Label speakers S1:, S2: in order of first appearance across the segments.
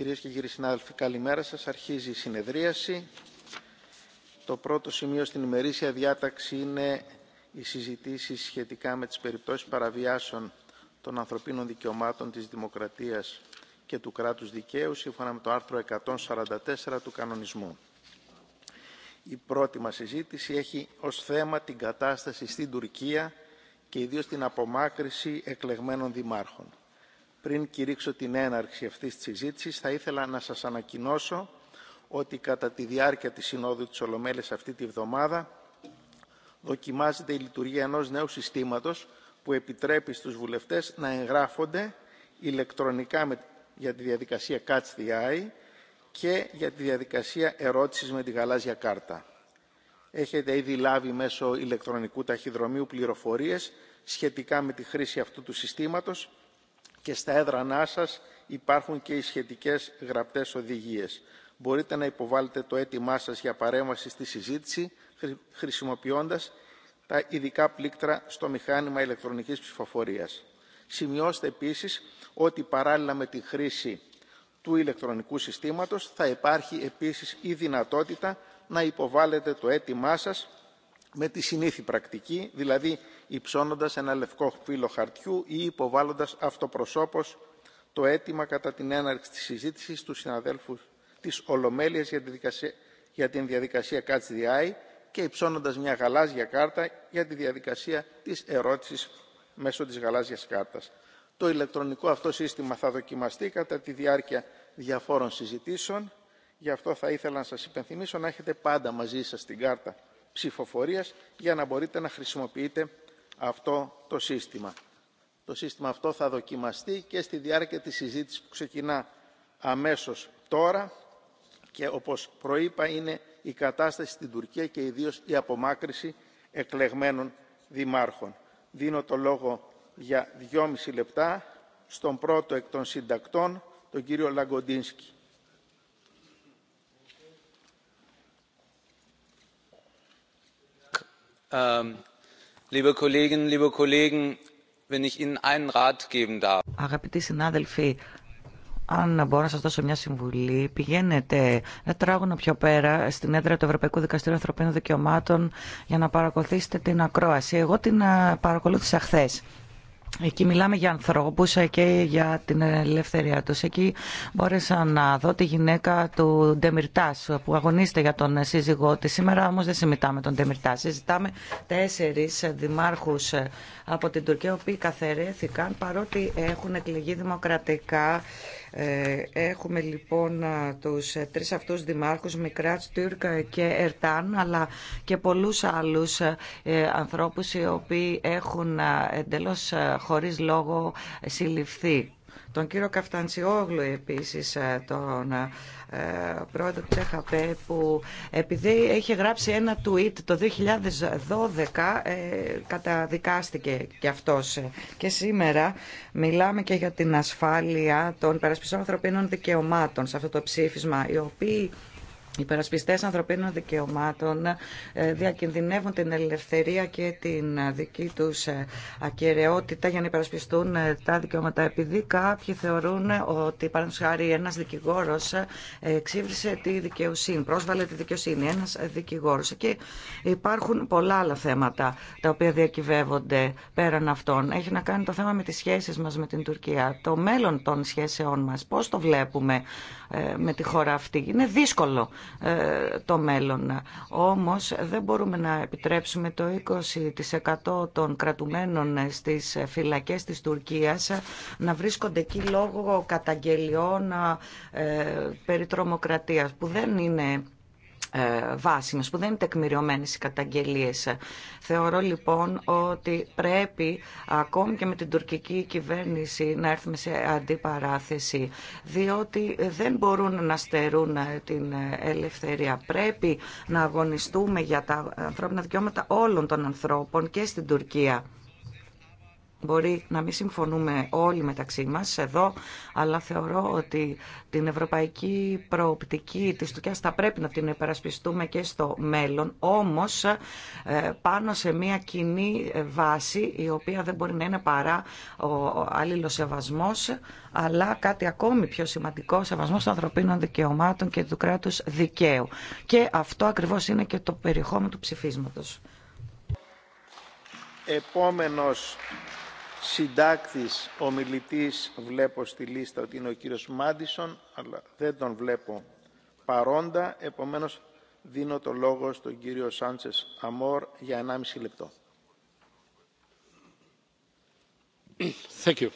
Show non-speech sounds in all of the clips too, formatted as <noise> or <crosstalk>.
S1: Κυρίες και κύριοι συνάδελφοι, καλημέρα σας. Αρχίζει η συνεδρίαση. Το πρώτο σημείο στην ημερήσια διάταξη είναι οι συζητήσει σχετικά με τις περιπτώσεις παραβιάσεων των ανθρωπίνων δικαιωμάτων της δημοκρατίας και του κράτους δικαίου, σύμφωνα με το άρθρο 144 του κανονισμού. Η πρώτη μας συζήτηση έχει ως θέμα την κατάσταση στην Τουρκία και ιδίως την απομάκρυση εκλεγμένων δημάρχων. Πριν κηρύξω την έναρξη αυτής της συζήτησης, θα ήθελα να σας ανακοινώσω ότι κατά τη διάρκεια της Συνόδου της Ολομέλης αυτή τη βδομάδα δοκιμάζεται η λειτουργία ενός νέου συστήματος που επιτρέπει στους βουλευτές να εγγράφονται ηλεκτρονικά για τη διαδικασία Catch the Eye και για τη διαδικασία ερώτησης με τη γαλάζια κάρτα. Έχετε ήδη λάβει μέσω ηλεκτρονικού ταχυδρομείου πληροφορίες σχετικά με τη χρήση αυτού του συστήματος και στα έδρανά σας υπάρχουν και οι σχετικές γραπτές οδηγίες. Μπορείτε να υποβάλλετε το αίτημά σας για παρέμβαση στη συζήτηση χρησιμοποιώντας τα ειδικά πλήκτρα στο μηχάνημα ηλεκτρονικής ψηφοφορίας. Σημειώστε επίσης ότι παράλληλα με τη χρήση του ηλεκτρονικού συστήματος θα υπάρχει επίσης η δυνατότητα να υποβάλλετε το αίτημά σας με τη συνήθη πρακτική, δηλαδή υψώνοντας ένα λευκό φύλλο χαρτιού ή υποβάλλοντας αυτοπροσώπως το αίτημα κατά την έναρξη της συζήτησης του συναδέλφου της Ολομέλειας για, τη δικασία, για την διαδικασία Catch the Eye και υψώνοντας μια γαλάζια κάρτα για τη διαδικασία της ερώτησης μέσω της γαλάζιας κάρτας. Το ηλεκτρονικό αυτό σύστημα θα δοκιμαστεί κατά τη διάρκεια διαφόρων συζητήσεων. Γι' αυτό θα ήθελα να σας υπενθυμίσω να έχετε πάντα μαζί σας την κάρτα ψηφοφορίας για να μπορείτε να χρησιμοποιείτε αυτό το σύστημα. Το σύστημα αυτό θα δοκιμαστεί και στη διάρκεια της συζήτησης που ξεκινά αμέσως τώρα και όπως προείπα είναι η κατάσταση στην Τουρκία και ιδίως η απομάκρυση εκλεγμένων δημάρχων. Δίνω το λόγο για δυόμιση λεπτά στον πρώτο εκ των συντακτών, τον κύριο Λαγκοντίνσκι.
S2: Liebe Kolleginnen, liebe Kollegen,
S3: Αγαπητοί συνάδελφοι, αν μπορώ να σας δώσω μια συμβουλή, πηγαίνετε να τράγωνο πιο πέρα στην έδρα του Ευρωπαϊκού Δικαστηρίου Ανθρωπίνων Δικαιωμάτων για να παρακολουθήσετε την ακρόαση. Εγώ την ε, παρακολούθησα χθε. Εκεί μιλάμε για ανθρώπους ε, και για την ελευθερία τους. Εκεί μπόρεσα να δω τη γυναίκα του Ντεμιρτά που αγωνίστηκε για τον σύζυγό τη Σήμερα όμως δεν συμμετάμε τον Ντεμιρτά. Συζητάμε τέσσερις δημάρχους από την Τουρκία, οι οποίοι καθαιρέθηκαν παρότι έχουν εκλεγεί δημοκρατικά ε, έχουμε λοιπόν τους ε, τρεις αυτούς δημάρχους, Μικράτς, Τούρκ ε, και Ερτάν, αλλά και πολλούς άλλους ανθρώπους οι οποίοι έχουν εντελώς χωρίς λόγο συλληφθεί τον κύριο Καφτανσιόγλου επίσης, ε, τον ε, πρόεδρο του ΤΕΧΑΠΕ, που επειδή έχει γράψει ένα tweet το 2012, ε, καταδικάστηκε κι αυτός. Και σήμερα μιλάμε και για την ασφάλεια των περασπιστών ανθρωπίνων δικαιωμάτων σε αυτό το ψήφισμα, οι οποίοι οι υπερασπιστέ ανθρωπίνων δικαιωμάτων ε, διακινδυνεύουν την ελευθερία και την ε, δική του ε, ακαιρεότητα για να υπερασπιστούν τα δικαιώματα. Επειδή κάποιοι θεωρούν ότι, παραδείγματο χάρη, ένα δικηγόρο εξήβρισε τη δικαιοσύνη, πρόσβαλε τη δικαιοσύνη, ένα δικηγόρο. Και υπάρχουν πολλά άλλα θέματα τα οποία διακυβεύονται πέραν αυτών. Έχει να κάνει το θέμα με τι σχέσει μα με την Τουρκία, το μέλλον των σχέσεών μα. Πώ το βλέπουμε ε, με τη χώρα αυτή. Είναι δύσκολο ε, το μέλλον. Όμως δεν μπορούμε να επιτρέψουμε το 20% των κρατουμένων στις φυλακές της Τουρκίας να βρίσκονται εκεί λόγω καταγγελιών ε, περί τρομοκρατίας που δεν είναι ε, βάσιμες, που δεν είναι τεκμηριωμένες οι καταγγελίες. Θεωρώ λοιπόν ότι πρέπει ακόμη και με την τουρκική κυβέρνηση να έρθουμε σε αντιπαράθεση, διότι δεν μπορούν να στερούν ε, την ε, ελευθερία. Πρέπει να αγωνιστούμε για τα ανθρώπινα δικαιώματα όλων των ανθρώπων και στην Τουρκία. Μπορεί να μην συμφωνούμε όλοι μεταξύ μας εδώ, αλλά θεωρώ ότι την ευρωπαϊκή προοπτική της Τουρκίας θα πρέπει να την υπερασπιστούμε και στο μέλλον, όμως ε, πάνω σε μια κοινή βάση η οποία δεν μπορεί να είναι παρά ο αλληλοσεβασμός, αλλά κάτι ακόμη πιο σημαντικό, σεβασμός των ανθρωπίνων δικαιωμάτων και του κράτους δικαίου. Και αυτό ακριβώς είναι και το περιεχόμενο του ψηφίσματος
S1: συντάκτης ομιλητής βλέπω στη λίστα ότι είναι ο κύριος Μάντισον αλλά δεν τον βλέπω παρόντα επομένως δίνω το λόγο στον κύριο Σάντσες Αμόρ για 1,5 λεπτό.
S2: Thank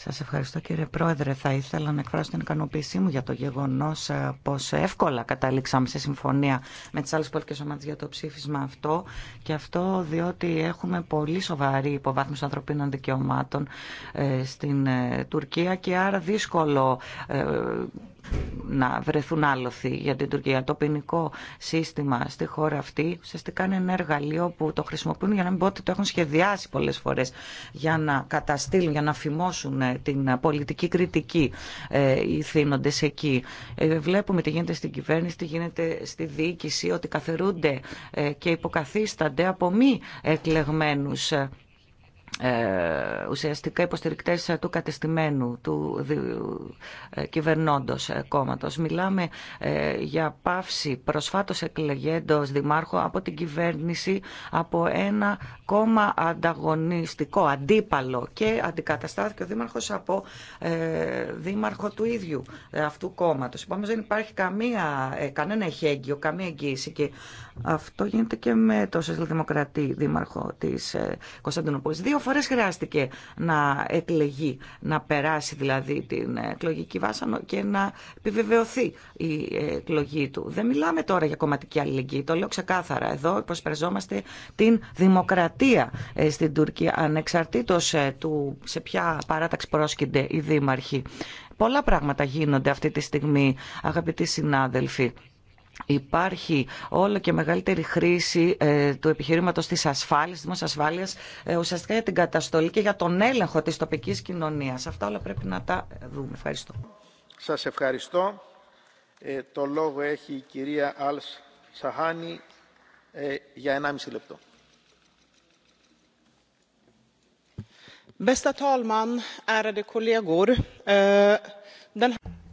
S3: σας ευχαριστώ κύριε Πρόεδρε. Θα ήθελα να εκφράσω την ικανοποίησή μου για το γεγονό ε, πως εύκολα καταλήξαμε σε συμφωνία με τι άλλε πολιτικέ ομάδε για το ψήφισμα αυτό και αυτό διότι έχουμε πολύ σοβαρή υποβάθμιση ανθρωπίνων δικαιωμάτων ε, στην ε, Τουρκία και άρα δύσκολο να βρεθούν άλοθη για την Τουρκία. Το ποινικό σύστημα στη χώρα αυτή ουσιαστικά είναι ένα εργαλείο που το χρησιμοποιούν για να μην πω ότι το έχουν σχεδιάσει πολλέ φορέ για να καταστήλουν, για να φημώσουν ε, την πολιτική κριτική ε, οι θύνοντε εκεί. Ε, βλέπουμε τι γίνεται στην κυβέρνηση, τι γίνεται στη διοίκηση, ότι καθερούνται και υποκαθίστανται από μη εκλεγμένου ε, ουσιαστικά υποστηρικτές του κατεστημένου, του ε, κυβερνώντος ε, κόμματος. Μιλάμε για πάυση προσφάτως εκλεγέντος Δημάρχο από την κυβέρνηση από ένα κόμμα ανταγωνιστικό, αντίπαλο και αντικαταστάθηκε ο δήμαρχος από δήμαρχο του ίδιου αυτού κόμματος. Επομένως δεν υπάρχει καμία, κανένα εχέγγυο, καμία εγγύηση και αυτό γίνεται και με το Σοσιαλδημοκρατή Δήμαρχο τη ε, Κωνσταντινούπολη. Δύο φορέ χρειάστηκε να εκλεγεί, να περάσει δηλαδή την εκλογική βάσανο και να επιβεβαιωθεί η εκλογή του. Δεν μιλάμε τώρα για κομματική αλληλεγγύη. Το λέω ξεκάθαρα. Εδώ υποσπερζόμαστε την δημοκρατία ε, στην Τουρκία, ανεξαρτήτω ε, του σε ποια παράταξη πρόσκυνται οι δήμαρχοι. Πολλά πράγματα γίνονται αυτή τη στιγμή, αγαπητοί συνάδελφοι. Υπάρχει όλο και μεγαλύτερη χρήση ε, του επιχειρήματος της ασφάλειας, της ασφάλειας, ε, ουσιαστικά για την καταστολή και για τον έλεγχο της τοπικής κοινωνίας. Αυτά όλα πρέπει να τα δούμε. Ευχαριστώ.
S1: Σας ευχαριστώ. Ε, το λόγο έχει η κυρία Αλς Σαχάνη για 1,5 λεπτό.
S4: Bästa
S5: talman, ärade kollegor.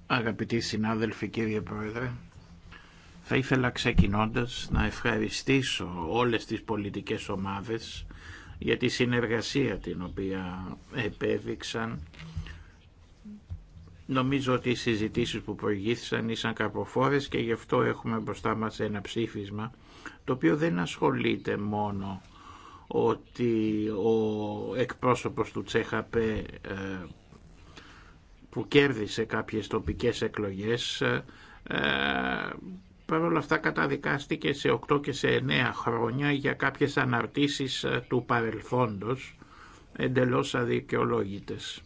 S1: Αγαπητοί συνάδελφοι,
S6: κύριε Πρόεδρε, θα ήθελα ξεκινώντας να ευχαριστήσω όλες τις πολιτικές ομάδες για τη συνεργασία την οποία επέδειξαν. Νομίζω ότι οι συζητήσεις που προηγήθησαν ήσαν καρποφόρες και γι' αυτό έχουμε μπροστά μας ένα ψήφισμα το οποίο δεν ασχολείται μόνο ότι ο εκπρόσωπος του Τσέχαπε που κέρδισε κάποιες τοπικές εκλογές ε, Παρ' όλα αυτά καταδικάστηκε σε 8 και σε 9 χρόνια για κάποιες αναρτήσεις ε, του παρελθόντος εντελώς αδικαιολόγητες.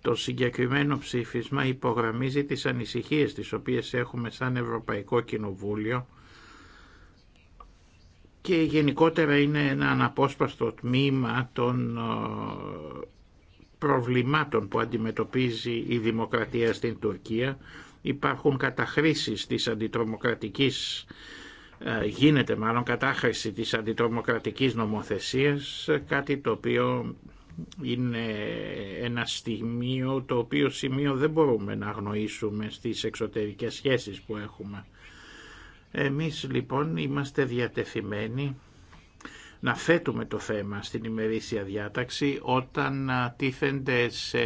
S6: Το συγκεκριμένο ψήφισμα υπογραμμίζει τις ανησυχίες τις οποίες έχουμε σαν Ευρωπαϊκό Κοινοβούλιο και γενικότερα είναι ένα αναπόσπαστο τμήμα των ε, προβλημάτων που αντιμετωπίζει η δημοκρατία στην Τουρκία υπάρχουν καταχρήσεις της αντιτρομοκρατικής ε, γίνεται μάλλον κατάχρηση της αντιτρομοκρατικής νομοθεσίας, κάτι το οποίο είναι ένα στιγμίο το οποίο σημείο δεν μπορούμε να αγνοήσουμε στις εξωτερικές σχέσεις που έχουμε. Εμείς λοιπόν είμαστε διατεθειμένοι να θέτουμε το θέμα στην ημερήσια διάταξη όταν ε, τίθενται σε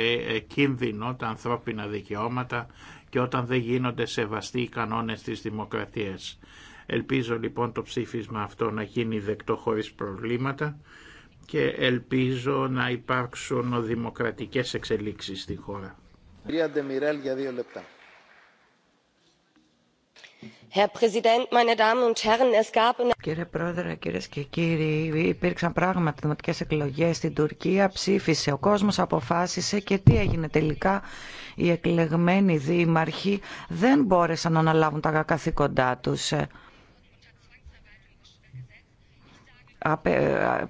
S6: κίνδυνο τα ανθρώπινα δικαιώματα και όταν δεν γίνονται σεβαστοί οι κανόνες της δημοκρατίας. Ελπίζω λοιπόν το ψήφισμα αυτό να γίνει δεκτό χωρίς προβλήματα και ελπίζω να υπάρξουν δημοκρατικές εξελίξεις στη χώρα.
S3: Κύριε Πρόεδρε, κυρίε και κύριοι, υπήρξαν πράγματα, δημοτικέ εκλογέ στην Τουρκία, ψήφισε ο κόσμο, αποφάσισε και τι έγινε τελικά οι εκλεγμένοι δήμαρχοι δεν μπόρεσαν να αναλάβουν τα καθήκοντά τους.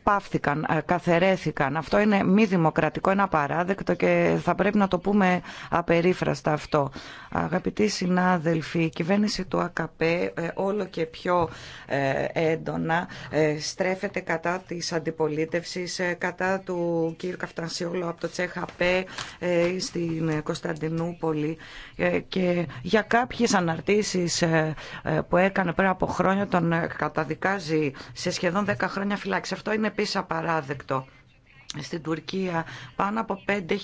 S3: πάυθηκαν, ε, καθερέθηκαν. Αυτό είναι μη δημοκρατικό, είναι απαράδεκτο και θα πρέπει να το πούμε απερίφραστα αυτό. Αγαπητοί συνάδελφοι, η κυβέρνηση του ΑΚΠ ε, όλο και πιο ε, έντονα στρέφεται κατά της αντιπολίτευσης, κατά του κύριου Καφτανσιόλου από το ΤΣΕΧΑΠΕ στην Κωνσταντινούπολη και για κάποιες αναρτήσεις που έκανε πριν από χρόνια τον καταδικάζει σε σχεδόν 10 χρόνια χρόνια φυλάξη. Αυτό είναι επίση απαράδεκτο στην Τουρκία πάνω από 5.000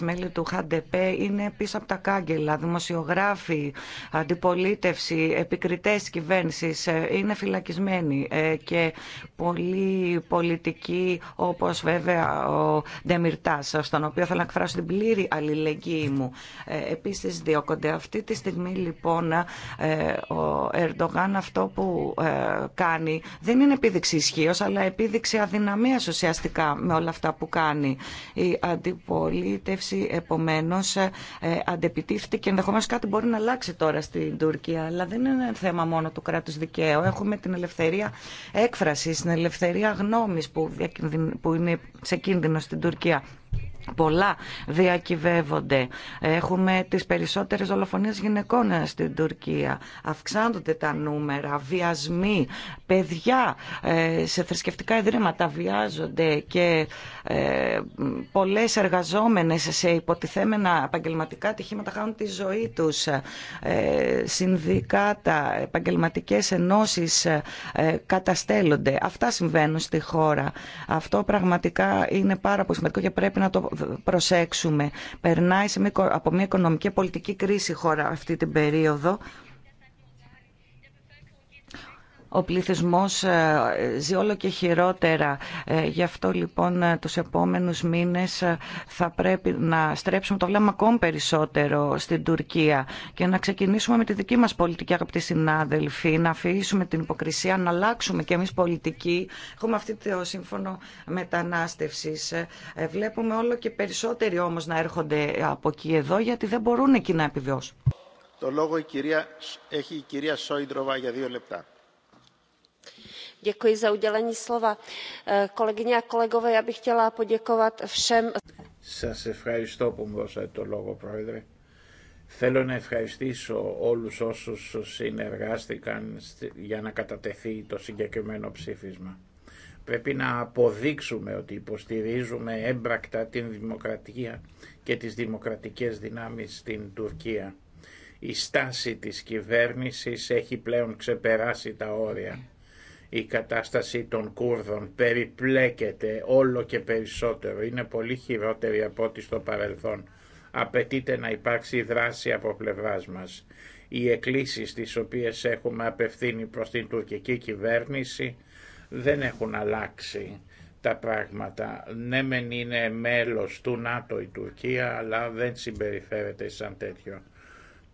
S3: μέλη του ΧΑΝΤΕΠΕ είναι πίσω από τα κάγκελα, δημοσιογράφοι, αντιπολίτευση, επικριτές κυβέρνησης ε, είναι φυλακισμένοι ε, και πολύ πολιτικοί όπως βέβαια ο Ντεμιρτάς, στον οποίο θέλω να εκφράσω την πλήρη αλληλεγγύη μου. Ε, επίσης διώκονται αυτή τη στιγμή λοιπόν ο Ερντογάν αυτό που κάνει δεν είναι επίδειξη ισχύω, αλλά επίδειξη αδυναμίας ουσιαστικά με όλα αυτά που κάνει. Η αντιπολίτευση επομένως ε, αντεπιτίθεται και ενδεχομένως κάτι μπορεί να αλλάξει τώρα στην Τουρκία. Αλλά δεν είναι θέμα μόνο του κράτου δικαίου. Έχουμε την ελευθερία έκφραση, την ελευθερία γνώμης που είναι σε κίνδυνο στην Τουρκία. Πολλά διακυβεύονται. Έχουμε τις περισσότερες δολοφονίες γυναικών ε, στην Τουρκία. Αυξάνονται τα νούμερα, βιασμοί, παιδιά ε, σε θρησκευτικά ιδρύματα βιάζονται και ε, πολλές εργαζόμενες σε υποτιθέμενα επαγγελματικά ατυχήματα χάνουν τη ζωή τους. Συνδικάτα, επαγγελματικές ενώσεις καταστέλλονται. Αυτά συμβαίνουν στη χώρα. Αυτό πραγματικά είναι πάρα πολύ σημαντικό και πρέπει να το προσέξουμε. Περνάει από μια οικονομική και πολιτική κρίση η χώρα αυτή την περίοδο ο πληθυσμός ε, ζει όλο και χειρότερα. Ε, γι' αυτό λοιπόν ε, τους επόμενους μήνες θα πρέπει να στρέψουμε το βλέμμα ακόμη περισσότερο στην Τουρκία και να ξεκινήσουμε με τη δική μας πολιτική αγαπητοί συνάδελφοι, να αφήσουμε την υποκρισία, να αλλάξουμε κι εμείς πολιτική. Έχουμε αυτή το σύμφωνο μετανάστευσης. Βλέπουμε όλο και περισσότεροι όμως να έρχονται από εκεί εδώ γιατί δεν μπορούν εκεί να επιβιώσουν.
S1: Το λόγο η κυρία, έχει η κυρία Σόιντροβα για δύο λεπτά.
S6: Σας ευχαριστώ που μου δώσατε το λόγο, Πρόεδρε. Θέλω να ευχαριστήσω όλους όσους συνεργάστηκαν για να κατατεθεί το συγκεκριμένο ψήφισμα. Πρέπει να αποδείξουμε ότι υποστηρίζουμε έμπρακτα την δημοκρατία και τις δημοκρατικές δυνάμεις στην Τουρκία. Η στάση της κυβέρνησης έχει πλέον ξεπεράσει τα όρια η κατάσταση των Κούρδων περιπλέκεται όλο και περισσότερο, είναι πολύ χειρότερη από ό,τι στο παρελθόν. Απαιτείται να υπάρξει δράση από πλευράς μας. Οι εκκλήσεις τις οποίες έχουμε απευθύνει προς την τουρκική κυβέρνηση δεν έχουν αλλάξει τα πράγματα. Ναι μεν είναι μέλος του ΝΑΤΟ η Τουρκία αλλά δεν συμπεριφέρεται σαν τέτοιο.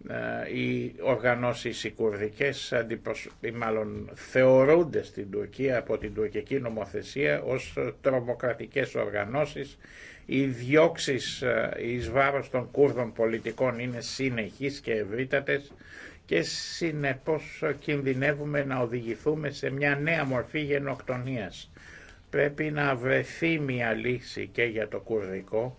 S6: Ε, οι οργανώσεις οι κουρδικές μάλλον θεωρούνται στην Τουρκία από την τουρκική νομοθεσία ως τρομοκρατικές οργανώσεις. Οι διώξεις ε, εις βάρος των Κούρδων πολιτικών είναι συνεχείς και ευρύτατες και συνεπώς κινδυνεύουμε να οδηγηθούμε σε μια νέα μορφή γενοκτονίας. Πρέπει να βρεθεί μια λύση και για το κουρδικό.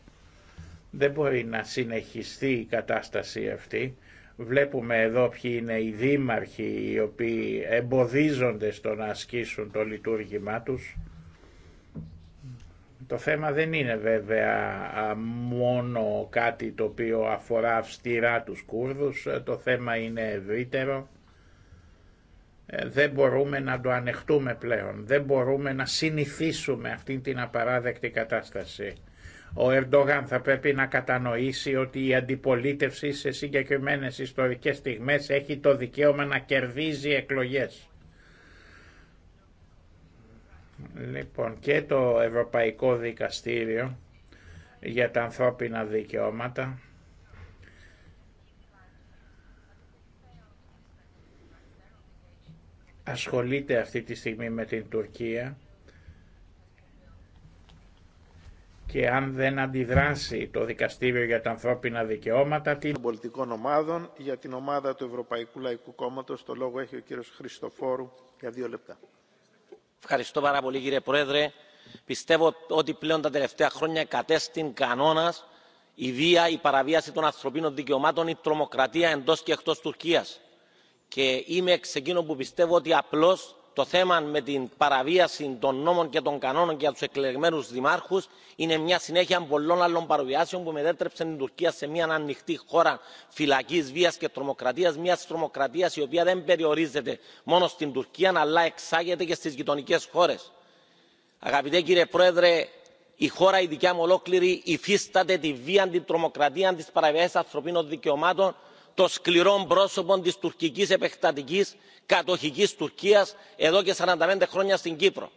S6: Δεν μπορεί να συνεχιστεί η κατάσταση αυτή Βλέπουμε εδώ ποιοι είναι οι δήμαρχοι οι οποίοι εμποδίζονται στο να ασκήσουν το λειτουργήμά τους. Το θέμα δεν είναι βέβαια μόνο κάτι το οποίο αφορά αυστηρά τους Κούρδους, ε, το θέμα είναι ευρύτερο. Ε, δεν μπορούμε να το ανεχτούμε πλέον, δεν μπορούμε να συνηθίσουμε αυτή την απαράδεκτη κατάσταση. Ο Ερντογάν θα πρέπει να κατανοήσει ότι η αντιπολίτευση σε συγκεκριμένες ιστορικές στιγμές έχει το δικαίωμα να κερδίζει εκλογές. Λοιπόν, και το Ευρωπαϊκό Δικαστήριο για τα ανθρώπινα δικαιώματα ασχολείται αυτή τη στιγμή με την Τουρκία και αν δεν αντιδράσει το Δικαστήριο για τα Ανθρώπινα Δικαιώματα την... των πολιτικών
S1: ομάδων για την ομάδα του Ευρωπαϊκού Λαϊκού Κόμματος το λόγο έχει ο κύριος Χριστοφόρου για δύο λεπτά.
S7: Ευχαριστώ πάρα πολύ κύριε Πρόεδρε. Πιστεύω ότι πλέον τα τελευταία χρόνια κατέστην κανόνα η βία, η παραβίαση των ανθρωπίνων δικαιωμάτων, η τρομοκρατία εντό και εκτό Τουρκία. Και είμαι εξ που πιστεύω ότι απλώ το θέμα με την παραβίαση των νόμων και των κανόνων για τους εκλεγμένους δημάρχους είναι μια συνέχεια πολλών άλλων παραβιάσεων που μετέτρεψαν την τουρκία σε μια ανοιχτή χώρα φυλακής βίας και τρομοκρατίας μιας τρομοκρατίας η οποία δεν περιορίζεται μόνο στην τουρκία αλλά εξάγεται και στις γειτονικές χώρες. αγαπητέ κύριε πρόεδρε η χώρα η δικιά μου ολόκληρη υφίσταται τη βία την τρομοκρατία τις παραβιάσεις ανθρωπίνων δικαιωμάτων των σκληρών πρόσωπων της Τουρκική επεκτατική κατοχικής τουρκίας εδώ και 45 χρόνια στην κύπρο.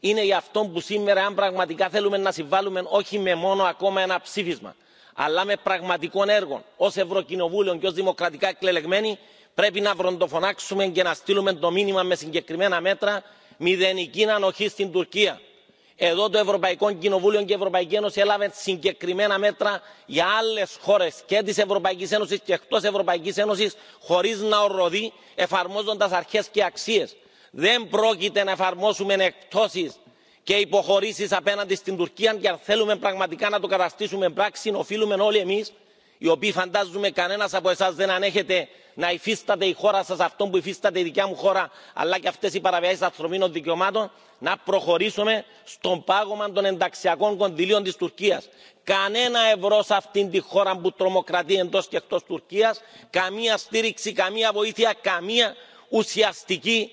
S7: είναι γι' αυτό που σήμερα αν πραγματικά θέλουμε να συμβάλλουμε όχι με μόνο ακόμα ένα ψήφισμα αλλά με πραγματικό έργων ως ευρωκοινοβούλιο και ως δημοκρατικά εκλεγμένοι πρέπει να βροντοφωνάξουμε και να στείλουμε το μήνυμα με συγκεκριμένα μέτρα μηδενική ανοχή στην τουρκία εδώ το ευρωπαϊκό κοινοβούλιο και η ευρωπαϊκή ένωση έλαβαν συγκεκριμένα μέτρα για άλλε χώρε και τη ευρωπαϊκή ένωση και εκτό ευρωπαϊκή ένωση χωρί να οροδεί εφαρμόζοντα αρχέ και αξίε. δεν πρόκειται να εφαρμόσουμε εκτόσει και υποχωρήσει απέναντι στην τουρκία και αν θέλουμε πραγματικά να το καταστήσουμε πράξη οφείλουμε όλοι εμεί οι οποίοι φαντάζομαι κανένας από εσάς δεν ανέχεται να υφίσταται η χώρα σας αυτό που υφίσταται η δικιά μου χώρα αλλά και αυτές οι παραβιάσεις ανθρωπίνων δικαιωμάτων να προχωρήσουμε στον πάγωμα των ενταξιακών κονδυλίων της τουρκίας. κανένα ευρώ σε αυτήν τη χώρα που τρομοκρατεί εντός και εκτός τουρκίας καμία στήριξη καμία βοήθεια καμία ουσιαστική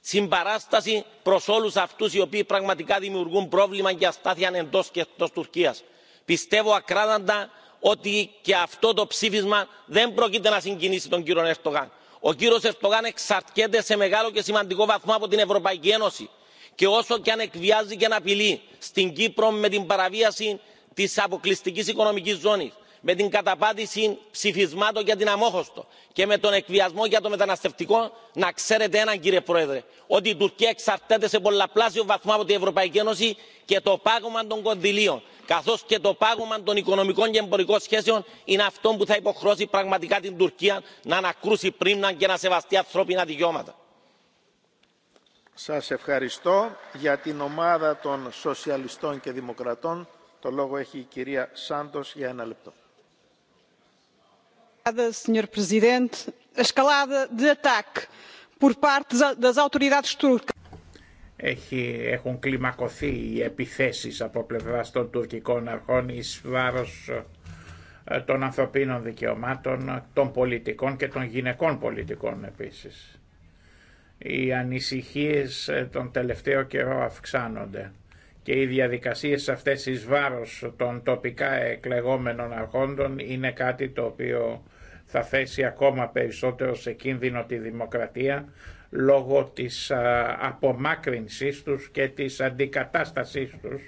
S7: συμπαράσταση προς όλους αυτούς οι οποίοι πραγματικά δημιουργούν πρόβλημα και αστάθεια εντός και εκτός τουρκίας. πιστεύω ακράδαντα ότι και αυτό το ψήφισμα δεν πρόκειται να συγκινήσει τον κύριο Ερτογάν. Ο κύριος Ερτογάν εξαρτιέται σε μεγάλο και σημαντικό βαθμό από την Ευρωπαϊκή Ένωση και όσο και αν εκβιάζει και αν απειλεί στην Κύπρο με την παραβίαση της αποκλειστικής οικονομικής ζώνης με την καταπάτηση ψηφισμάτων για την αμόχωστο και με τον εκβιασμό για το μεταναστευτικό να ξέρετε έναν κύριε πρόεδρε ότι η τουρκία εξαρτάται σε πολλαπλάσιο βαθμό από την ευρωπαϊκή ένωση και το πάγωμα των κονδυλίων καθώ και το πάγωμα των οικονομικών και εμπορικών σχέσεων είναι αυτό που θα υποχρώσει πραγματικά την τουρκία να ανακρούσει πρίμνα και να σεβαστεί ανθρώπινα δικαιώματα.
S1: Σας ευχαριστώ. Για την ομάδα των Σοσιαλιστών και Δημοκρατών το λόγο έχει η κυρία Σάντος για ένα λεπτό.
S6: Έχει, έχουν κλιμακωθεί οι επιθέσεις από πλευρά των τουρκικών αρχών εις βάρος ε, των ανθρωπίνων δικαιωμάτων, των πολιτικών και των γυναικών πολιτικών επίσης. Οι ανησυχίες ε, τον τελευταίο καιρό αυξάνονται και οι διαδικασίες αυτές εις βάρος των τοπικά εκλεγόμενων αρχόντων είναι κάτι το οποίο θα θέσει ακόμα περισσότερο σε κίνδυνο τη δημοκρατία λόγω της απομάκρυνσής τους και της αντικατάστασής τους.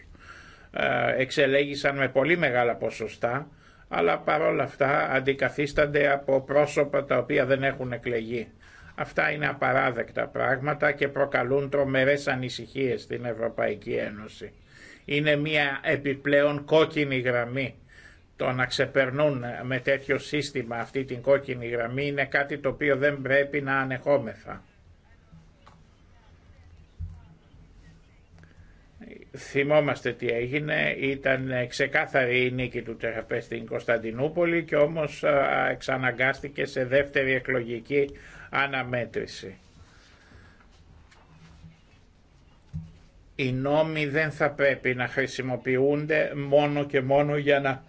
S6: Εξελέγησαν με πολύ μεγάλα ποσοστά, αλλά παρόλα αυτά αντικαθίστανται από πρόσωπα τα οποία δεν έχουν εκλεγεί. Αυτά είναι απαράδεκτα πράγματα και προκαλούν τρομερές ανησυχίες στην Ευρωπαϊκή Ένωση. Είναι μια επιπλέον κόκκινη γραμμή το να ξεπερνούν με τέτοιο σύστημα αυτή την κόκκινη γραμμή είναι κάτι το οποίο δεν πρέπει να ανεχόμεθα. θυμόμαστε τι έγινε, ήταν ξεκάθαρη η νίκη του Τεραπέ στην Κωνσταντινούπολη και όμως εξαναγκάστηκε σε δεύτερη εκλογική αναμέτρηση. Οι νόμοι δεν θα πρέπει να χρησιμοποιούνται μόνο και μόνο για να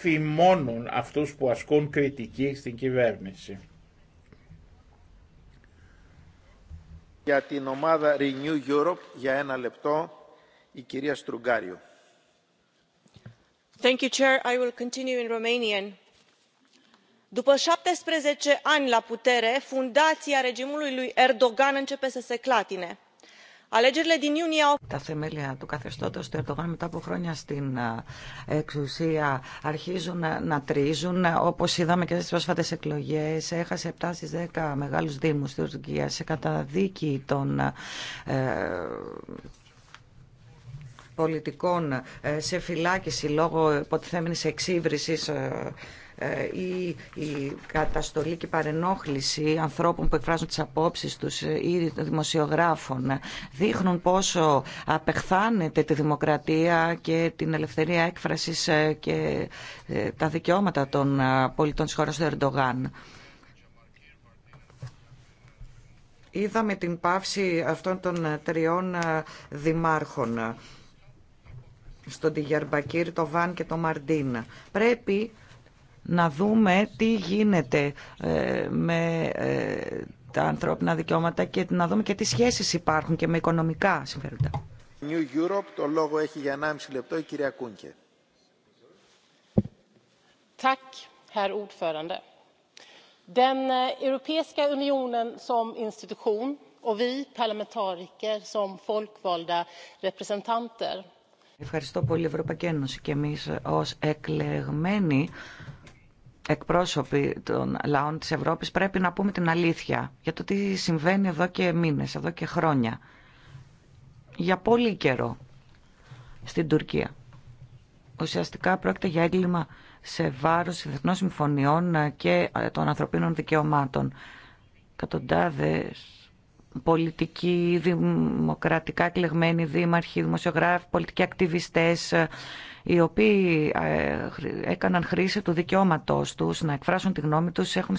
S6: φημώνουν αυτούς που ασκούν κριτική στην κυβέρνηση.
S1: Για την ομάδα Renew Europe, για ένα λεπτό, η κυρία Στρουγκάριο.
S3: Thank you, Chair. I will continue in Romanian. După 17 ani la putere, fundația regimului lui Erdogan începe să se clatine τα θεμέλια του καθεστώτο του Ερντογάν μετά από χρόνια στην εξουσία αρχίζουν να τρίζουν. Όπω είδαμε και στι πρόσφατε εκλογέ, έχασε 7 στι 10 μεγάλου δήμου τη Τουρκία σε καταδίκη των ε, πολιτικών ε, σε φυλάκιση λόγω υποτιθέμενης εξύβρισης ε, ή ε, η καταστολή και η παρενόχληση ανθρώπων που εκφράζουν τις απόψεις τους ε, ή δημοσιογράφων ε, δείχνουν πόσο απεχθάνεται τη δημοκρατία και την ελευθερία έκφρασης και τα δικαιώματα των πολιτών της χώρας του Ερντογάν. Είδαμε την πάυση αυτών των τριών δημάρχων στον Τιγερμπακύρ, το Βαν και το Μαρντίν. Πρέπει να δούμε τι γίνεται ε, με ε, τα ανθρώπινα δικαιώματα και να δούμε και τι σχέσεις υπάρχουν και με οικονομικά συμφέροντα.
S1: New Europe, το λόγο έχει για 1,5 λεπτό η κυρία Κούνκε.
S8: Tack, herr ordförande. Den eh, europeiska unionen som institution och vi parlamentariker som folkvalda representanter.
S3: Ευχαριστώ πολύ Ευρωπαϊκή Ένωση και εμείς ως εκλεγμένοι εκπρόσωποι των λαών της Ευρώπης πρέπει να πούμε την αλήθεια για το τι συμβαίνει εδώ και μήνες, εδώ και χρόνια. Για πολύ καιρό στην Τουρκία. Ουσιαστικά πρόκειται για έγκλημα σε βάρος διεθνών συμφωνιών και των ανθρωπίνων δικαιωμάτων. Κατοντάδες πολιτικοί, δημοκρατικά εκλεγμένοι δήμαρχοι, δημοσιογράφοι, πολιτικοί ακτιβιστές, οι οποίοι ε, έκαναν χρήση του δικαιώματός τους να εκφράσουν τη γνώμη τους, έχουν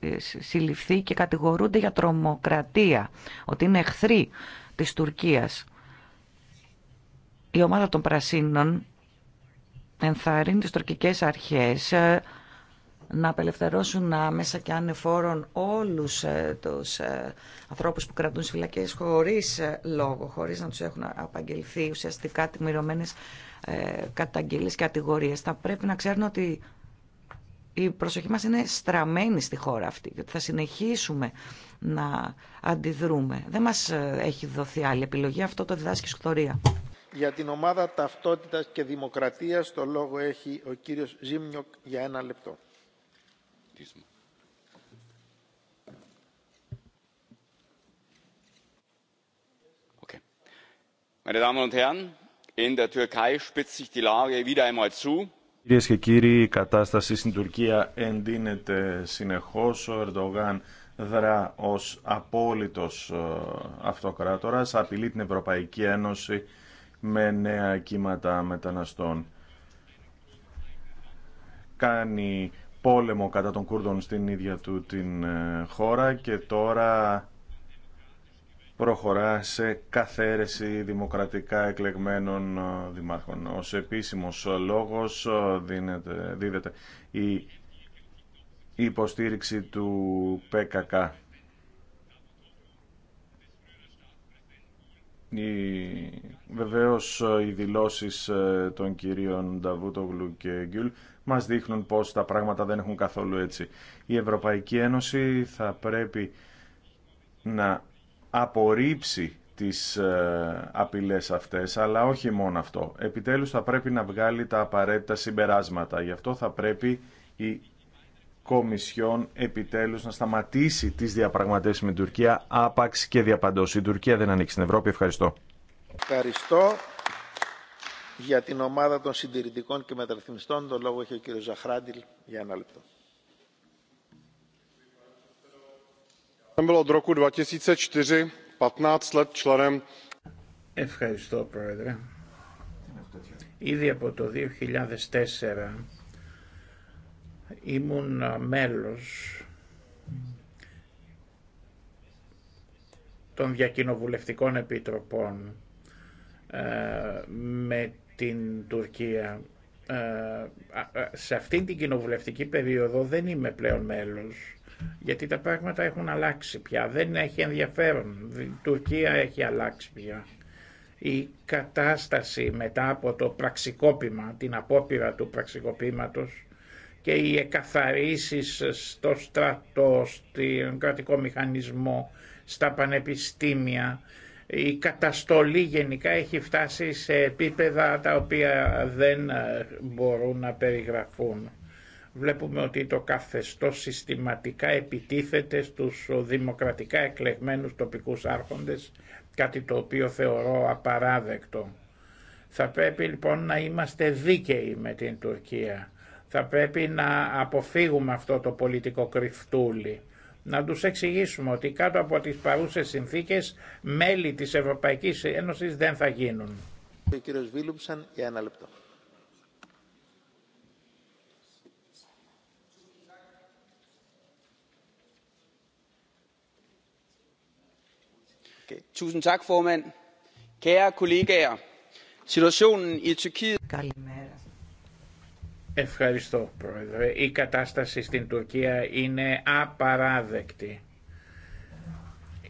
S3: ε, συλληφθεί και κατηγορούνται για τρομοκρατία, ότι είναι εχθροί της Τουρκίας. Η ομάδα των Πρασίνων ενθαρρύνει τι τουρκικέ αρχές ε, να απελευθερώσουν άμεσα και ανεφόρον όλους ε, τους ε, ανθρώπους που κρατούν στις φυλακές χωρίς ε, λόγο, χωρίς να τους έχουν απαγγελθεί ουσιαστικά τιμηρωμένες καταγγελίες και κατηγορίες. Θα πρέπει να ξέρουν ότι η προσοχή μας είναι στραμμένη στη χώρα αυτή και ότι θα συνεχίσουμε να αντιδρούμε. Δεν μας έχει δοθεί άλλη επιλογή, αυτό το διδάσκει η ιστορία.
S1: Για την ομάδα ταυτότητας και δημοκρατίας το λόγο έχει ο κύριος Ζήμνιοκ για ένα λεπτό συζητήσουμε.
S9: Okay. Meine Damen und Herren, in der Türkei spitzt sich die Lage wieder einmal zu.
S10: Κυρίες και κύριοι, η κατάσταση στην
S9: Τουρκία
S10: εντείνεται συνεχώς. Ο Ερντογάν δρά ως απόλυτος ε, αυτοκράτορας, απειλεί την Ευρωπαϊκή Ένωση με νέα κύματα μεταναστών. Κάνει πόλεμο κατά των Κούρδων στην ίδια του την ε, χώρα και τώρα προχωρά σε καθαίρεση δημοκρατικά εκλεγμένων ε, δημάρχων. Ως επίσημος λόγος ε, δίνεται, δίδεται η υποστήριξη του ΠΚΚ Βεβαίως οι δηλώσεις ε, των κυρίων Νταβούτογλου και Γκιουλ μας δείχνουν πως τα πράγματα δεν έχουν καθόλου έτσι. Η Ευρωπαϊκή Ένωση θα πρέπει να απορρίψει τις ε, απειλές αυτές, αλλά όχι μόνο αυτό. Επιτέλους θα πρέπει να βγάλει τα απαραίτητα συμπεράσματα. Γι' αυτό θα πρέπει η Κομισιόν επιτέλους να σταματήσει τις διαπραγματεύσεις με την Τουρκία άπαξ και διαπαντός. Η Τουρκία δεν ανήκει στην Ευρώπη. Ευχαριστώ.
S1: Ευχαριστώ για την ομάδα των συντηρητικών και μεταρρυθμιστών. Το λόγο έχει ο κύριος Ζαχράντιλ για ένα λεπτό.
S6: Ευχαριστώ, Πρόεδρε. Ήδη από το 2004 ήμουν μέλος των διακοινοβουλευτικών επιτροπών ε, με την Τουρκία. Ε, σε αυτήν την κοινοβουλευτική περίοδο δεν είμαι πλέον μέλος, γιατί τα πράγματα έχουν αλλάξει πια. Δεν έχει ενδιαφέρον. Η Τουρκία έχει αλλάξει πια. Η κατάσταση μετά από το πραξικόπημα, την απόπειρα του πραξικοπήματος, και οι εκαθαρίσεις στο στρατό, στον κρατικό μηχανισμό, στα πανεπιστήμια. Η καταστολή γενικά έχει φτάσει σε επίπεδα τα οποία δεν ε, μπορούν να περιγραφούν. Βλέπουμε ότι το καθεστώς συστηματικά επιτίθεται στους δημοκρατικά εκλεγμένους τοπικούς άρχοντες, κάτι το οποίο θεωρώ απαράδεκτο. Θα πρέπει λοιπόν να είμαστε δίκαιοι με την Τουρκία θα πρέπει να αποφύγουμε αυτό το πολιτικό κρυφτούλι. Να τους εξηγήσουμε ότι κάτω από τις παρούσες συνθήκες μέλη της Ευρωπαϊκής Ένωσης δεν θα γίνουν.
S1: Ο κύριος Βίλουμψαν για ένα λεπτό.
S4: Tusind tak, formand. Kære kollegaer,
S6: situationen
S4: i Tyrkiet... Καλημέρα.
S6: Ευχαριστώ Πρόεδρε. Η κατάσταση στην Τουρκία είναι απαράδεκτη.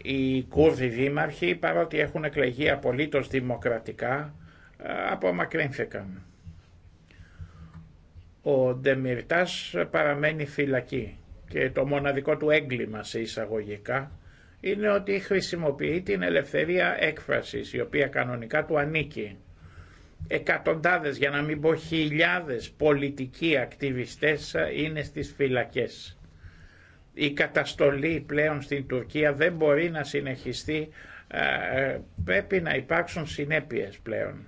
S6: Οι Κούρδοι δήμαρχοι παρότι έχουν εκλεγεί απολύτως δημοκρατικά απομακρύνθηκαν. Ο Ντεμιρτάς παραμένει φυλακή και το μοναδικό του έγκλημα σε εισαγωγικά είναι ότι χρησιμοποιεί την ελευθερία έκφρασης η οποία κανονικά του ανήκει εκατοντάδες για να μην πω χιλιάδες πολιτικοί ακτιβιστές είναι στις φυλακές. Η καταστολή πλέον στην Τουρκία δεν μπορεί να συνεχιστεί, ε, ε, πρέπει να υπάρξουν συνέπειες πλέον.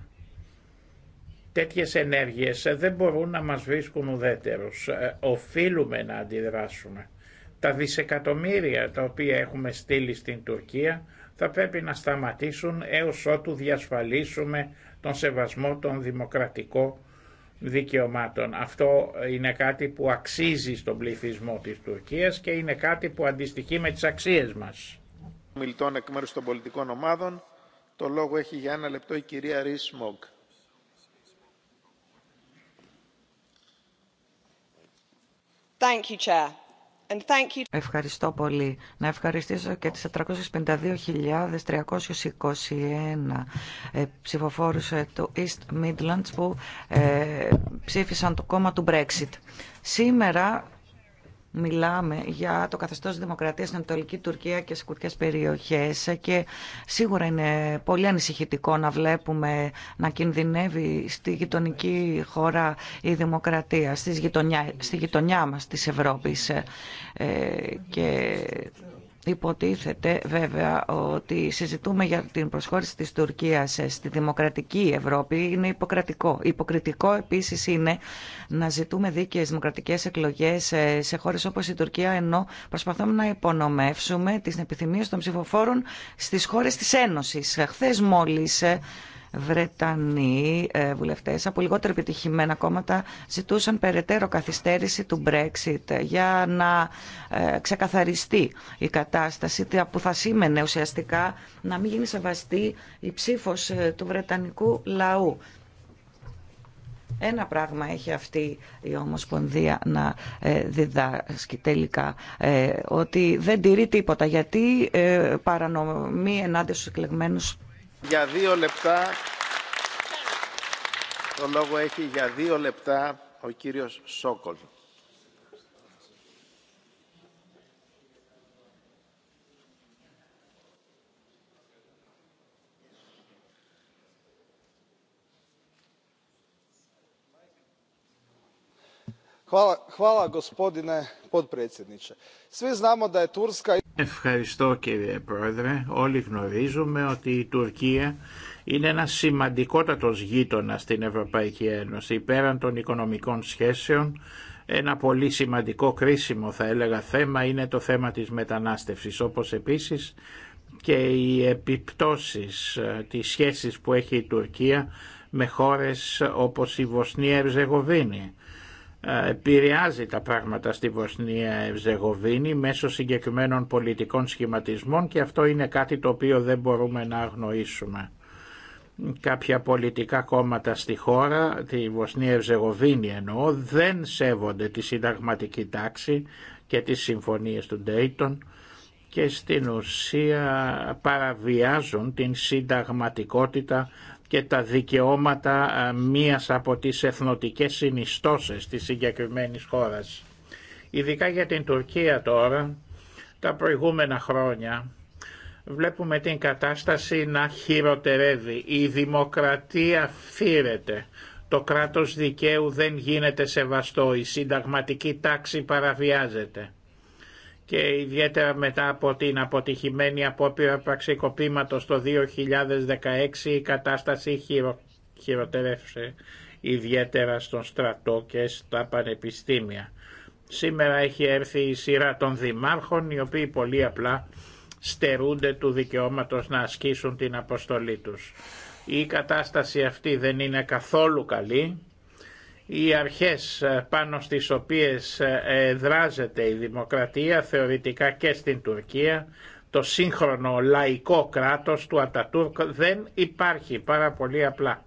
S6: Τέτοιες ενέργειες δεν μπορούν να μας βρίσκουν ουδέτερους. Ε, οφείλουμε να αντιδράσουμε. Τα δισεκατομμύρια τα οποία έχουμε στείλει στην Τουρκία θα πρέπει να σταματήσουν έως ότου διασφαλίσουμε τον σεβασμό των δημοκρατικών δικαιωμάτων. Αυτό είναι κάτι που αξίζει στον πληθυσμό της Τουρκίας και είναι κάτι που αντιστοιχεί με τις αξίες μας.
S1: Μιλτών εκ μέρους των πολιτικών ομάδων, το λόγο έχει για ένα λεπτό η κυρία Ρίσ
S11: Thank you, Chair.
S3: Ευχαριστώ πολύ. Να ευχαριστήσω και τις 452.321 ε, ψηφοφόρους ε, του East Midlands που ε, ψήφισαν το κόμμα του Brexit. Σήμερα μιλάμε για το καθεστώς δημοκρατίας στην Ανατολική Τουρκία και σε κουρτικές περιοχές και σίγουρα είναι πολύ ανησυχητικό να βλέπουμε να κινδυνεύει στη γειτονική χώρα η δημοκρατία, στη γειτονιά, στη γειτονιά μας της ε, και Υποτίθεται βέβαια ότι συζητούμε για την προσχώρηση της Τουρκίας στη δημοκρατική Ευρώπη. Είναι υποκρατικό. Υποκριτικό επίσης είναι να ζητούμε δίκαιες δημοκρατικές εκλογές ε, σε χώρες όπως η Τουρκία ενώ προσπαθούμε να υπονομεύσουμε τις επιθυμίες των ψηφοφόρων στις χώρες της Ένωσης. Χθε μόλις ε, Βρετανοί ε, βουλευτές από λιγότερο επιτυχημένα κόμματα ζητούσαν περαιτέρω καθυστέρηση του Brexit για να ε, ξεκαθαριστεί η κατάσταση που θα σήμαινε ουσιαστικά να μην γίνει σεβαστή η ψήφος ε, του Βρετανικού λαού. Ένα πράγμα έχει αυτή η Ομοσπονδία να διδάσκει τελικά, ότι δεν τηρεί τίποτα, γιατί παρανομή ενάντια στους εκλεγμένους
S1: για δύο λεπτά, το λόγο έχει για δύο λεπτά ο κύριος Σόκολ.
S6: Ευχαριστώ κύριε Πρόεδρε. Όλοι γνωρίζουμε ότι η Τουρκία είναι ένα σημαντικότατο γείτονα στην Ευρωπαϊκή Ένωση. Πέραν των οικονομικών σχέσεων, ένα πολύ σημαντικό κρίσιμο θα έλεγα θέμα είναι το θέμα της μετανάστευσης, όπως επίσης και οι επιπτώσεις ε, της σχέσης που έχει η Τουρκία με χώρες όπως η Βοσνία ερζεγοβινη επηρεάζει τα πράγματα στη Βοσνία Ευζεγοβίνη μέσω συγκεκριμένων πολιτικών σχηματισμών και αυτό είναι κάτι το οποίο δεν μπορούμε να αγνοήσουμε. Κάποια πολιτικά κόμματα στη χώρα, τη Βοσνία Ευζεγοβίνη εννοώ, δεν σέβονται τη συνταγματική τάξη και τις συμφωνίες του Ντέιτον και στην ουσία παραβιάζουν την συνταγματικότητα και τα δικαιώματα μίας από τις εθνοτικές συνιστώσεις της συγκεκριμένη χώρας. Ειδικά για την Τουρκία τώρα, τα προηγούμενα χρόνια, βλέπουμε την κατάσταση να χειροτερεύει. Η δημοκρατία φύρεται. Το κράτος δικαίου δεν γίνεται σεβαστό. Η συνταγματική τάξη παραβιάζεται και ιδιαίτερα μετά από την αποτυχημένη απόπειρα πραξικοπήματος το 2016 η κατάσταση χειρο, χειροτερεύσε ιδιαίτερα στον στρατό και στα πανεπιστήμια. Σήμερα έχει έρθει η σειρά των δημάρχων οι οποίοι πολύ απλά στερούνται του δικαιώματος να ασκήσουν την αποστολή τους. Η κατάσταση αυτή δεν είναι καθόλου καλή οι αρχές ε, πάνω στις οποίες ε, δράζεται η δημοκρατία θεωρητικά και στην Τουρκία, το σύγχρονο λαϊκό κράτος του Ατατούρκ δεν υπάρχει πάρα πολύ απλά.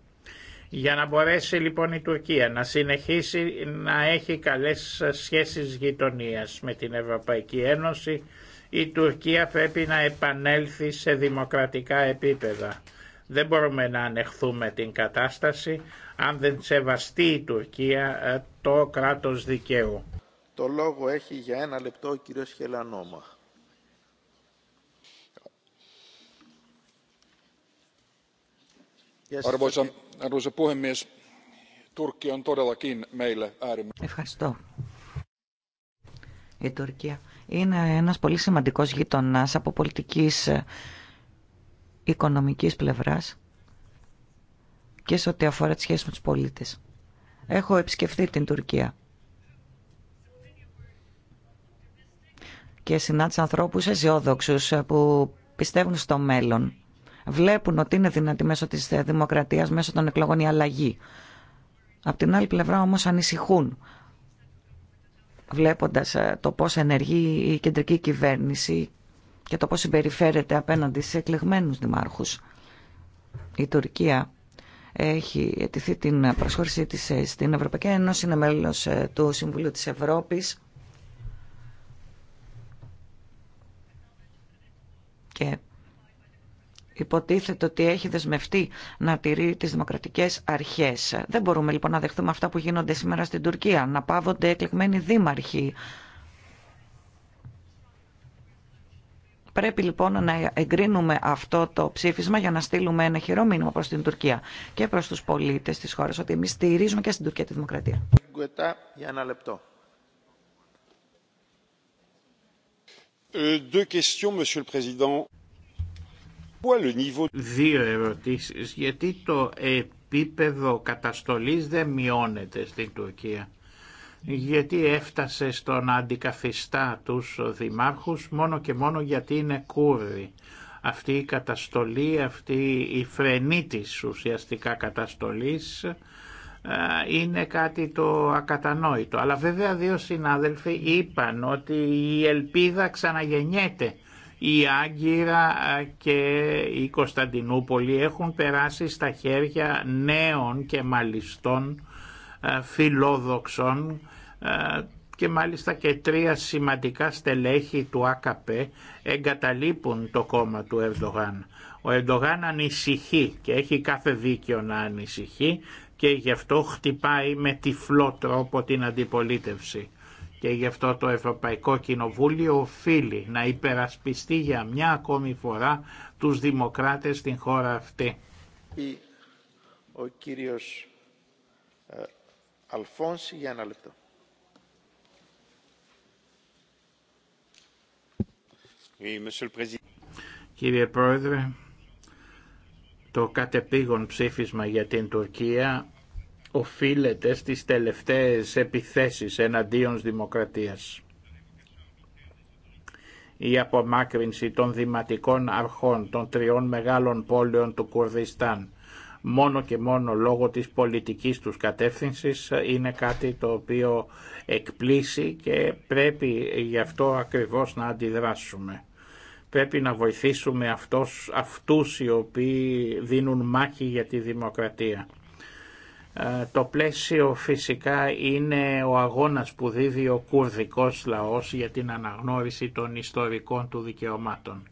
S6: Για να μπορέσει λοιπόν η Τουρκία να συνεχίσει να έχει καλές ε, σχέσεις γειτονίας με την Ευρωπαϊκή Ένωση, η Τουρκία πρέπει να επανέλθει σε δημοκρατικά επίπεδα. Δεν μπορούμε να ανεχθούμε την κατάσταση, αν δεν σεβαστεί η Τουρκία ε, το κράτος δικαίου.
S1: Το λόγο έχει για ένα λεπτό ο κύριος Χελανόμα.
S3: Ευχαριστώ. Η Τουρκία είναι ένας πολύ σημαντικός γείτονας από πολιτικής ε, οικονομικής πλευράς και σε ό,τι αφορά τις σχέσεις με τους πολίτες. Έχω επισκεφθεί την Τουρκία. Και συνάντησα ανθρώπους αισιόδοξου που πιστεύουν στο μέλλον. Βλέπουν ότι είναι δυνατή μέσω της δημοκρατίας, μέσω των εκλογών η αλλαγή. Απ' την άλλη πλευρά όμως ανησυχούν βλέποντας ε, το πώς ενεργεί η κεντρική κυβέρνηση και το πώς συμπεριφέρεται απέναντι σε εκλεγμένους δημάρχους. Η Τουρκία έχει αιτηθεί την προσχώρησή της ε, στην Ευρωπαϊκή Ένωση, είναι μέλος ε, του Συμβουλίου της Ευρώπης και υποτίθεται ότι έχει δεσμευτεί να τηρεί τις δημοκρατικές αρχές. Δεν μπορούμε λοιπόν να δεχθούμε αυτά που γίνονται σήμερα στην Τουρκία, να πάβονται εκλεγμένοι δήμαρχοι, Πρέπει λοιπόν να εγκρίνουμε αυτό το ψήφισμα για να στείλουμε ένα χειρό μήνυμα προς την Τουρκία και προς τους πολίτες της χώρας ότι εμεί στηρίζουμε και στην Τουρκία τη δημοκρατία.
S1: Δύο
S6: ερωτήσεις. Γιατί το επίπεδο καταστολής δεν μειώνεται στην Τουρκία γιατί έφτασε στον να αντικαθιστά τους δημάρχους μόνο και μόνο γιατί είναι Κούρδοι. Αυτή η καταστολή, αυτή η φρενή της ουσιαστικά καταστολής ε, είναι κάτι το ακατανόητο. Αλλά βέβαια δύο συνάδελφοι είπαν ότι η ελπίδα ξαναγεννιέται. Η Άγκυρα και η Κωνσταντινούπολη έχουν περάσει στα χέρια νέων και μαλιστών ε, φιλόδοξων ε, και μάλιστα και τρία σημαντικά στελέχη του ΑΚΠ εγκαταλείπουν το κόμμα του Ερντογάν. Ο Ερντογάν ανησυχεί και έχει κάθε δίκιο να ανησυχεί και γι' αυτό χτυπάει με τυφλό τρόπο την αντιπολίτευση. Και γι' αυτό το Ευρωπαϊκό Κοινοβούλιο οφείλει να υπερασπιστεί για μια ακόμη φορά τους δημοκράτες στην χώρα αυτή.
S1: Ο κύριος ε, Αλφόνση για ένα λεπτό.
S6: Κύριε Πρόεδρε, το κατεπήγον ψήφισμα για την Τουρκία οφείλεται στις τελευταίες επιθέσεις εναντίον δημοκρατίας. Η απομάκρυνση των δηματικών αρχών των τριών μεγάλων πόλεων του Κουρδιστάν μόνο και μόνο λόγω της πολιτικής τους κατεύθυνσης είναι κάτι το οποίο εκπλήσει και πρέπει γι' αυτό ακριβώς να αντιδράσουμε πρέπει να βοηθήσουμε αυτός, αυτούς οι οποίοι δίνουν μάχη για τη δημοκρατία. Ε, το πλαίσιο φυσικά είναι ο αγώνας που δίδει ο κουρδικός λαός για την αναγνώριση των ιστορικών του δικαιωμάτων.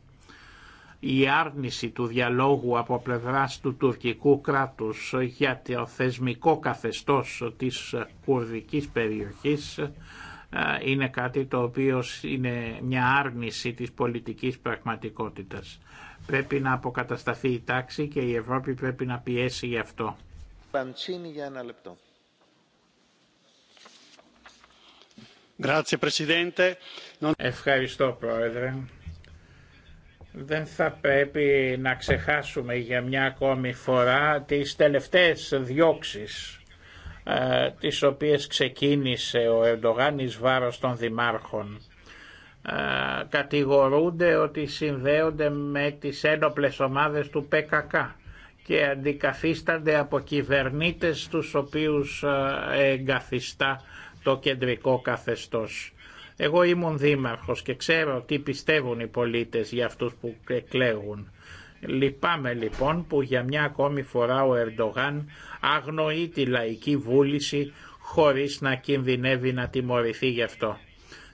S6: Η άρνηση του διαλόγου από πλευράς του τουρκικού κράτους για το θεσμικό καθεστώς της κουρδικής περιοχής είναι κάτι το οποίο είναι μια άρνηση της πολιτικής πραγματικότητας. Πρέπει να αποκατασταθεί η τάξη και η Ευρώπη πρέπει να πιέσει γι' αυτό. Ευχαριστώ Πρόεδρε. Δεν θα πρέπει να ξεχάσουμε για μια ακόμη φορά τις τελευταίες διώξεις ε, τις οποίες ξεκίνησε ο Ερντογάν εις βάρος των δημάρχων. Ε, κατηγορούνται ότι συνδέονται με τις ένοπλες ομάδες του ΠΚΚ και αντικαθίστανται από κυβερνήτες τους οποίους ε, εγκαθιστά το κεντρικό καθεστώς. Εγώ ήμουν δήμαρχος και ξέρω τι πιστεύουν οι πολίτες για αυτούς που εκλέγουν. Λυπάμαι λοιπόν που για μια ακόμη φορά ο Ερντογάν αγνοεί τη λαϊκή βούληση χωρίς να κινδυνεύει να τιμωρηθεί γι' αυτό.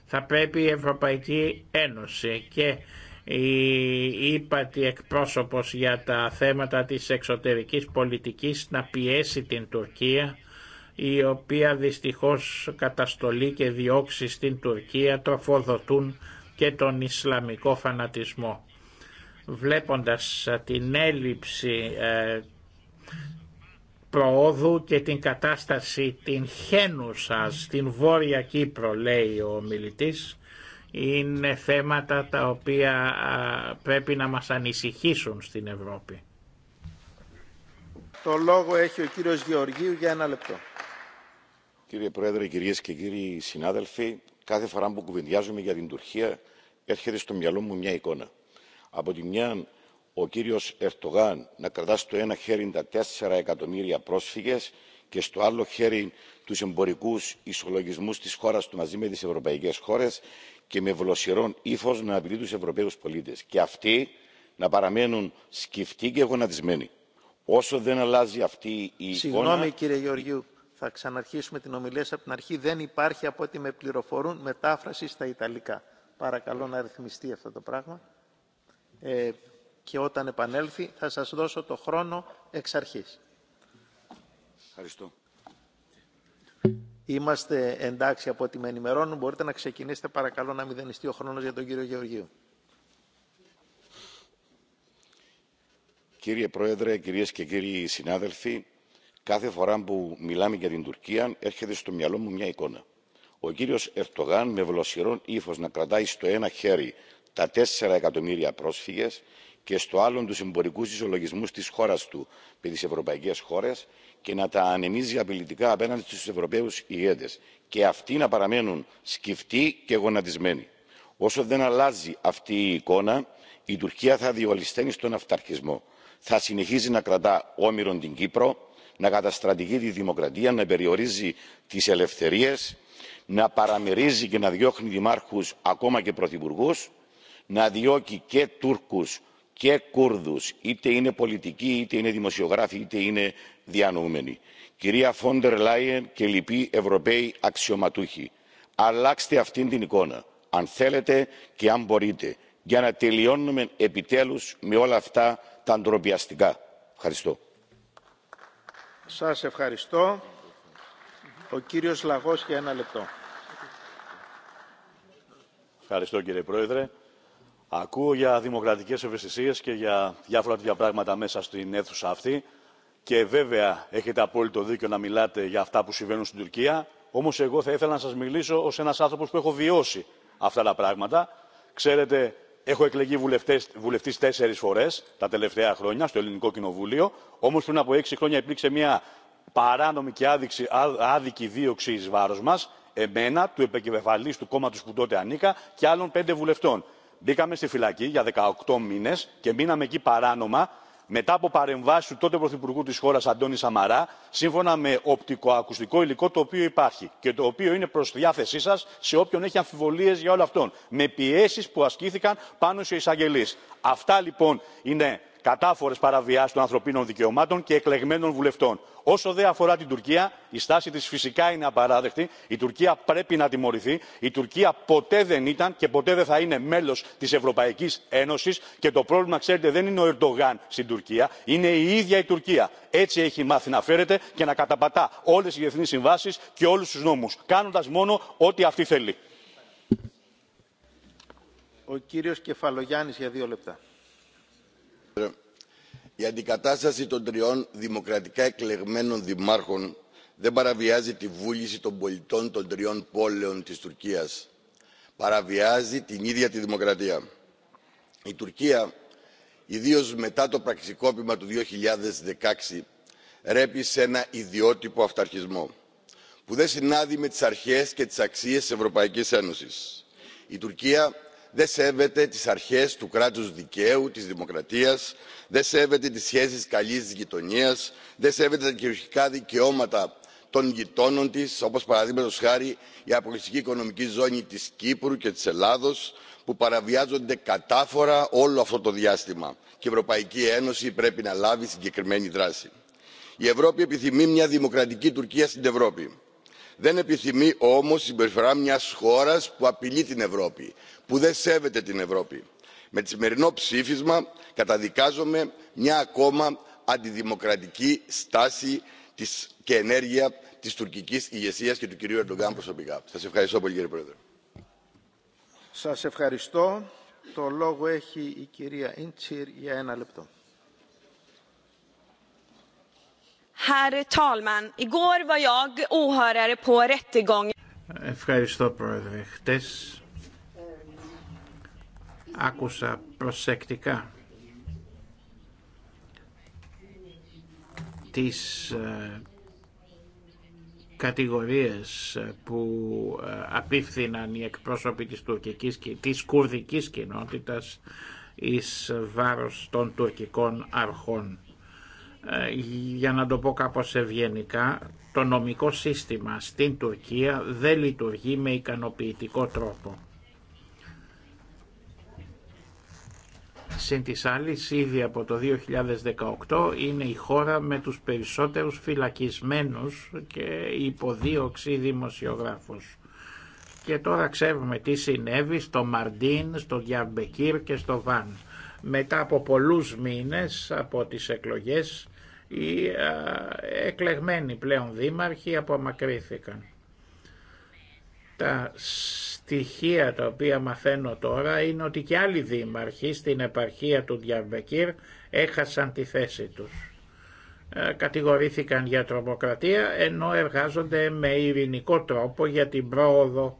S6: Θα πρέπει η Ευρωπαϊκή Ένωση και η ύπατη εκπρόσωπος για τα θέματα της εξωτερικής πολιτικής να πιέσει την Τουρκία η οποία δυστυχώς καταστολή και διώξει στην Τουρκία τροφοδοτούν και τον Ισλαμικό φανατισμό. Βλέποντας την έλλειψη ε, προόδου και την κατάσταση την χένουσα στην Βόρεια Κύπρο, λέει ο μιλητής, είναι θέματα τα οποία πρέπει να μας ανησυχήσουν στην Ευρώπη.
S1: Το λόγο έχει ο κύριος Γεωργίου για ένα λεπτό.
S12: Κύριε Πρόεδρε, κυρίες και κύριοι συνάδελφοι, κάθε φορά που κουβεντιάζουμε για την Τουρκία έρχεται στο μυαλό μου μια εικόνα. Από τη μια ο κύριος Ερτογάν να κρατά στο ένα χέρι τα τέσσερα εκατομμύρια πρόσφυγες και στο άλλο χέρι τους εμπορικούς ισολογισμούς της χώρας του μαζί με τις ευρωπαϊκές χώρες και με βλοσιρόν ύφος να απειλεί τους ευρωπαίους πολίτες και αυτοί να παραμένουν σκυφτοί και γονατισμένοι. Όσο δεν αλλάζει αυτή η εικόνα... Συγγνώμη
S1: κύριε Γεωργίου, θα ξαναρχίσουμε την ομιλία σας από την αρχή. Δεν υπάρχει από ό,τι με πληροφορούν μετάφραση στα Ιταλικά. Παρακαλώ να ρυθμιστεί αυτό το πράγμα. Ε, και όταν επανέλθει θα σας δώσω το χρόνο εξ αρχής. Είμαστε εντάξει από ό,τι με ενημερώνουν. Μπορείτε να ξεκινήσετε παρακαλώ να μηδενιστεί ο χρόνος για τον κύριο Γεωργίου.
S12: Κύριε Πρόεδρε, κυρίες και κύριοι συνάδελφοι, κάθε φορά που μιλάμε για την Τουρκία έρχεται στο μυαλό μου μια εικόνα. Ο κύριος Ερτογάν με βλοσιρόν ύφος να κρατάει στο ένα χέρι τα τέσσερα εκατομμύρια πρόσφυγες και στο άλλον του εμπορικού ισολογισμού τη χώρα του με τι ευρωπαϊκέ χώρε και να τα ανεμίζει απειλητικά απέναντι στου Ευρωπαίου ηγέτε και αυτοί να παραμένουν σκυφτοί και γονατισμένοι. Όσο δεν αλλάζει αυτή η εικόνα, η Τουρκία θα διολυσταίνει στον αυταρχισμό. Θα συνεχίζει να κρατά όμοιρον την Κύπρο, να καταστρατηγεί τη δημοκρατία, να περιορίζει τι ελευθερίε, να παραμερίζει και να διώχνει δημάρχου ακόμα και πρωθυπουργού, να διώκει και Τούρκους και Κούρδους, είτε είναι πολιτικοί, είτε είναι δημοσιογράφοι, είτε είναι διανοούμενοι. Κυρία Φόντερ Λάιεν και λοιποί Ευρωπαίοι αξιωματούχοι, αλλάξτε αυτήν την εικόνα, αν θέλετε και αν μπορείτε, για να τελειώνουμε επιτέλους με όλα αυτά τα ντροπιαστικά.
S9: Ευχαριστώ.
S1: Σας ευχαριστώ. Ο κύριος Λαγός για ένα λεπτό.
S9: Ευχαριστώ κύριε Πρόεδρε Ακούω για δημοκρατικέ ευαισθησίε και για διάφορα τέτοια πράγματα μέσα στην αίθουσα αυτή και βέβαια έχετε απόλυτο δίκιο να μιλάτε για αυτά που συμβαίνουν στην Τουρκία, όμω εγώ θα ήθελα να σα μιλήσω ω ένα άνθρωπο που έχω βιώσει αυτά τα πράγματα. Ξέρετε, έχω εκλεγεί βουλευτή τέσσερι φορέ, τα τελευταία χρόνια στο Ελληνικό Κοινοβούλιο, όμω πριν από έξι χρόνια υπήρξε μια παράνομη και άδικη δίωξη ει βάρο μα εμένα, του επικεφαλή του κόμματο που τότε ανήκα και άλλων πέντε βουλευτών μπήκαμε στη φυλακή για 18 μήνες και μείναμε εκεί παράνομα μετά από παρεμβάσει του τότε Πρωθυπουργού της χώρας Αντώνη Σαμαρά, σύμφωνα με οπτικοακουστικό υλικό το οποίο υπάρχει και το οποίο είναι προς διάθεσή σας σε όποιον έχει αμφιβολίες για όλο αυτόν, με πιέσεις που ασκήθηκαν πάνω σε εισαγγελεί. Αυτά λοιπόν είναι κατάφορε παραβιάσει των ανθρωπίνων δικαιωμάτων και εκλεγμένων βουλευτών. όσο δε αφορά την τουρκία η στάση τη φυσικά είναι απαράδεκτη η τουρκία πρέπει να τιμωρηθεί η τουρκία ποτέ δεν ήταν και ποτέ δεν θα είναι μέλο τη ευρωπαϊκή ένωση και το πρόβλημα ξέρετε δεν είναι ο ερντογάν στην τουρκία είναι η ίδια η τουρκία. έτσι έχει μάθει να φέρεται και να καταπατά όλε οι διεθνεί συμβάσει και όλου του νόμου κάνοντα μόνο ό,τι αυτή θέλει.
S1: Ο κύριος Κεφαλογιάννης για δύο λεπτά
S9: η αντικατάσταση
S13: των τριών δημοκρατικά εκλεγμένων δημάρχων δεν παραβιάζει τη βούληση των πολιτών των τριών πόλεων της τουρκίας παραβιάζει την ίδια τη δημοκρατία. η τουρκία ιδίως μετά το πραξικόπημα του 2016 ρέπει σε ένα ιδιότυπο αυταρχισμό που δεν συνάδει με τις αρχές και τις αξίες της ευρωπαϊκής ένωσης. η τουρκία δεν σέβεται τις αρχές του κράτους δικαίου της δημοκρατίας δεν σέβεται τις σχέσεις καλής γειτονίας δεν σέβεται τα κυριαρχικά δικαιώματα των γειτόνων της όπως παραδείγματος χάρη η αποκλειστική οικονομική ζώνη της κύπρου και της ελλάδος που παραβιάζονται κατάφορα όλο αυτό το διάστημα και η ευρωπαϊκή ένωση πρέπει να λάβει συγκεκριμένη δράση. η ευρώπη επιθυμεί μια δημοκρατική τουρκία στην ευρώπη δεν επιθυμεί όμως η συμπεριφορά μια χώρας που απειλεί την ευρώπη που δεν σέβεται την ευρώπη. με το σημερινό ψήφισμα καταδικάζουμε μια ακόμα αντιδημοκρατική στάση και ενέργεια της τουρκικής ηγεσίας και του κυρίου ερντογκάν προσωπικά. σας ευχαριστώ πολύ κύριε πρόεδρε.
S1: σας ευχαριστώ. το λόγο έχει η κυρία ιντσιρ για ένα λεπτό.
S5: Herr talman! var jag åhörare på rättegången.
S6: Ευχαριστώ Πρόεδρε. Χτε άκουσα προσεκτικά τις ε, κατηγορίες που ε, απίφθηναν οι εκπρόσωποι τη τουρκικής και της κουρδικής κοινότητας εις βάρος των τουρκικών αρχών. Ε, για να το πω κάπως ευγενικά, το νομικό σύστημα στην Τουρκία δεν λειτουργεί με ικανοποιητικό τρόπο. Συν της άλλης, ήδη από το 2018 είναι η χώρα με τους περισσότερους φυλακισμένους και υποδίωξη δημοσιογράφους. Και τώρα ξέρουμε τι συνέβη στο Μαρντίν, στο Διαμπεκύρ και στο Βαν. Μετά από πολλούς μήνες από τις εκλογές οι εκλεγμένοι πλέον δήμαρχοι απομακρύθηκαν. Τα στοιχεία τα οποία μαθαίνω τώρα είναι ότι και άλλοι δήμαρχοι στην επαρχία του Διαρμπεκύρ έχασαν τη θέση τους. Ε, κατηγορήθηκαν για τρομοκρατία ενώ εργάζονται με ειρηνικό τρόπο για την πρόοδο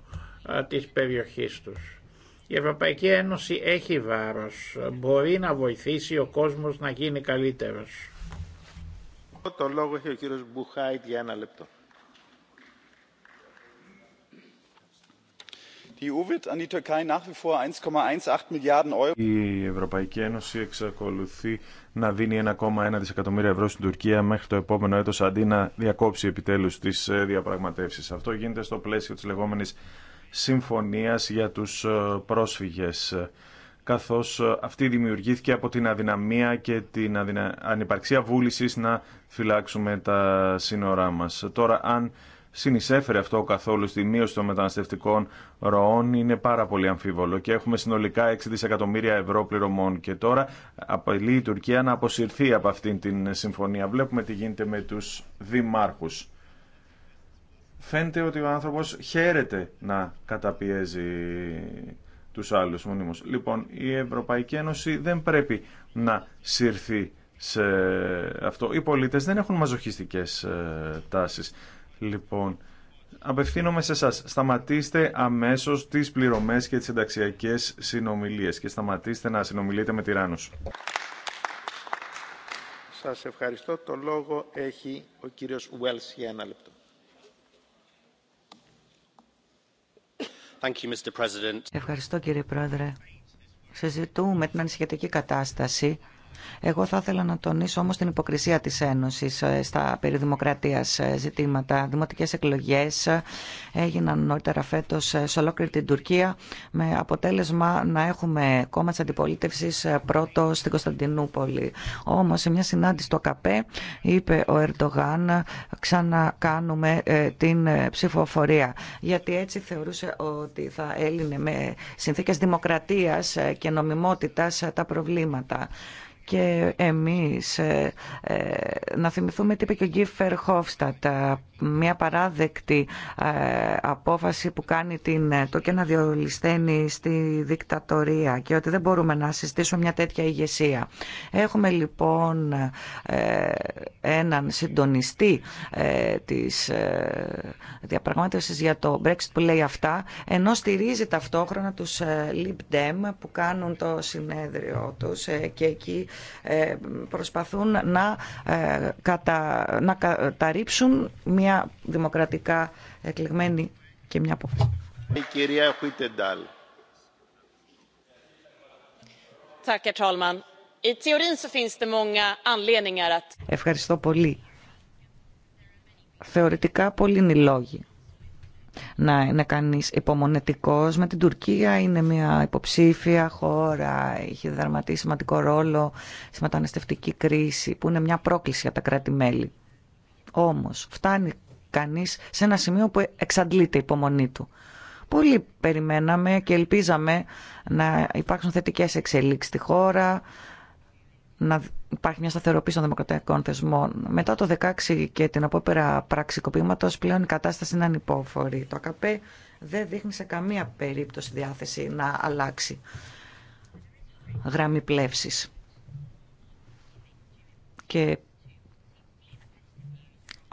S6: της περιοχής τους. Η Ευρωπαϊκή Ένωση έχει βάρος, μπορεί να βοηθήσει ο κόσμος να γίνει καλύτερος.
S1: Το λόγο έχει ο Μπουχάιτ για ένα λεπτό.
S10: Η Ευρωπαϊκή Ένωση εξακολουθεί να δίνει 1,1 δισεκατομμύρια ευρώ στην Τουρκία μέχρι το επόμενο έτος αντί να διακόψει επιτέλους τις ε, διαπραγματεύσεις. Αυτό γίνεται στο πλαίσιο της λεγόμενης συμφωνίας για τους ε, πρόσφυγες καθώς ε, αυτή δημιουργήθηκε από την αδυναμία και την αδυνα... ανυπαρξία βούλησης να φυλάξουμε τα σύνορά μας. Τώρα, αν συνεισέφερε αυτό καθόλου στη μείωση των μεταναστευτικών ροών είναι πάρα πολύ αμφίβολο και έχουμε συνολικά 6 δισεκατομμύρια ευρώ πληρωμών και τώρα απειλεί η Τουρκία να αποσυρθεί από αυτήν την συμφωνία. Βλέπουμε τι γίνεται με τους δημάρχους. Φαίνεται ότι ο άνθρωπος χαίρεται να καταπιέζει τους άλλους μονίμους. Λοιπόν, η Ευρωπαϊκή Ένωση δεν πρέπει να συρθεί σε αυτό. Οι πολίτες δεν έχουν μαζοχιστικές ε, τάσεις. Λοιπόν, απευθύνομαι σε σας. Σταματήστε αμέσως τις πληρωμές και τις ενταξιακέ συνομιλίες και σταματήστε να συνομιλείτε με τυράννους.
S1: Σας ευχαριστώ. Το λόγο έχει ο κύριος Βουέλς για ένα λεπτό.
S3: Ευχαριστώ κύριε Πρόεδρε. Συζητούμε την ανησυχητική κατάσταση εγώ θα ήθελα να τονίσω όμως την υποκρισία της Ένωσης ε, στα περί ε, ζητήματα. Δημοτικές εκλογές ε, έγιναν νωρίτερα φέτος σε ολόκληρη την Τουρκία με αποτέλεσμα να έχουμε κόμμα της αντιπολίτευσης πρώτο στην Κωνσταντινούπολη. Όμως σε μια συνάντηση στο ΚΑΠΕ είπε ο Ερντογάν ξανακάνουμε την ψηφοφορία γιατί έτσι θεωρούσε ότι θα έλυνε με συνθήκες δημοκρατίας και νομιμότητας τα προβλήματα και εμείς ε, ε, να θυμηθούμε τι είπε και ο Γκίφερ Χόφστατα μια παράδεκτη ε, απόφαση που κάνει την, ε, το και να διολυσταίνει στη δικτατορία και ότι δεν μπορούμε να συστήσουμε μια τέτοια ηγεσία. Έχουμε λοιπόν ε, έναν συντονιστή της διαπραγμάτευσης για το Brexit που λέει αυτά, ενώ στηρίζει ταυτόχρονα τους Lib Dem που κάνουν το συνέδριο τους και εκεί προσπαθούν να, κατα... να καταρρύψουν μια δημοκρατικά εκλεγμένη και μια απόφαση.
S1: Η κυρία Χουίτενταλ.
S3: Ευχαριστώ πολύ. Θεωρητικά πολύ είναι οι λόγοι να είναι κανείς υπομονετικός με την Τουρκία. Είναι μια υποψήφια χώρα, έχει δραματίσει σημαντικό ρόλο στη μεταναστευτική κρίση, που είναι μια πρόκληση για τα κράτη-μέλη. Όμως φτάνει κανείς σε ένα σημείο που εξαντλείται η υπομονή του. Πολύ περιμέναμε και ελπίζαμε να υπάρξουν θετικές εξελίξεις στη χώρα, να υπάρχει μια σταθεροποίηση των δημοκρατικών θεσμών. Μετά το 16 και την απόπειρα πραξικοπήματος πλέον η κατάσταση είναι ανυπόφορη. Το ΑΚΠ δεν δείχνει σε καμία περίπτωση διάθεση να αλλάξει γραμμή πλεύσης. Και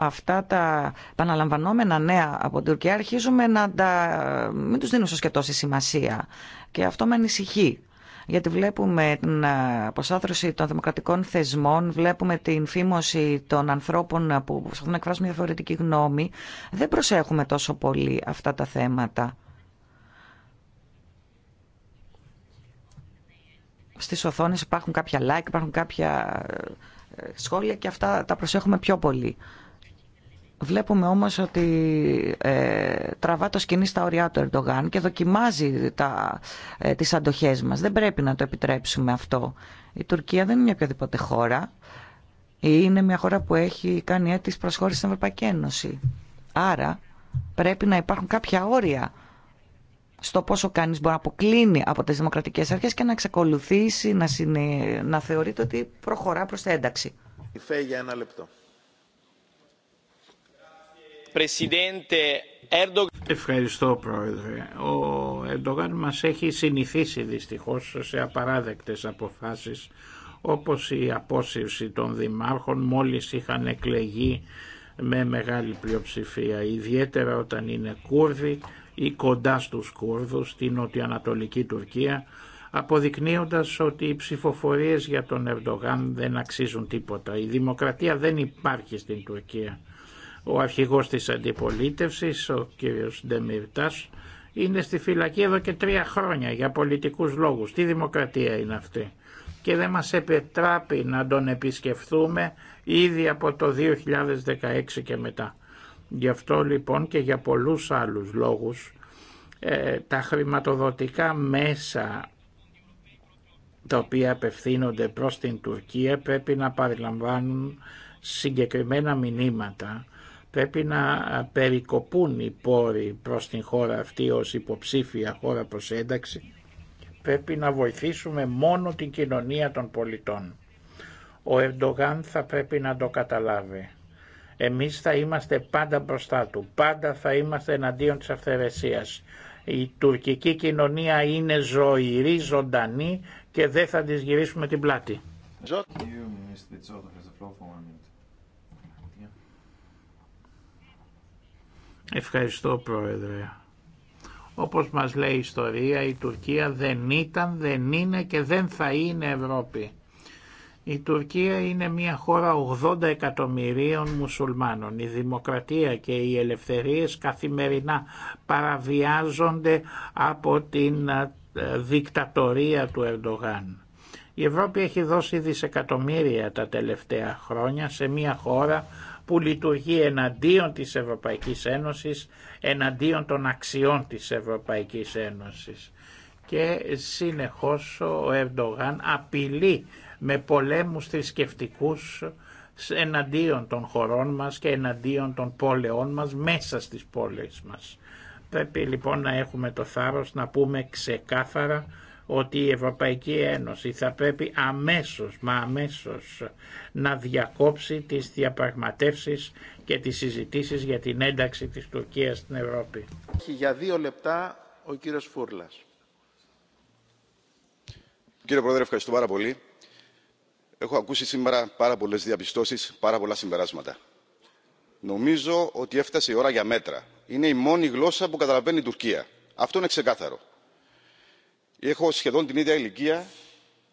S3: αυτά τα επαναλαμβανόμενα νέα από την Τουρκία αρχίζουμε να τα, μην τους δίνουμε και τόση σημασία. Και αυτό με ανησυχεί. Γιατί βλέπουμε την ε, αποσάθρωση των δημοκρατικών θεσμών, βλέπουμε την φήμωση των ανθρώπων που προσπαθούν να εκφράσουν μια διαφορετική γνώμη. Δεν προσέχουμε τόσο πολύ αυτά τα θέματα. Στις οθόνες υπάρχουν κάποια like, υπάρχουν κάποια ε, σχόλια και αυτά τα προσέχουμε πιο πολύ. Βλέπουμε όμως ότι ε, τραβά το σκηνή στα ωριά του Ερντογάν και δοκιμάζει τα, ε, τις αντοχές μας. Δεν πρέπει να το επιτρέψουμε αυτό. Η Τουρκία δεν είναι μια οποιαδήποτε χώρα. Είναι μια χώρα που έχει κάνει αίτηση προσχώρηση στην Ευρωπαϊκή Ένωση. Άρα πρέπει να υπάρχουν κάποια όρια στο πόσο κανείς μπορεί να αποκλίνει από τις δημοκρατικές αρχές και να εξακολουθήσει να, να θεωρείται ότι προχωρά προς τα ένταξη.
S1: Η για ένα λεπτό.
S6: Ευχαριστώ πρόεδρε. Ο Ερντογάν μας έχει συνηθίσει δυστυχώς σε απαράδεκτες αποφάσεις όπως η απόσυρση των δημάρχων μόλις είχαν εκλεγεί με μεγάλη πλειοψηφία, ιδιαίτερα όταν είναι Κούρδοι ή κοντά στους Κούρδους στην νοτιοανατολική Τουρκία, αποδεικνύοντας ότι οι ψηφοφορίες για τον Ερντογάν δεν αξίζουν τίποτα. Η δημοκρατία δεν υπάρχει στην Τουρκία. Ο αρχηγός της αντιπολίτευσης, ο κύριος Ντεμιρτάς, είναι στη φυλακή εδώ και τρία χρόνια για πολιτικούς λόγους. Τι δημοκρατία είναι αυτή. Και δεν μας επιτράπει να τον επισκεφθούμε ήδη από το 2016 και μετά. Γι' αυτό λοιπόν και για πολλούς άλλους λόγους ε, τα χρηματοδοτικά μέσα τα οποία απευθύνονται προς την Τουρκία πρέπει να παριλαμβάνουν συγκεκριμένα μηνύματα πρέπει να περικοπούν οι πόροι προς την χώρα αυτή ως υποψήφια χώρα προς ένταξη. Πρέπει να βοηθήσουμε μόνο την κοινωνία των πολιτών. Ο Ερντογάν θα πρέπει να το καταλάβει. Εμείς θα είμαστε πάντα μπροστά του, πάντα θα είμαστε εναντίον της αυθαιρεσίας. Η τουρκική κοινωνία είναι ζωηρή, ζωντανή και δεν θα της γυρίσουμε την πλάτη. Ευχαριστώ Πρόεδρε. Όπως μας λέει η ιστορία, η Τουρκία δεν ήταν, δεν είναι και δεν θα είναι Ευρώπη. Η Τουρκία είναι μια χώρα 80 εκατομμυρίων μουσουλμάνων. Η δημοκρατία και οι ελευθερίες καθημερινά παραβιάζονται από την ε, δικτατορία του Ερντογάν. Η Ευρώπη έχει δώσει δισεκατομμύρια τα τελευταία χρόνια σε μια χώρα που λειτουργεί εναντίον της Ευρωπαϊκής Ένωσης, εναντίον των αξιών της Ευρωπαϊκής Ένωσης. Και συνεχώς ο Ερντογάν απειλεί με πολέμους θρησκευτικού εναντίον των χωρών μας και εναντίον των πόλεών μας μέσα στις πόλεις μας. Πρέπει λοιπόν να έχουμε το θάρρος να πούμε ξεκάθαρα ότι η Ευρωπαϊκή Ένωση θα πρέπει αμέσως, μα αμέσως, να διακόψει τις διαπραγματεύσεις και τις συζητήσεις για την ένταξη της Τουρκίας στην Ευρώπη.
S1: Για δύο λεπτά ο κύριος Φούρλας.
S14: Κύριε Πρόεδρε, ευχαριστώ πάρα πολύ. Έχω ακούσει σήμερα πάρα πολλές διαπιστώσεις, πάρα πολλά συμπεράσματα. Νομίζω ότι έφτασε η ώρα για μέτρα. Είναι η μόνη γλώσσα που καταλαβαίνει η Τουρκία. Αυτό είναι ξεκάθαρο έχω σχεδόν την ίδια ηλικία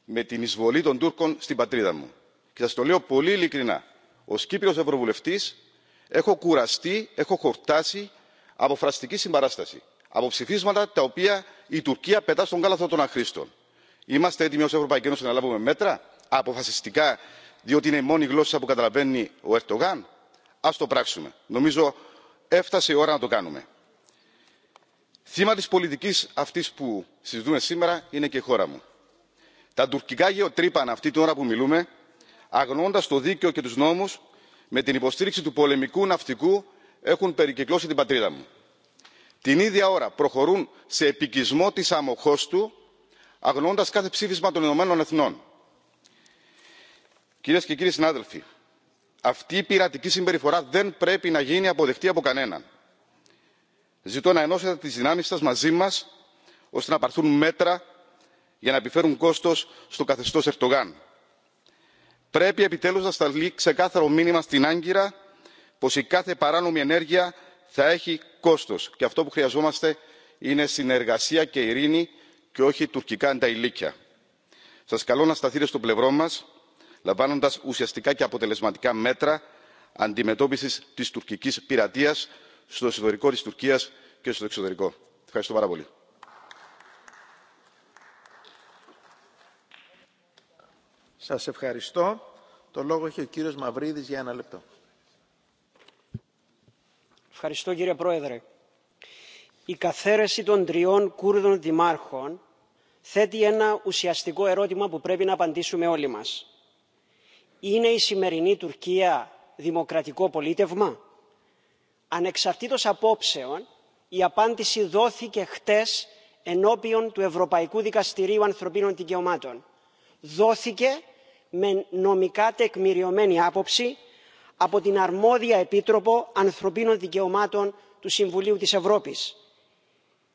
S14: με την εισβολή των τούρκων στην πατρίδα μου και σα το λέω πολύ ειλικρινά ω κύπριο Ευρωβουλευτή έχω κουραστεί έχω χορτάσει από φραστική συμπαράσταση από ψηφίσματα τα οποία η τουρκία πετά στον κάλαθο των αχρήστων. είμαστε έτοιμοι ω ευρωπαϊκή ένωση να λάβουμε μέτρα αποφασιστικά διότι είναι η μόνη γλώσσα που καταλαβαίνει ο Ερτογάν. Α το πράξουμε. νομίζω έφτασε η ώρα να το κάνουμε θύμα της πολιτικής αυτής που συζητούμε σήμερα είναι και η χώρα μου. τα τουρκικά γεωτρύπανα αυτή την ώρα που μιλούμε αγνοώντας το δίκαιο και τους νόμους με την υποστήριξη του πολεμικού ναυτικού έχουν περικυκλώσει την πατρίδα μου. την ίδια ώρα προχωρούν σε επικισμό της του, αγνοώντας κάθε ψήφισμα των ηνωμένων εθνών. κυρίες και κύριοι συνάδελφοι αυτή η πειρατική συμπεριφορά δεν πρέπει να γίνει αποδεκτή από κανέναν ζητώ να ενώσετε τις δυνάμεις σας μαζί μας ώστε να πάρθουν μέτρα για να επιφέρουν κόστος στο καθεστώς Ερτογάν. πρέπει επιτέλους να σταλεί ξεκάθαρο μήνυμα στην άγκυρα πως η κάθε παράνομη ενέργεια θα έχει κόστος και αυτό που χρειαζόμαστε είναι συνεργασία και ειρήνη και όχι τουρκικά ανταηλίκια. σας καλώ να σταθείτε στο πλευρό μας λαμβάνοντας ουσιαστικά και αποτελεσματικά μέτρα αντιμετώπισης της τουρκικής πειρατείας στο εσωτερικό της Τουρκίας και στο εξωτερικό. Ευχαριστώ πάρα πολύ.
S1: Σας ευχαριστώ. Το λόγο έχει ο κύριος Μαυρίδης
S4: για ένα λεπτό. Ευχαριστώ κύριε Πρόεδρε. Η καθαίρεση των τριών Κούρδων δημάρχων θέτει ένα ουσιαστικό ερώτημα που πρέπει να απαντήσουμε όλοι μας. Είναι η σημερινή Τουρκία δημοκρατικό πολίτευμα? ανεξαρτήτως απόψεων η απάντηση δόθηκε χτες ενώπιον του ευρωπαϊκού δικαστηρίου ανθρωπίνων δικαιωμάτων. δόθηκε με νομικά τεκμηριωμένη άποψη από την αρμόδια επίτροπο ανθρωπίνων δικαιωμάτων του συμβουλίου της ευρώπης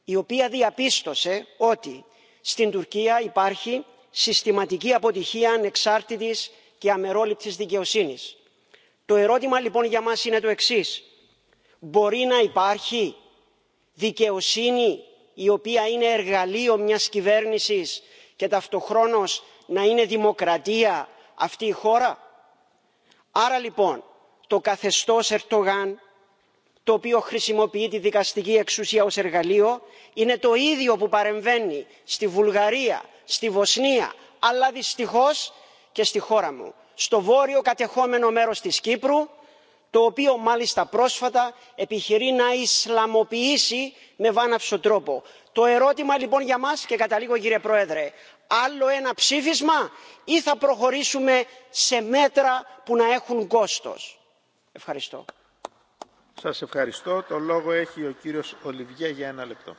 S4: η οποία διαπίστωσε ότι στην τουρκία υπάρχει συστηματική αποτυχία ανεξάρτητης και αμερόληπτης δικαιοσύνης. το ερώτημα λοιπόν για μας είναι το εξής μπορεί να υπάρχει δικαιοσύνη η οποία είναι εργαλείο μιας κυβέρνησης και ταυτοχρόνως να είναι δημοκρατία αυτή η χώρα. άρα λοιπόν το καθεστώς Ερτογάν, το οποίο χρησιμοποιεί τη δικαστική εξουσία ως εργαλείο είναι το ίδιο που παρεμβαίνει στη βουλγαρία στη βοσνία αλλά δυστυχώς και στη χώρα μου στο βόρειο κατεχόμενο μέρος της κύπρου το οποίο μάλιστα πρόσφατα επιχειρεί να ισλαμοποιήσει με βάναυσο τρόπο. το ερώτημα λοιπόν για μας και καταλήγω κύριε πρόεδρε άλλο ένα ψήφισμα ή θα προχωρήσουμε σε μέτρα που να έχουν κόστος. ευχαριστώ.
S1: σας ευχαριστώ. το λόγο έχει ο κύριος Ολιβιέ για ένα λεπτό.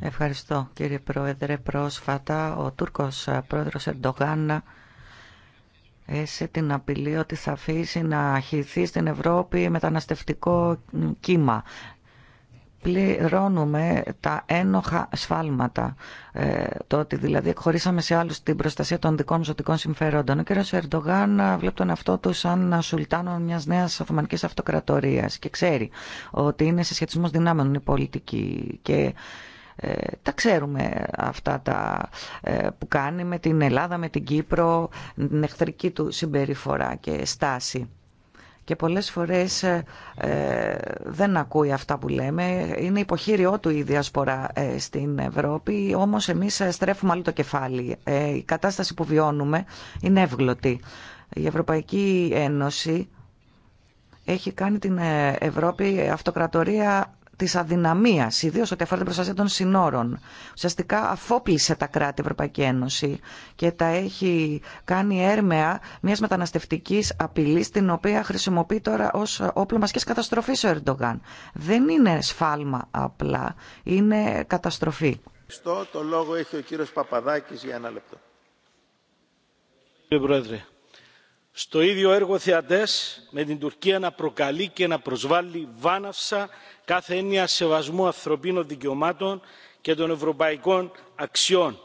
S3: Ευχαριστώ κύριε Πρόεδρε. Πρόσφατα ο Τούρκος ε, πρόεδρος Ερντογάν σε την απειλή ότι θα αφήσει να χυθεί στην Ευρώπη μεταναστευτικό κύμα. Πληρώνουμε τα ένοχα σφάλματα. Ε, το ότι δηλαδή εκχωρήσαμε σε άλλους την προστασία των δικών ζωτικών συμφερόντων. Ο κ. Ερντογάν βλέπει τον εαυτό του σαν σουλτάνο μια νέα Οθωμανική αυτοκρατορία και ξέρει ότι είναι σε σχετισμό δυνάμεων η πολιτική και ε, τα ξέρουμε αυτά τα ε, που κάνει με την Ελλάδα, με την Κύπρο, την εχθρική του συμπεριφορά και στάση. Και πολλές φορές ε, δεν ακούει αυτά που λέμε. Είναι υποχείριό του η διασπορά στην Ευρώπη, όμως εμείς στρέφουμε άλλο το κεφάλι. η κατάσταση που βιώνουμε είναι εύγλωτη. Η Ευρωπαϊκή Ένωση έχει κάνει την Ευρώπη αυτοκρατορία της αδυναμίας, ιδίως ό,τι αφορά την προστασία των συνόρων. Ουσιαστικά αφόπλησε τα κράτη Ευρωπαϊκή Ένωση και τα έχει κάνει έρμεα μιας μεταναστευτικής απειλής την οποία χρησιμοποιεί τώρα ως όπλο μας και καταστροφή ο Ερντογάν. Δεν είναι σφάλμα απλά, είναι καταστροφή.
S1: Στο, το λόγο έχει ο κύριος Παπαδάκης για ένα λεπτό.
S15: Κύριε Πρόεδρε, στο ίδιο έργο θεατές με την Τουρκία να προκαλεί και να προσβάλλει βάναυσα κάθε έννοια σεβασμού ανθρωπίνων δικαιωμάτων και των ευρωπαϊκών αξιών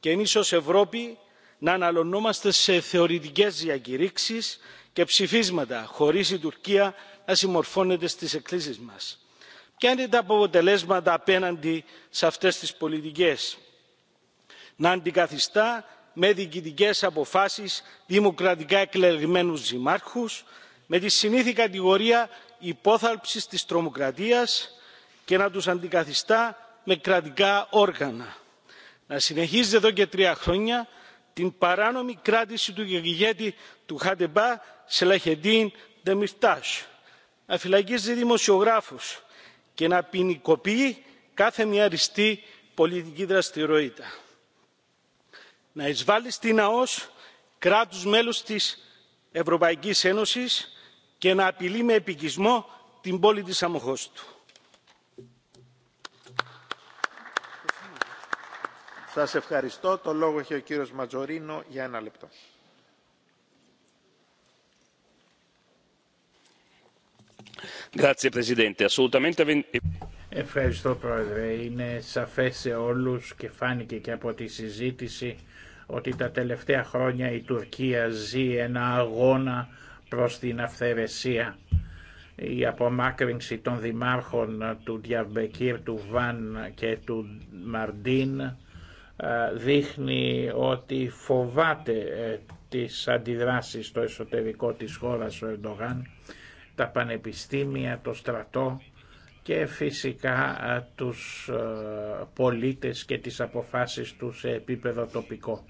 S15: και εμείς ως Ευρώπη να αναλωνόμαστε σε θεωρητικές διακηρύξεις και ψηφίσματα χωρίς η Τουρκία να συμμορφώνεται στις εκκλήσεις μας. Ποια είναι τα αποτελέσματα απέναντι σε αυτές τις πολιτικές. Να αντικαθιστά με διοικητικές αποφάσεις δημοκρατικά εκλεγμένους δημάρχους με τη συνήθη κατηγορία υπόθαλψης της τρομοκρατίας και να τους αντικαθιστά με κρατικά όργανα. Να συνεχίζεται εδώ και τρία χρόνια την παράνομη κράτηση του ηγέτη του Χατεμπά Σελαχεντίν Ντεμιρτάζ. Να φυλακίζει δημοσιογράφους και να ποινικοποιεί κάθε μια αριστεί πολιτική δραστηριότητα να εισβάλλει στην ΑΟΣ κράτους μέλους της Ευρωπαϊκής Ένωσης και να απειλεί με επικισμό την πόλη της Αμοχώστου.
S1: Σας ευχαριστώ. Το λόγο έχει ο κύριος Ματζορίνο για ένα λεπτό.
S6: Ευχαριστώ Πρόεδρε. Είναι σαφές σε όλους και φάνηκε και από τη συζήτηση ότι τα τελευταία χρόνια η Τουρκία ζει ένα αγώνα προς την αυθαιρεσία. Η απομάκρυνση των δημάρχων του Διαμπεκύρ, του Βαν και του Μαρντίν ε, δείχνει ότι φοβάται ε, τις αντιδράσεις στο εσωτερικό της χώρας ο Ερντογάν, τα πανεπιστήμια, το στρατό και φυσικά ε, τους πολίτες και τις αποφάσεις τους σε επίπεδο τοπικό.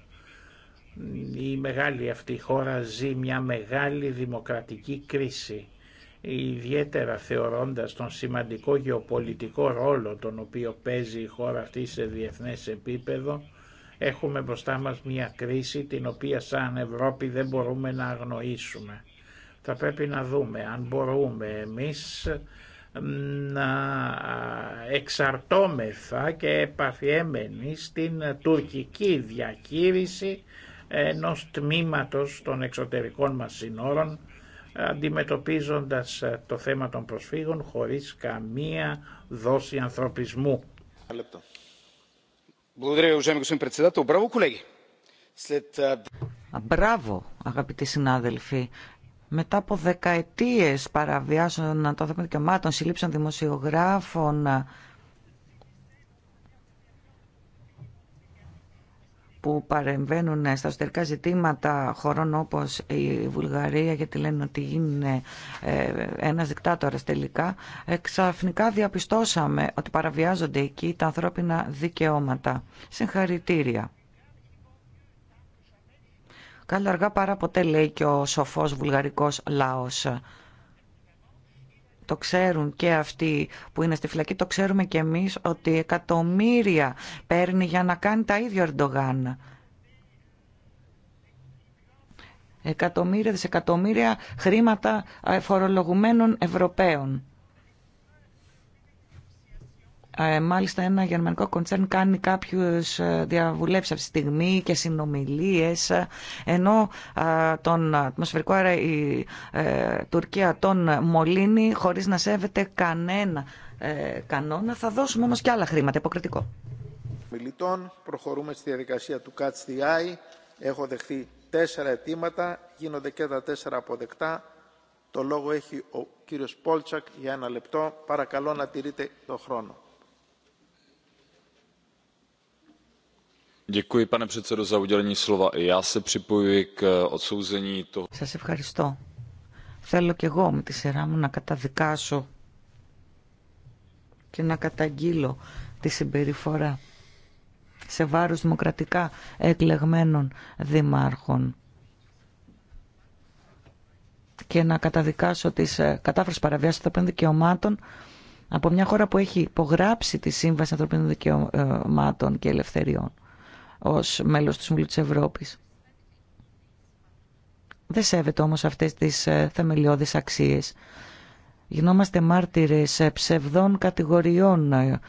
S6: Η μεγάλη αυτή χώρα ζει μια μεγάλη δημοκρατική κρίση, ιδιαίτερα θεωρώντας τον σημαντικό γεωπολιτικό ρόλο τον οποίο παίζει η χώρα αυτή σε διεθνές επίπεδο, έχουμε μπροστά μας μια κρίση την οποία σαν Ευρώπη δεν μπορούμε να αγνοήσουμε. Θα πρέπει να δούμε αν μπορούμε εμείς να εξαρτώμεθα και επαφιέμενοι στην τουρκική διακήρυξη ενός τμήματος των εξωτερικών μας συνόρων αντιμετωπίζοντας ε, το θέμα των προσφύγων χωρίς καμία δόση ανθρωπισμού. Ε, μπράβο,
S3: αγαπητοί συνάδελφοι. Μετά από δεκαετίες παραβιάσεων των δικαιωμάτων, συλλήψεων δημοσιογράφων, που παρεμβαίνουν στα εσωτερικά ζητήματα χωρών όπως η Βουλγαρία γιατί λένε ότι είναι ε, ένας δικτάτορας τελικά ε, ξαφνικά διαπιστώσαμε ότι παραβιάζονται εκεί τα ανθρώπινα δικαιώματα. Συγχαρητήρια. Καλό αργά παρά ποτέ λέει και ο σοφός βουλγαρικός λαός το ξέρουν και αυτοί που είναι στη φυλακή, το ξέρουμε και εμείς ότι εκατομμύρια παίρνει για να κάνει τα ίδια ο Ερντογάν. Εκατομμύρια, δισεκατομμύρια χρήματα φορολογουμένων Ευρωπαίων. Ε, μάλιστα ένα γερμανικό κοντσέρν κάνει κάποιους ε, διαβουλεύσεις αυτή τη στιγμή και συνομιλίες ε, ενώ τον ατμοσφαιρικό αέρα η Τουρκία τον μολύνει χωρίς να σέβεται κανένα κανόνα. Θα δώσουμε όμως και άλλα χρήματα. Υποκριτικό.
S1: Μιλητών, προχωρούμε στη διαδικασία του Catch the Eye. Έχω δεχθεί τέσσερα αιτήματα, γίνονται και τα τέσσερα αποδεκτά. Το λόγο έχει ο κύριος Πόλτσακ για ένα λεπτό. Παρακαλώ να τηρείτε το χρόνο.
S9: pane
S3: Σας ευχαριστώ. Θέλω κι εγώ με τη σειρά μου να καταδικάσω και να καταγγείλω τη συμπεριφορά σε βάρος δημοκρατικά εκλεγμένων δημάρχων και να καταδικάσω τις ε, κατάφρασες παραβιάσεις των δικαιωμάτων από μια χώρα που έχει υπογράψει τη Σύμβαση Ανθρωπίνων Δικαιωμάτων ε, και Ελευθεριών ως μέλος του Συμβουλίου της Ευρώπης. Δεν σέβεται όμως αυτές τις ε, θεμελιώδεις αξίες. Γινόμαστε μάρτυρες ε, ψευδών κατηγοριών, ε,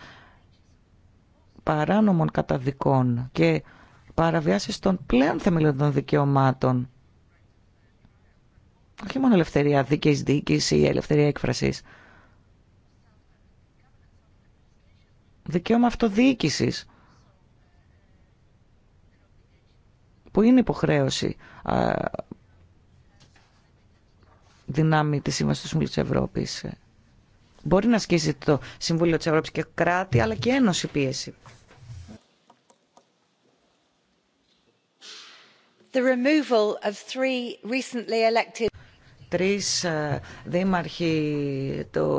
S3: παράνομων καταδικών και παραβιάσεις των πλέον θεμελιωδών δικαιωμάτων. Όχι μόνο ελευθερία δίκαιης δίκης ή ελευθερία έκφρασης. Δικαίωμα αυτοδιοίκησης που είναι υποχρέωση δυνάμει της Σύμβασης του Συμβουλίου της Ευρώπης. Μπορεί να ασκήσει το Συμβούλιο της Ευρώπης και κράτη, αλλά και ένωση πίεση.
S9: The removal of three recently elected...
S3: Τρεις ε, δήμαρχοι του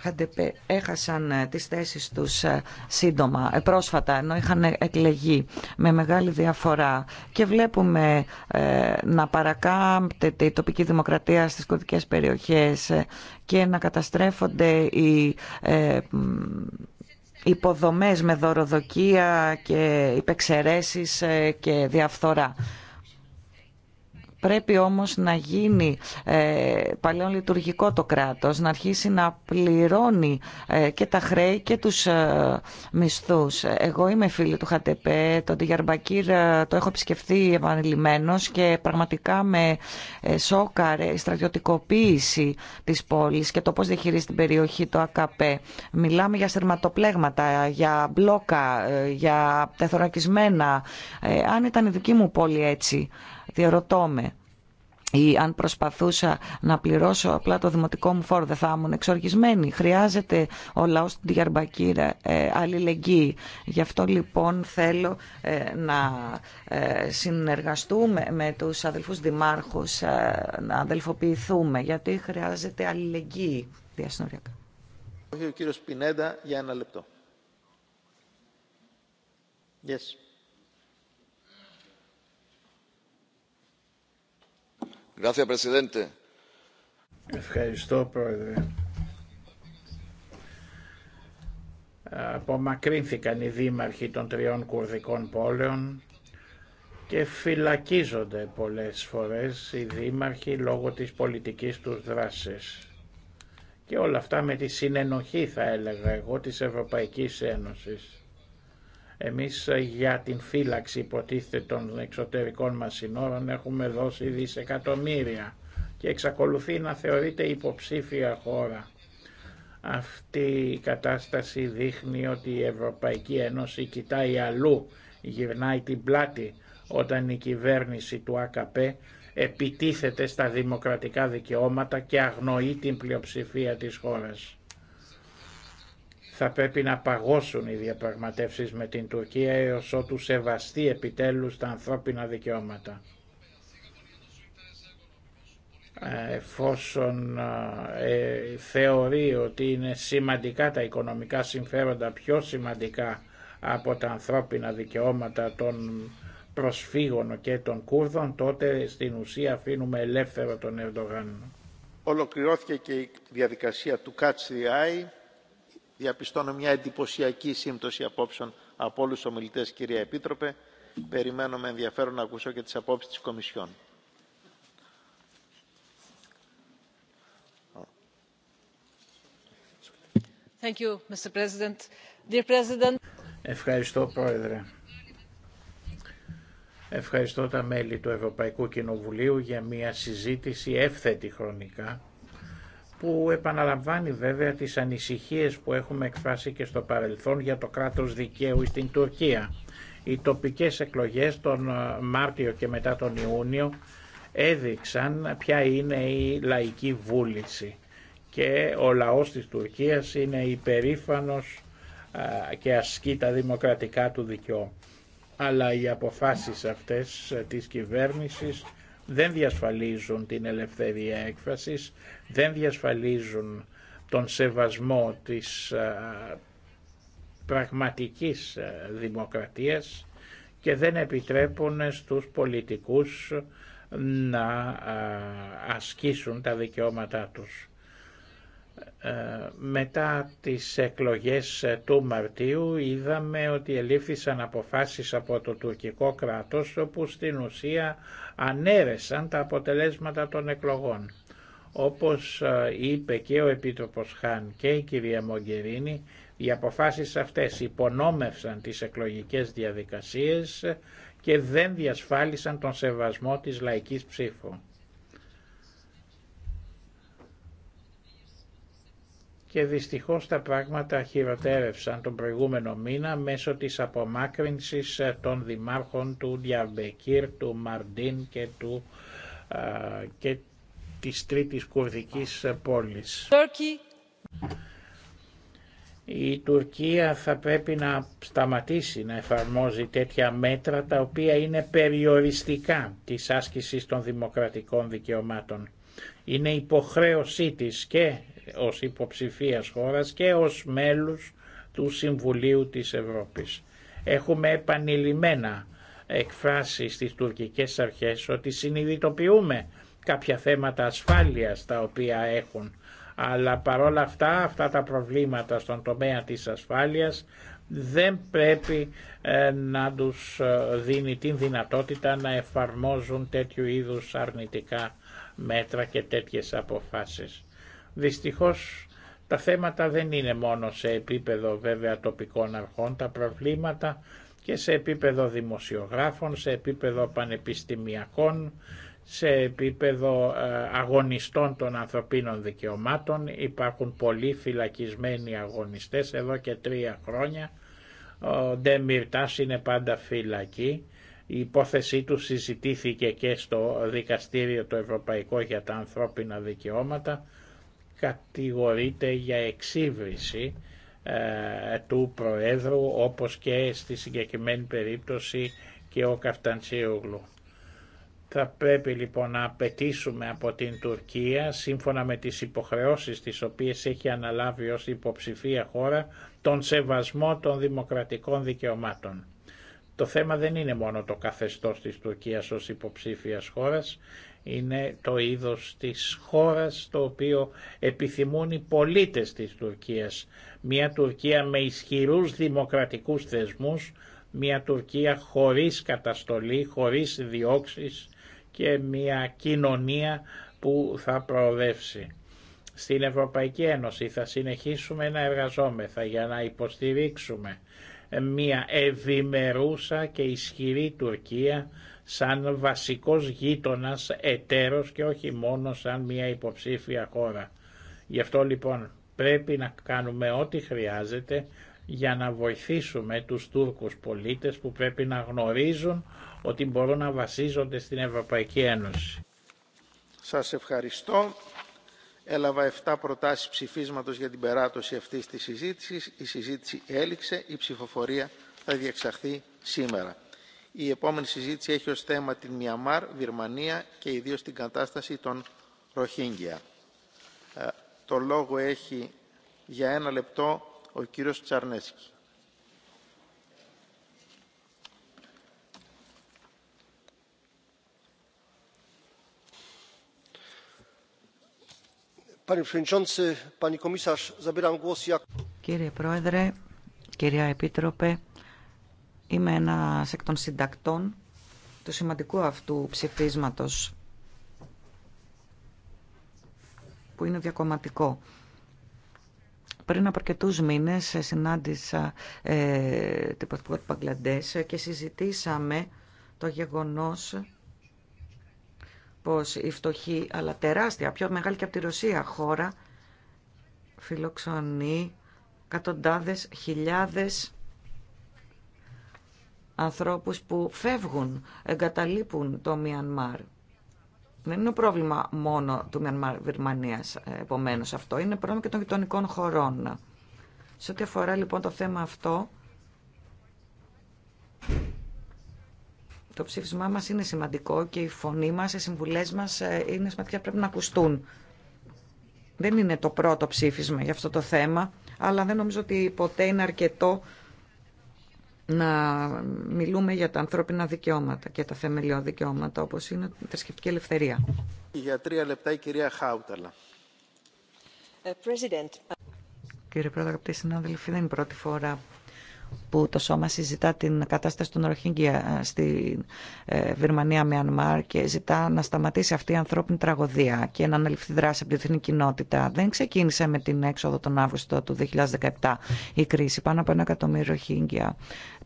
S3: ΧΑΝΤΕΠΕ έχασαν ε, τις θέσεις τους ε, σύντομα, ε, πρόσφατα, ενώ είχαν εκλεγεί με μεγάλη διαφορά και βλέπουμε να παρακάμπτεται η τοπική δημοκρατία στις κωδικές περιοχές και να καταστρέφονται οι υποδομές με δωροδοκία και υπεξαιρέσεις και διαφθορά. Πρέπει όμως να γίνει ε, παλαιόν λειτουργικό το κράτος, να αρχίσει να πληρώνει ε, και τα χρέη και τους ε, μισθούς. Εγώ είμαι φίλη του ΧΑΤΕΠΕ, τον Τιγιαρμπακύρ ε, το έχω επισκεφθεί επανειλημμένος και πραγματικά με ε, σόκαρε η στρατιωτικοποίηση της πόλης και το πώς διαχειρίζει την περιοχή το ΑΚΠ. Μιλάμε για στερματοπλέγματα, για μπλόκα, για τεθωρακισμένα. αν ήταν η δική μου πόλη έτσι, Διερωτώ με ή αν προσπαθούσα να πληρώσω απλά το δημοτικό μου φόρο δεν θα ήμουν εξοργισμένη. Χρειάζεται ο λαός στην Διαρμπακύρα ε, αλληλεγγύη. Γι' αυτό λοιπόν θέλω ε, να ε, συνεργαστούμε με τους αδελφούς δημάρχους, να αδελφοποιηθούμε, γιατί χρειάζεται αλληλεγγύη
S1: διασυνοριακά. Ο κύριος Πινέντα για ένα λεπτό. Yes.
S6: Ευχαριστώ, Πρόεδρε. Απομακρύνθηκαν οι δήμαρχοι των τριών κουρδικών πόλεων και φυλακίζονται πολλές φορές οι δήμαρχοι λόγω της πολιτικής τους δράσης. Και όλα αυτά με τη συνενοχή θα έλεγα εγώ της Ευρωπαϊκής Ένωσης. Εμείς ε, για την φύλαξη υποτίθεται των εξωτερικών μας συνόρων έχουμε δώσει δισεκατομμύρια και εξακολουθεί να θεωρείται υποψήφια χώρα. Αυτή η κατάσταση δείχνει ότι η Ευρωπαϊκή Ένωση κοιτάει αλλού, γυρνάει την πλάτη όταν η κυβέρνηση του ΑΚΠ επιτίθεται στα δημοκρατικά δικαιώματα και αγνοεί την πλειοψηφία της χώρας θα πρέπει να παγώσουν οι διαπραγματεύσεις με την Τουρκία έως ότου σεβαστεί επιτέλους τα ανθρώπινα δικαιώματα. Εφόσον ε, θεωρεί ότι είναι σημαντικά τα οικονομικά συμφέροντα, πιο σημαντικά από τα ανθρώπινα δικαιώματα των προσφύγων και των Κούρδων, τότε στην ουσία αφήνουμε ελεύθερο τον Ερντογάν.
S1: Ολοκληρώθηκε και η διαδικασία του Catch Διαπιστώνω μια εντυπωσιακή σύμπτωση απόψεων από όλου του ομιλητέ, κυρία Επίτροπε. Περιμένω με ενδιαφέρον να ακούσω και τις απόψεις τη Κομισιόν.
S6: Ευχαριστώ, Πρόεδρε. Ευχαριστώ τα μέλη του Ευρωπαϊκού Κοινοβουλίου για μια συζήτηση εύθετη χρονικά που επαναλαμβάνει βέβαια τις ανησυχίες που έχουμε εκφράσει και στο παρελθόν για το κράτος δικαίου στην Τουρκία. Οι τοπικές εκλογές τον ε, Μάρτιο και μετά τον Ιούνιο έδειξαν ποια είναι η λαϊκή βούληση και ο λαός της Τουρκίας είναι υπερήφανος ε, και ασκεί τα δημοκρατικά του δικαιώματα. Αλλά οι αποφάσεις αυτές ε, της κυβέρνησης δεν διασφαλίζουν την ελευθερία έκφρασης, δεν διασφαλίζουν τον σεβασμό της ε, πραγματικής ε, δημοκρατίας και δεν επιτρέπουν στους πολιτικούς να ε, ασκήσουν τα δικαιώματά τους. Μετά τις εκλογές του Μαρτίου είδαμε ότι ελήφθησαν αποφάσεις από το τουρκικό κράτος όπου στην ουσία ανέρεσαν τα αποτελέσματα των εκλογών. Όπως ε, είπε και ο Επίτροπος Χάν και η κυρία Μογκερίνη, οι αποφάσεις αυτές υπονόμευσαν τις εκλογικές διαδικασίες και δεν διασφάλισαν τον σεβασμό της λαϊκής ψήφου. και δυστυχώς τα πράγματα χειροτέρευσαν τον προηγούμενο μήνα μέσω της απομάκρυνσης ε, των δημάρχων του Διαβεκίρ του Μαρντίν και, του, α, και της τρίτης κουρδικής πόλης. Η Τουρκία θα πρέπει να σταματήσει να εφαρμόζει τέτοια μέτρα τα οποία είναι περιοριστικά της άσκησης των δημοκρατικών δικαιωμάτων. Είναι υποχρέωσή της και ως υποψηφίας χώρας και ως μέλους του Συμβουλίου της Ευρώπης. Έχουμε επανειλημμένα εκφράσει στις τουρκικές αρχές ότι συνειδητοποιούμε κάποια θέματα ασφάλειας τα οποία έχουν αλλά παρόλα αυτά αυτά τα προβλήματα στον τομέα της ασφάλειας δεν πρέπει ε, να τους ε, δίνει την δυνατότητα να εφαρμόζουν τέτοιου είδους αρνητικά μέτρα και τέτοιες αποφάσεις. Δυστυχώς τα θέματα δεν είναι μόνο σε επίπεδο βέβαια τοπικών αρχών, τα προβλήματα και σε επίπεδο δημοσιογράφων, σε επίπεδο πανεπιστημιακών, σε επίπεδο ε, αγωνιστών των ανθρωπίνων δικαιωμάτων. Υπάρχουν πολλοί φυλακισμένοι αγωνιστές εδώ και τρία χρόνια. Ο Μυρτάς είναι πάντα φυλακή. Η υπόθεσή του συζητήθηκε και στο Δικαστήριο το Ευρωπαϊκό για τα Ανθρώπινα Δικαιώματα κατηγορείται για εξύβριση ε, του Προέδρου όπως και στη συγκεκριμένη περίπτωση και ο Καφταντσίουγλου. Θα πρέπει λοιπόν να απαιτήσουμε από την Τουρκία, σύμφωνα με τις υποχρεώσεις τις οποίες έχει αναλάβει ως υποψηφία χώρα, τον σεβασμό των δημοκρατικών δικαιωμάτων. Το θέμα δεν είναι μόνο το καθεστώς της Τουρκίας ως υποψήφιας χώρας, είναι το είδος της χώρας το οποίο επιθυμούν οι πολίτες της Τουρκίας. Μια Τουρκία με ισχυρούς δημοκρατικούς θεσμούς, μια Τουρκία χωρίς καταστολή, χωρίς διώξεις και μια κοινωνία που θα προοδεύσει. Στην Ευρωπαϊκή Ένωση θα συνεχίσουμε να εργαζόμεθα για να υποστηρίξουμε μια ευημερούσα και ισχυρή Τουρκία σαν βασικός γείτονας εταίρος και όχι μόνο σαν μια υποψήφια χώρα. Γι' αυτό λοιπόν πρέπει να κάνουμε ό,τι χρειάζεται για να βοηθήσουμε τους Τούρκους πολίτες που πρέπει να γνωρίζουν ότι μπορούν να βασίζονται στην Ευρωπαϊκή
S1: Ένωση. Σας ευχαριστώ έλαβα 7 προτάσεις ψηφίσματος για την περάτωση αυτής της συζήτησης. Η συζήτηση έληξε. Η ψηφοφορία θα διεξαχθεί σήμερα. Η επόμενη συζήτηση έχει ως θέμα την Μιαμάρ, Βυρμανία και ιδίως την κατάσταση των Ροχίνγκια. Ε, το λόγο έχει για ένα λεπτό ο κύριος Τσαρνέσκι.
S3: Κύριε Πρόεδρε, κυρία Επίτροπε, είμαι ένας εκ των συντακτών του σημαντικού αυτού ψηφίσματος που είναι διακομματικό. Πριν από αρκετού μήνε ε, συνάντησα ε, την Πρωθυπουργό ε, και συζητήσαμε το γεγονός πως η φτωχή αλλά τεράστια, πιο μεγάλη και από τη Ρωσία χώρα φιλοξενεί εκατοντάδες χιλιάδες ανθρώπους που φεύγουν, εγκαταλείπουν το Μιανμάρ. Δεν είναι πρόβλημα μόνο του Μιανμάρ Βερμανίας επομένως αυτό, είναι πρόβλημα και των γειτονικών χωρών. Σε ό,τι αφορά λοιπόν το θέμα αυτό, το ψήφισμά μας είναι σημαντικό και η φωνή μας, οι συμβουλές μας ε, είναι σημαντικά. πρέπει να ακουστούν. Δεν είναι το πρώτο ψήφισμα για αυτό το θέμα, αλλά δεν νομίζω ότι ποτέ είναι αρκετό να μιλούμε για τα ανθρώπινα δικαιώματα και τα θεμελιώδη δικαιώματα, όπως είναι η θρησκευτική ελευθερία.
S1: Για τρία λεπτά ε, Κύριε
S3: Πρόεδρε, αγαπητοί συνάδελφοι, δεν είναι η πρώτη φορά που το σώμα συζητά την κατάσταση των Ροχίνγκια ε, στη ε, Βερμανία Μιανμάρ και ζητά να σταματήσει αυτή η ανθρώπινη τραγωδία και να αναλυφθεί δράση από την διεθνή κοινότητα. Δεν ξεκίνησε με την έξοδο τον Αύγουστο του 2017 η κρίση. Πάνω από ένα εκατομμύριο Ροχίνγκια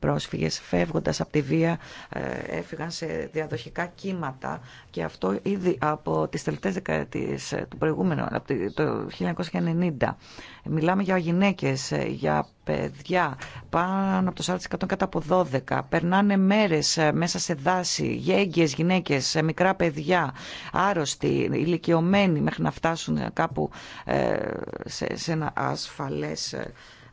S3: πρόσφυγες φεύγοντας από τη βία ε, έφυγαν σε διαδοχικά κύματα και αυτό ήδη από τις τελευταίες δεκαετίες ε, του προηγούμενου, από το 1990. Μιλάμε για γυναίκες, ε, για παιδιά, πάνω από το 40% κατά από 12. Περνάνε μέρες μέσα σε δάση, γέγγιες γυναίκες, μικρά παιδιά, άρρωστοι, ηλικιωμένοι μέχρι να φτάσουν κάπου σε ένα ασφαλές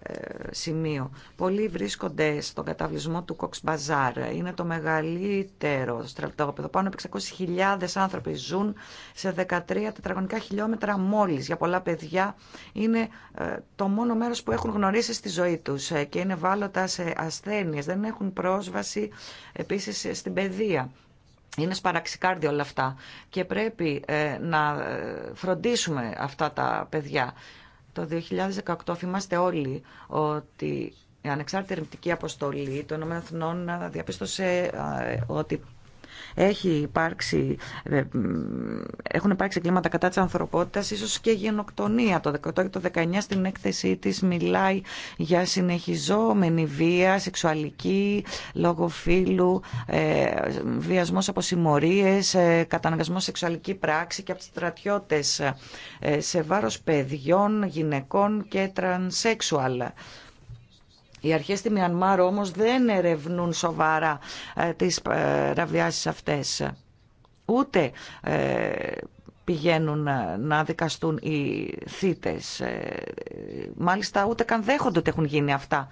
S3: ε, σημείο. Πολλοί βρίσκονται στον καταβλισμό του Κοξ Μπαζάρ. Είναι το μεγαλύτερο στρατόπεδο. Πάνω από 600.000 άνθρωποι ζουν σε 13 τετραγωνικά χιλιόμετρα μόλις. Για πολλά παιδιά είναι ε, το μόνο μέρος που έχουν γνωρίσει στη ζωή τους ε, και είναι βάλωτα σε ασθένειες. Δεν έχουν πρόσβαση επίσης στην παιδεία. Είναι σπαραξικάρδι όλα αυτά και πρέπει να φροντίσουμε αυτά τα παιδιά. Το 2018 θυμάστε όλοι ότι η ανεξάρτητη ερευνητική αποστολή των ΗΠΑ διαπίστωσε ε, ότι έχει υπάρξει, ε, έχουν υπάρξει κλίματα κατά της ανθρωπότητας, ίσως και γενοκτονία. Το 18 το 19 στην έκθεσή της μιλάει για συνεχιζόμενη βία, σεξουαλική, λόγω φύλου, ε, βιασμός από συμμορίες, ε, καταναγκασμός σεξουαλική πράξη και από τις στρατιώτες σε βάρος παιδιών, γυναικών και τρανσέξουαλ. Οι αρχέ στη Μιανμάρ όμως δεν ερευνούν σοβαρά ε, τις ε, ραβιάσει αυτές. Ούτε ε, πηγαίνουν να δικαστούν οι θύτες. Μάλιστα ούτε καν δέχονται ότι έχουν γίνει αυτά.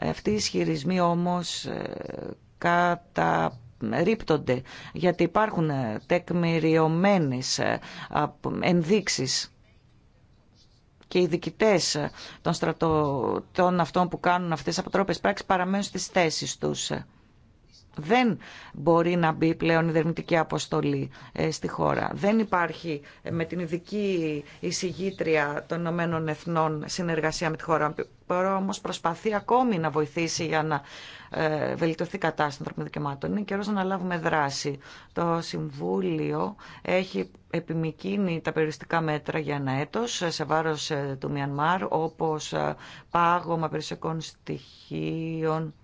S3: Αυτοί οι ισχυρισμοί όμως καταρρύπτονται γιατί υπάρχουν τεκμηριωμένες ενδείξεις και οι διοικητέ των στρατών αυτών που κάνουν αυτές τι αποτρόπε πράξεις παραμένουν στις θέσεις τους δεν μπορεί να μπει πλέον η δερμητική αποστολή ε, στη χώρα. Δεν υπάρχει ε, με την ειδική εισηγήτρια των Ηνωμένων Εθνών συνεργασία με τη χώρα. Όμω προσπαθεί ακόμη να βοηθήσει για να ε, βελτιωθεί η κατάσταση των δικαιωμάτων. Είναι καιρό να λάβουμε δράση. Το Συμβούλιο έχει επιμηκύνει τα περιοριστικά μέτρα για ένα έτος σε βάρος του Μιανμάρ, όπως πάγωμα περιουσιακών στοιχείων,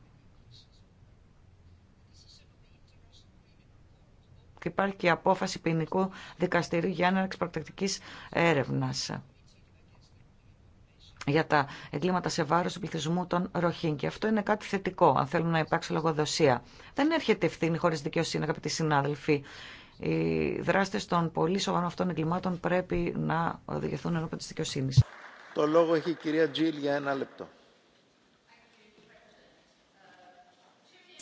S3: Και υπάρχει και απόφαση ποινικού δικαστηρίου για έναρξη πρακτική έρευνα για τα εγκλήματα σε βάρος του πληθυσμού των Ροχήν. Και αυτό είναι κάτι θετικό, αν θέλουμε να υπάρξει λογοδοσία. Δεν έρχεται ευθύνη χωρί δικαιοσύνη, αγαπητοί συνάδελφοι. Οι δράστε των πολύ σοβαρών αυτών εγκλημάτων πρέπει να οδηγηθούν ενώπιον της δικαιοσύνη.
S1: Το λόγο έχει η κυρία Τζιλ για ένα λεπτό.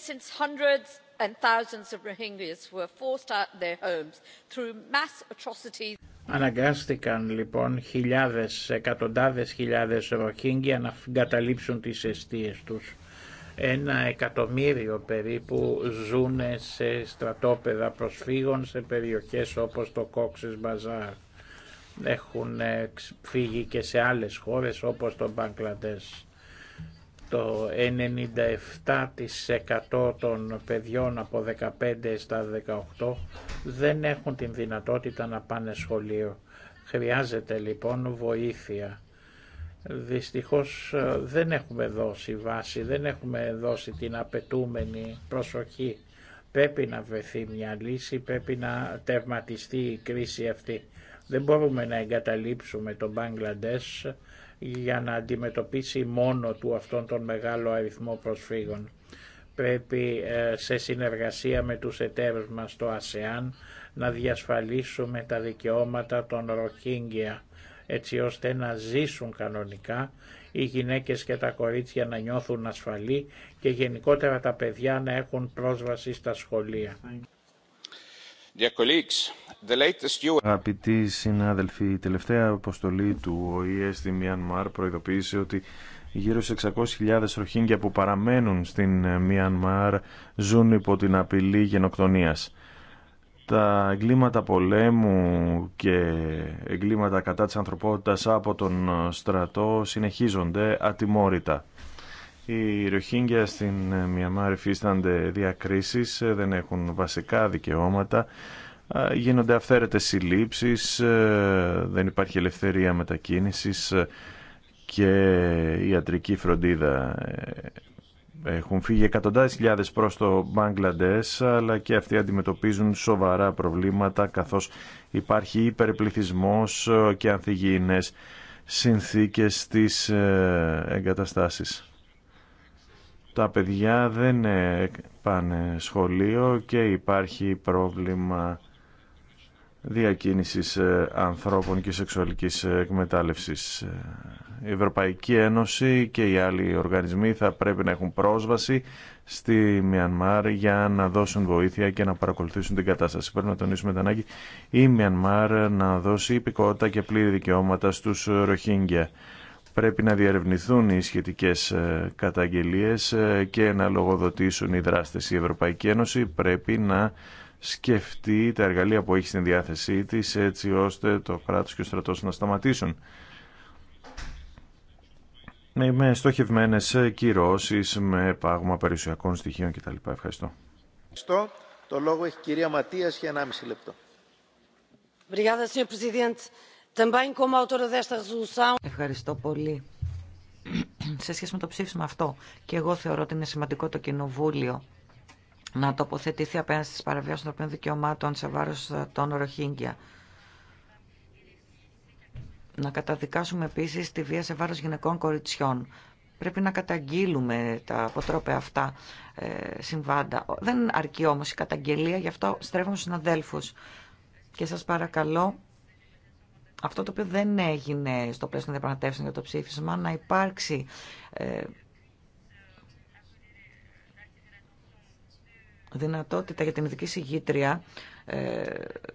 S16: Since hundreds and thousands of Rohingyas were forced out their homes through mass atrocities.
S6: Αναγκάστηκαν λοιπόν χιλιάδες, εκατοντάδες χιλιάδες Ροχίνγκια να καταλήψουν τις αιστείες τους. Ένα εκατομμύριο περίπου ζουν σε στρατόπεδα προσφύγων σε περιοχές όπως το Κόξες Μπαζάρ. Έχουν φύγει και σε άλλες χώρες όπως το Μπαγκλαντές το 97% των παιδιών από 15 στα 18 δεν έχουν την δυνατότητα να πάνε σχολείο. Χρειάζεται λοιπόν βοήθεια. Δυστυχώς ε, δεν έχουμε δώσει βάση, δεν έχουμε δώσει την απαιτούμενη προσοχή. Πρέπει να βρεθεί μια λύση, πρέπει να τερματιστεί η κρίση αυτή. Δεν μπορούμε να εγκαταλείψουμε τον Μπαγκλαντές για να αντιμετωπίσει μόνο του αυτόν τον μεγάλο αριθμό προσφύγων. Πρέπει ε, σε συνεργασία με τους εταίρους μας στο ΑΣΕΑΝ να διασφαλίσουμε τα δικαιώματα των Ροχίνγκια έτσι ώστε να ζήσουν κανονικά οι γυναίκες και τα κορίτσια να νιώθουν ασφαλή και γενικότερα τα παιδιά να έχουν πρόσβαση στα σχολεία.
S10: Αγαπητοί συνάδελφοι, η τελευταία αποστολή του ΟΗΕ στη Μιανμάρ προειδοποίησε ότι γύρω σε 600.000 Ροχίνγκια που παραμένουν στην Μιανμάρ ζουν υπό την απειλή γενοκτονίας. Τα εγκλήματα πολέμου και εγκλήματα κατά της ανθρωπότητας από τον στρατό συνεχίζονται ατιμόρυτα. Οι Ροχίνγκια στην Μιανμάρ υφίστανται διακρίσεις, δεν έχουν βασικά δικαιώματα γίνονται αυθαίρετες συλλήψεις, ε, δεν υπάρχει ελευθερία μετακίνησης ε, και ιατρική φροντίδα. Ε, έχουν φύγει εκατοντάδες χιλιάδες προς το Μπαγκλαντές, αλλά και αυτοί αντιμετωπίζουν σοβαρά προβλήματα, καθώς υπάρχει υπερπληθυσμός και ανθυγιεινές συνθήκες στις εγκαταστάσεις. Τα παιδιά δεν πάνε σχολείο και υπάρχει πρόβλημα διακίνησης ε, ανθρώπων και σεξουαλικής ε, εκμετάλλευσης. Ε, η Ευρωπαϊκή Ένωση και οι άλλοι οργανισμοί θα πρέπει να έχουν πρόσβαση στη Μιανμάρ για να δώσουν βοήθεια και να παρακολουθήσουν την κατάσταση. Πρέπει να τονίσουμε την ανάγκη η Μιανμάρ να δώσει υπηκότητα και πλήρη δικαιώματα στους Ροχίνγκια. Πρέπει να διαρευνηθούν οι σχετικές καταγγελίες και να λογοδοτήσουν οι δράστες. Η Ευρωπαϊκή Ένωση πρέπει να σκεφτεί τα εργαλεία που έχει στην διάθεσή της έτσι ώστε το κράτος και ο στρατός να σταματήσουν. Με στοχευμένες κυρώσεις, με πάγωμα περιουσιακών στοιχείων κτλ. Ευχαριστώ.
S1: Ευχαριστώ. Το λόγο έχει κυρία Ματίας για 1,5 λεπτό.
S3: Ευχαριστώ πολύ. Σε σχέση με το ψήφισμα αυτό, και εγώ θεωρώ ότι είναι σημαντικό το Κοινοβούλιο να τοποθετηθεί απέναντι στις παραβιάσεις των οποίων δικαιωμάτων σε βάρος ε, των Ροχίνγκια. Να καταδικάσουμε επίσης τη βία σε βάρος γυναικών κοριτσιών. Πρέπει να καταγγείλουμε τα αποτρόπαια αυτά ε, συμβάντα. Δεν αρκεί όμως η καταγγελία, γι' αυτό στρέφουμε στους αδέλφους. Και σας παρακαλώ, αυτό το οποίο δεν έγινε στο πλαίσιο των διαπραγματεύσεων για το ψήφισμα, να υπάρξει ε, δυνατότητα για την ειδική συγγήτρια ε,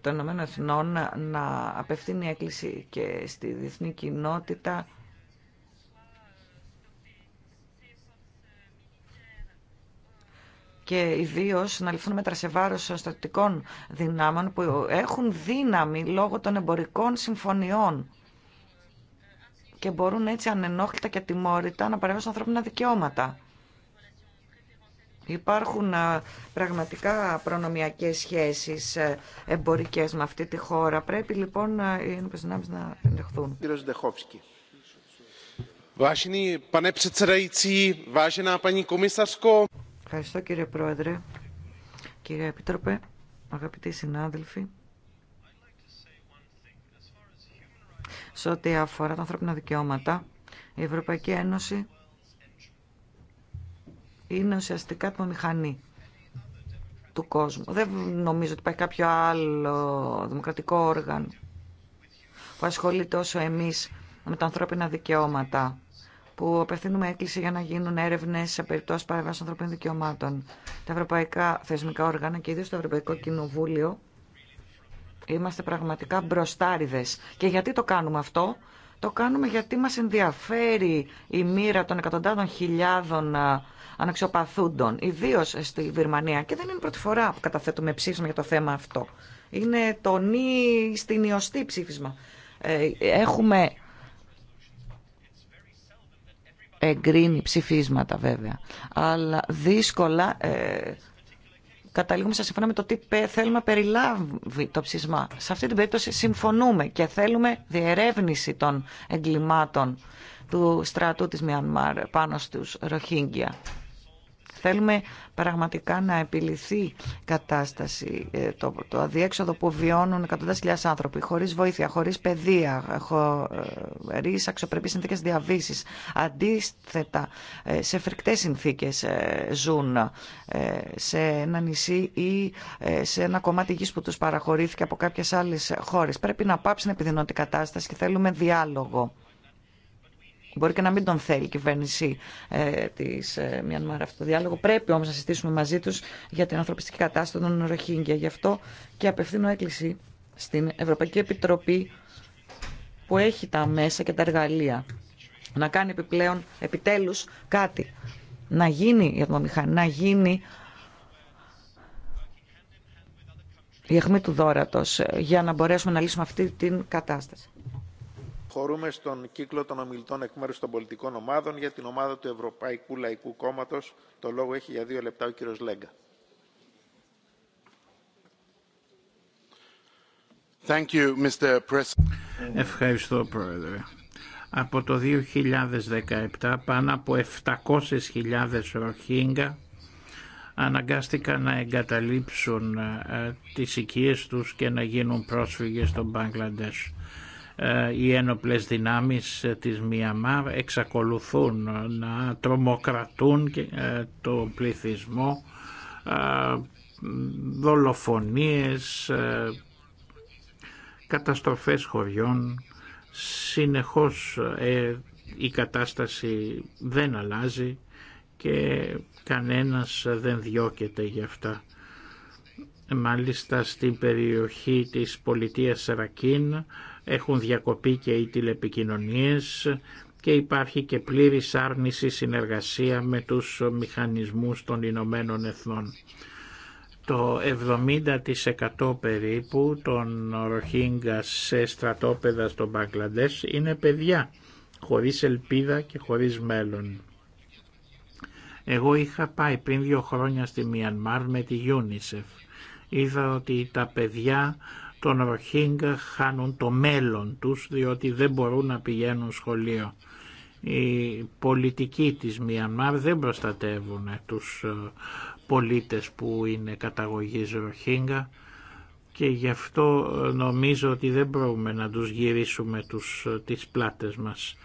S3: των Ηνωμένων Εθνών να απευθύνει έκκληση και στη διεθνή κοινότητα και ιδίω να ληφθούν μέτρα σε βάρο στρατιωτικών δυνάμεων που έχουν δύναμη λόγω των εμπορικών συμφωνιών και μπορούν έτσι ανενόχλητα και ατιμόρυτα να παρεμβάσουν ανθρώπινα δικαιώματα. Υπάρχουν πραγματικά προνομιακές σχέσεις ε, εμπορικές με αυτή τη χώρα. Πρέπει λοιπόν ε, οι ενωπες να
S1: ενδεχθούν. Ευχαριστώ
S3: κύριε Πρόεδρε, κύριε Επίτροπε, αγαπητοί συνάδελφοι. Σε ό,τι αφορά τα ανθρώπινα δικαιώματα, η Ευρωπαϊκή Ένωση είναι ουσιαστικά το μηχανή του κόσμου. Δεν νομίζω ότι υπάρχει κάποιο άλλο δημοκρατικό όργανο που ασχολείται όσο εμείς με τα ανθρώπινα δικαιώματα, που απευθύνουμε έκκληση για να γίνουν έρευνε σε περιπτώσει παρεμβάσεων ανθρωπίνων δικαιωμάτων. Τα ευρωπαϊκά θεσμικά όργανα και ιδίω το Ευρωπαϊκό Κοινοβούλιο είμαστε πραγματικά μπροστάριδε. Και γιατί το κάνουμε αυτό, Το κάνουμε γιατί μα ενδιαφέρει η μοίρα των εκατοντάδων χιλιάδων αναξιοπαθούντων, ιδίω στη Βυρμανία. Και δεν είναι πρώτη φορά που καταθέτουμε ψήφισμα για το θέμα αυτό. Είναι το νη στην ιωστή ψήφισμα. Ε, έχουμε εγκρίνει ψηφίσματα βέβαια, αλλά δύσκολα ε, καταλήγουμε σε συμφωνία με το τι θέλουμε να περιλάβει το ψηφισμά. Σε αυτή την περίπτωση συμφωνούμε και θέλουμε διερεύνηση των εγκλημάτων του στρατού της Μιανμάρ πάνω στους Ροχίνγκια. Θέλουμε πραγματικά να επιληθεί κατάσταση, ε, το, το αδιέξοδο που βιώνουν εκατόντας χιλιάδες άνθρωποι, χωρίς βοήθεια, χωρίς παιδεία, χωρίς ε, αξιοπρεπείς συνθήκες διαβίσης. Αντίθετα, ε, σε φρικτές συνθήκες ζουν σε ένα νησί ή σε ένα κομμάτι γης που τους παραχωρήθηκε από κάποιες άλλες χώρες. Πρέπει να πάψει να επιδεινώνει την κατάσταση και θέλουμε διάλογο Μπορεί και να μην τον θέλει η κυβέρνηση ε, τη ε, Μιανμάρα διάλογο. Πρέπει όμω να συζητήσουμε μαζί του για την ανθρωπιστική κατάσταση των Ροχίνγκια. Γι' αυτό και απευθύνω έκκληση στην Ευρωπαϊκή Επιτροπή που έχει τα μέσα και τα εργαλεία να κάνει επιπλέον επιτέλους κάτι. Να γίνει η ατμομηχανή, να γίνει η αιχμή του δόρατος ε, για να μπορέσουμε να λύσουμε αυτή την κατάσταση.
S1: Προχωρούμε στον κύκλο των ομιλητών εκ μέρου των πολιτικών ομάδων. Για την ομάδα του Ευρωπαϊκού Λαϊκού Κόμματος. το λόγο έχει για δύο λεπτά ο κύριο Λέγκα. Thank you, Mr.
S6: Ευχαριστώ, Πρόεδρε. Από το 2017 πάνω από 700.000 Ροχίνγκα αναγκάστηκαν να εγκαταλείψουν ε, τις οικίες τους και να γίνουν πρόσφυγες στον Μπαγκλαντές. Ε, οι ένοπλες δυνάμεις ε, της Μιαμάρ εξακολουθούν να τρομοκρατούν ε, το πληθυσμό, δολοφονίες, καταστροφές χωριών. Συνεχώς η κατάσταση δεν αλλάζει και κανένας δεν διώκεται γι' αυτά. Μάλιστα στην περιοχή της πολιτείας Σερακίν έχουν διακοπεί και οι τηλεπικοινωνίες και υπάρχει και πλήρης άρνηση συνεργασία με τους μηχανισμούς των Ηνωμένων Εθνών. Το 70% περίπου των Ροχίνγκα σε στρατόπεδα στο Μπαγκλαντές είναι παιδιά, χωρίς ελπίδα και χωρίς μέλλον. Εγώ είχα πάει πριν δύο χρόνια στη Μιανμάρ με τη UNICEF. Είδα ότι τα παιδιά των Ροχίνγκα χάνουν το μέλλον τους διότι δεν μπορούν να πηγαίνουν σχολείο. Οι πολιτικοί της Μιανμάρ δεν προστατεύουν τους ε, πολίτες που είναι καταγωγής Ροχίνγκα και γι' αυτό ε, νομίζω ότι δεν μπορούμε να τους γυρίσουμε τους, ε, τις πλάτες μας.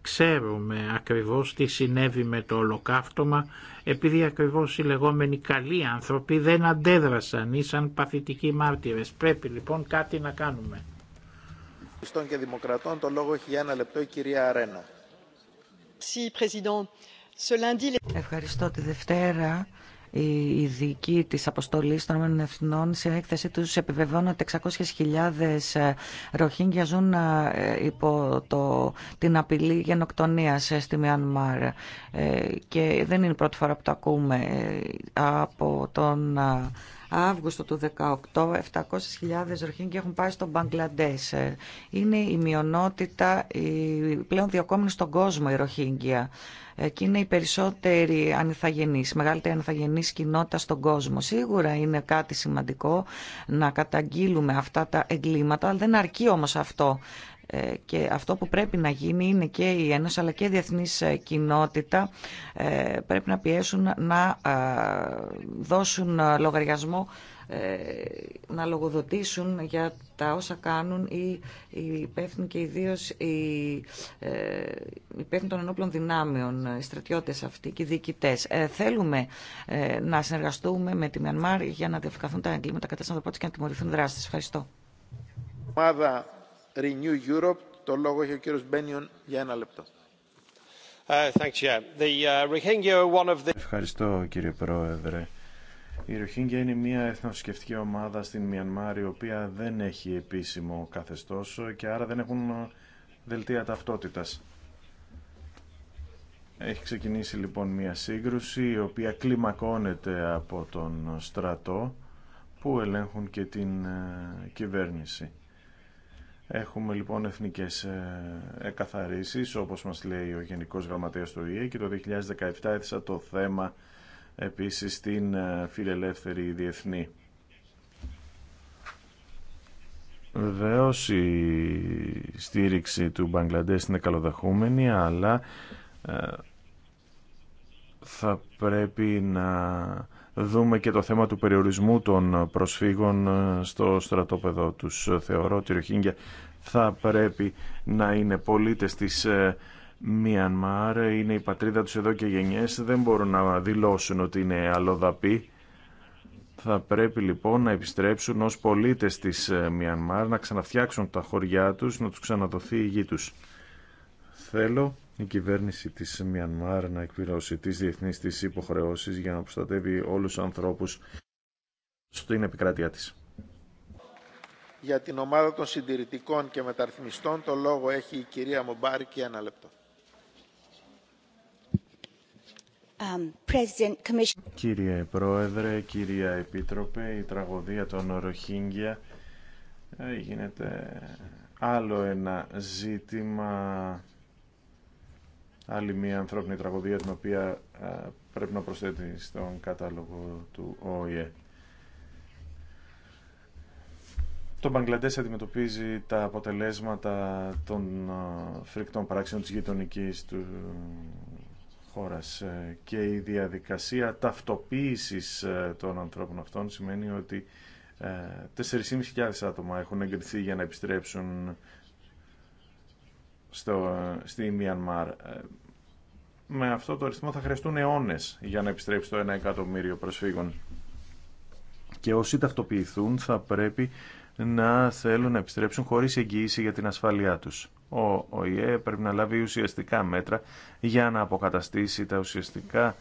S6: Ξέρουμε ακριβώς τι συνέβη με το ολοκαύτωμα, επειδή ακριβώς οι λεγόμενοι καλοί άνθρωποι δεν αντέδρασαν, ήσαν παθητικοί μάρτυρες. Πρέπει λοιπόν κάτι να κάνουμε.
S1: και Δημοκρατών, το λόγο έχει ένα λεπτό η κυρία Αρένα.
S3: Ευχαριστώ τη Δευτέρα οι ειδικοί της αποστολής των Εθνών σε έκθεση τους επιβεβαιώνουν ότι 600.000 ε, Ροχίνγκια ζουν ε, υπό το, την απειλή γενοκτονίας ε, στη Μιανμάρ και δεν είναι η πρώτη φορά που το ακούμε από τον Αύγουστο του 2018, 700.000 Ροχίνγκια έχουν πάει στο Μπαγκλαντές. Είναι η μειονότητα πλέον διακόμενη στον κόσμο η Ροχίνγκια και είναι η περισσότερη ανιθαγενής, η μεγαλύτερη ανιθαγενής κοινότητα στον κόσμο. Σίγουρα είναι κάτι σημαντικό να καταγγείλουμε αυτά τα εγκλήματα, αλλά δεν αρκεί όμως αυτό. Ε, και αυτό που πρέπει να γίνει είναι και η Ένωση αλλά και η διεθνής ε, κοινότητα ε, πρέπει να πιέσουν να δώσουν λογαριασμό να λογοδοτήσουν για τα όσα κάνουν οι, υπεύθυνοι και ιδίω οι, υπεύθυνοι των ενόπλων δυνάμεων, οι στρατιώτε αυτοί και οι διοικητέ. θέλουμε να συνεργαστούμε με τη Μιανμάρ για να διευκαθούν τα εγκλήματα κατά τη και να τιμωρηθούν δράσεις. Ευχαριστώ.
S1: Renew Europe. Το λόγο έχει ο κύριος Μπένιον για ένα λεπτό.
S15: Uh, uh,
S10: Ευχαριστώ κύριε Πρόεδρε. Η Ροχίνγκια είναι μια εθνοσκευτική ομάδα στην Μιανμάρη, η οποία δεν έχει επίσημο καθεστώς και άρα δεν έχουν δελτία ταυτότητας. Έχει ξεκινήσει λοιπόν μια σύγκρουση η οποία κλιμακώνεται από τον στρατό που ελέγχουν και την ε, κυβέρνηση. Έχουμε λοιπόν εθνικές ε, εκαθαρίσεις, όπως μας λέει ο Γενικός Γραμματέας του ΙΕ και το 2017 έθεσα το θέμα επίσης στην ε, φιλελεύθερη διεθνή. Βεβαίω η στήριξη του Μπαγκλαντές είναι καλοδεχούμενη, αλλά ε, θα πρέπει να δούμε και το θέμα του περιορισμού των προσφύγων ε, στο στρατόπεδο τους. Θεωρώ ότι Ροχίνγκια θα πρέπει να είναι πολίτες της ε, Μιανμάρ, είναι η πατρίδα τους εδώ και γενιές, δεν μπορούν να δηλώσουν ότι είναι αλλοδαπή. Θα πρέπει λοιπόν να επιστρέψουν ως πολίτες της ε, Μιανμάρ, να ξαναφτιάξουν τα χωριά τους, να τους ξαναδοθεί η γη τους. Θέλω η κυβέρνηση της Μιανμάρ να εκπληρώσει τις διεθνείς της υποχρεώσεις για να προστατεύει όλους τους ανθρώπους στην επικράτειά της.
S1: Για την ομάδα των συντηρητικών και μεταρρυθμιστών το λόγο έχει η κυρία Μομπάρη και ένα λεπτό.
S14: Um,
S10: Κύριε Πρόεδρε, κυρία Επίτροπε, η τραγωδία των Ροχίνγκια ε, γίνεται άλλο ένα ζήτημα άλλη μια ανθρώπινη τραγωδία την οποία ε, πρέπει να προσθέτει στον κατάλογο του ΟΗΕ. Το Μπαγκλαντές αντιμετωπίζει τα αποτελέσματα των ε, φρικτών πράξεων της γειτονική του χώρας ε, και η διαδικασία ταυτοποίησης των ανθρώπων αυτών σημαίνει ότι 4.500 άτομα έχουν εγκριθεί για να επιστρέψουν στο, στη Μιανμάρ. Ε, με αυτό το αριθμό θα χρειαστούν αιώνε για να επιστρέψει το 1 εκατομμύριο προσφύγων. Και όσοι ταυτοποιηθούν θα πρέπει να θέλουν να επιστρέψουν χωρίς εγγύηση για την ασφαλειά τους. Ο ΟΗΕ πρέπει να λάβει ουσιαστικά μέτρα για να αποκαταστήσει τα ουσιαστικά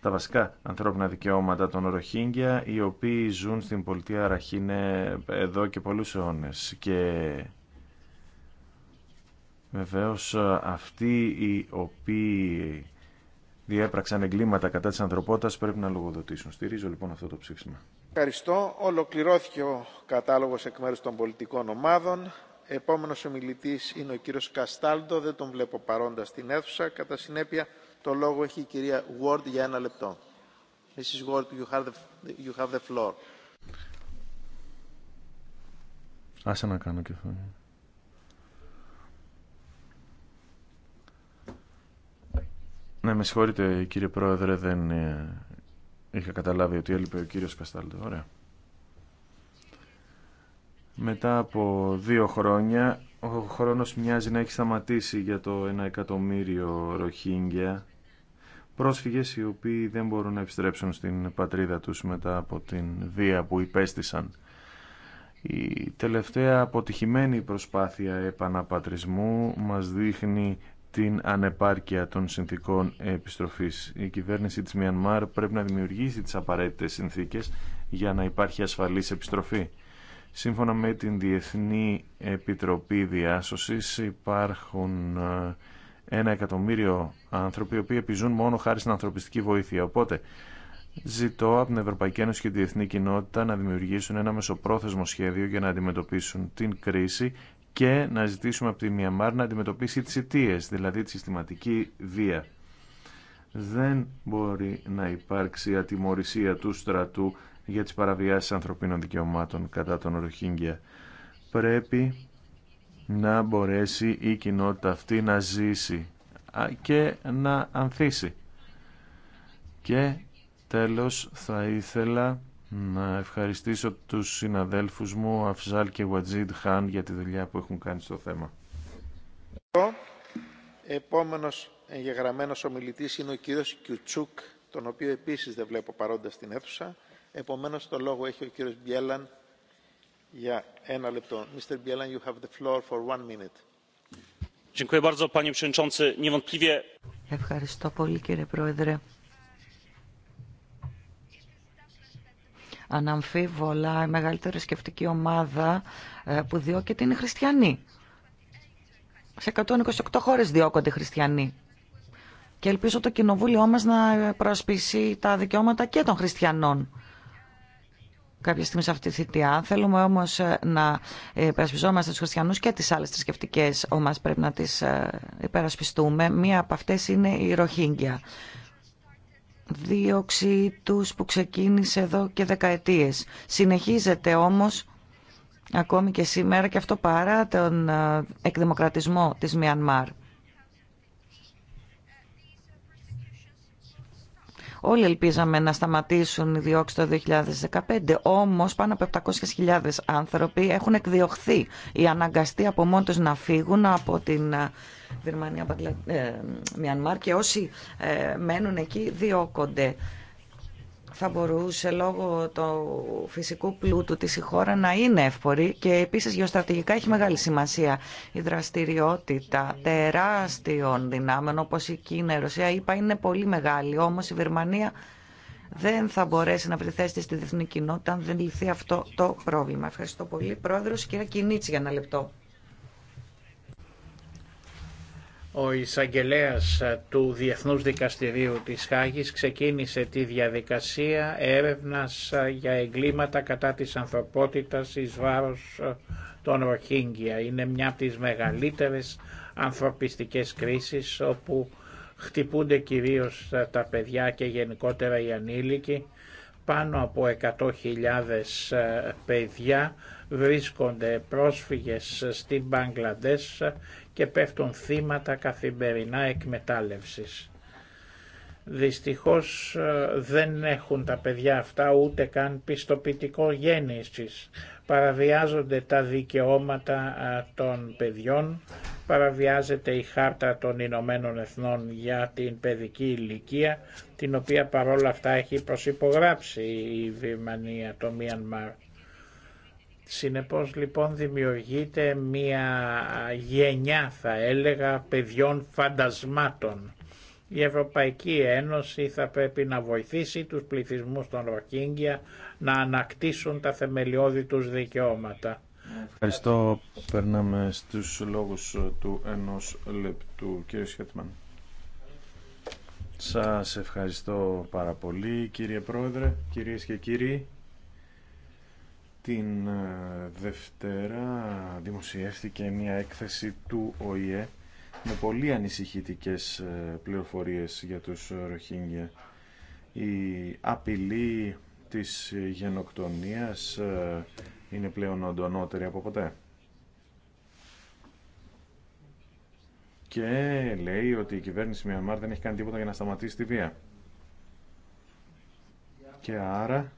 S10: τα βασικά ανθρώπινα δικαιώματα των Ροχίνγκια, οι οποίοι ζουν στην πολιτεία Ραχίνε εδώ και πολλούς αιώνες και Βεβαίως ε, αυτοί οι οποίοι διέπραξαν εγκλήματα κατά της ανθρωπότητας πρέπει να λογοδοτήσουν. Στηρίζω λοιπόν αυτό το ψήφισμα.
S1: Ευχαριστώ. Ολοκληρώθηκε ο κατάλογος εκ μέρους των πολιτικών ομάδων. Επόμενος ομιλητής είναι ο κύριος Καστάλντο. Δεν τον βλέπω παρόντα στην αίθουσα. Κατά συνέπεια το λόγο έχει η κυρία Ward για ένα λεπτό. Mrs. you
S10: Άσε να κάνω και Ναι, με συγχωρείτε κύριε Πρόεδρε, δεν ε, είχα καταλάβει ότι έλειπε ο κύριος Καστάλτο. Ωραία. Μετά από δύο χρόνια, ο χρόνος μοιάζει να έχει σταματήσει για το ένα εκατομμύριο ροχίνγκια, πρόσφυγες οι οποίοι δεν μπορούν να επιστρέψουν στην πατρίδα τους μετά από την βία που υπέστησαν. Η τελευταία αποτυχημένη προσπάθεια επαναπατρισμού μας δείχνει την ανεπάρκεια των συνθήκων επιστροφής. Η κυβέρνηση της Μιανμάρ πρέπει να δημιουργήσει τις απαραίτητες συνθήκες για να υπάρχει ασφαλής επιστροφή. Σύμφωνα με την Διεθνή Επιτροπή Διάσωσης υπάρχουν ε, ένα εκατομμύριο άνθρωποι οι οποίοι επιζούν μόνο χάρη στην ανθρωπιστική βοήθεια. Οπότε ζητώ από την Ευρωπαϊκή Ένωση και τη Διεθνή Κοινότητα να δημιουργήσουν ένα μεσοπρόθεσμο σχέδιο για να αντιμετωπίσουν την κρίση και να ζητήσουμε από τη Μιαμάρ να αντιμετωπίσει τις αιτίε, δηλαδή τη συστηματική βία. Δεν μπορεί να υπάρξει ατιμορρησία του στρατού για τις παραβιάσεις ανθρωπίνων δικαιωμάτων κατά τον Ροχίνγκια. Πρέπει να μπορέσει η κοινότητα αυτή να ζήσει και να ανθίσει. Και τέλος θα ήθελα να ευχαριστήσω τους συναδέλφους μου Αφζάλ και Βατζίντ Χάν για τη δουλειά που έχουν κάνει στο θέμα.
S1: Επόμενος εγγεγραμμένος ομιλητής είναι ο κύριος Κιουτσούκ, τον οποίο επίσης δεν βλέπω παρόντα στην αίθουσα. Επομένως το λόγο έχει ο κύριος Μπιέλαν για ένα λεπτό. Mr. Bielan, you have the floor for one minute.
S3: Ευχαριστώ πολύ κύριε Πρόεδρε. Αναμφίβολα η μεγαλύτερη σκεφτική ομάδα ε, που διώκεται είναι χριστιανοί. Σε 128 χώρες διώκονται χριστιανοί. Και ελπίζω το κοινοβούλιο μας να προασπίσει τα δικαιώματα και των χριστιανών κάποια στιγμή σε αυτή τη θητεία. Θέλουμε όμω ε, να υπερασπιζόμαστε του χριστιανού και τι άλλε θρησκευτικέ ομάδε. Πρέπει να τι ε, υπερασπιστούμε. Μία από αυτέ είναι η Ροχίνγκια δίωξη τους που ξεκίνησε εδώ και δεκαετίες. Συνεχίζεται όμως ακόμη και σήμερα και αυτό παρά τον ε, εκδημοκρατισμό της Μιανμάρ. Όλοι ελπίζαμε να σταματήσουν οι διώξεις το 2015, όμως πάνω από 700.000 άνθρωποι έχουν εκδιωχθεί ή αναγκαστεί από μόνο να φύγουν από την ε, Βερμανία, ε, Μιανμάρ και όσοι ε, μένουν εκεί διώκονται. Θα μπορούσε λόγω του φυσικού πλούτου της η χώρα να είναι εύπορη και επίσης γεωστρατηγικά έχει μεγάλη σημασία η δραστηριότητα τεράστιων δυνάμεων όπως η Κίνα, η Ρωσία, είπα είναι πολύ μεγάλη όμως η Βερμανία δεν θα μπορέσει να βρει θέση στη διεθνή κοινότητα αν δεν λυθεί αυτό το πρόβλημα. Ευχαριστώ πολύ. Πρόεδρος, κυρία Κινίτση για
S6: ένα λεπτό. Ο εισαγγελέα του Διεθνούς Δικαστηρίου της Χάγης ξεκίνησε τη διαδικασία έρευνας ε, για εγκλήματα κατά της ανθρωπότητας εις βάρος ε, των Ροχίνγκια. Είναι μια από τις μεγαλύτερες ανθρωπιστικές κρίσεις όπου χτυπούνται κυρίως ε, τα παιδιά και γενικότερα οι ανήλικοι. Πάνω από 100.000 παιδιά βρίσκονται πρόσφυγες στην Μπαγκλαντές και πέφτουν θύματα καθημερινά εκμετάλλευσης. Δυστυχώς ε, δεν έχουν τα παιδιά αυτά ούτε καν πιστοποιητικό γέννησης. Παραβιάζονται τα δικαιώματα ε, των παιδιών, παραβιάζεται η χάρτα των Ηνωμένων Εθνών για την παιδική ηλικία, την οποία παρόλα αυτά έχει προσυπογράψει η Βιμανία, το Μιανμάρ. Συνεπώς λοιπόν δημιουργείται μία γενιά θα έλεγα παιδιών φαντασμάτων. Η Ευρωπαϊκή Ένωση θα πρέπει να βοηθήσει τους πληθυσμούς των Ροκίνγκια να ανακτήσουν τα θεμελιώδη τους δικαιώματα.
S10: Ευχαριστώ. Περνάμε στους λόγους του ενός λεπτού. Κύριε Σχέτμαν. Σας ευχαριστώ πάρα πολύ κύριε Πρόεδρε, κύριε και κύριοι την ε, Δευτέρα δημοσιεύτηκε μια έκθεση του ΟΗΕ με πολύ ανησυχητικές ε, πληροφορίες για τους ε, Ροχίνγκια. Η απειλή της γενοκτονίας είναι πλέον οντονότερη από ποτέ. Και λέει ότι η κυβέρνηση Μιανμάρ δεν έχει κάνει τίποτα για να σταματήσει τη βία. Και άρα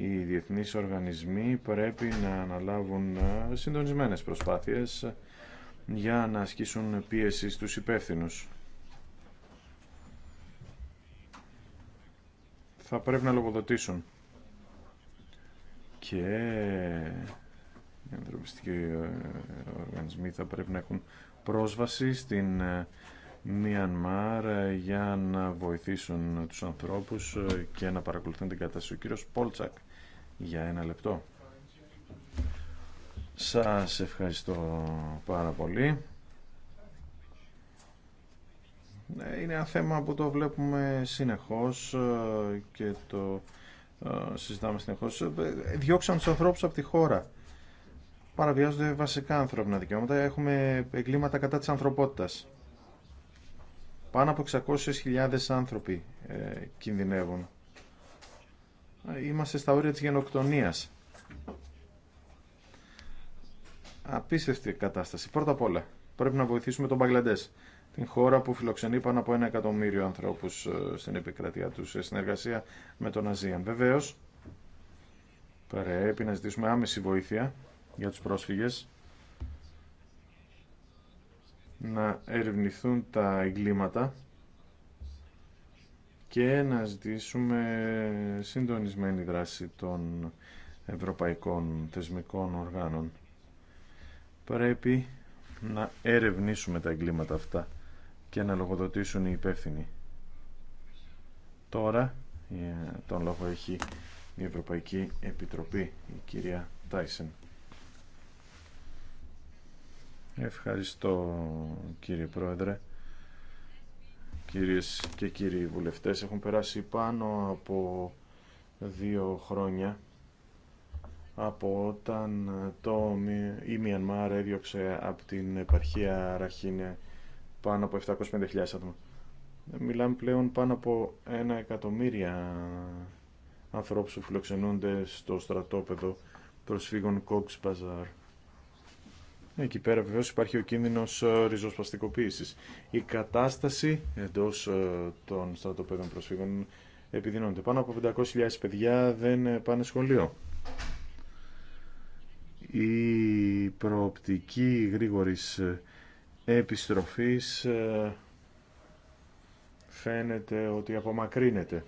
S10: οι διεθνείς οργανισμοί πρέπει να αναλάβουν ε, συντονισμένες προσπάθειες για να ασκήσουν πίεση στους υπεύθυνου, Θα πρέπει να λογοδοτήσουν. Και οι ανθρωπιστικοί ε, οργανισμοί θα πρέπει να έχουν πρόσβαση στην ε, Μιανμάρ για να βοηθήσουν τους ανθρώπους και να παρακολουθούν την κατάσταση. Ο κύριος Πόλτσακ για ένα λεπτό. Σας ευχαριστώ πάρα πολύ. Ναι, είναι ένα θέμα που το βλέπουμε συνεχώς ε, και το ε, συζητάμε συνεχώς. Ε, διώξαν τους ανθρώπους από τη χώρα. Παραβιάζονται βασικά ανθρώπινα δικαιώματα. Έχουμε εγκλήματα κατά της ανθρωπότητας. Πάνω από 600.000 άνθρωποι κινδυνεύουν είμαστε στα όρια της γενοκτονίας. Απίστευτη κατάσταση. Πρώτα απ' όλα, πρέπει να βοηθήσουμε τον Μπαγκλαντές, την χώρα που φιλοξενεί πάνω από ένα εκατομμύριο ανθρώπους ε, στην επικρατεία του σε συνεργασία με τον Αζίαν. Βεβαίως, πρέπει να ζητήσουμε άμεση βοήθεια για τους πρόσφυγες, να ερευνηθούν τα εγκλήματα και να ζητήσουμε συντονισμένη δράση των ευρωπαϊκών θεσμικών οργάνων. Πρέπει να ερευνήσουμε τα εγκλήματα αυτά και να λογοδοτήσουν οι υπεύθυνοι. Τώρα ε, τον λόγο έχει η Ευρωπαϊκή Επιτροπή, η κυρία Τάισεν. Ευχαριστώ κύριε Πρόεδρε κυρίες και κύριοι βουλευτές. Έχουν περάσει πάνω από δύο χρόνια από όταν το, η Μιανμάρ έδιωξε από την επαρχία Ραχίνε πάνω από 750.000 άτομα. Μιλάμε πλέον πάνω από ένα εκατομμύρια ανθρώπους που φιλοξενούνται στο στρατόπεδο προσφύγων Κόξ Παζάρ Εκεί πέρα βεβαίω υπάρχει ο κίνδυνος ε, ριζοσπαστικοποίηση. Η κατάσταση εντό ε, των στρατοπέδων προσφύγων επιδεινώνεται. Πάνω από 500.000 παιδιά δεν ε, πάνε σχολείο. Η προοπτική γρήγορης επιστροφής φαίνεται ότι απομακρύνεται.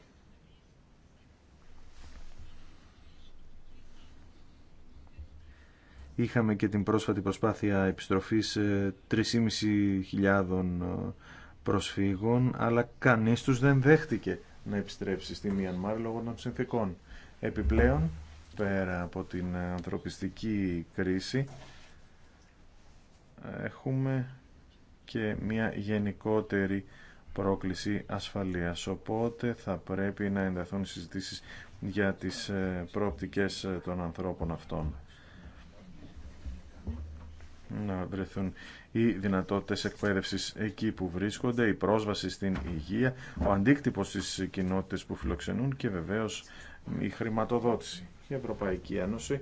S10: Είχαμε και την πρόσφατη προσπάθεια επιστροφής 3.500 ε, προσφύγων, αλλά κανείς τους δεν δέχτηκε να επιστρέψει στη Μιανμάρ λόγω των συνθήκων. Επιπλέον, πέρα από την ανθρωπιστική κρίση, έχουμε και μια γενικότερη πρόκληση ασφαλείας. Οπότε θα πρέπει να ενταθούν συζητήσεις για τις ε, προοπτικές ε, των ανθρώπων αυτών να βρεθούν οι δυνατότητες εκπαίδευσης εκεί που βρίσκονται, η πρόσβαση στην υγεία, ο αντίκτυπος στις κοινότητες που φιλοξενούν και βεβαίως η χρηματοδότηση. Η Ευρωπαϊκή Ένωση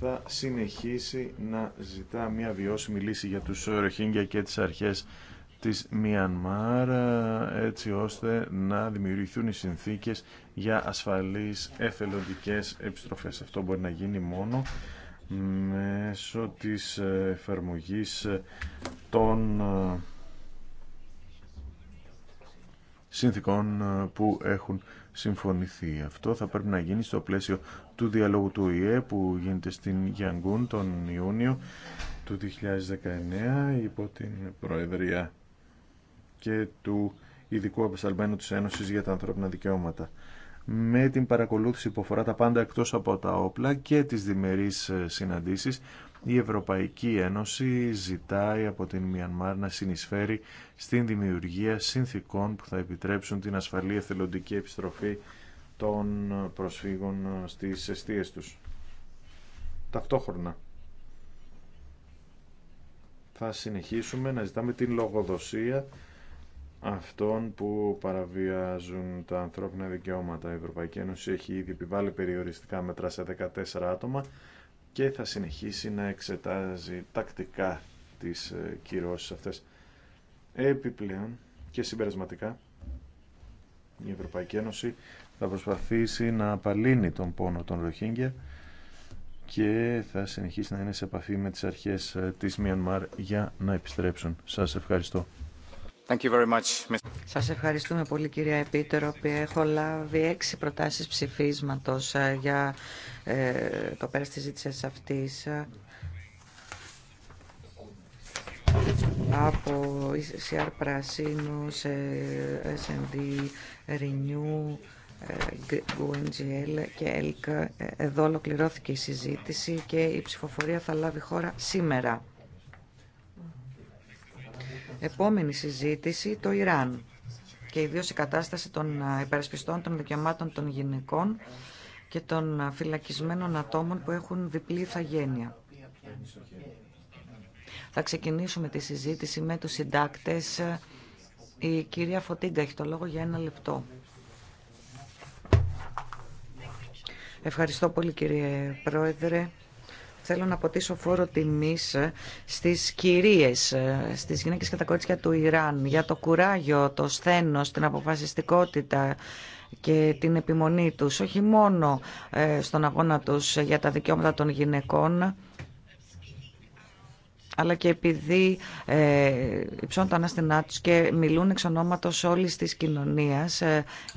S10: θα συνεχίσει να ζητά μια βιώσιμη λύση για τους Ροχίνγκια και τις αρχές της Μιανμάρ έτσι ώστε να δημιουργηθούν οι συνθήκες για ασφαλείς εθελοντικές επιστροφές. Αυτό μπορεί να γίνει μόνο μέσω της εφαρμογής των ε, συνθήκων ε, που έχουν συμφωνηθεί. Αυτό θα πρέπει να γίνει στο πλαίσιο του διαλόγου του ΙΕ που γίνεται στην Γιανγκούν τον Ιούνιο του 2019 υπό την Προεδρία και του Ειδικού Απεσταλμένου της Ένωσης για τα Ανθρώπινα Δικαιώματα με την παρακολούθηση που αφορά τα πάντα εκτός από τα όπλα και τις διμερείς ε, συναντήσεις η Ευρωπαϊκή Ένωση ζητάει από την Μιανμάρ να συνεισφέρει στην δημιουργία συνθήκων που θα επιτρέψουν την ασφαλή εθελοντική επιστροφή των προσφύγων ε, στις αιστείες τους. Ταυτόχρονα θα συνεχίσουμε να ζητάμε την λογοδοσία αυτών που παραβιάζουν τα ανθρώπινα δικαιώματα. Η Ευρωπαϊκή Ένωση έχει ήδη επιβάλει περιοριστικά μέτρα σε 14 άτομα και θα συνεχίσει να εξετάζει τακτικά τις ε, κυρώσεις αυτές. Επιπλέον και συμπερασματικά η Ευρωπαϊκή Ένωση θα προσπαθήσει να απαλύνει τον πόνο των Ροχίνγκια και θα συνεχίσει να είναι σε επαφή με τις αρχές ε, της Μιανμάρ για να επιστρέψουν. Σας ευχαριστώ.
S14: Σα
S3: Σας ευχαριστούμε πολύ κυρία Επίτροπη. Έχω λάβει έξι προτάσεις ψηφίσματος για το πέρας της ζήτησης αυτής από ΣΥΑΡ Πρασίνου, S&D, Renew, UNGL και ΕΛΚ. Εδώ ολοκληρώθηκε η συζήτηση και η ψηφοφορία θα λάβει χώρα σήμερα. Επόμενη συζήτηση, το Ιράν και ιδίως η κατάσταση των ε, υπερασπιστών των δικαιωμάτων των γυναικών και των ε, φυλακισμένων ατόμων που έχουν διπλή ηθαγένεια. Θα ξεκινήσουμε τη συζήτηση με τους συντάκτες. Ε, η κυρία Φωτίγκα έχει το λόγο για ένα λεπτό. Ευχαριστώ πολύ κύριε Πρόεδρε θέλω να αποτίσω φόρο τιμής ε, στις κυρίες, ε, στις γυναίκες και τα κορίτσια του Ιράν για το κουράγιο, το σθένο, την αποφασιστικότητα και την επιμονή τους, όχι μόνο ε, στον αγώνα τους για τα δικαιώματα των γυναικών, αλλά και επειδή ε, υψώνουν τα ανάστηνά τους και μιλούν εξ ονόματος όλης της κοινωνίας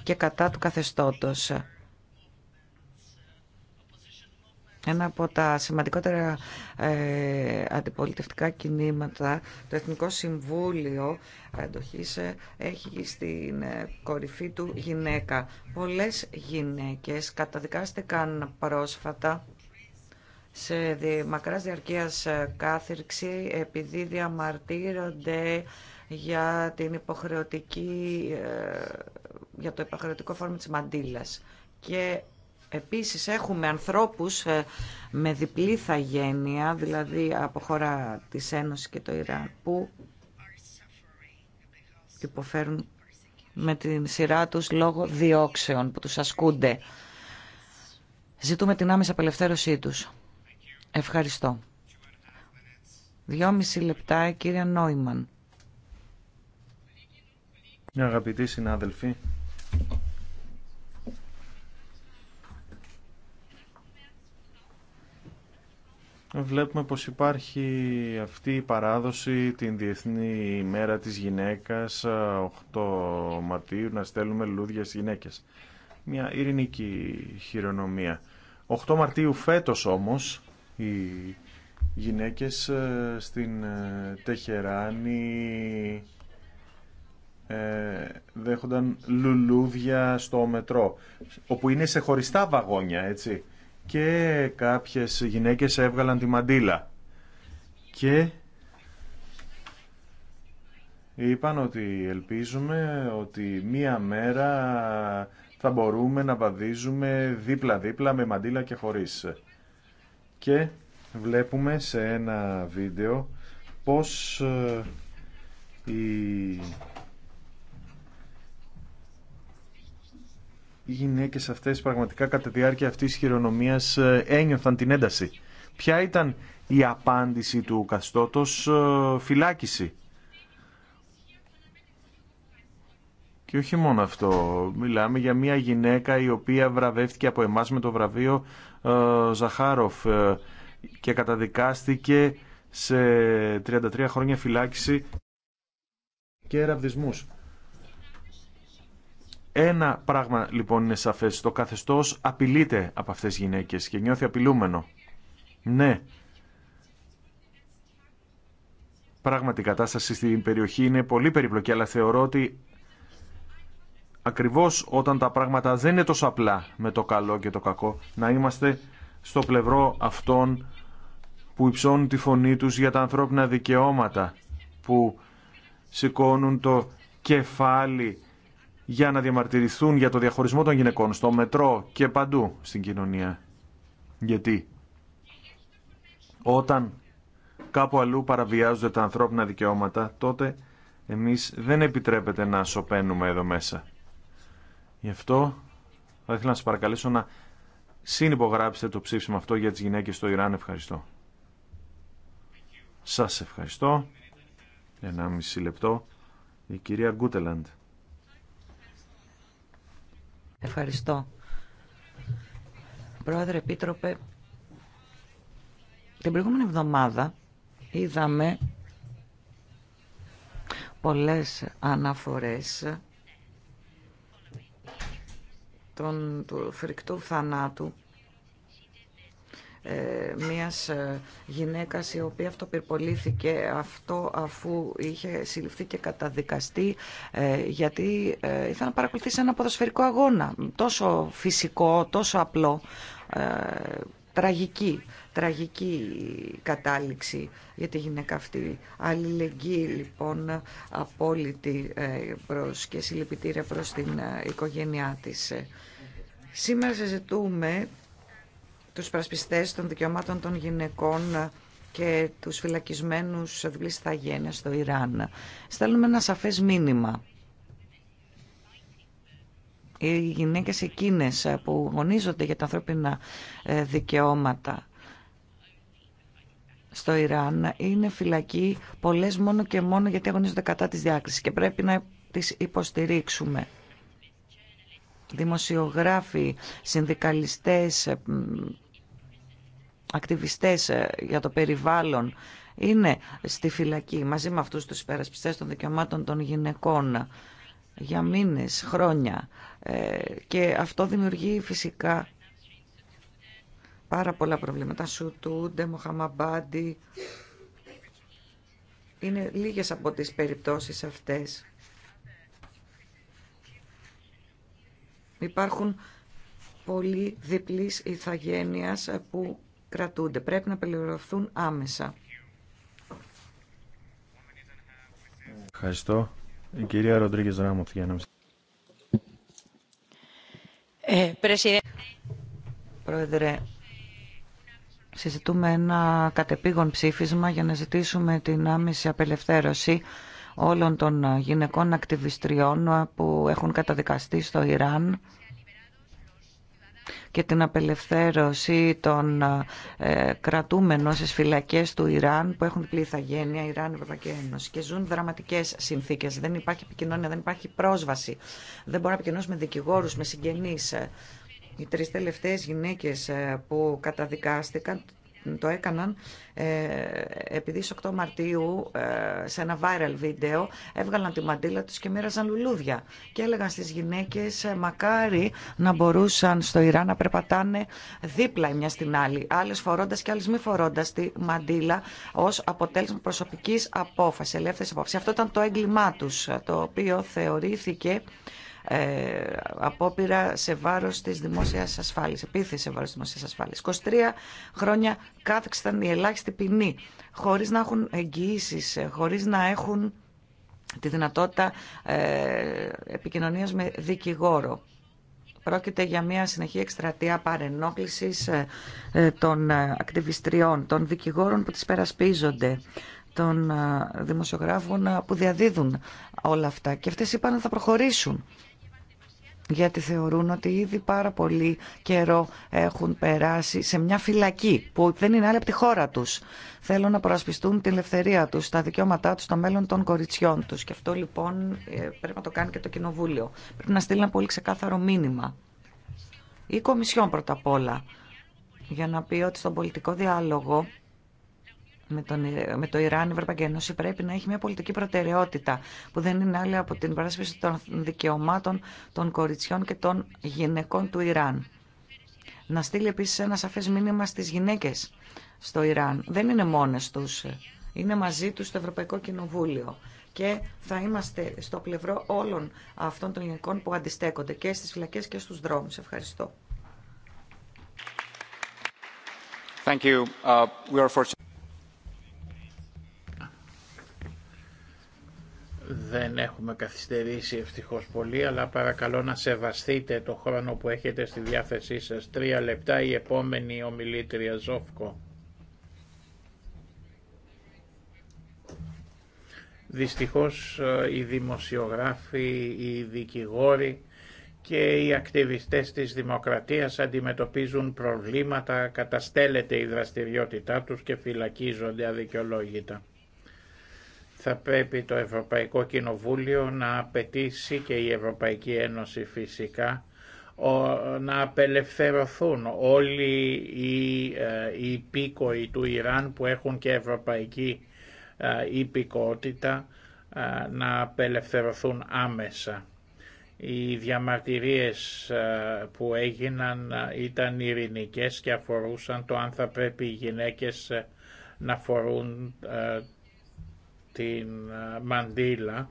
S3: και κατά του καθεστώτος. ένα από τα σημαντικότερα ε, αντιπολιτευτικά κινήματα, το Εθνικό Συμβούλιο Αντοχής, ε, έχει στην ε, κορυφή του γυναίκα. Πολλές γυναίκες καταδικάστηκαν πρόσφατα σε μακράς διαρκείας ε, κάθυρξη επειδή διαμαρτύρονται για, την υποχρεωτική, για το υποχρεωτικό φόρμα της μαντήλας. Και Επίσης έχουμε ανθρώπους ε, με διπλή θαγένεια, δηλαδή από χώρα της Ένωσης και το Ιράν, που υποφέρουν με την σειρά τους λόγω διώξεων που τους ασκούνται. Ζητούμε την άμεση απελευθέρωσή τους. Ευχαριστώ. Δυόμιση λεπτά, κύριε Νόιμαν.
S10: Αγαπητοί συνάδελφοι, Βλέπουμε πως υπάρχει αυτή η παράδοση την Διεθνή ημέρα της γυναίκας 8 ε, Μαρτίου να στέλνουμε λουλούδια στις γυναίκες. Μια ειρηνική χειρονομία. 8 Μαρτίου φέτος όμως οι γυναίκες ε, στην ε, Τεχεράνη δέχονταν λουλούδια στο μετρό όπου είναι σε χωριστά βαγόνια έτσι και κάποιες γυναίκες έβγαλαν τη μαντίλα και είπαν ότι ελπίζουμε ότι μία μέρα θα μπορούμε να βαδίζουμε δίπλα-δίπλα με μαντίλα και χωρίς. Και βλέπουμε σε ένα βίντεο πως η ε, οι γυναίκε αυτές πραγματικά κατά τη διάρκεια αυτή τη χειρονομία ε, ένιωθαν την ένταση. Ποια ήταν η απάντηση του Καστότος ε, φυλάκιση. Και όχι μόνο αυτό. Μιλάμε για μια γυναίκα η οποία βραβεύτηκε από εμάς με το βραβείο ε, Ζαχάροφ και καταδικάστηκε σε 33 χρόνια φυλάκιση και ραβδισμούς. Ένα πράγμα λοιπόν είναι σαφές. Το καθεστώς απειλείται από αυτές τις γυναίκες και νιώθει απειλούμενο. Ναι. Πράγματι η κατάσταση στην περιοχή είναι πολύ περιπλοκή, αλλά θεωρώ ότι ακριβώς όταν τα πράγματα δεν είναι τόσο απλά με το καλό και το κακό, να είμαστε στο πλευρό αυτών που υψώνουν τη φωνή τους για τα ανθρώπινα δικαιώματα, που σηκώνουν το κεφάλι για να διαμαρτυρηθούν για το διαχωρισμό των γυναικών στο μετρό και παντού στην κοινωνία. Γιατί όταν κάπου αλλού παραβιάζονται τα ανθρώπινα δικαιώματα, τότε εμείς δεν επιτρέπεται να σοπαίνουμε εδώ μέσα. Γι' αυτό θα ήθελα να σας παρακαλέσω να συνυπογράψετε το ψήφισμα αυτό για τις γυναίκες στο Ιράν. Ευχαριστώ. Σας ευχαριστώ. Ένα μισή λεπτό. Η κυρία Γκούτελαντ.
S3: Ευχαριστώ. Πρόεδρε Επίτροπε, την προηγούμενη εβδομάδα είδαμε πολλές αναφορές των, του φρικτού θανάτου ε, μιας ε, γυναίκας η οποία αυτοπυρπολήθηκε αυτό αφού είχε συλληφθεί και καταδικαστεί ε, γιατί ήθελα να παρακολουθήσει ένα ποδοσφαιρικό αγώνα. Τόσο φυσικό, τόσο απλό. Τραγική, τραγική κατάληξη για τη γυναίκα αυτή. Αλληλεγγύη λοιπόν, απόλυτη προς και συλληπιτήρια προς την οικογένειά της. Σήμερα συζητούμε τους πρασπιστές των δικαιωμάτων των γυναικών και τους φυλακισμένους διπλής ηθαγένειας στο Ιράν. Στέλνουμε ένα σαφές μήνυμα. Οι γυναίκες εκείνες που γονίζονται για τα ανθρώπινα ε, δικαιώματα στο Ιράν είναι φυλακή πολλές μόνο και μόνο γιατί αγωνίζονται κατά της διάκρισης και πρέπει να τις υποστηρίξουμε. Δημοσιογράφοι, συνδικαλιστές, ακτιβιστές ε, για το περιβάλλον είναι στη φυλακή μαζί με αυτούς τους υπερασπιστές των δικαιωμάτων των γυναικών για μήνες, χρόνια ε, και αυτό δημιουργεί φυσικά πάρα πολλά προβλήματα. Σουτούντε, Μοχαμαμπάντι, είναι λίγες από τις περιπτώσεις αυτές. Υπάρχουν πολλοί διπλής ηθαγένειας που κρατούνται. Πρέπει να απελευθερωθούν άμεσα.
S10: Ευχαριστώ. κυρία Ροντρίγκε για να
S6: ε,
S3: Πρόεδρε, συζητούμε ένα κατεπήγον ψήφισμα για να ζητήσουμε την άμεση απελευθέρωση όλων των γυναικών ακτιβιστριών που έχουν καταδικαστεί στο Ιράν και την απελευθέρωση των ε, κρατούμενων στις φυλακές του Ιράν που έχουν πλήθα γένεια, Ιράν, Ευρωπαϊκή Ένωση και ζουν δραματικές συνθήκες. Δεν υπάρχει επικοινωνία, δεν υπάρχει πρόσβαση. Δεν μπορούμε να επικοινωνήσουμε με δικηγόρους, με συγγενείς. Οι τρεις τελευταίες γυναίκες ε, που καταδικάστηκαν το έκαναν ε, επειδή στις 8 Μαρτίου ε, σε ένα viral βίντεο έβγαλαν τη μαντήλα τους και μοίραζαν λουλούδια και έλεγαν στις γυναίκες «Ε, μακάρι να μπορούσαν στο Ιράν να περπατάνε δίπλα η μια στην άλλη άλλες φορώντας και άλλες μη φορώντας τη μαντήλα ως αποτέλεσμα προσωπικής απόφασης, ελεύθερης απόφασης. Αυτό ήταν το έγκλημά τους το οποίο θεωρήθηκε ε, απόπειρα σε βάρο της δημόσια ασφάλεια. επίθεση σε βάρο τη δημόσια ασφάλεια. 23 χρόνια κάθεξαν η ελάχιστη ποινή, χωρίς να έχουν εγγυήσει, χωρίς να έχουν τη δυνατότητα ε, επικοινωνίας με δικηγόρο. Πρόκειται για μια συνεχή εκστρατεία παρενόχλησης ε, των ακτιβιστριών, των δικηγόρων που τις περασπίζονται, των δημοσιογράφων που διαδίδουν όλα αυτά. Και αυτές είπαν ότι θα προχωρήσουν γιατί θεωρούν ότι ήδη πάρα πολύ καιρό έχουν περάσει σε μια φυλακή που δεν είναι άλλη από τη χώρα τους. Θέλουν να προασπιστούν την ελευθερία τους, τα δικαιώματά τους, το μέλλον των κοριτσιών τους. Και αυτό λοιπόν ε, πρέπει να το κάνει και το Κοινοβούλιο. Πρέπει να στείλει ένα πολύ ξεκάθαρο μήνυμα. Η Κομισιόν πρώτα απ' όλα για να πει ότι στον πολιτικό διάλογο με, τον, με το Ιράν, η Ευρωπαϊκή Ένωση πρέπει να έχει μια πολιτική προτεραιότητα που δεν είναι άλλη από την παράσπιση των δικαιωμάτων των κοριτσιών και των γυναικών του Ιράν. Να στείλει επίσης ένα σαφές μήνυμα στις γυναίκες στο Ιράν. Δεν είναι μόνες τους, είναι μαζί τους στο Ευρωπαϊκό Κοινοβούλιο και θα είμαστε στο πλευρό όλων αυτών των γυναικών που αντιστέκονται και στις φυλακές και στους δρόμους. Ευχαριστώ.
S14: Thank you. Uh, we are
S6: Δεν έχουμε καθυστερήσει ευτυχώς πολύ, αλλά παρακαλώ να σεβαστείτε το χρόνο που έχετε στη διάθεσή σας. Τρία λεπτά η επόμενη ομιλήτρια Ζόφκο. Δυστυχώς ε, οι δημοσιογράφοι, οι δικηγόροι και οι ακτιβιστές της δημοκρατίας αντιμετωπίζουν προβλήματα, καταστέλλεται η δραστηριότητά τους και φυλακίζονται αδικαιολόγητα θα πρέπει το Ευρωπαϊκό Κοινοβούλιο να απαιτήσει και η Ευρωπαϊκή Ένωση φυσικά να απελευθερωθούν όλοι ε, οι, υπήκοοι του Ιράν που έχουν και ευρωπαϊκή ε, υπηκότητα ε, να απελευθερωθούν άμεσα. Οι διαμαρτυρίες που έγιναν ήταν ειρηνικές και αφορούσαν το αν θα πρέπει οι γυναίκες να φορούν την ε, Μαντίλα.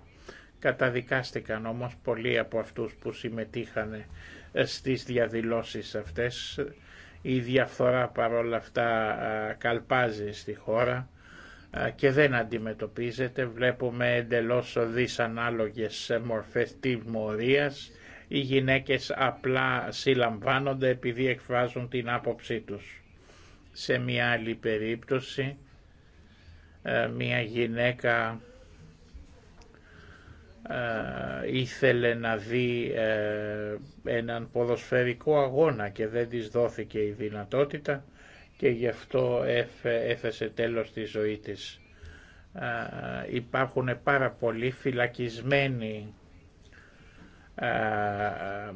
S6: Καταδικάστηκαν όμως πολλοί από αυτούς που συμμετείχαν ε, στις διαδηλώσεις αυτές. Η διαφθορά παρόλα αυτά ε, καλπάζει στη χώρα και δεν αντιμετωπίζεται. Βλέπουμε εντελώς δυσανάλογες μορφές τιμωρίας. Οι γυναίκες απλά συλλαμβάνονται επειδή εκφράζουν την άποψή τους. Σε μια άλλη περίπτωση ε, μια γυναίκα ε, ήθελε να δει ε, έναν ποδοσφαιρικό αγώνα και δεν της δόθηκε η δυνατότητα και γι' αυτό έθεσε τέλος τη ζωή της. Υπάρχουν πάρα πολλοί φυλακισμένοι ε,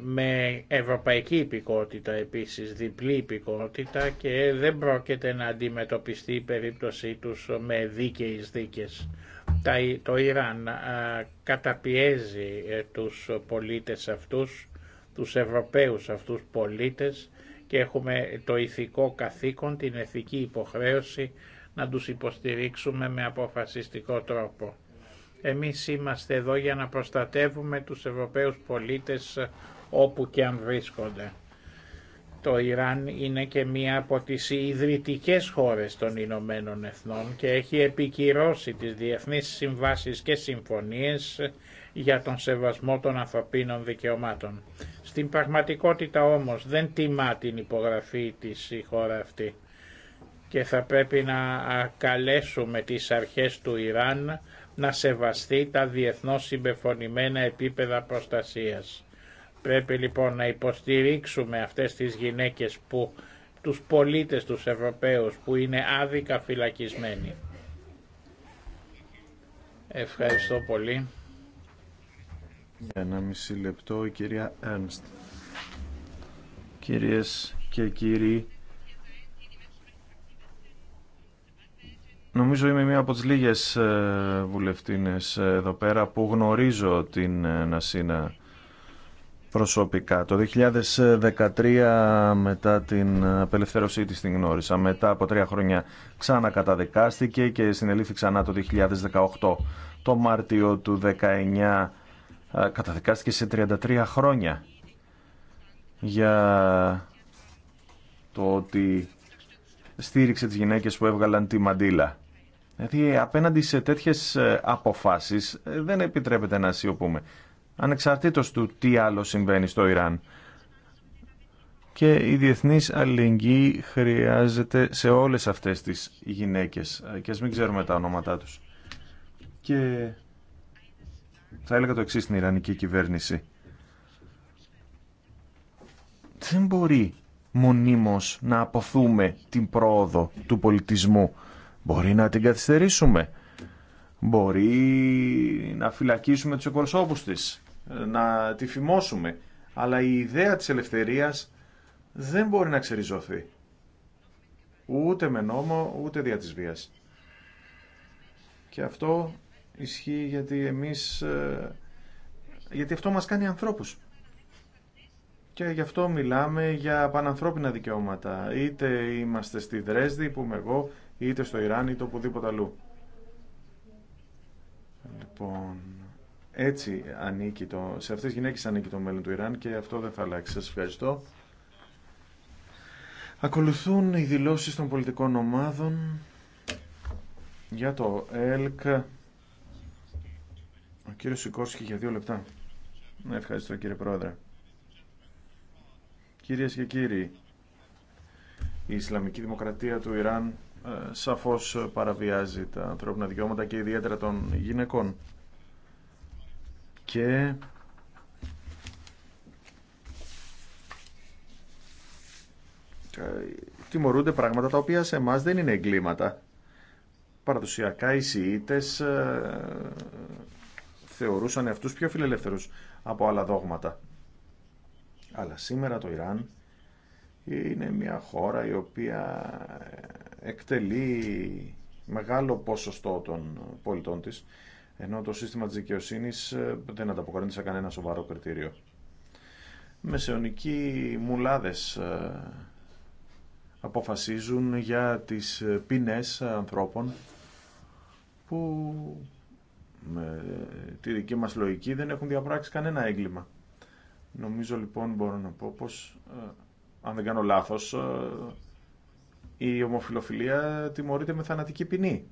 S6: με ευρωπαϊκή υπηκότητα επίσης, διπλή υπηκότητα και δεν πρόκειται να αντιμετωπιστεί η περίπτωσή τους με δίκαιες δίκες. Το Ιράν ε, καταπιέζει ε, τους πολίτες αυτούς, τους Ευρωπαίους αυτούς πολίτες και έχουμε το ηθικό καθήκον, την εθική υποχρέωση να τους υποστηρίξουμε με αποφασιστικό τρόπο. Εμείς είμαστε εδώ για να προστατεύουμε τους Ευρωπαίους πολίτες ε, όπου και αν βρίσκονται. Το Ιράν είναι και μία από τις ιδρυτικές χώρες των Ηνωμένων Εθνών και έχει επικυρώσει τις διεθνείς συμβάσεις και συμφωνίες ε, για τον σεβασμό των ανθρωπίνων δικαιωμάτων. Στην πραγματικότητα όμως δεν τιμά την υπογραφή της η χώρα αυτή και θα πρέπει να καλέσουμε τις αρχές του Ιράν να σεβαστεί τα διεθνώς συμπεφωνημένα επίπεδα προστασίας. Πρέπει λοιπόν να υποστηρίξουμε αυτές τις γυναίκες που τους πολίτες τους Ευρωπαίους που είναι άδικα φυλακισμένοι. Ευχαριστώ πολύ.
S16: Για
S10: ένα μισή λεπτό η κυρία Ernst. Κυρίες και κύριοι, Νομίζω είμαι μία από τις λίγες ε, βουλευτίνες εδώ πέρα που γνωρίζω την ε, Νασίνα προσωπικά. Το 2013 μετά την απελευθέρωσή της την γνώρισα. Μετά από τρία χρόνια ξανακαταδικάστηκε και συνελήφθη ξανά το 2018. Το Μάρτιο του 2019 ε, καταδικάστηκε σε 33 χρόνια για το ότι στήριξε τις γυναίκες που έβγαλαν τη μαντήλα. Δηλαδή απέναντι σε τέτοιες ε, αποφάσεις ε, δεν επιτρέπεται να σιωπούμε. Ανεξαρτήτως του τι άλλο συμβαίνει στο Ιράν. Και η διεθνής αλληλεγγύη χρειάζεται σε όλες αυτές τις γυναίκες. Ε, και ας μην ξέρουμε τα ονόματά τους. Και θα έλεγα το εξής στην Ιρανική κυβέρνηση. Δεν μπορεί μονίμως να αποθούμε την πρόοδο του πολιτισμού Μπορεί να την καθυστερήσουμε. Μπορεί να φυλακίσουμε τους εκπροσώπους της, να τη φημώσουμε. Αλλά η ιδέα της ελευθερίας δεν μπορεί να ξεριζωθεί. Ούτε με νόμο, ούτε δια της βίας. Και αυτό ισχύει γιατί εμείς... Ε, γιατί αυτό μας κάνει ανθρώπους. Και γι' αυτό μιλάμε για πανανθρώπινα δικαιώματα. Είτε είμαστε στη Δρέσδη που είμαι εγώ, είτε στο Ιράν είτε οπουδήποτε αλλού. Λοιπόν, έτσι ανήκει το, σε αυτές τις γυναίκες ανήκει το μέλλον του Ιράν και αυτό δεν θα αλλάξει. Σας ευχαριστώ. Ακολουθούν οι δηλώσεις των πολιτικών ομάδων για το ΕΛΚ. Ο κύριος Σικόρσκι για δύο λεπτά. Ευχαριστώ κύριε Πρόεδρε. Κυρίες και κύριοι, η Ισλαμική Δημοκρατία του Ιράν ε, σαφώς παραβιάζει τα ανθρώπινα δικαιώματα και ιδιαίτερα των γυναικών. Και τιμωρούνται πράγματα τα οποία σε εμά δεν είναι εγκλήματα. Παραδοσιακά οι Σιήτες ε, θεωρούσαν αυτούς πιο φιλελεύθερους από άλλα δόγματα. Αλλά σήμερα το Ιράν είναι μια χώρα η οποία ε, εκτελεί μεγάλο ποσοστό των πολιτών της, ενώ το σύστημα της δικαιοσύνης ε, δεν ανταποκρίνεται σε κανένα σοβαρό κριτήριο. Μεσαιωνικοί μουλάδες ε, αποφασίζουν για τις ε, πίνες ανθρώπων που με τη δική μας λογική δεν έχουν διαπράξει κανένα έγκλημα. Νομίζω λοιπόν μπορώ να πω πως αν δεν κάνω λάθος η ομοφιλοφιλία τιμωρείται με θανατική ποινή.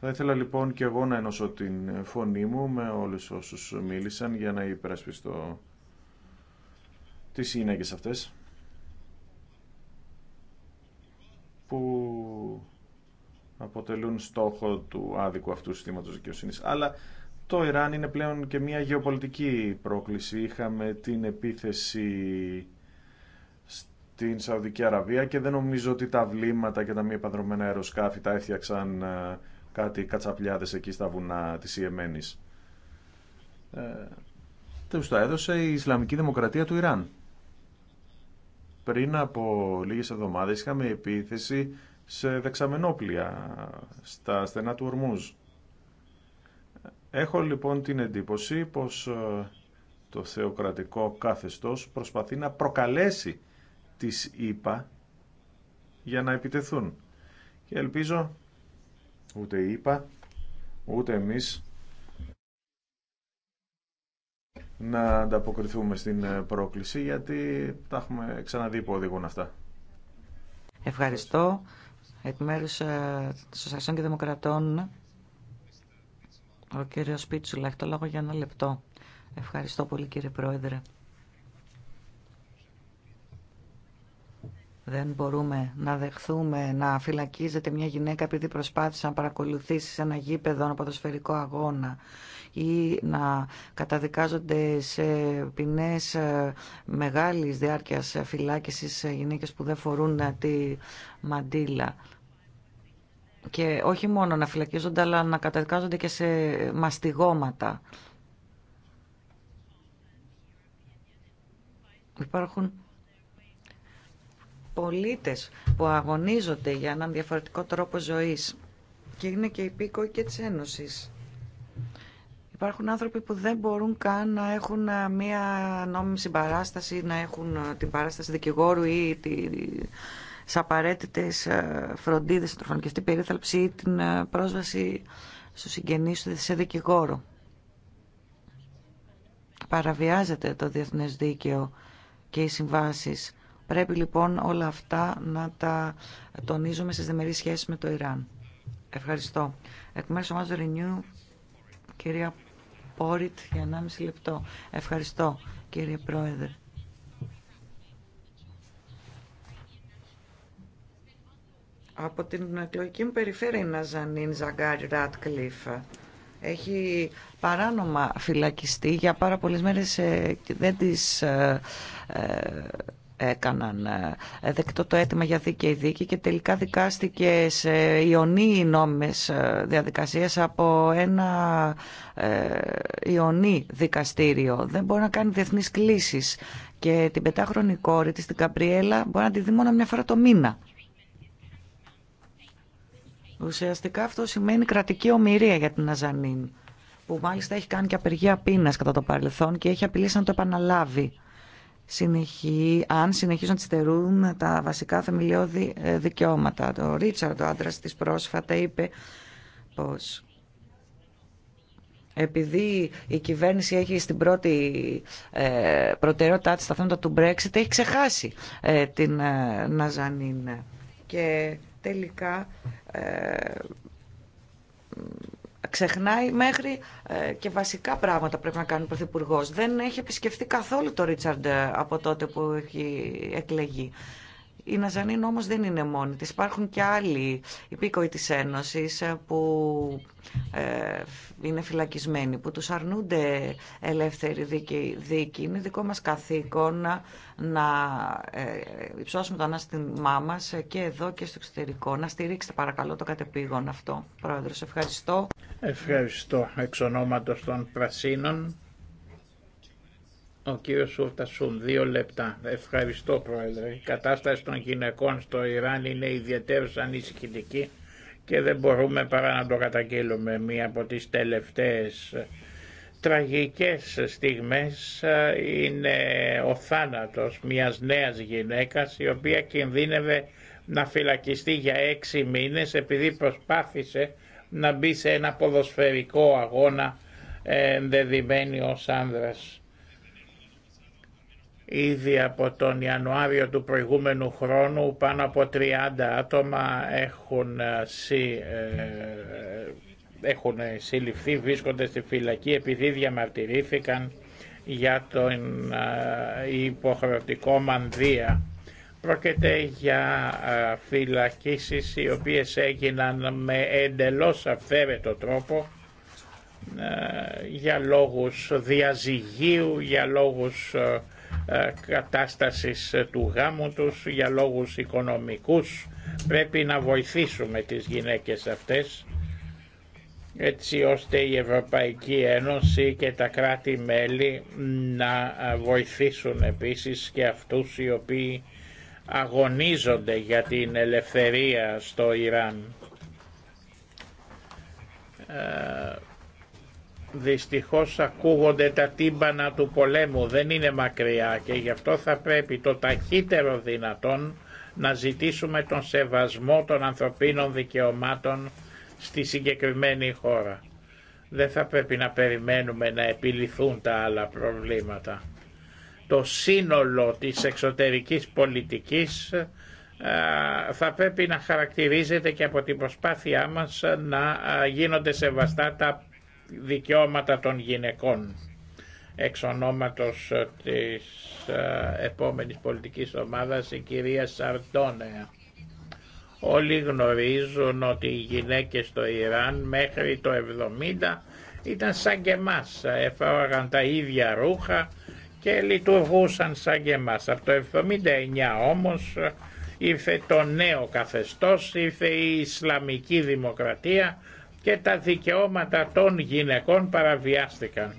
S10: Θα ήθελα λοιπόν και εγώ να ενώσω την φωνή μου με όλους όσους μίλησαν για να υπερασπιστώ τις γυναίκες αυτές που αποτελούν στόχο του άδικου αυτού συστήματος δικαιοσύνη. Αλλά το Ιράν είναι πλέον και μια γεωπολιτική πρόκληση. Είχαμε την επίθεση την Σαουδική Αραβία και δεν νομίζω ότι τα βλήματα και τα μη επανδρομένα αεροσκάφη τα έφτιαξαν ε, κάτι κατσαπλιάδες εκεί στα βουνά της Ιεμένης. Ε, τα έδωσε η Ισλαμική Δημοκρατία του Ιράν. Πριν από λίγες εβδομάδες είχαμε επίθεση σε δεξαμενόπλια στα στενά του Ορμούζ. Έχω λοιπόν την εντύπωση πως ε, το θεοκρατικό κάθεστος προσπαθεί να προκαλέσει τις είπα για να επιτεθούν. Και ελπίζω ούτε είπα ούτε εμείς να ανταποκριθούμε στην ε, πρόκληση γιατί τα έχουμε ξαναδεί που οδηγούν αυτά.
S3: Ευχαριστώ. Εκ μέρου ε, και Δημοκρατών, ο κύριο Πίτσουλα έχει το λόγο για ένα λεπτό. Ευχαριστώ πολύ κύριε Πρόεδρε. Δεν μπορούμε να δεχθούμε να φυλακίζεται μια γυναίκα επειδή προσπάθησε να παρακολουθήσει σε ένα γήπεδο, ένα ποδοσφαιρικό αγώνα ή να καταδικάζονται σε ποινές ε, μεγάλης διάρκειας φυλάκισης γυναίκες που δεν φορούν ε, τη μαντήλα. Και όχι μόνο να φυλακίζονται, αλλά να καταδικάζονται και σε μαστιγώματα. Υπάρχουν πολίτες που αγωνίζονται για έναν διαφορετικό τρόπο ζωής και είναι και υπήκοοι και της Ένωσης. Υπάρχουν άνθρωποι που δεν μπορούν καν να έχουν ε, μία νόμιμη συμπαράσταση, να έχουν ε, την παράσταση δικηγόρου ή τις απαραίτητε ε, φροντίδες στην τροφονικευτή περίθαλψη ή την πρόσβαση στους συγγενείς του σε δικηγόρο. Παραβιάζεται το διεθνές δίκαιο και οι συμβάσεις Πρέπει λοιπόν όλα αυτά να τα τονίζουμε στις δεμερείς σχέσεις με το Ιράν. Ευχαριστώ. Εκ μέρους ομάδας Renew, κυρία Πόριτ, για 1,5 λεπτό. Ευχαριστώ, κύριε Πρόεδρε. Από την εκλογική μου περιφέρεια είναι Ζανίν Ζαγκάρι Ράτκλιφ. Έχει παράνομα φυλακιστεί για πάρα πολλές μέρες ε, δεν της ε, ε, έκαναν ε, δεκτό το αίτημα για δίκαιη δίκη και τελικά δικάστηκε σε ιονή νόμιμες ε, διαδικασίες από ένα ε, ιονή δικαστήριο. Δεν μπορεί να κάνει διεθνείς κλήσεις και την πετάχρονη κόρη της, την Καπριέλα, μπορεί να τη δει μόνο μια φορά το μήνα. Ουσιαστικά αυτό σημαίνει κρατική ομοιρία για την Αζανίν, που μάλιστα έχει κάνει και απεργία πείνας κατά το παρελθόν και έχει απειλήσει να το επαναλάβει συνεχεί, αν συνεχίζουν να τις θερούν τα βασικά θεμελιώδη ε, δικαιώματα. Το Ρίτσαρντ, ο άντρα της πρόσφατα, είπε πως επειδή η κυβέρνηση έχει στην πρώτη ε, προτεραιότητά της τα θέματα του Brexit, έχει ξεχάσει ε, την Ναζανίν. Και τελικά ξεχνάει μέχρι ε, και βασικά πράγματα πρέπει να κάνει ο Πρωθυπουργό. Δεν έχει επισκεφτεί καθόλου το Ρίτσαρντ ε, από τότε που έχει εκλεγεί. Η Ναζανίν όμω δεν είναι μόνη τη. Υπάρχουν και άλλοι υπήκοοι της Ένωσης ε, που ε, είναι φυλακισμένοι, που τους αρνούνται ελεύθερη δίκη. δίκη. Είναι δικό μας καθήκον να, να ε, υψώσουμε το ανάστημά μα και εδώ και στο εξωτερικό. Να στηρίξετε παρακαλώ το κατεπήγον αυτό. Πρόεδρο.
S6: ευχαριστώ. Ευχαριστώ εξ των Πρασίνων. Ο κύριο Σούρτασουμ, δύο λεπτά. Ευχαριστώ πρόεδρε. Η κατάσταση των γυναικών στο Ιράν είναι ιδιαίτερω ανησυχητική και δεν μπορούμε παρά να το καταγγείλουμε. Μία από τις τελευταίες τραγικές στιγμές ε, είναι ο θάνατος μιας νέας γυναίκας η οποία κινδύνευε να φυλακιστεί για έξι μήνες επειδή προσπάθησε να μπει σε ένα ποδοσφαιρικό αγώνα ε, ενδεδειμένη ως άνδρας. Ήδη από τον Ιανουάριο του προηγούμενου χρόνου πάνω από 30 άτομα έχουν, ε, συ, ε, έχουν ε, συλληφθεί, βρίσκονται στη φυλακή επειδή διαμαρτυρήθηκαν για τον υποχρεωτικό μανδύα. Πρόκειται για φυλακίσεις οι οποίες έγιναν με εντελώς αυθαίρετο τρόπο για λόγους διαζυγίου, για λόγους ε, κατάστασης ε, του γάμου τους για λόγους οικονομικούς. Πρέπει να βοηθήσουμε τις γυναίκες αυτές έτσι ώστε η Ευρωπαϊκή Ένωση και τα κράτη-μέλη να ε, βοηθήσουν επίσης και αυτούς οι οποίοι αγωνίζονται για την ελευθερία στο Ιράν Δυστυχώς ακούγονται τα τύμπανα του πολέμου, δεν είναι μακριά και γι' αυτό θα πρέπει το ταχύτερο δυνατόν να ζητήσουμε τον σεβασμό των ανθρωπίνων δικαιωμάτων στη συγκεκριμένη χώρα. Δεν θα πρέπει να περιμένουμε να επιληθούν τα άλλα προβλήματα. Το σύνολο της εξωτερικής πολιτικής θα πρέπει να χαρακτηρίζεται και από την προσπάθειά μας να γίνονται σεβαστά τα δικαιώματα των γυναικών εξ ονόματος ε, της ε, επόμενης πολιτικής ομάδας η κυρία Σαρτόνεα. Όλοι γνωρίζουν ότι οι γυναίκες στο Ιράν μέχρι το 70 ήταν σαν και εμάς, έφαγαν τα ίδια ρούχα και λειτουργούσαν σαν και εμάς. Από το 79 όμως ήρθε το νέο καθεστώς, ήρθε η Ισλαμική Δημοκρατία και τα δικαιώματα των γυναικών παραβιάστηκαν.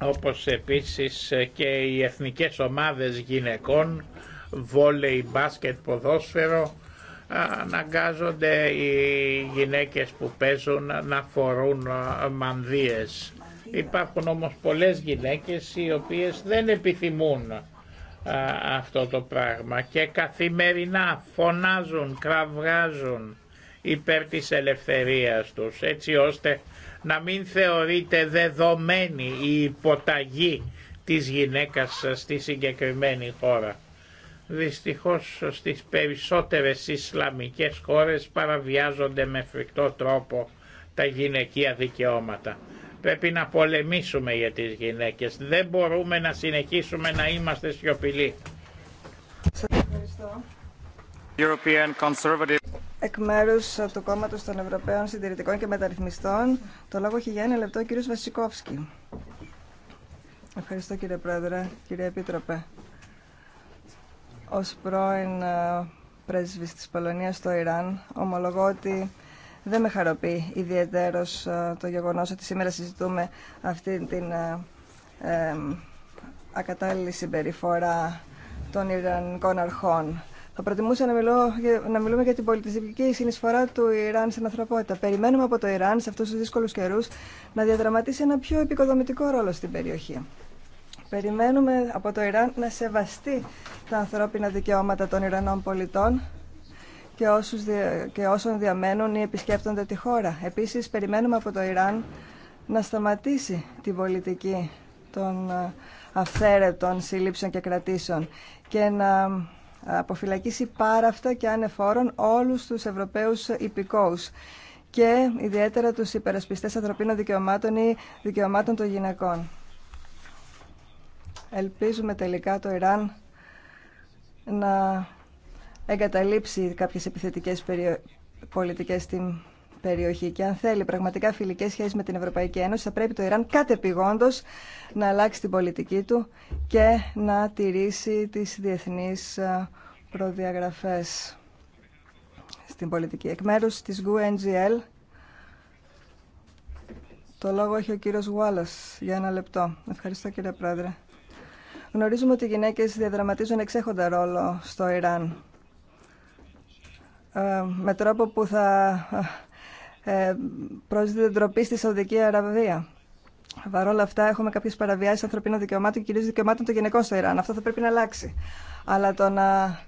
S6: Όπως επίσης και οι εθνικές ομάδες γυναικών, βόλεϊ, μπάσκετ, ποδόσφαιρο, αναγκάζονται οι γυναίκες που παίζουν να φορούν μανδύες. Υπάρχουν όμως πολλές γυναίκες οι οποίες δεν επιθυμούν αυτό το πράγμα και καθημερινά φωνάζουν, κραυγάζουν υπέρ της ελευθερίας τους έτσι ώστε να μην θεωρείται δεδομένη η υποταγή της γυναίκας στη συγκεκριμένη χώρα. Δυστυχώς στις περισσότερες Ισλαμικές χώρες παραβιάζονται με φρικτό τρόπο τα γυναικεία δικαιώματα. Πρέπει να πολεμήσουμε για τις γυναίκες. Δεν μπορούμε να συνεχίσουμε να είμαστε σιωπηλοί. Σα ευχαριστώ. European Conservative.
S11: Εκ μέρου του κόμματο των Ευρωπαίων Συντηρητικών και Μεταρρυθμιστών, το λόγο έχει για ένα λεπτό ο κύριο Βασικόφσκι. Ευχαριστώ κύριε Πρόεδρε, κύριε Επίτροπε. Ω πρώην ε, πρέσβη τη Πολωνία στο Ιράν, ομολογώ ότι δεν με χαροποιεί ιδιαίτερο ε, το γεγονός ότι σήμερα συζητούμε αυτή την ε, ε, ακατάλληλη συμπεριφορά των Ιρανικών αρχών. Θα προτιμούσα να, να μιλούμε για την πολιτιστική συνεισφορά του Ιράν στην ανθρωπότητα. Περιμένουμε από το Ιράν σε αυτού του δύσκολου καιρού να διαδραματίσει ένα πιο επικοδομητικό ρόλο στην περιοχή. Περιμένουμε από το Ιράν να σεβαστεί τα ανθρώπινα δικαιώματα των Ιρανών πολιτών και, όσους, και όσων διαμένουν ή επισκέπτονται τη χώρα. Επίσης, περιμένουμε από το Ιράν να σταματήσει την πολιτική των ε, αυθαίρετων σύλληψεων και κρατήσεων και να ε, αποφυλακίσει πάρα αυτά και ανεφόρων όλους τους Ευρωπαίους υπηκόους και ιδιαίτερα τους υπερασπιστές ανθρωπίνων δικαιωμάτων ή δικαιωμάτων των γυναικών. Ελπίζουμε τελικά το Ιράν να εγκαταλείψει κάποιες επιθετικές πολιτικές στην περιοχή. Και αν θέλει πραγματικά φιλικές σχέσεις με την Ευρωπαϊκή Ένωση, θα πρέπει το Ιράν κατεπηγόντως να αλλάξει την πολιτική του και να τηρήσει τις διεθνείς ε, προδιαγραφές στην πολιτική. Εκ μέρου τη GUNGL, το λόγο έχει ο κύριος Γουάλλας για ένα λεπτό. Ευχαριστώ κύριε Πρόεδρε. Γνωρίζουμε ότι οι γυναίκες διαδραματίζουν εξέχοντα ρόλο στο Ιράν ε, με τρόπο που θα ε, πρόσδεται ντροπή στη Σαουδική Αραβία. Παρ' όλα αυτά, έχουμε κάποιε παραβιάσει ανθρωπίνων δικαιωμάτων και κυρίω δικαιωμάτων των γυναικών στο Ιράν. Αυτό θα πρέπει να αλλάξει. Αλλά το να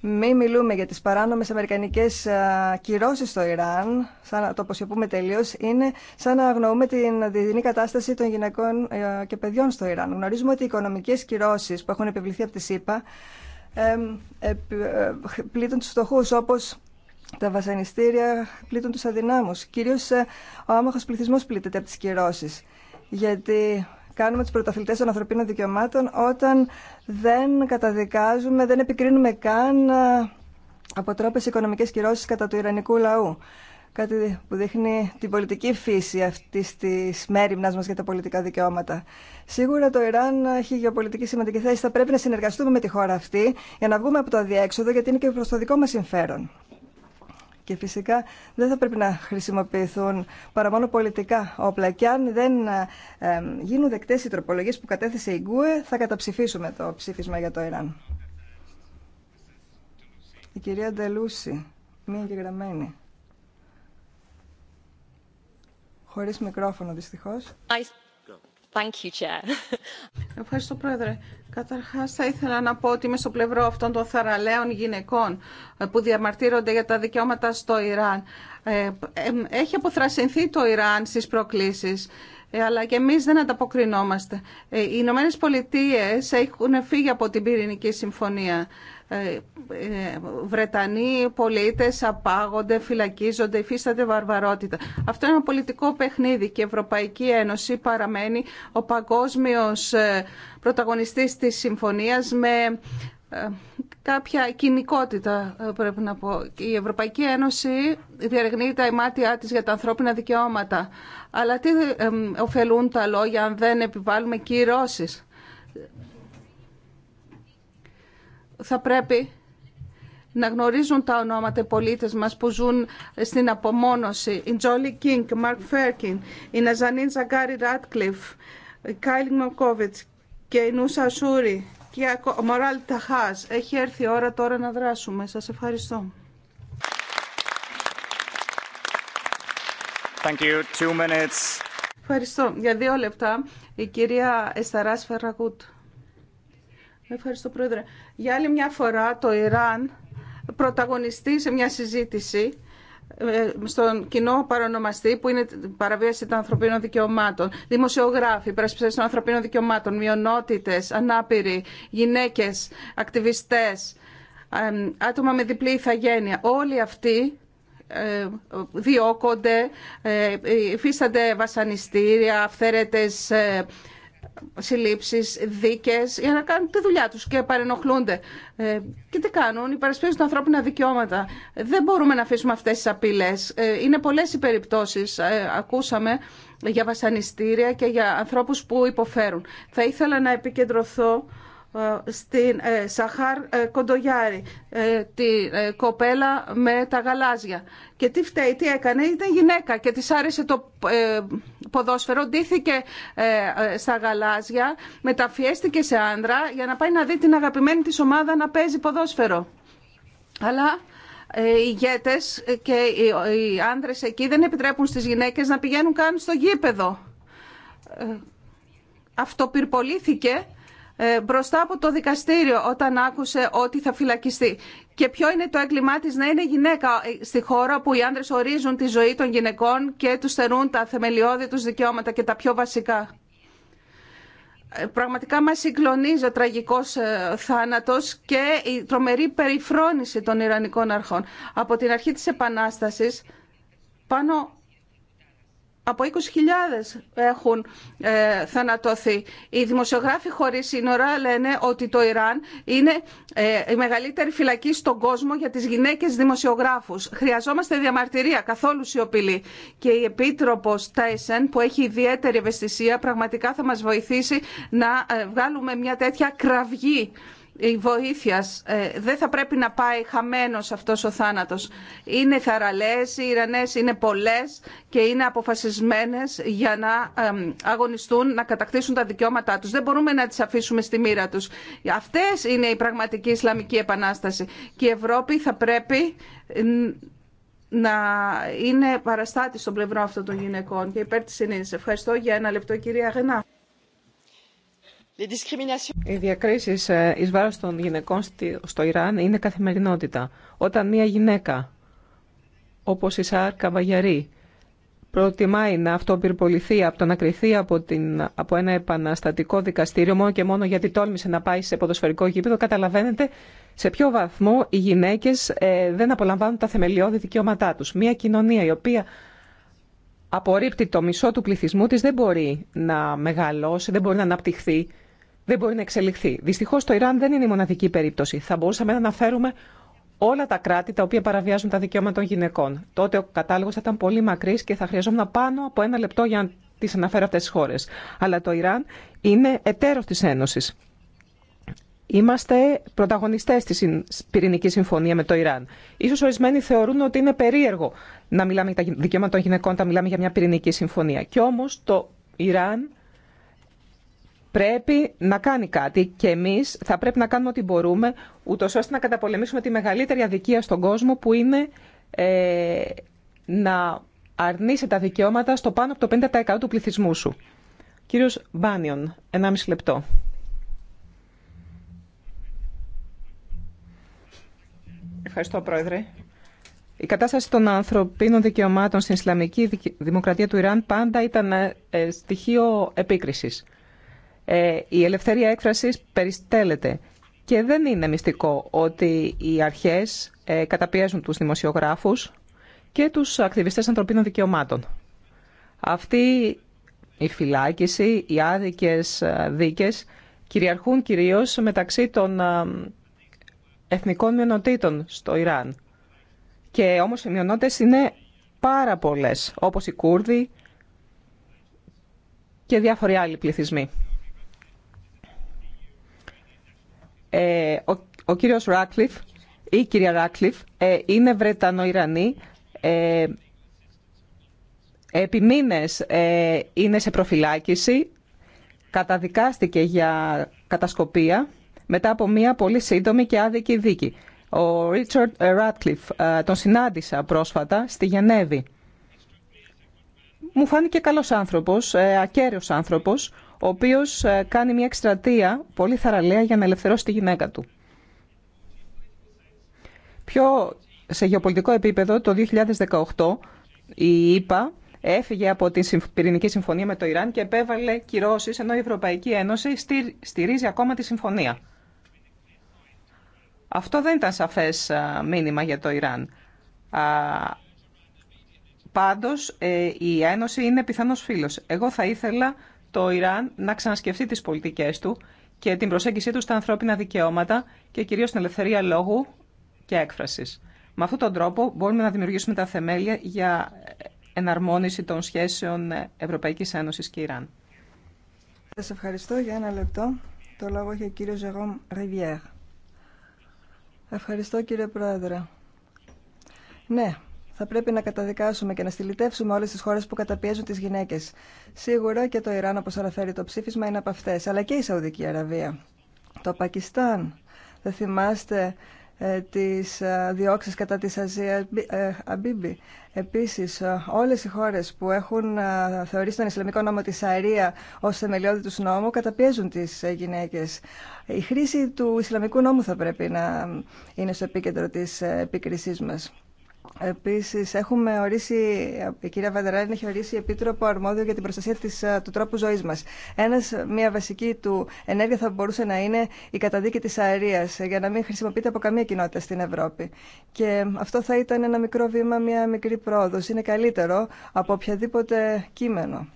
S11: μην μιλούμε για τι παράνομε αμερικανικέ ε, κυρώσει στο Ιράν, σαν να το αποσιωπούμε τελείω, είναι σαν να αγνοούμε την διεθνή κατάσταση των γυναικών ε, και παιδιών στο Ιράν. Γνωρίζουμε ότι οι οικονομικέ κυρώσει που έχουν επιβληθεί από τη ΣΥΠΑ πλήττουν του φτωχού, όπω τα βασανιστήρια πλήττουν τους αδυνάμους. Κυρίως ε, ο άμαχος πληθυσμός πλήττεται από τις κυρώσεις. Γιατί κάνουμε τους πρωταθλητές των ανθρωπίνων δικαιωμάτων όταν δεν καταδικάζουμε, δεν επικρίνουμε καν ε, αποτρόπες οικονομικές κυρώσεις κατά του Ιρανικού λαού. Κάτι που δείχνει την πολιτική φύση αυτή τη μέρημνα μα για τα πολιτικά δικαιώματα. Σίγουρα το Ιράν έχει γεωπολιτική σημαντική θέση. Θα πρέπει να συνεργαστούμε με τη χώρα αυτή για να βγούμε από το αδιέξοδο, γιατί είναι και προ το δικό μα συμφέρον. Και φυσικά δεν θα πρέπει να χρησιμοποιηθούν παρά μόνο πολιτικά όπλα. Και αν δεν ε, γίνουν δεκτέ οι τροπολογίε που κατέθεσε η Γκουε, θα καταψηφίσουμε το ψήφισμα για το Ιράν. Η κυρία Ντελούση, μία εγγεγραμμένη. Χωρίς μικρόφωνο δυστυχώς.
S8: <laughs> Ευχαριστώ, Πρόεδρε. Καταρχάς, θα ήθελα να πω ότι είμαι στο πλευρό αυτών των θαραλέων γυναικών ε, που διαμαρτύρονται για τα δικαιώματα στο Ιράν. Ε, έχει αποθρασινθεί το Ιράν στις προκλήσεις ε, αλλά και εμείς δεν ανταποκρινόμαστε. Οι Ηνωμένε Πολιτείε έχουν φύγει από την πυρηνική συμφωνία. Ε, ε, Βρετανοί πολίτες απάγονται, φυλακίζονται, υφίστανται βαρβαρότητα. Αυτό είναι ένα πολιτικό παιχνίδι και η Ευρωπαϊκή Ένωση παραμένει ο παγκόσμιος ε, πρωταγωνιστής της συμφωνίας με κάποια κοινικότητα πρέπει να πω. Η Ευρωπαϊκή Ένωση διαρεγνύει τα ημάτια της για τα ανθρώπινα δικαιώματα. Αλλά τι ωφελούν τα λόγια αν δεν επιβάλλουμε κυρώσεις θα πρέπει να γνωρίζουν τα ονόματα οι πολίτες μας που ζουν στην απομόνωση. Η Τζόλι Κίνγκ, Μαρκ Φέρκιν, η Ναζανίν Ζαγκάρι Ράτκλιφ, η Κάιλ Μοκόβιτς και η Νούσα Σούρι και ο Μοράλ Ταχάς. Έχει έρθει η ώρα τώρα να δράσουμε. Σας ευχαριστώ. Ευχαριστώ. Για δύο λεπτά η κυρία Εσταράς Φερραγούτ. Ευχαριστώ, Πρόεδρε. Για άλλη μια φορά το Ιράν πρωταγωνιστεί σε μια συζήτηση ε, στον κοινό παρονομαστή που είναι παραβίαση των ανθρωπίνων δικαιωμάτων. Δημοσιογράφοι, περασπιστές των ανθρωπίνων δικαιωμάτων, μειονότητες, ανάπηροι, γυναίκες, ακτιβιστές, άτομα με διπλή ηθαγένεια. Όλοι αυτοί ε, διώκονται, ε, υφίστανται βασανιστήρια, αυθαίρετες συλλήψεις, δίκες για να κάνουν τη δουλειά τους και παρενοχλούνται. Ε, και τι κάνουν, υπερασπίζουν τα ανθρώπινα δικαιώματα. Δεν μπορούμε να αφήσουμε αυτές τις απειλές. Ε, είναι πολλές οι περιπτώσεις, ε, ακούσαμε, για βασανιστήρια και για ανθρώπους που υποφέρουν. Θα ήθελα να επικεντρωθώ στην ε, Σαχάρ ε, Κοντογιάρη, ε, τη κοπέλα με τα γαλάζια. Και τι φταίει, τι έκανε, ήταν γυναίκα και της άρεσε το ποδόσφαιρο, ντύθηκε στα γαλάζια, μεταφιέστηκε σε άντρα για να πάει να δει την αγαπημένη της ομάδα να παίζει ποδόσφαιρο. Αλλά οι ηγέτες και οι άντρες εκεί δεν επιτρέπουν στις γυναίκες να πηγαίνουν καν στο γήπεδο. Αυτοπυρπολήθηκε ε, μπροστά από το δικαστήριο όταν άκουσε ότι θα φυλακιστεί. Και ποιο είναι το έγκλημά τη να είναι γυναίκα στη χώρα που οι άνδρες ορίζουν τη ζωή των γυναικών και τους θερούν τα θεμελιώδη τους δικαιώματα και τα πιο βασικά. Ε, πραγματικά μας συγκλονίζει ο τραγικός ε, θάνατος και η τρομερή περιφρόνηση των Ιρανικών αρχών. Από την αρχή της Επανάστασης πάνω από 20.000 έχουν ε, θανατωθεί. Οι δημοσιογράφοι χωρίς σύνορα λένε ότι το Ιράν είναι ε, η μεγαλύτερη φυλακή στον κόσμο για τις γυναίκες δημοσιογράφους. Χρειαζόμαστε διαμαρτυρία, καθόλου σιωπηλή. Και η Επίτροπος Τάισεν που έχει ιδιαίτερη ευαισθησία πραγματικά θα μας βοηθήσει να ε, βγάλουμε μια τέτοια κραυγή η βοήθειας. Ε, δεν θα πρέπει να πάει χαμένο αυτό ο θάνατο. Είναι θαραλές, οι ιρανέ είναι πολλέ και είναι αποφασισμένε για να αγωνιστούν, να κατακτήσουν τα δικαιώματά του. Δεν μπορούμε να τι αφήσουμε στη μοίρα του. Αυτέ είναι η πραγματική Ισλαμική Επανάσταση. Και η Ευρώπη θα πρέπει να είναι παραστάτη στον πλευρό αυτών των γυναικών και υπέρ τη συνείδηση. Ευχαριστώ για ένα λεπτό κυρία Γενά.
S5: Οι διακρίσει ε, ει βάρο των γυναικών στο Ιράν είναι καθημερινότητα. Όταν μια γυναίκα, όπω η Σαρ Καβαγιαρή, προτιμάει να αυτοπυρποληθεί από το να κρυθεί από, την, από ένα επαναστατικό δικαστήριο μόνο και μόνο γιατί τόλμησε να πάει σε ποδοσφαιρικό γήπεδο, καταλαβαίνετε σε ποιο βαθμό οι γυναίκε ε, δεν απολαμβάνουν τα θεμελιώδη δικαιώματά του. Μια κοινωνία η οποία απορρίπτει το μισό του πληθυσμού της δεν μπορεί να μεγαλώσει, δεν μπορεί να αναπτυχθεί δεν μπορεί να εξελιχθεί. Δυστυχώ το Ιράν δεν είναι η μοναδική περίπτωση. Θα μπορούσαμε να αναφέρουμε όλα τα κράτη τα οποία παραβιάζουν τα δικαιώματα των γυναικών. Τότε ο κατάλογο θα ήταν πολύ μακρύ και θα χρειαζόμουν πάνω από ένα λεπτό για να τι αναφέρω αυτέ τι χώρε. Αλλά το Ιράν είναι εταίρο τη Ένωση. Είμαστε πρωταγωνιστέ τη πυρηνική συμφωνία με το Ιράν. σω ορισμένοι θεωρούν ότι είναι περίεργο να μιλάμε για τα δικαιώματα των γυναικών να μιλάμε για μια πυρηνική συμφωνία. Κι όμω το Ιράν πρέπει να κάνει κάτι και εμείς θα πρέπει να κάνουμε ό,τι μπορούμε, ούτω ώστε να καταπολεμήσουμε τη μεγαλύτερη αδικία στον κόσμο που είναι ε, να αρνείσαι τα δικαιώματα στο πάνω από το 50% του πληθυσμού σου. Κύριος Μπάνιον, 1,5 λεπτό. Ευχαριστώ, Πρόεδρε. Η κατάσταση των ανθρωπίνων δικαιωμάτων στην Ισλαμική Δημοκρατία του Ιράν πάντα ήταν ε, στοιχείο επίκρισης. Ε, η ελευθερία έκφρασης περιστέλλεται και δεν είναι μυστικό ότι οι αρχές ε, καταπιέζουν τους δημοσιογράφους και τους ακτιβιστές ανθρωπίνων δικαιωμάτων. Αυτή η φυλάκιση, οι άδικες ε, δίκες κυριαρχούν κυρίως μεταξύ των εθνικών μειονοτήτων στο Ιράν. Και όμως οι μειονότητες είναι πάρα πολλές, όπως οι Κούρδοι και διάφοροι άλλοι πληθυσμοί. Ε, ο, ο κύριος Ράκλιφ ή η κυρία Ράκλιφ ε, είναι Βρετανοϊρανή. ιρανη ε, επί μήνες είναι σε προφυλάκηση. Καταδικάστηκε για κατασκοπία μετά από μια πολύ σύντομη και άδικη δίκη. Ο Ρίτσορντ Ράτκλιφ τον συνάντησα πρόσφατα στη Γενέβη. Μου φάνηκε καλός άνθρωπος, ακέραιος άνθρωπος, ο οποίο ε, κάνει μια εκστρατεία πολύ θαραλέα για να ελευθερώσει τη γυναίκα του. Πιο σε γεωπολιτικό επίπεδο, το 2018 η ΕΠΑ έφυγε από την πυρηνική συμφωνία με το Ιράν και επέβαλε κυρώσεις, ενώ η Ευρωπαϊκή Ένωση στηρίζει ακόμα τη συμφωνία. Αυτό δεν ήταν σαφές μήνυμα για το Ιράν. Πάντως, ε, η Ένωση είναι πιθανός φίλος. Εγώ θα ήθελα το Ιράν να ξανασκεφτεί τις πολιτικές του και την προσέγγιση του στα ανθρώπινα δικαιώματα και κυρίως στην ελευθερία λόγου και έκφρασης. Με αυτόν τον τρόπο μπορούμε να δημιουργήσουμε τα θεμέλια για εναρμόνιση των σχέσεων Ευρωπαϊκής Ένωσης και Ιράν.
S11: Σας ευχαριστώ για ένα λεπτό. Το λόγο έχει ο κύριος Ζεγόμ Ριβιέρ. Ευχαριστώ κύριε Πρόεδρε. Ναι, θα πρέπει να καταδικάσουμε και να στυλιτεύσουμε όλε τι χώρε που καταπιέζουν τι γυναίκε. Σίγουρα και το Ιράν, όπω αναφέρει το ψήφισμα, είναι από αυτέ, αλλά και η Σαουδική Αραβία. Το Πακιστάν. Δεν θυμάστε ε, τις ε, κατά τη Αζία ε, Αμπίμπη. Επίσης, ε, όλες οι χώρε που έχουν ε, θεωρήσει τον Ισλαμικό νόμο τη Σαρία ω θεμελιώδη του νόμου καταπιέζουν τις ε, γυναίκε. Η χρήση του Ισλαμικού νόμου θα πρέπει να είναι στο επίκεντρο της επίκρισή μα. Επίση έχουμε ορίσει, η κυρία Βαντεράρη έχει ορίσει επίτροπο αρμόδιο για την προστασία της, ε, του τρόπου ζωή μα. Ένας, μια βασική του ενέργεια θα μπορούσε να είναι η καταδίκη τη αερίας, ε, για να μην χρησιμοποιείται από καμία κοινότητα στην Ευρώπη. Και ε, αυτό θα ήταν ένα μικρό βήμα, μια μικρή πρόοδος. Είναι καλύτερο από οποιαδήποτε κείμενο.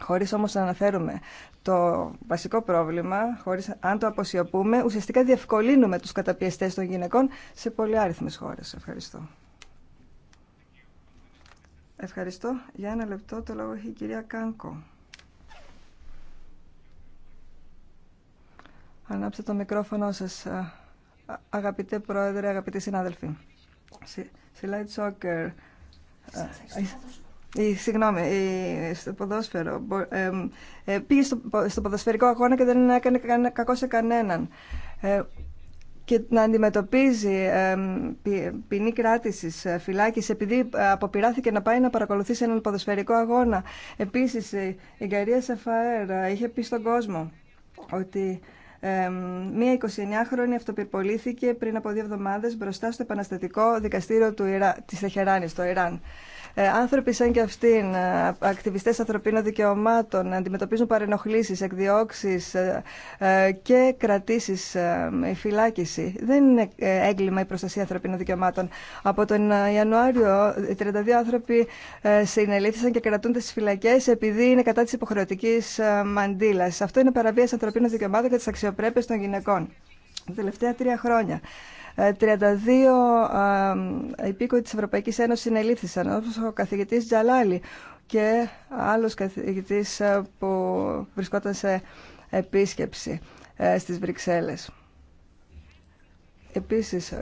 S11: Χωρί όμω να αναφέρουμε το βασικό πρόβλημα, χωρίς, αν το αποσιωπούμε, ουσιαστικά διευκολύνουμε του καταπιεστές των γυναικών σε πολλοί χώρε. Ευχαριστώ. Ευχαριστώ. Για ένα λεπτό το λόγο έχει η κυρία Κάνκο. Ανάψτε το μικρόφωνο σας, αγαπητέ πρόεδρε, αγαπητοί συνάδελφοι. Σιλάιτ Η, συγγνώμη, η, στο ποδόσφαιρο. Ε, πήγε στο, ποδοσφαιρικό αγώνα και δεν έκανε κακό σε κανέναν. Ε, και να αντιμετωπίζει ποινή κράτηση, ε, φυλάκιση, επειδή ε, αποπειράθηκε να πάει να παρακολουθήσει έναν ποδοσφαιρικό αγώνα. Επίση, ε, η Γκαρία σεφάρα είχε πει στον κόσμο ότι μία 29χρονη αυτοπυρπολήθηκε πριν από δύο εβδομάδες μπροστά στο επαναστατικό δικαστήριο τη Θεχεράνη, της στο Ιράν. Ε, άνθρωποι σαν και αυτήν, ε, ακτιβιστέ ανθρωπίνων δικαιωμάτων, αντιμετωπίζουν παρενοχλήσει, εκδιώξει ε, και κρατήσει ε, φυλάκιση. Δεν είναι έγκλημα η προστασία ανθρωπίνων δικαιωμάτων. Από τον Ιανουάριο, 32 άνθρωποι συνελήφθησαν και κρατούνται στι φυλακέ επειδή είναι κατά τη υποχρεωτική μαντήλα. Αυτό είναι παραβίαση ανθρωπίνων δικαιωμάτων και τη αξιοπρέπεια των γυναικών. Τα τελευταία τρία χρόνια. 32 ε, υπήκοοι της Ευρωπαϊκής Ένωσης συνελήφθησαν, όπως ο καθηγητής Τζαλάλη και άλλος καθηγητής ε, που βρισκόταν σε επίσκεψη ε, στις Βρυξέλλες. Επίσης,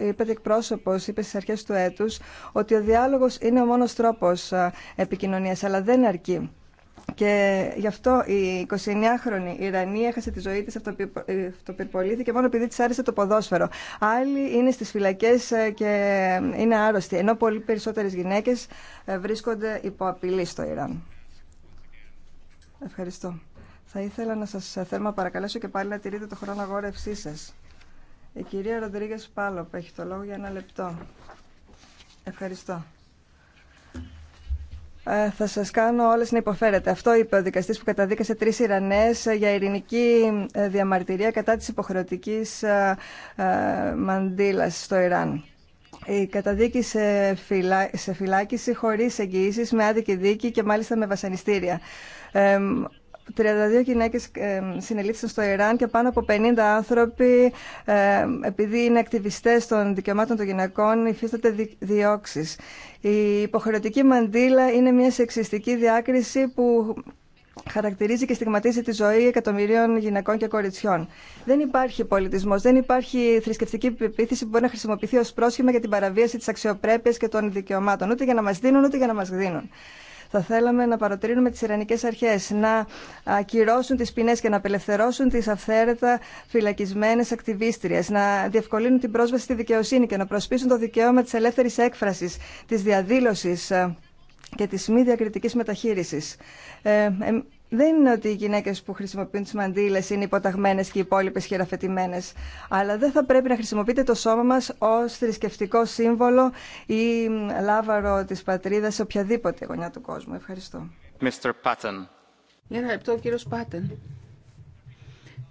S11: είπατε εκπρόσωπος, είπε στις αρχές του έτους, ότι ο διάλογος είναι ο μόνος τρόπος επικοινωνίας, αλλά δεν αρκεί. Και γι' αυτό η 29χρονη Ιρανή έχασε τη ζωή της, ε, αυτοπυρπολήθηκε μόνο επειδή τη άρεσε το ποδόσφαιρο. Άλλοι είναι στι φυλακέ ε, και είναι άρρωστοι, ενώ πολύ περισσότερε γυναίκε ε, βρίσκονται υπό απειλή στο Ιράν. Ευχαριστώ. Θα ήθελα να σας να παρακαλέσω και πάλι να τηρείτε το χρόνο αγόρευσή σα. Η κυρία Ροντρίγκε Πάλοπ έχει το λόγο για ένα λεπτό. Ευχαριστώ. Ε, θα σας κάνω όλες να υποφέρετε. Αυτό είπε ο δικαστή που καταδίκασε τρεις Ιρανέ ε, για ειρηνική ε, διαμαρτυρία κατά της υποχρεωτική μαντήλας στο Ιράν. Η καταδίκη σε, φυλά... σε φυλάκιση χωρίς εγγυήσεις, με άδικη δίκη και μάλιστα με βασανιστήρια. 32 γυναίκες συνελήφθησαν στο Ιράν και πάνω από 50 άνθρωποι, επειδή είναι ακτιβιστές των δικαιωμάτων των γυναικών, υφίσταται διώξεις. Η υποχρεωτική μαντήλα είναι μια σεξιστική διάκριση που χαρακτηρίζει και στιγματίζει τη ζωή εκατομμυρίων γυναικών και κοριτσιών. Δεν υπάρχει πολιτισμό, δεν υπάρχει θρησκευτική πεποίθηση που μπορεί να χρησιμοποιηθεί ω πρόσχημα για την παραβίαση τη αξιοπρέπεια και των δικαιωμάτων, ούτε για να μα δίνουν, ούτε για να μα δίνουν. Θα θέλαμε να παροτρύνουμε τις Ιρανικές αρχές να ακυρώσουν τις ποινές και να απελευθερώσουν τις αυθαίρετα φυλακισμένες ακτιβίστριες, να διευκολύνουν την πρόσβαση στη δικαιοσύνη και να προσπίσουν το δικαίωμα της ελεύθερης έκφρασης, της διαδήλωσης ε, και της μη διακριτικής μεταχείρισης. Ε, δεν είναι ότι οι γυναίκε που χρησιμοποιούν τι μαντήλε είναι υποταγμένε και οι υπόλοιπε χειραφετημένε. Αλλά δεν θα πρέπει να χρησιμοποιείτε το σώμα μα ω θρησκευτικό σύμβολο ή λάβαρο τη πατρίδα σε οποιαδήποτε γωνιά του κόσμου. Ευχαριστώ.
S6: Mr. Patton.
S11: ένα λεπτό, κύριο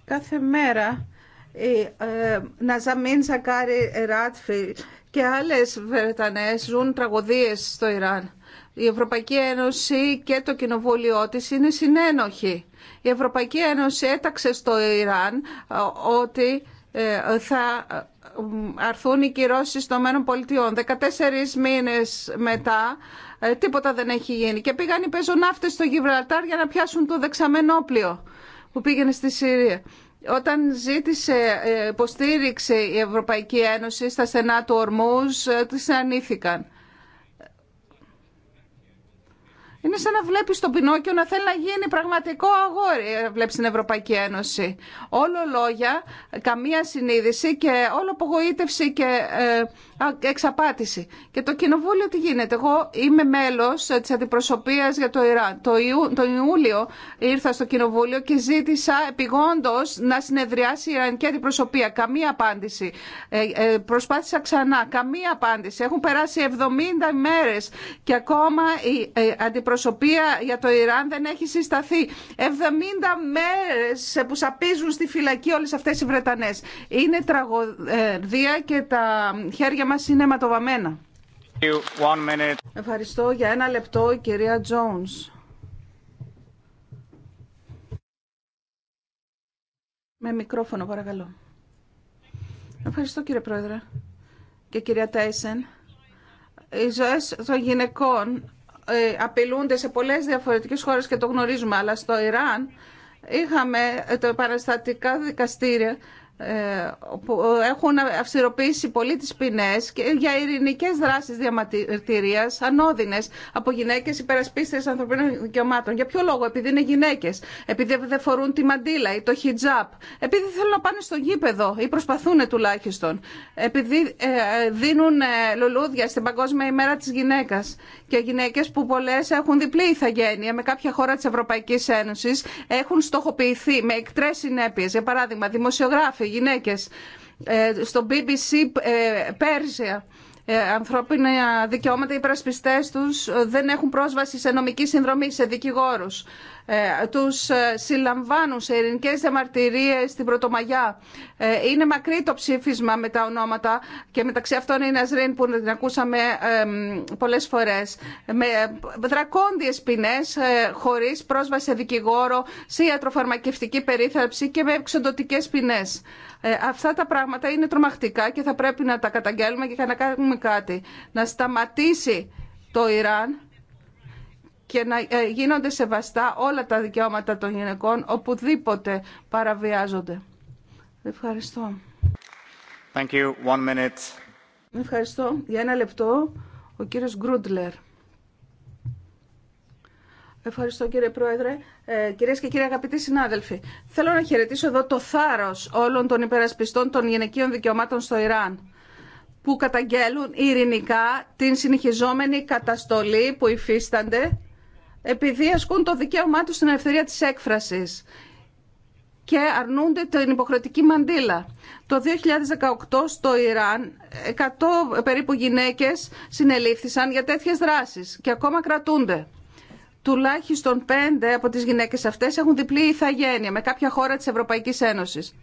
S11: Κάθε μέρα η ε,
S8: Ναζαμίν Ζακάρι Ράτφιλ και άλλες Βρετανές ζουν τραγωδίες στο Ιράν η Ευρωπαϊκή Ένωση και το κοινοβούλιο της είναι συνένοχοι. Η Ευρωπαϊκή Ένωση έταξε στο Ιράν ε, ότι ε, θα ε, αρθούν οι κυρώσει των ΗΠΑ. 14 μήνες μετά τίποτα δεν έχει γίνει. Και πήγαν οι πεζοναύτες στο Γιβραλτάρ για να πιάσουν το δεξαμενόπλιο που πήγαινε στη Συρία. Όταν ζήτησε υποστήριξη η Ευρωπαϊκή Ένωση στα στενά του Ορμούς, τις ανήθηκαν. Είναι σαν να βλέπει τον Πινόκιο να θέλει να γίνει πραγματικό αγόρι, ε, βλέπει την Ευρωπαϊκή Ένωση. Όλο λόγια, καμία συνείδηση και όλο απογοήτευση και ε, εξαπάτηση. Και το κοινοβούλιο τι γίνεται. Εγώ είμαι μέλος ε, της αντιπροσωπείας για το Ιράν. Το Ιου, τον Ιούλιο ήρθα στο κοινοβούλιο και ζήτησα επιγόντω να συνεδριάσει η Ιρανική αντιπροσωπεία. Καμία απάντηση. Ε, ε, προσπάθησα ξανά. Καμία απάντηση. Έχουν περάσει 70 μέρε και ακόμα η ε, αντιπροσωπεία για το Ιράν δεν έχει συσταθεί. 70 μέρε που σαπίζουν στη φυλακή όλε αυτέ οι Βρετανέ. Είναι τραγωδία και τα χέρια μας είναι Ευχαριστώ για ένα λεπτό η κυρία Τζόνς. Με μικρόφωνο παρακαλώ. Ευχαριστώ κύριε Πρόεδρε και κυρία Τέισεν. Οι ζωές των γυναικών ε, απειλούνται σε πολλές διαφορετικές χώρες και το γνωρίζουμε, αλλά στο Ιράν είχαμε ε, τα παραστατικά δικαστήρια που έχουν αυστηροποιήσει πολύ τις ποινές και για ειρηνικές δράσεις διαμαρτυρίας ανώδυνες από γυναίκες υπερασπίστες ανθρωπίνων δικαιωμάτων. Για ποιο λόγο, επειδή είναι γυναίκες, επειδή δεν φορούν τη μαντίλα ή το χιτζάπ, επειδή θέλουν να πάνε στο γήπεδο ή προσπαθούν τουλάχιστον, επειδή ε, δίνουν ε, λουλούδια στην Παγκόσμια ημέρα της γυναίκας και γυναίκες που πολλές έχουν διπλή ηθαγένεια με κάποια χώρα της Ευρωπαϊκής Ένωσης έχουν στοχοποιηθεί με εκτρές συνέπειες, για παράδειγμα δημοσιογράφοι γυναίκες. Ε, στο BBC ε, Πέρσια ε, ανθρώπινα δικαιώματα, οι υπερασπιστές τους ε, δεν έχουν πρόσβαση σε νομική συνδρομή, σε δικηγόρους. Ε, τους συλλαμβάνουν σε ειρηνικέ διαμαρτυρίε στην Πρωτομαγιά. Είναι μακρύ το ψήφισμα με τα ονόματα και μεταξύ αυτών είναι Αζρίν που την ακούσαμε πολλές φορές. Με δρακόντιες ποινές, χωρίς πρόσβαση σε δικηγόρο, σε ιατροφαρμακευτική περίθαλψη και με εξοντοτικές ποινές. Ε, αυτά τα πράγματα είναι τρομακτικά και θα πρέπει να τα καταγγέλουμε και να κάνουμε κάτι. Να σταματήσει το Ιράν και να ε, γίνονται σεβαστά όλα τα δικαιώματα των γυναικών οπουδήποτε παραβιάζονται. Ευχαριστώ.
S6: Thank you. One minute.
S8: Ευχαριστώ. Για ένα λεπτό, ο κύριος Γκρούντλερ. Ευχαριστώ κύριε Πρόεδρε. Ε, κυρίες και κύριοι αγαπητοί συνάδελφοι, θέλω να χαιρετήσω εδώ το θάρρος όλων των υπερασπιστών των γυναικείων δικαιωμάτων στο Ιράν που καταγγέλουν ειρηνικά την συνεχιζόμενη καταστολή που υφίστανται επειδή ασκούν το δικαίωμά τους στην ελευθερία της έκφρασης και αρνούνται την υποχρεωτική μαντήλα. Το 2018 στο Ιράν 100 περίπου γυναίκες συνελήφθησαν για τέτοιες δράσεις και ακόμα κρατούνται τουλάχιστον πέντε από τις γυναίκες αυτές έχουν διπλή ηθαγένεια με κάποια χώρα της Ευρωπαϊκής Ένωσης.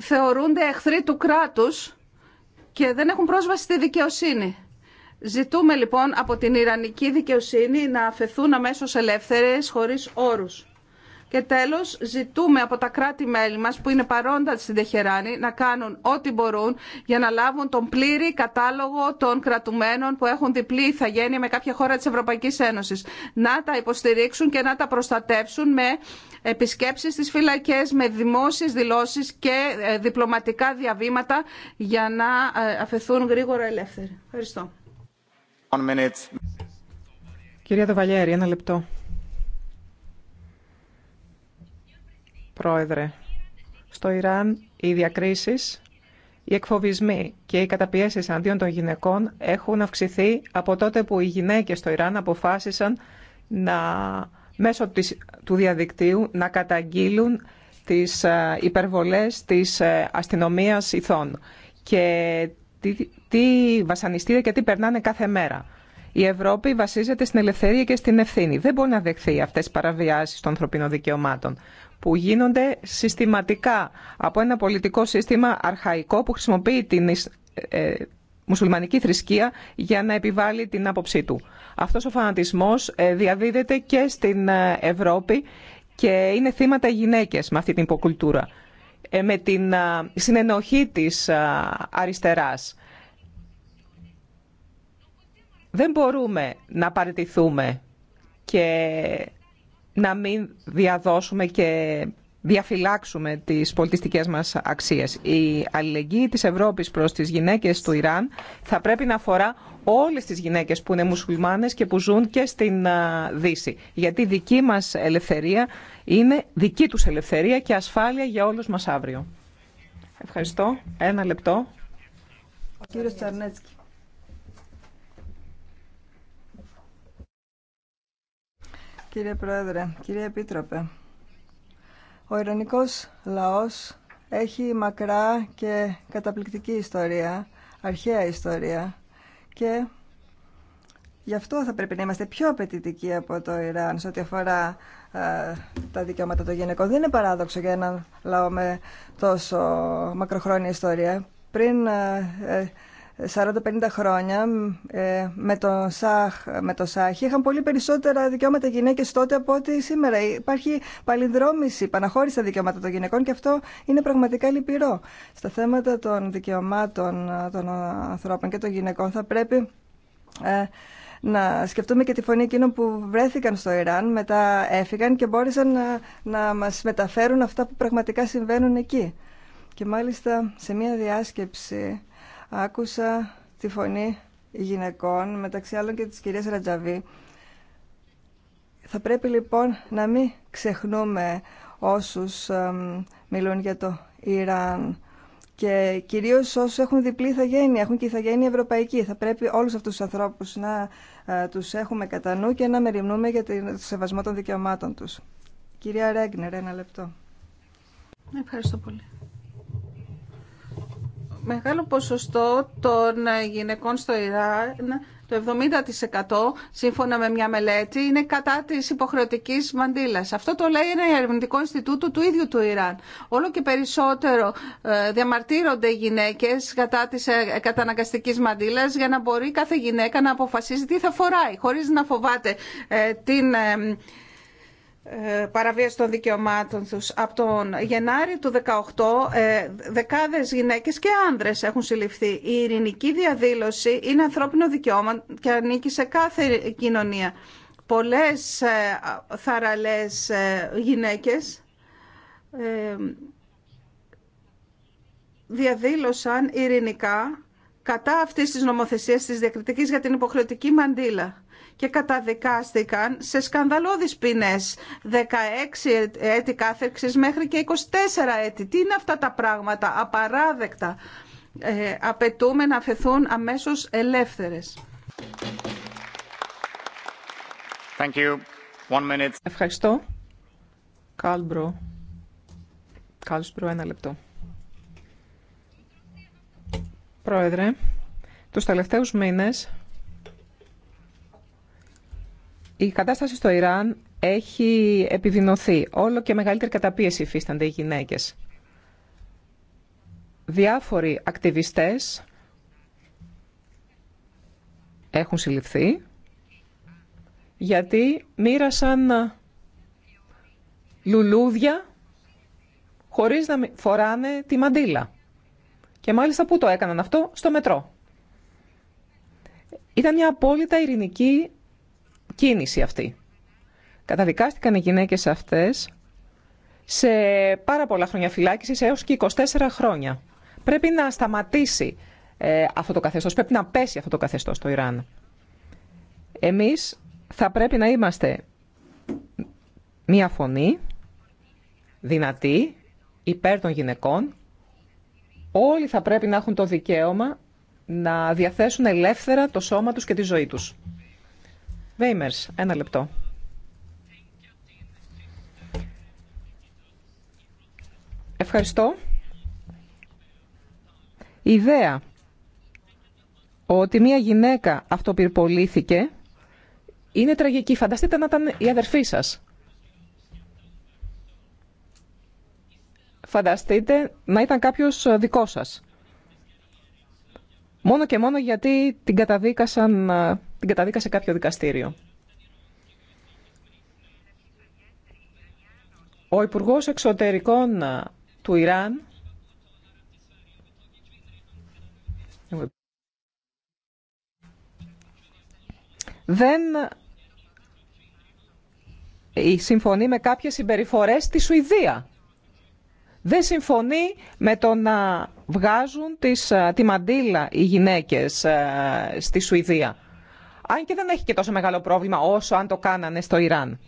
S8: Θεωρούνται εχθροί του κράτους και δεν έχουν πρόσβαση στη δικαιοσύνη. Ζητούμε λοιπόν από την Ιρανική δικαιοσύνη να αφαιθούν αμέσως ελεύθερες χωρίς όρους. Και τέλος ζητούμε από τα κράτη-μέλη μας που είναι παρόντα στην Τεχεράνη να κάνουν ό,τι μπορούν για να λάβουν τον πλήρη κατάλογο των κρατουμένων που έχουν διπλή ηθαγένεια με κάποια χώρα της Ευρωπαϊκής Ένωσης. Να τα υποστηρίξουν και να τα προστατεύσουν με επισκέψεις στις φυλακές, με δημόσιες δηλώσεις και ε, διπλωματικά διαβήματα για να ε, αφαιθούν γρήγορα ελεύθεροι. Ευχαριστώ.
S5: Κυρία Δεβαλιέρη, ένα λεπτό. Πρόεδρε. Στο Ιράν οι διακρίσεις, οι εκφοβισμοί και οι καταπιέσεις αντίον των γυναικών έχουν αυξηθεί από τότε που οι γυναίκες στο Ιράν αποφάσισαν να, μέσω της, του διαδικτύου να καταγγείλουν τις ε, υπερβολές της ε, αστυνομίας ηθών και τι, τι βασανιστήρια και τι περνάνε κάθε μέρα. Η Ευρώπη βασίζεται στην ελευθερία και στην ευθύνη. Δεν μπορεί να δεχθεί αυτές τι παραβιάσεις των ανθρωπίνων δικαιωμάτων που γίνονται συστηματικά από ένα πολιτικό σύστημα αρχαϊκό που χρησιμοποιεί την ε, μουσουλμανική θρησκεία για να επιβάλλει την άποψή του. Αυτός ο φανατισμός ε, διαδίδεται και στην ε, Ευρώπη και είναι θύματα οι γυναίκες με αυτή την υποκουλτούρα. με την συνενοχή της αριστεράς. Δεν μπορούμε να παραιτηθούμε και να μην διαδώσουμε και διαφυλάξουμε τις πολιτιστικές μας αξίες. Η αλληλεγγύη της Ευρώπης προς τις γυναίκες του Ιράν θα πρέπει να αφορά όλες τις γυναίκες που είναι μουσουλμάνες και που ζουν και στην Δύση. Γιατί δική μας ελευθερία είναι δική τους ελευθερία και ασφάλεια για όλους μας αύριο. Ευχαριστώ. Ένα λεπτό.
S11: Ο κύριος Τσαρνέτσκι. Κύριε Πρόεδρε, κύριε Επίτροπε, ο Ιρανικός λαός έχει μακρά και καταπληκτική ιστορία, αρχαία ιστορία και γι' αυτό θα πρέπει να είμαστε πιο απαιτητικοί από το Ιράν σε ό,τι αφορά ε, τα δικαιώματα των γυναικών. Δεν είναι παράδοξο για έναν λαό με τόσο μακροχρόνια ιστορία. Πριν ε, ε, 40-50 χρόνια ε, με, το Σάχ, με το Σάχ είχαν πολύ περισσότερα δικαιώματα γυναίκε τότε από ότι σήμερα. Υπάρχει παλινδρόμηση, παναχώρηση στα δικαιώματα των γυναικών και αυτό είναι πραγματικά λυπηρό. Στα θέματα των δικαιωμάτων ε, των ανθρώπων και των γυναικών θα πρέπει ε, να σκεφτούμε και τη φωνή εκείνων που βρέθηκαν στο Ιράν, μετά έφυγαν και μπόρεσαν να, να μας μεταφέρουν αυτά που πραγματικά συμβαίνουν εκεί. Και μάλιστα σε μια διάσκεψη άκουσα τη φωνή γυναικών, μεταξύ άλλων και της κυρίας Ρατζαβή. Θα πρέπει λοιπόν να μην ξεχνούμε όσους μιλούν για το Ιράν και κυρίως όσους έχουν διπλή ηθαγένεια, έχουν και ηθαγένεια ευρωπαϊκή. Θα πρέπει όλους αυτούς τους ανθρώπους να ε, τους έχουμε κατά νου και να μεριμνούμε για το σεβασμό των δικαιωμάτων τους. Κυρία Ρέγνερ, ένα λεπτό.
S8: Ευχαριστώ πολύ μεγάλο ποσοστό των γυναικών στο Ιράν, το 70% σύμφωνα με μια μελέτη, είναι κατά της υποχρεωτικής μαντήλας. Αυτό το λέει ένα ερευνητικό Ινστιτούτο του ίδιου του Ιράν. Όλο και περισσότερο ε, διαμαρτύρονται οι γυναίκες κατά της ε, καταναγκαστικής μαντήλας για να μπορεί κάθε γυναίκα να αποφασίζει τι θα φοράει, χωρίς να φοβάται ε, την ε, παραβίαση των δικαιωμάτων τους. Από τον Γενάρη του 2018 ε, δεκάδες γυναίκες και άνδρες έχουν συλληφθεί. Η ειρηνική διαδήλωση είναι ανθρώπινο δικαιώμα και ανήκει σε κάθε κοινωνία. Πολλές ε, θαραλές γυναίκες διαδήλωσαν ειρηνικά κατά αυτής της νομοθεσίας της διακριτικής για την υποχρεωτική μαντήλα και καταδικάστηκαν σε σκανδαλώδεις ποινές 16 έτη κάθεξης μέχρι και 24 έτη. Τι είναι αυτά τα πράγματα, απαράδεκτα. Ε, απαιτούμε να φεθούν αμέσως ελεύθερες.
S5: Thank you. Ευχαριστώ. Κάλμπρο. Κάλμπρο, ένα λεπτό. Πρόεδρε, τους τελευταίους μήνες η κατάσταση στο Ιράν έχει επιδεινωθεί. Όλο και μεγαλύτερη καταπίεση υφίστανται οι γυναίκες. Διάφοροι ακτιβιστές έχουν συλληφθεί γιατί μοίρασαν λουλούδια χωρίς να φοράνε τη μαντήλα. Και μάλιστα πού το έκαναν αυτό, στο μετρό. Ήταν μια απόλυτα ειρηνική κίνηση αυτή. Καταδικάστηκαν οι γυναίκες αυτές σε πάρα πολλά χρόνια φυλάκισης έως και 24 χρόνια. Πρέπει να σταματήσει ε, αυτό το καθεστώς, πρέπει να πέσει αυτό το καθεστώς στο Ιράν. Εμείς θα πρέπει να είμαστε μία φωνή, δυνατή, υπέρ των γυναικών. Όλοι θα πρέπει να έχουν το δικαίωμα να διαθέσουν ελεύθερα το σώμα τους και τη ζωή τους. Βέιμερς, ένα λεπτό. Ευχαριστώ. Η ιδέα ότι μια γυναίκα αυτοπυρπολήθηκε είναι τραγική. Φανταστείτε να ήταν η αδερφή σας. Φανταστείτε να ήταν κάποιος δικό σας. Μόνο και μόνο γιατί την καταδίκασαν ε, την καταδίκασε κάποιο δικαστήριο. Ο Υπουργό Εξωτερικών ε, του Ιράν δεν συμφωνεί με κάποιες συμπεριφορές στη Σουηδία. Δεν συμφωνεί με το να βγάζουν τις, ε, τη μαντήλα οι γυναίκες ε, στη Σουηδία αν και δεν έχει και τόσο μεγάλο πρόβλημα όσο αν το κάνανε στο Ιράν.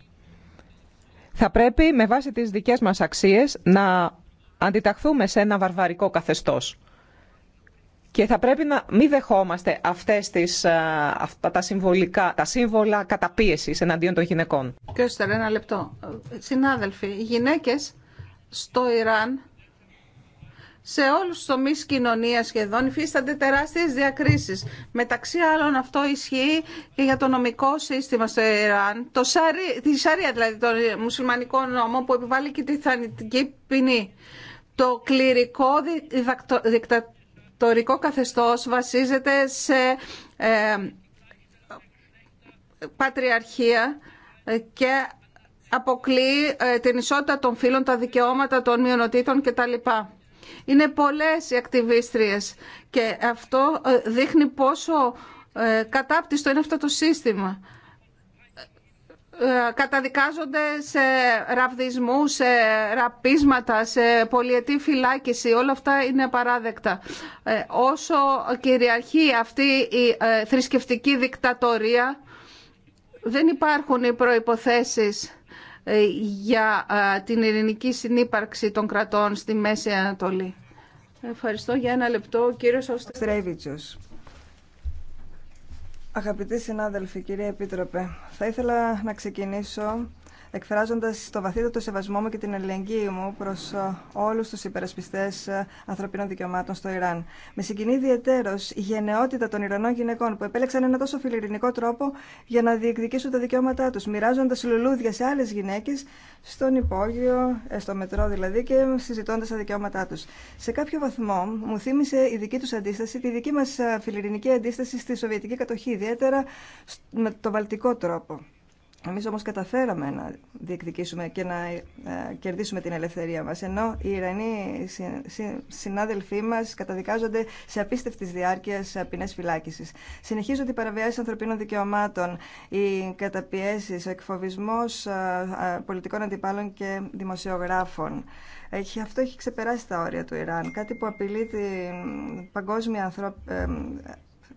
S5: Θα πρέπει με βάση τις δικές μας αξίες να αντιταχθούμε σε ένα βαρβαρικό καθεστώς. Και θα πρέπει να μην δεχόμαστε αυτές τις, αυτά τα, συμβολικά, τα σύμβολα καταπίεσης εναντίον των γυναικών.
S8: Κύριε ένα λεπτό. Συνάδελφοι, οι γυναίκες στο Ιράν σε όλους τους τομείς κοινωνίας σχεδόν υφίστανται τεράστιες διακρίσεις. Μεταξύ άλλων αυτό ισχύει και για το νομικό σύστημα στο Ιράν, το σαρί, τη Σαρία δηλαδή, το μουσουλμανικό νόμο που επιβάλλει και τη θανητική ποινή. Το κληρικό δικτατορικό καθεστώς βασίζεται σε ε, πατριαρχία και αποκλεί ε, την ισότητα των φύλων, τα δικαιώματα των μειονοτήτων κτλ. Είναι πολλές οι ακτιβίστριες και αυτό ε, δείχνει πόσο ε, κατάπτυστο είναι αυτό το σύστημα. Ε, καταδικάζονται σε ραβδισμού, σε ραπίσματα, σε πολιετή φυλάκιση. Όλα αυτά είναι απαράδεκτα. Όσο κυριαρχεί αυτή η θρησκευτική δικτατορία, δεν υπάρχουν οι προϋποθέσεις ε, για ε, την ειρηνική συνύπαρξη των κρατών στη Μέση Ανατολή.
S11: Ευχαριστώ για ένα λεπτό. Κύριο κύριος Αγαπητοί συνάδελφοι, κυρία Επίτροπε, θα ήθελα να ξεκινήσω Εκφράζοντα το βαθύτατο σεβασμό μου και την αλληλεγγύη μου προ ε, όλου του υπερασπιστέ ε, ανθρωπίνων δικαιωμάτων στο Ιράν. Με συγκινεί ιδιαίτερω η γενναιότητα των Ιρανών γυναικών που επέλεξαν ένα τόσο φιλερινικό τρόπο για να διεκδικήσουν τα δικαιώματά του. Μοιράζοντα λουλούδια σε άλλε γυναίκε στον υπόγειο, ε, στο μετρό δηλαδή και συζητώντα τα δικαιώματά του. Σε κάποιο βαθμό μου θύμισε η δική του αντίσταση, τη δική μα φιλερινική αντίσταση στη Σοβιετική κατοχή, ιδιαίτερα με το βαλτικό τρόπο. Εμείς όμως καταφέραμε να διεκδικήσουμε και να ε, κερδίσουμε την ελευθερία μας, ενώ οι Ιρανοί συνάδελφοί μας καταδικάζονται σε απίστευτης διάρκειας ποινές φυλάκισης. Συνεχίζονται οι παραβιάσεις ανθρωπίνων δικαιωμάτων, οι καταπιέσεις, ο εκφοβισμός ε, ε, πολιτικών αντιπάλων και δημοσιογράφων. Αυτό έχει ξεπεράσει τα όρια του Ιράν, κάτι που απειλεί την παγκόσμια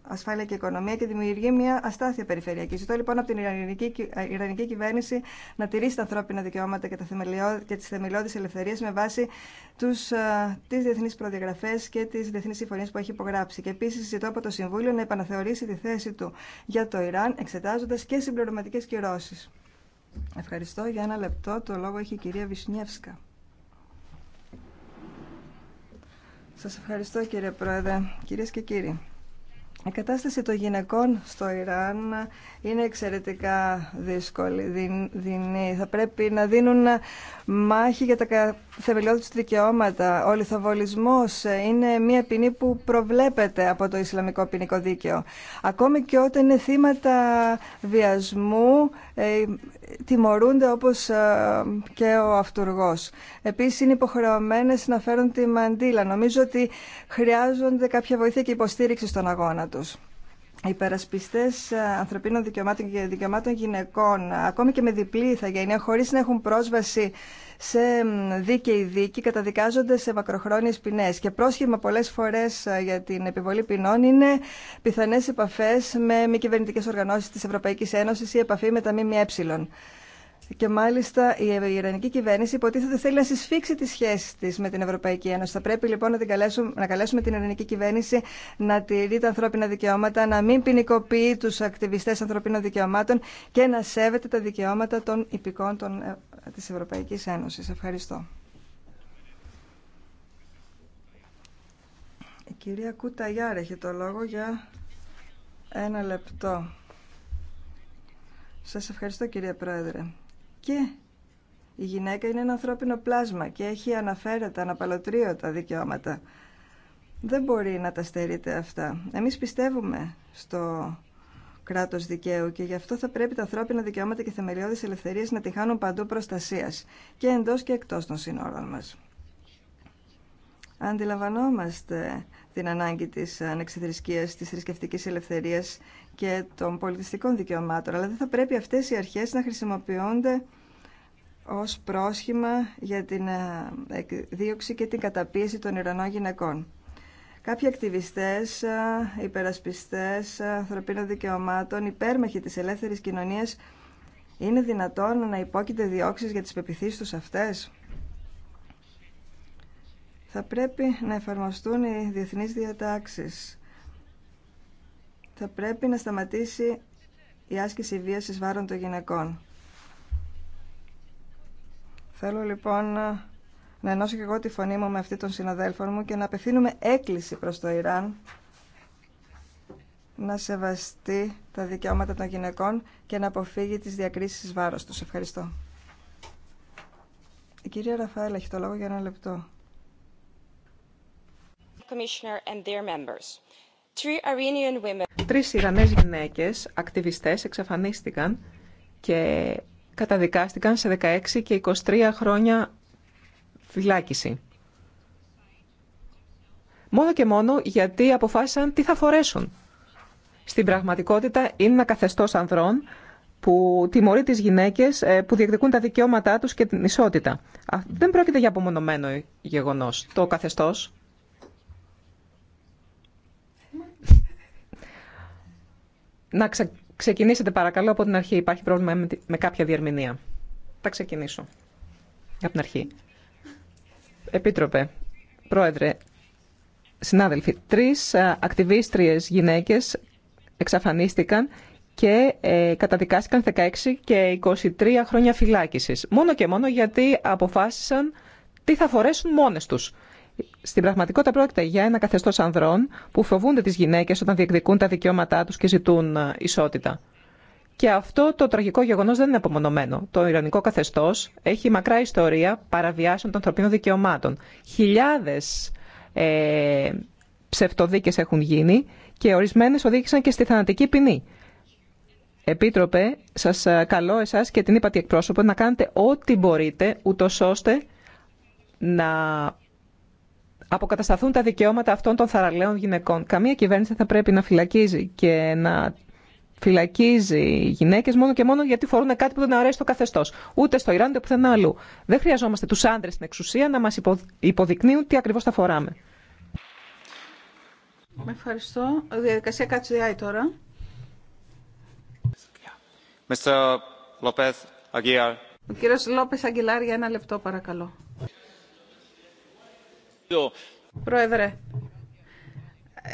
S11: ασφάλεια και οικονομία και δημιουργεί μια αστάθεια περιφερειακή. Ζητώ λοιπόν από την Ιρανική, ε, κυβέρνηση να τηρήσει τα ανθρώπινα δικαιώματα και, θεμελιώ, και τις θεμελιώδεις ελευθερίες με βάση τους, διεθνεί τις διεθνείς και τι διεθνείς συμφωνίε που έχει υπογράψει. Και επίση ζητώ από το Συμβούλιο να επαναθεωρήσει τη θέση του για το Ιράν, εξετάζοντα και συμπληρωματικέ κυρώσει. Ευχαριστώ. Για ένα λεπτό το λόγο έχει η κυρία Βυσνιεύσκα. Σας ευχαριστώ κύριε Πρόεδρε, κυρίες και κύριοι. Η κατάσταση των γυναικών στο Ιράν είναι εξαιρετικά δύσκολη, δεινή. Θα πρέπει να δίνουν μάχη για τα θεμελιώδη τους δικαιώματα. Ο λιθοβολισμός είναι μια ποινή που προβλέπεται από το Ισλαμικό ποινικό δίκαιο. Ακόμη και όταν είναι θύματα βιασμού ε, τιμωρούνται όπως ε, και ο αυτούργος. Επίσης είναι υποχρεωμένες να φέρουν τη μαντήλα. Νομίζω ότι χρειάζονται κάποια βοήθεια και υποστήριξη στον αγώνα τους. Οι υπερασπιστέ ε, ανθρωπίνων δικαιωμάτων και δικαιωμάτων γυναικών, ακόμη και με διπλή ηθαγένεια, χωρί να έχουν πρόσβαση σε δίκαιη δίκη καταδικάζονται σε μακροχρόνιες ποινές και πρόσχημα πολλές φορές ε, για την επιβολή ποινών είναι πιθανές επαφές με μη κυβερνητικέ οργανώσεις της Ευρωπαϊκής Ένωσης ή επαφή με τα ΜΜΕ. Και μάλιστα η Ιρανική κυβέρνηση υποτίθεται θέλει να συσφίξει τι σχέσει τη με την Ευρωπαϊκή Ένωση. Θα πρέπει λοιπόν να, την καλέσουμε, να καλέσουμε την Ιρανική κυβέρνηση να τηρεί τα ανθρώπινα δικαιώματα, να μην ποινικοποιεί του ακτιβιστέ ανθρωπίνων δικαιωμάτων και να σέβεται τα δικαιώματα των υπηκών των ε, της Ευρωπαϊκής Ένωσης. Ευχαριστώ. Η κυρία Κουταγιάρ έχει το λόγο για ένα λεπτό. Σας ευχαριστώ κυρία Πρόεδρε. Και η γυναίκα είναι ένα ανθρώπινο πλάσμα και έχει αναφέρετα, αναπαλωτρίωτα δικαιώματα. Δεν μπορεί να τα στερείτε αυτά. Εμείς πιστεύουμε στο κράτος δικαίου και γι' αυτό θα πρέπει τα ανθρώπινα δικαιώματα και θεμελιώδεις ελευθερίες να τη χάνουν παντού προστασία και εντό και εκτός των σύνορων μας. Αντιλαμβανόμαστε την ανάγκη της ανεξιθρησκείας, τη θρησκευτική ελευθερία και των πολιτιστικών δικαιωμάτων, αλλά δεν θα πρέπει αυτές οι αρχές να χρησιμοποιούνται ως πρόσχημα για την ε, δίωξη και την καταπίεση των Ιρανών γυναικών. Κάποιοι ακτιβιστές, ε, υπερασπιστές ε, ανθρωπίνων δικαιωμάτων, υπέρμαχοι της ελεύθερης κοινωνίας, είναι δυνατόν να υπόκειται διώξεις για τις πεπιθήσεις τους αυτές. Θα πρέπει να εφαρμοστούν οι διεθνείς διατάξεις. Θα πρέπει να σταματήσει η άσκηση βίας εις των γυναικών. Θέλω λοιπόν ε, να ενώσω και εγώ τη φωνή μου με αυτή των συναδέλφων μου και να απευθύνουμε έκκληση προς το Ιράν να σεβαστεί τα δικαιώματα των γυναικών και να αποφύγει τις διακρίσεις βάρος τους. Ευχαριστώ. Η κυρία Ραφαέλ έχει το λόγο για ένα λεπτό.
S5: Τρεις Ιρανές γυναίκες, ακτιβιστές, εξαφανίστηκαν και καταδικάστηκαν σε 16 και 23 χρόνια φυλάκιση. Μόνο και μόνο γιατί αποφάσισαν τι θα φορέσουν. Στην πραγματικότητα είναι ένα καθεστώς ανδρών που τιμωρεί τις γυναίκες ε, που διεκδικούν τα δικαιώματά τους και την ισότητα. Δεν πρόκειται για απομονωμένο γεγονός. Το καθεστώς Να ξεκινήσετε παρακαλώ από την αρχή. Υπάρχει πρόβλημα με κάποια διερμηνία. Θα ξεκινήσω. Από την αρχή. Επίτροπε, Πρόεδρε, συνάδελφοι, τρεις ε, ακτιβίστριες γυναίκες εξαφανίστηκαν και ε, καταδικάστηκαν 16 και 23 χρόνια φυλάκισης. Μόνο και μόνο γιατί αποφάσισαν τι θα φορέσουν μόνες τους. Στην πραγματικότητα πρόκειται για ένα καθεστώς ανδρών που φοβούνται τις γυναίκες όταν διεκδικούν τα δικαιώματά τους και ζητούν ε, ισότητα. Και αυτό το τραγικό γεγονό δεν είναι απομονωμένο. Το Ιρανικό καθεστώ έχει μακρά ιστορία παραβιάσεων των ανθρωπίνων δικαιωμάτων. Χιλιάδε ε, ψευτοδίκε έχουν γίνει και ορισμένε οδήγησαν και στη θανατική ποινή. Επίτροπε, σα ε, καλώ εσά και την είπατε εκπρόσωπο να κάνετε ό,τι μπορείτε, ούτω ώστε να αποκατασταθούν τα δικαιώματα αυτών των θαραλέων γυναικών. Καμία κυβέρνηση θα πρέπει να φυλακίζει και να φυλακίζει γυναίκε μόνο και μόνο γιατί φορούν κάτι που δεν αρέσει το καθεστώ. Ούτε στο Ιράν ούτε πουθενά αλλού. Δεν χρειαζόμαστε του άντρε στην εξουσία να μα υποδεικνύουν τι ακριβώ θα φοράμε.
S8: Με ευχαριστώ. Διαδικασία κάτσε τώρα.
S14: Mr. Lopez Aguilar.
S8: Ο κύριος Λόπες Αγγιλάρ για ένα λεπτό παρακαλώ. Πρόεδρε,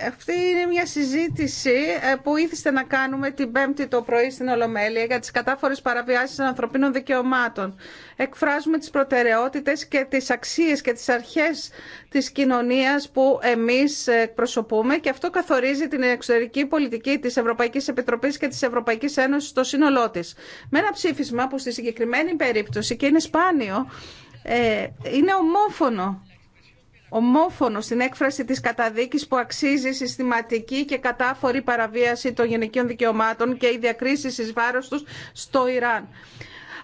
S8: αυτή είναι μια συζήτηση ε, που ήθιστε να κάνουμε την Πέμπτη το πρωί στην Ολομέλεια για τις κατάφορες παραβιάσεις των ανθρωπίνων δικαιωμάτων. Εκφράζουμε τις προτεραιότητες και τις αξίες και τις αρχές της κοινωνίας που εμείς εκπροσωπούμε και αυτό καθορίζει την εξωτερική πολιτική της Ευρωπαϊκής Επιτροπής και της Ευρωπαϊκής Ένωσης στο σύνολό της. Με ένα ψήφισμα που στη συγκεκριμένη περίπτωση και είναι σπάνιο, ε, είναι ομόφωνο ομόφωνο στην έκφραση της καταδίκης που αξίζει συστηματική και κατάφορη παραβίαση των γυναικείων δικαιωμάτων και η διακρίση εις βάρος τους στο Ιράν.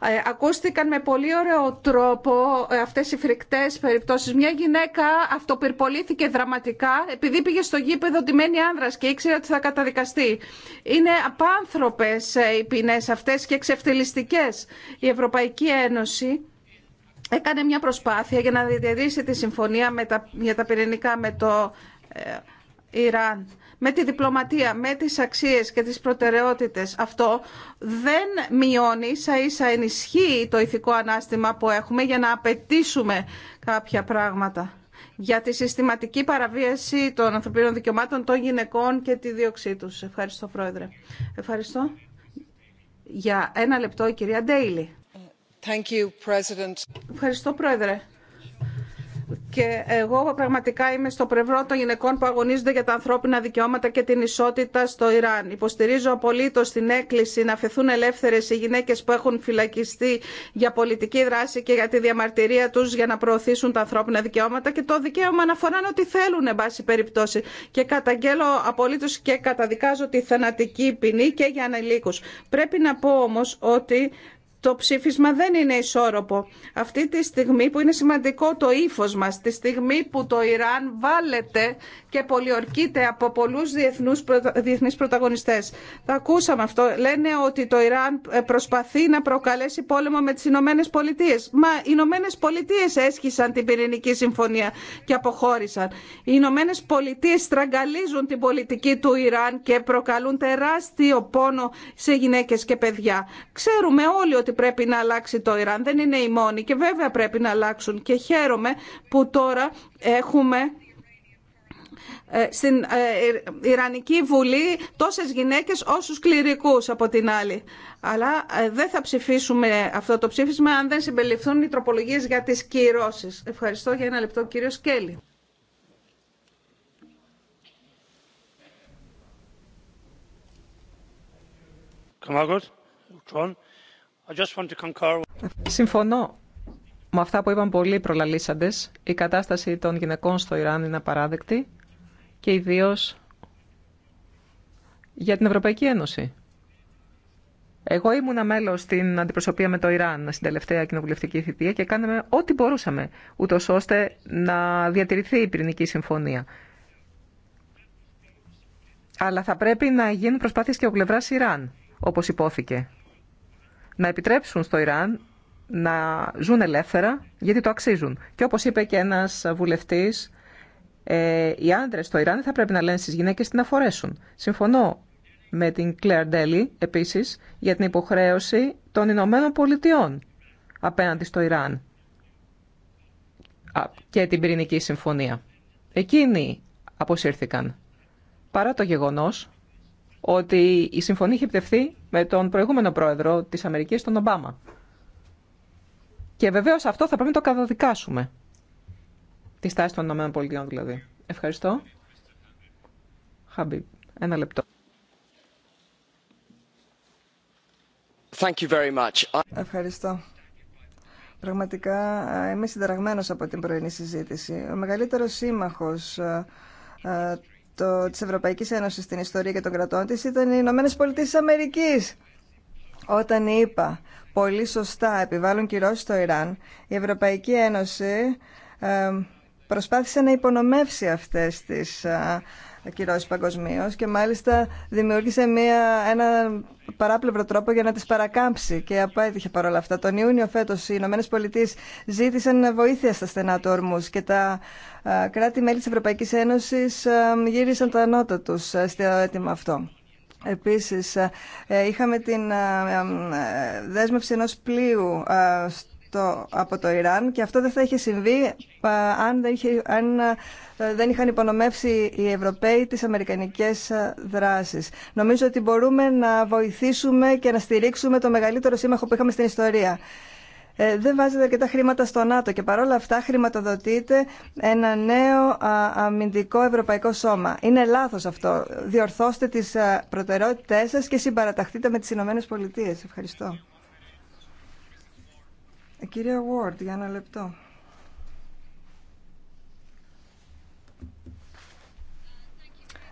S8: Ε, ακούστηκαν με πολύ ωραίο τρόπο ε, αυτές οι φρικτές περιπτώσεις. Μια γυναίκα αυτοπυρπολήθηκε δραματικά επειδή πήγε στο γήπεδο ντυμένη άνδρας και ήξερε ότι θα καταδικαστεί. Είναι απάνθρωπες ε, οι ποινές αυτές και εξευτελιστικές. Η Ευρωπαϊκή Ένωση έκανε μια προσπάθεια για να διατηρήσει τη συμφωνία με τα, για τα πυρηνικά με το ε, Ιράν, με τη διπλωματία, με τις αξίες και τις προτεραιότητες. Αυτό δεν μειώνει, σα ίσα ενισχύει το ηθικό ανάστημα που έχουμε για να απαιτήσουμε κάποια πράγματα για τη συστηματική παραβίαση των ανθρωπίνων δικαιωμάτων των γυναικών και τη δίωξή τους. Ευχαριστώ, Πρόεδρε. Ευχαριστώ. Για ένα λεπτό, η κυρία Ντέιλι. Ευχαριστώ, Πρόεδρε. Και εγώ πραγματικά είμαι στο πλευρό των γυναικών που αγωνίζονται για τα ανθρώπινα δικαιώματα και την ισότητα στο Ιράν. Υποστηρίζω απολύτω την έκκληση να φεθούν ελεύθερε οι γυναίκε που έχουν φυλακιστεί για πολιτική δράση και για τη διαμαρτυρία του για να προωθήσουν τα ανθρώπινα δικαιώματα και το δικαίωμα να φοράνε ό,τι θέλουν, εν πάση περιπτώσει. Και καταγγελώ απολύτω και καταδικάζω τη θανατική ποινή και για ανηλίκου. Πρέπει να πω όμω ότι το ψήφισμα δεν είναι ισόρροπο. Αυτή τη στιγμή που είναι σημαντικό το ύφος μας, τη στιγμή που το Ιράν βάλεται και πολιορκείται από πολλού διεθνεί πρωταγωνιστέ. πρωταγωνιστές. Τα ακούσαμε αυτό. Λένε ότι το Ιράν ε, προσπαθεί να προκαλέσει πόλεμο με τι Ηνωμένε Πολιτείε. Μα οι Ηνωμένε Πολιτείε έσχισαν την πυρηνική συμφωνία και αποχώρησαν. Οι Ηνωμένε Πολιτείε στραγγαλίζουν την πολιτική του Ιράν και προκαλούν τεράστιο πόνο σε γυναίκε και παιδιά. Ξέρουμε όλοι ότι πρέπει να αλλάξει το Ιράν. Δεν είναι η μόνη και βέβαια πρέπει να αλλάξουν. Και χαίρομαι που τώρα έχουμε ε, στην ε, Ιρανική Βουλή τόσες γυναίκες όσους κληρικούς από την άλλη. Αλλά ε, δεν θα ψηφίσουμε αυτό το ψήφισμα αν δεν συμπεριληφθούν οι τροπολογίες για τις κυρώσεις. Ευχαριστώ για ένα λεπτό κύριο Σκέλη.
S5: Συμφωνώ με αυτά που είπαν πολλοί προλαλήσαντες. Η κατάσταση των γυναικών στο Ιράν είναι απαράδεκτη και ιδίως για την Ευρωπαϊκή Ένωση. Εγώ ήμουνα μέλο στην αντιπροσωπεία με το Ιράν στην τελευταία κοινοβουλευτική θητεία και κάναμε ό,τι μπορούσαμε, ούτω ώστε να διατηρηθεί η πυρηνική συμφωνία. Αλλά θα πρέπει να γίνουν προσπάθειε και ο πλευρά Ιράν, όπω υπόθηκε. Να επιτρέψουν στο Ιράν να ζουν ελεύθερα, γιατί το αξίζουν. Και όπω είπε και ένα βουλευτή ε, οι άντρε στο Ιράν θα πρέπει να λένε στι γυναίκε τι να φορέσουν. Συμφωνώ με την Κλέρ Ντέλη επίση για την υποχρέωση των Ηνωμένων Πολιτειών απέναντι στο Ιράν και την πυρηνική συμφωνία. Εκείνοι αποσύρθηκαν. Παρά το γεγονός ότι η συμφωνία είχε με τον προηγούμενο πρόεδρο της Αμερικής, τον Ομπάμα. Και βεβαίως αυτό θα πρέπει να το καταδικάσουμε τη στάση των ΗΠΑ δηλαδή. Ευχαριστώ.
S11: Χαμπίπ, ένα λεπτό. Ευχαριστώ. Πραγματικά ε, είμαι συνταραγμένος από την πρωινή συζήτηση. Ο μεγαλύτερος σύμμαχος ε, ε, το, της Ευρωπαϊκής Ένωσης στην ιστορία και των κρατών της ήταν οι Ηνωμένε Πολιτείες Αμερικής. Όταν είπα πολύ σωστά επιβάλλουν κυρώσεις στο Ιράν, η Ευρωπαϊκή Ένωση προσπάθησε να υπονομεύσει αυτές τις κυρώσεις παγκοσμίω και μάλιστα δημιούργησε μια, ένα παράπλευρο τρόπο για να τις παρακάμψει και απέτυχε παρόλα αυτά. Τον Ιούνιο φέτος οι Ηνωμένε Πολιτείε ζήτησαν βοήθεια στα στενά του και τα κράτη-μέλη της Ευρωπαϊκής Ένωσης γύρισαν τα νότα τους στο αίτημα αυτό. Επίσης, ε, είχαμε την δέσμευση ενός πλοίου το, από το Ιράν και αυτό δεν θα είχε συμβεί αν δεν, είχε, αν ε, δεν είχαν υπονομεύσει οι Ευρωπαίοι τις αμερικανικές ε, δράσεις. Νομίζω ότι μπορούμε να βοηθήσουμε και να στηρίξουμε το μεγαλύτερο σύμμαχο που είχαμε στην ιστορία. Ε, δεν βάζετε αρκετά χρήματα στο ΝΑΤΟ και παρόλα αυτά χρηματοδοτείτε ένα νέο αμυντικό ευρωπαϊκό σώμα. Είναι λάθος αυτό. Διορθώστε τις προτεραιότητές σας και συμπαραταχτείτε με τις Ηνωμένες Πολιτείες. Ευχαριστώ. Ε, κυρία Ward, για ένα λεπτό.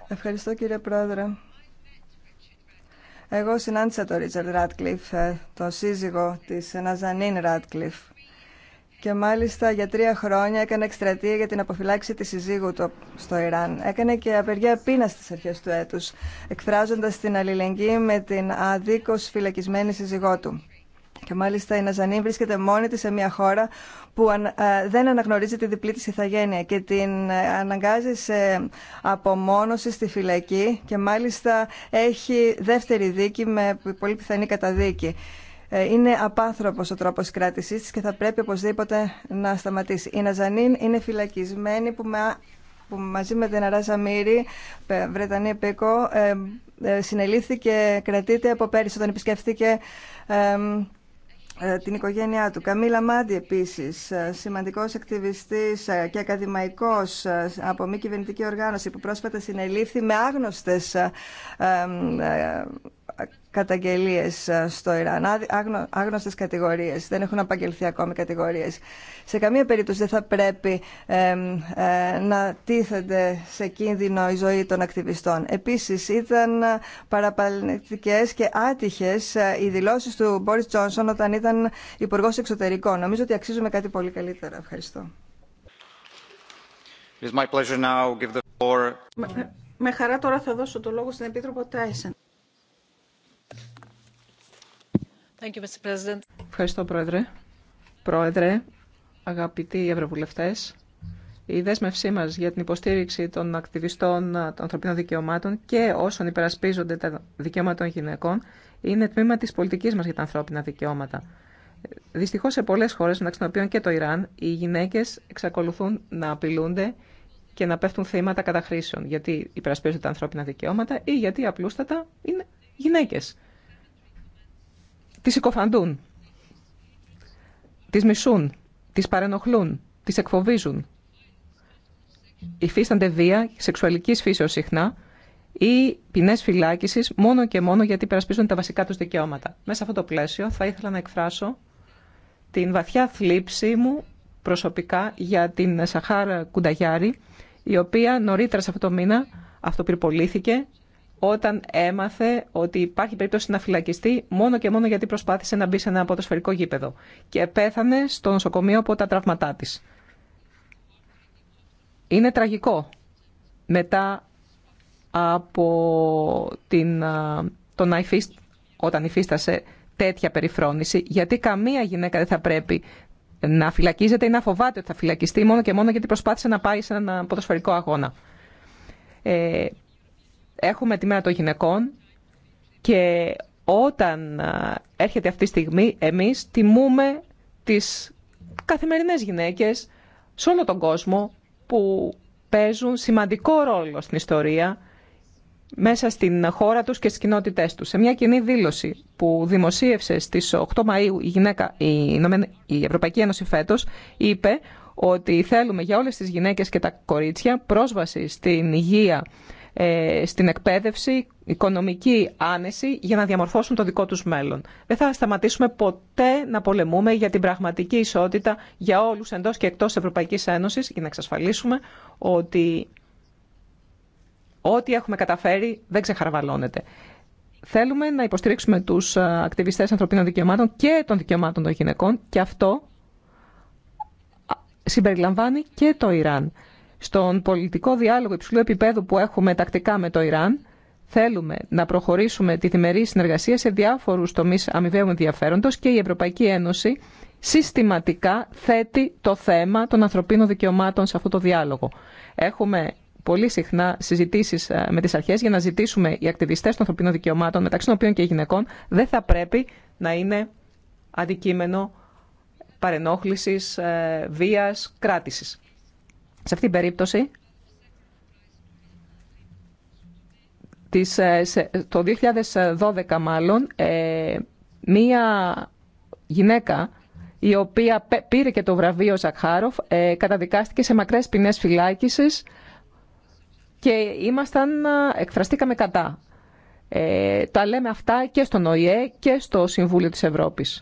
S11: Ευχαριστώ κύριε Πρόεδρε. Εγώ συνάντησα τον Ρίτσαρντ Ράτκλιφ, ε, τον σύζυγο της Ναζανίν Ράτκλιφ. Και μάλιστα για τρία χρόνια έκανε εκστρατεία για την αποφυλάξη της συζύγου του στο Ιράν. Έκανε και απεργία πείνα στις αρχές του έτους, εκφράζοντας την αλληλεγγύη με την αδίκως φυλακισμένη σύζυγό του. Και μάλιστα η Ναζανίν βρίσκεται μόνη της σε μια χώρα που δεν αναγνωρίζει τη διπλή της ηθαγένεια και την ε, αναγκάζει σε απομόνωση στη φυλακή και μάλιστα έχει δεύτερη δίκη με πολύ πιθανή καταδίκη. Ε, είναι απάνθρωπος ο τρόπος κράτησής της και θα πρέπει οπωσδήποτε να σταματήσει. Η Ναζανίν είναι φυλακισμένη που, που μαζί με την Αράζα Ζαμίρη, Βρετανή Επίκο, ε, συνελήφθηκε, κρατείται από πέρυσι όταν επισκέφθηκε ε, την οικογένειά του. Καμίλα Μάντι επίσης, ε, σημαντικός ακτιβιστής ε, και ακαδημαϊκός από μη κυβερνητική οργάνωση που πρόσφατα συνελήφθη με άγνωστες καταγγελίες ε, στο Ιράν, άγνωστες κατηγορίες, δεν έχουν απαγγελθεί ακόμη κατηγορίες. Σε καμία περίπτωση δεν θα πρέπει ε, να τίθενται σε κίνδυνο η ζωή των ακτιβιστών. Επίσης ήταν παραπαλληλευτικέ και άτυχες ε, οι δηλώσεις του Μπόρι Τζόνσον όταν ήταν υπουργό Εξωτερικών. Νομίζω ότι αξίζουμε κάτι πολύ καλύτερα. Ευχαριστώ.
S8: Με, με χαρά τώρα θα δώσω το λόγο στην Επίτροπο Τάισεν.
S5: Ευχαριστώ, Πρόεδρε. Πρόεδρε, αγαπητοί Ευρωβουλευτές, η δέσμευσή μα για την υποστήριξη των ακτιβιστών των ανθρωπίνων δικαιωμάτων και όσων υπερασπίζονται τα δικαιώματα των γυναικών είναι τμήμα τη πολιτική μα για τα ανθρώπινα δικαιώματα. Δυστυχώ σε πολλέ χώρε, μεταξύ των οποίων και το Ιράν, οι γυναίκε εξακολουθούν να απειλούνται και να πέφτουν θύματα καταχρήσεων γιατί υπερασπίζονται τα ανθρώπινα δικαιώματα ή γιατί απλούστατα είναι γυναίκε τις συκοφαντούν, τις μισούν, τις παρενοχλούν, τις εκφοβίζουν. Υφίστανται βία, σεξουαλικής φύσεως συχνά ή ποινέ φυλάκιση μόνο και μόνο γιατί περασπίζουν τα βασικά του δικαιώματα. Μέσα σε αυτό το πλαίσιο θα ήθελα να εκφράσω την βαθιά θλίψη μου προσωπικά για την Σαχάρα Κουνταγιάρη, η οποία νωρίτερα σε αυτό το μήνα αυτοπυρπολήθηκε όταν έμαθε ότι υπάρχει περίπτωση να φυλακιστεί μόνο και μόνο γιατί προσπάθησε να μπει σε ένα ποδοσφαιρικό γήπεδο και πέθανε στο νοσοκομείο από τα τραύματά της. Είναι τραγικό μετά από την, τον όταν υφίστασε τέτοια περιφρόνηση, γιατί καμία γυναίκα δεν θα πρέπει να φυλακίζεται ή να φοβάται ότι θα φυλακιστεί μόνο και μόνο γιατί προσπάθησε να πάει σε ένα ποδοσφαιρικό αγώνα. Ε, έχουμε τη μέρα των γυναικών και όταν έρχεται αυτή τη στιγμή εμείς τιμούμε τις καθημερινές γυναίκες σε όλο τον κόσμο που παίζουν σημαντικό ρόλο στην ιστορία μέσα στην χώρα τους και στις κοινότητές τους. Σε μια κοινή δήλωση που δημοσίευσε στις 8 Μαΐου η, γυναίκα, η Ευρωπαϊκή Ένωση φέτος είπε ότι θέλουμε για όλες τις γυναίκες και τα κορίτσια πρόσβαση στην υγεία, ε, στην εκπαίδευση, οικονομική άνεση για να διαμορφώσουν το δικό τους μέλλον. Δεν θα σταματήσουμε ποτέ να πολεμούμε για την πραγματική ισότητα για όλους εντός και εκτός Ευρωπαϊκής Ένωσης για να εξασφαλίσουμε ότι ό,τι έχουμε καταφέρει δεν ξεχαρβαλώνεται. Θέλουμε να υποστηρίξουμε τους ε, ακτιβιστές ανθρωπίνων δικαιωμάτων και των δικαιωμάτων των γυναικών και αυτό συμπεριλαμβάνει και το Ιράν. Στον πολιτικό διάλογο υψηλού επίπεδου που έχουμε τακτικά με το Ιράν, θέλουμε να προχωρήσουμε τη διμερή συνεργασία σε διάφορους τομείς αμοιβαίου ενδιαφέροντος και η Ευρωπαϊκή Ένωση συστηματικά θέτει το θέμα των ανθρωπίνων δικαιωμάτων σε αυτό το διάλογο. Έχουμε πολύ συχνά συζητήσεις ε, με τις αρχές για να ζητήσουμε οι ακτιβιστές των ανθρωπίνων δικαιωμάτων, μεταξύ των οποίων και οι γυναικών, δεν θα πρέπει να είναι αντικείμενο παρενόχλησης, ε, βία κράτηση. Σε αυτήν την περίπτωση, ε, το 2012 μάλλον, ε, μία γυναίκα η οποία πήρε και το βραβείο Ζαχάροφ, ε, καταδικάστηκε σε μακρές ποινές φυλάκισης και ήμασταν, εκφραστήκαμε κατά. Τα λέμε αυτά και στον ΟΗΕ και στο Συμβούλιο της Ευρώπης.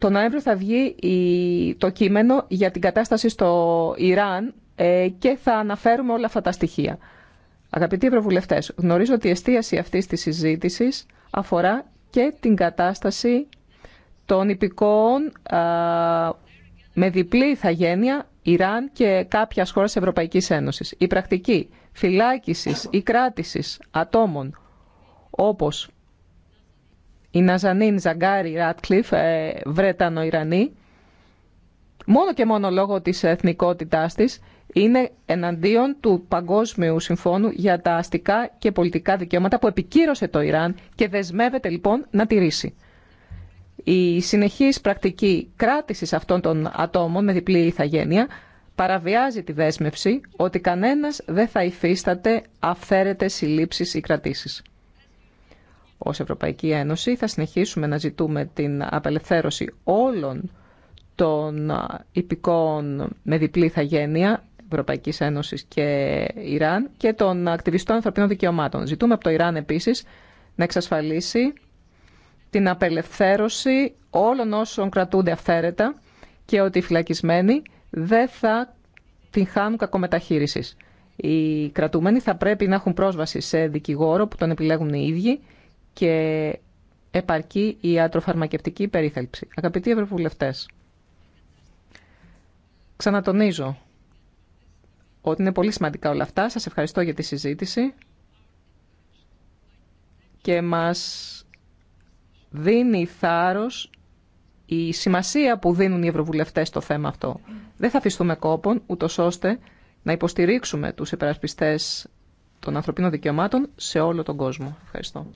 S5: Το Νοέμβριο θα βγει το κείμενο για την κατάσταση στο Ιράν ε, και θα αναφέρουμε όλα αυτά τα στοιχεία. Αγαπητοί Ευρωβουλευτέ, γνωρίζω ότι η εστίαση αυτή τη συζήτηση αφορά και την κατάσταση των υπηκόων με διπλή ηθαγένεια Ιράν και κάποια χώρα Ευρωπαϊκή Ένωση. Η πρακτική φυλάκιση ή κράτηση ατόμων όπως η Ναζανίν Ζαγκάρι Ράτκλιφ, ε, Βρετανο-Ιρανή, μόνο και μόνο λόγω της εθνικότητάς της, είναι εναντίον του Παγκόσμιου Συμφώνου για τα αστικά και πολιτικά δικαιώματα που επικύρωσε το Ιράν και δεσμεύεται λοιπόν να τηρήσει. Η συνεχής πρακτική κράτησης αυτών των ατόμων με διπλή ηθαγένεια παραβιάζει τη δέσμευση ότι κανένας δεν θα υφίσταται αυθαίρετες συλλήψεις ή κρατήσεις ως Ευρωπαϊκή Ένωση θα συνεχίσουμε να ζητούμε την απελευθέρωση όλων των υπηκών με διπλή θαγένεια Ευρωπαϊκής Ένωσης και Ιράν και των ακτιβιστών ανθρωπίνων δικαιωμάτων. Ζητούμε από το Ιράν επίσης να εξασφαλίσει την απελευθέρωση όλων όσων κρατούνται αυθαίρετα και ότι οι φυλακισμένοι δεν θα την χάνουν κακομεταχείρισης. Οι κρατούμενοι θα πρέπει να έχουν πρόσβαση σε δικηγόρο που τον επιλέγουν οι ίδιοι και επαρκεί η ιατροφαρμακευτική περίθαλψη. Αγαπητοί Ευρωβουλευτές, ξανατονίζω ότι είναι πολύ σημαντικά όλα αυτά. Σας ευχαριστώ για τη συζήτηση και μας δίνει θάρρος η σημασία που δίνουν οι Ευρωβουλευτές στο θέμα αυτό. Δεν θα αφιστούμε κόπον, ούτω ώστε να υποστηρίξουμε τους υπερασπιστές των ανθρωπίνων δικαιωμάτων σε όλο τον κόσμο. Ευχαριστώ.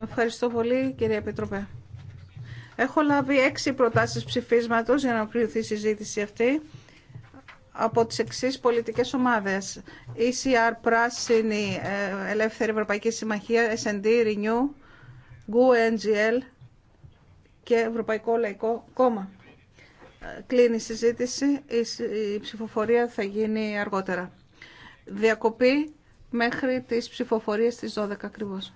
S6: Ευχαριστώ
S8: πολύ, κύριε Επιτροπέ. Έχω λάβει έξι προτάσεις ψηφίσματος για να ολοκληρωθεί η συζήτηση αυτή από τις εξή πολιτικές ομάδες. ECR, Πράσινη, ε, Ελεύθερη Ευρωπαϊκή Συμμαχία, S&D, Renew, GU, NGL και Ευρωπαϊκό Λαϊκό Κόμμα. Ε, κλείνει η συζήτηση, η ψηφοφορία θα γίνει αργότερα. Διακοπή μέχρι τις ψηφοφορίες στις 12 ακριβώς.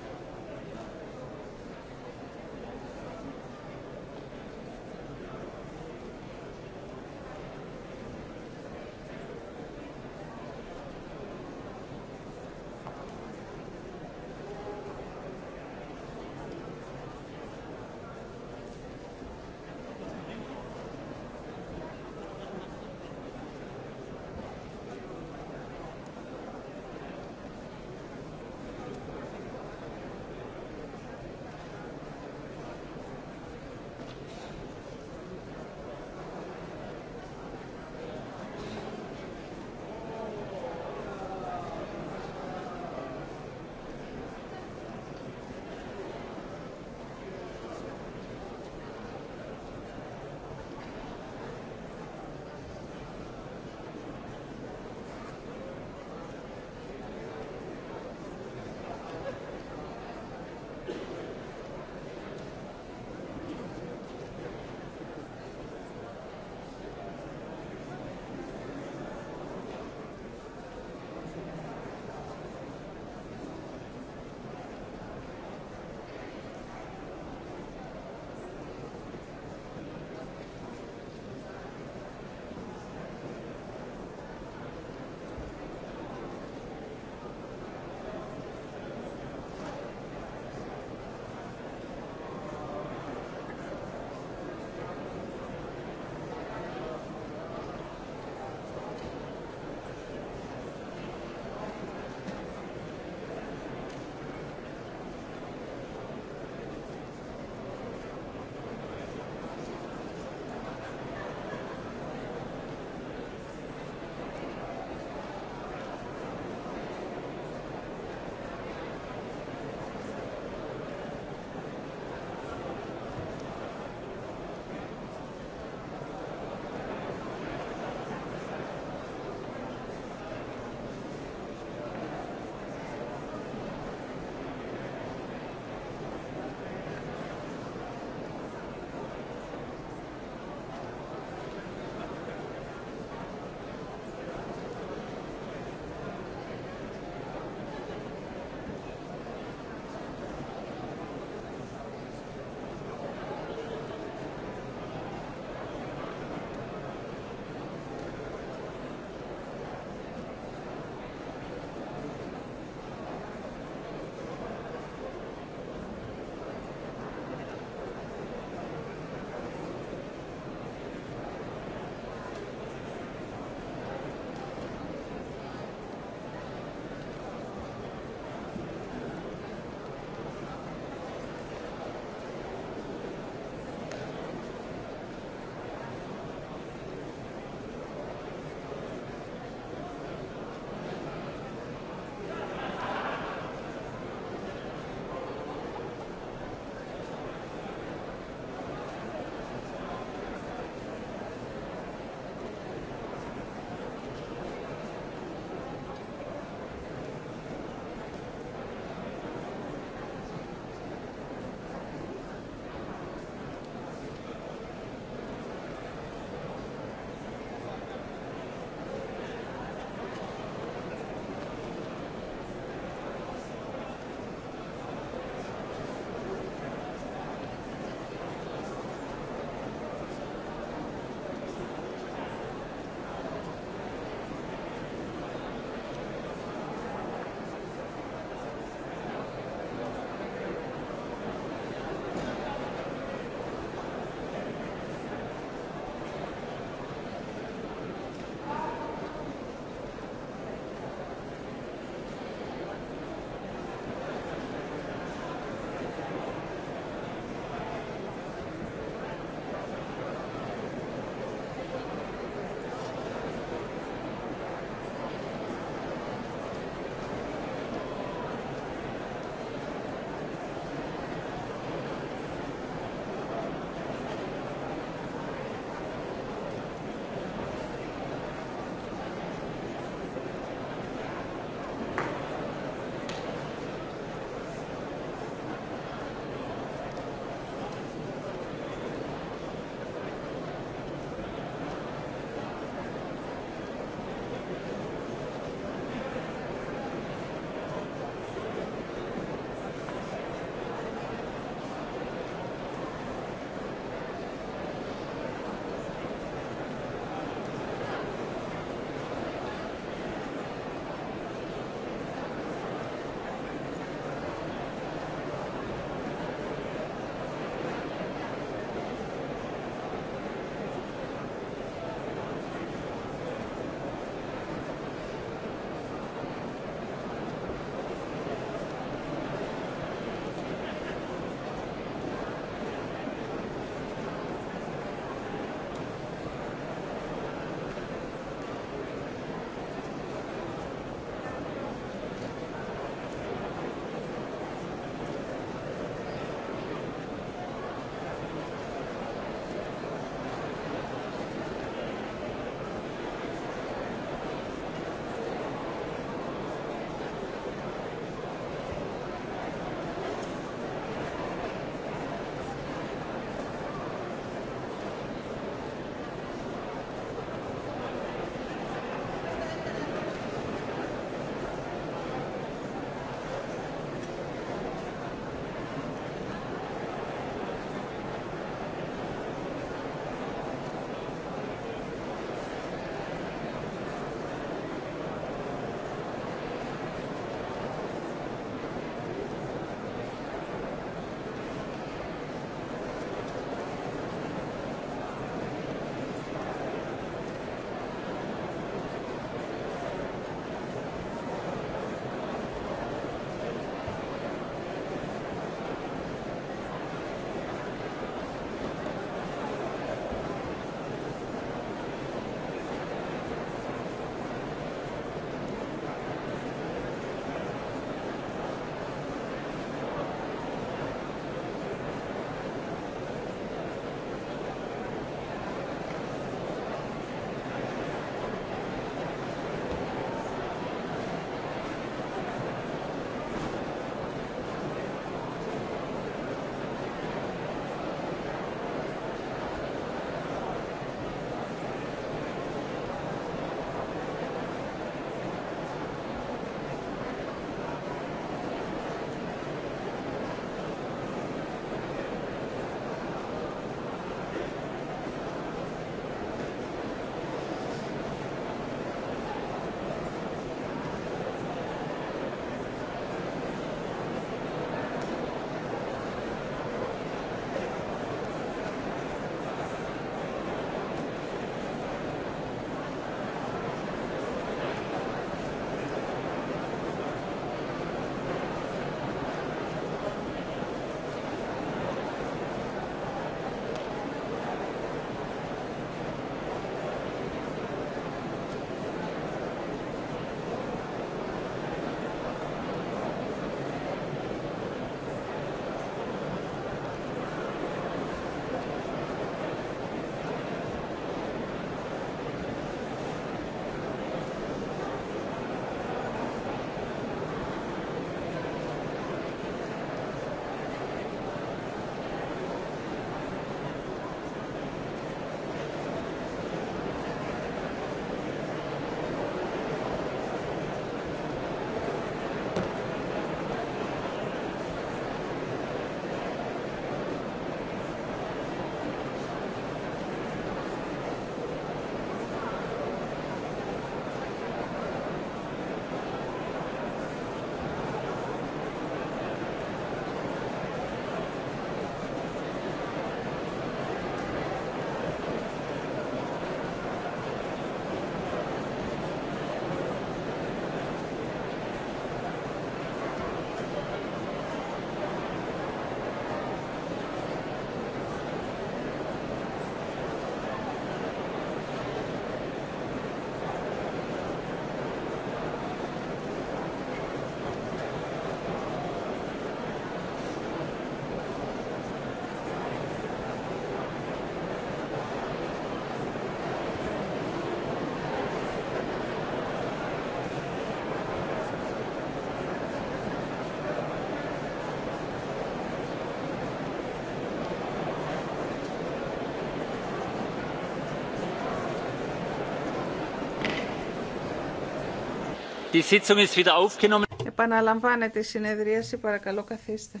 S2: Επάναλαμβάνετε
S8: Επαναλαμβάνεται η συνεδρίαση. Παρακαλώ καθίστε.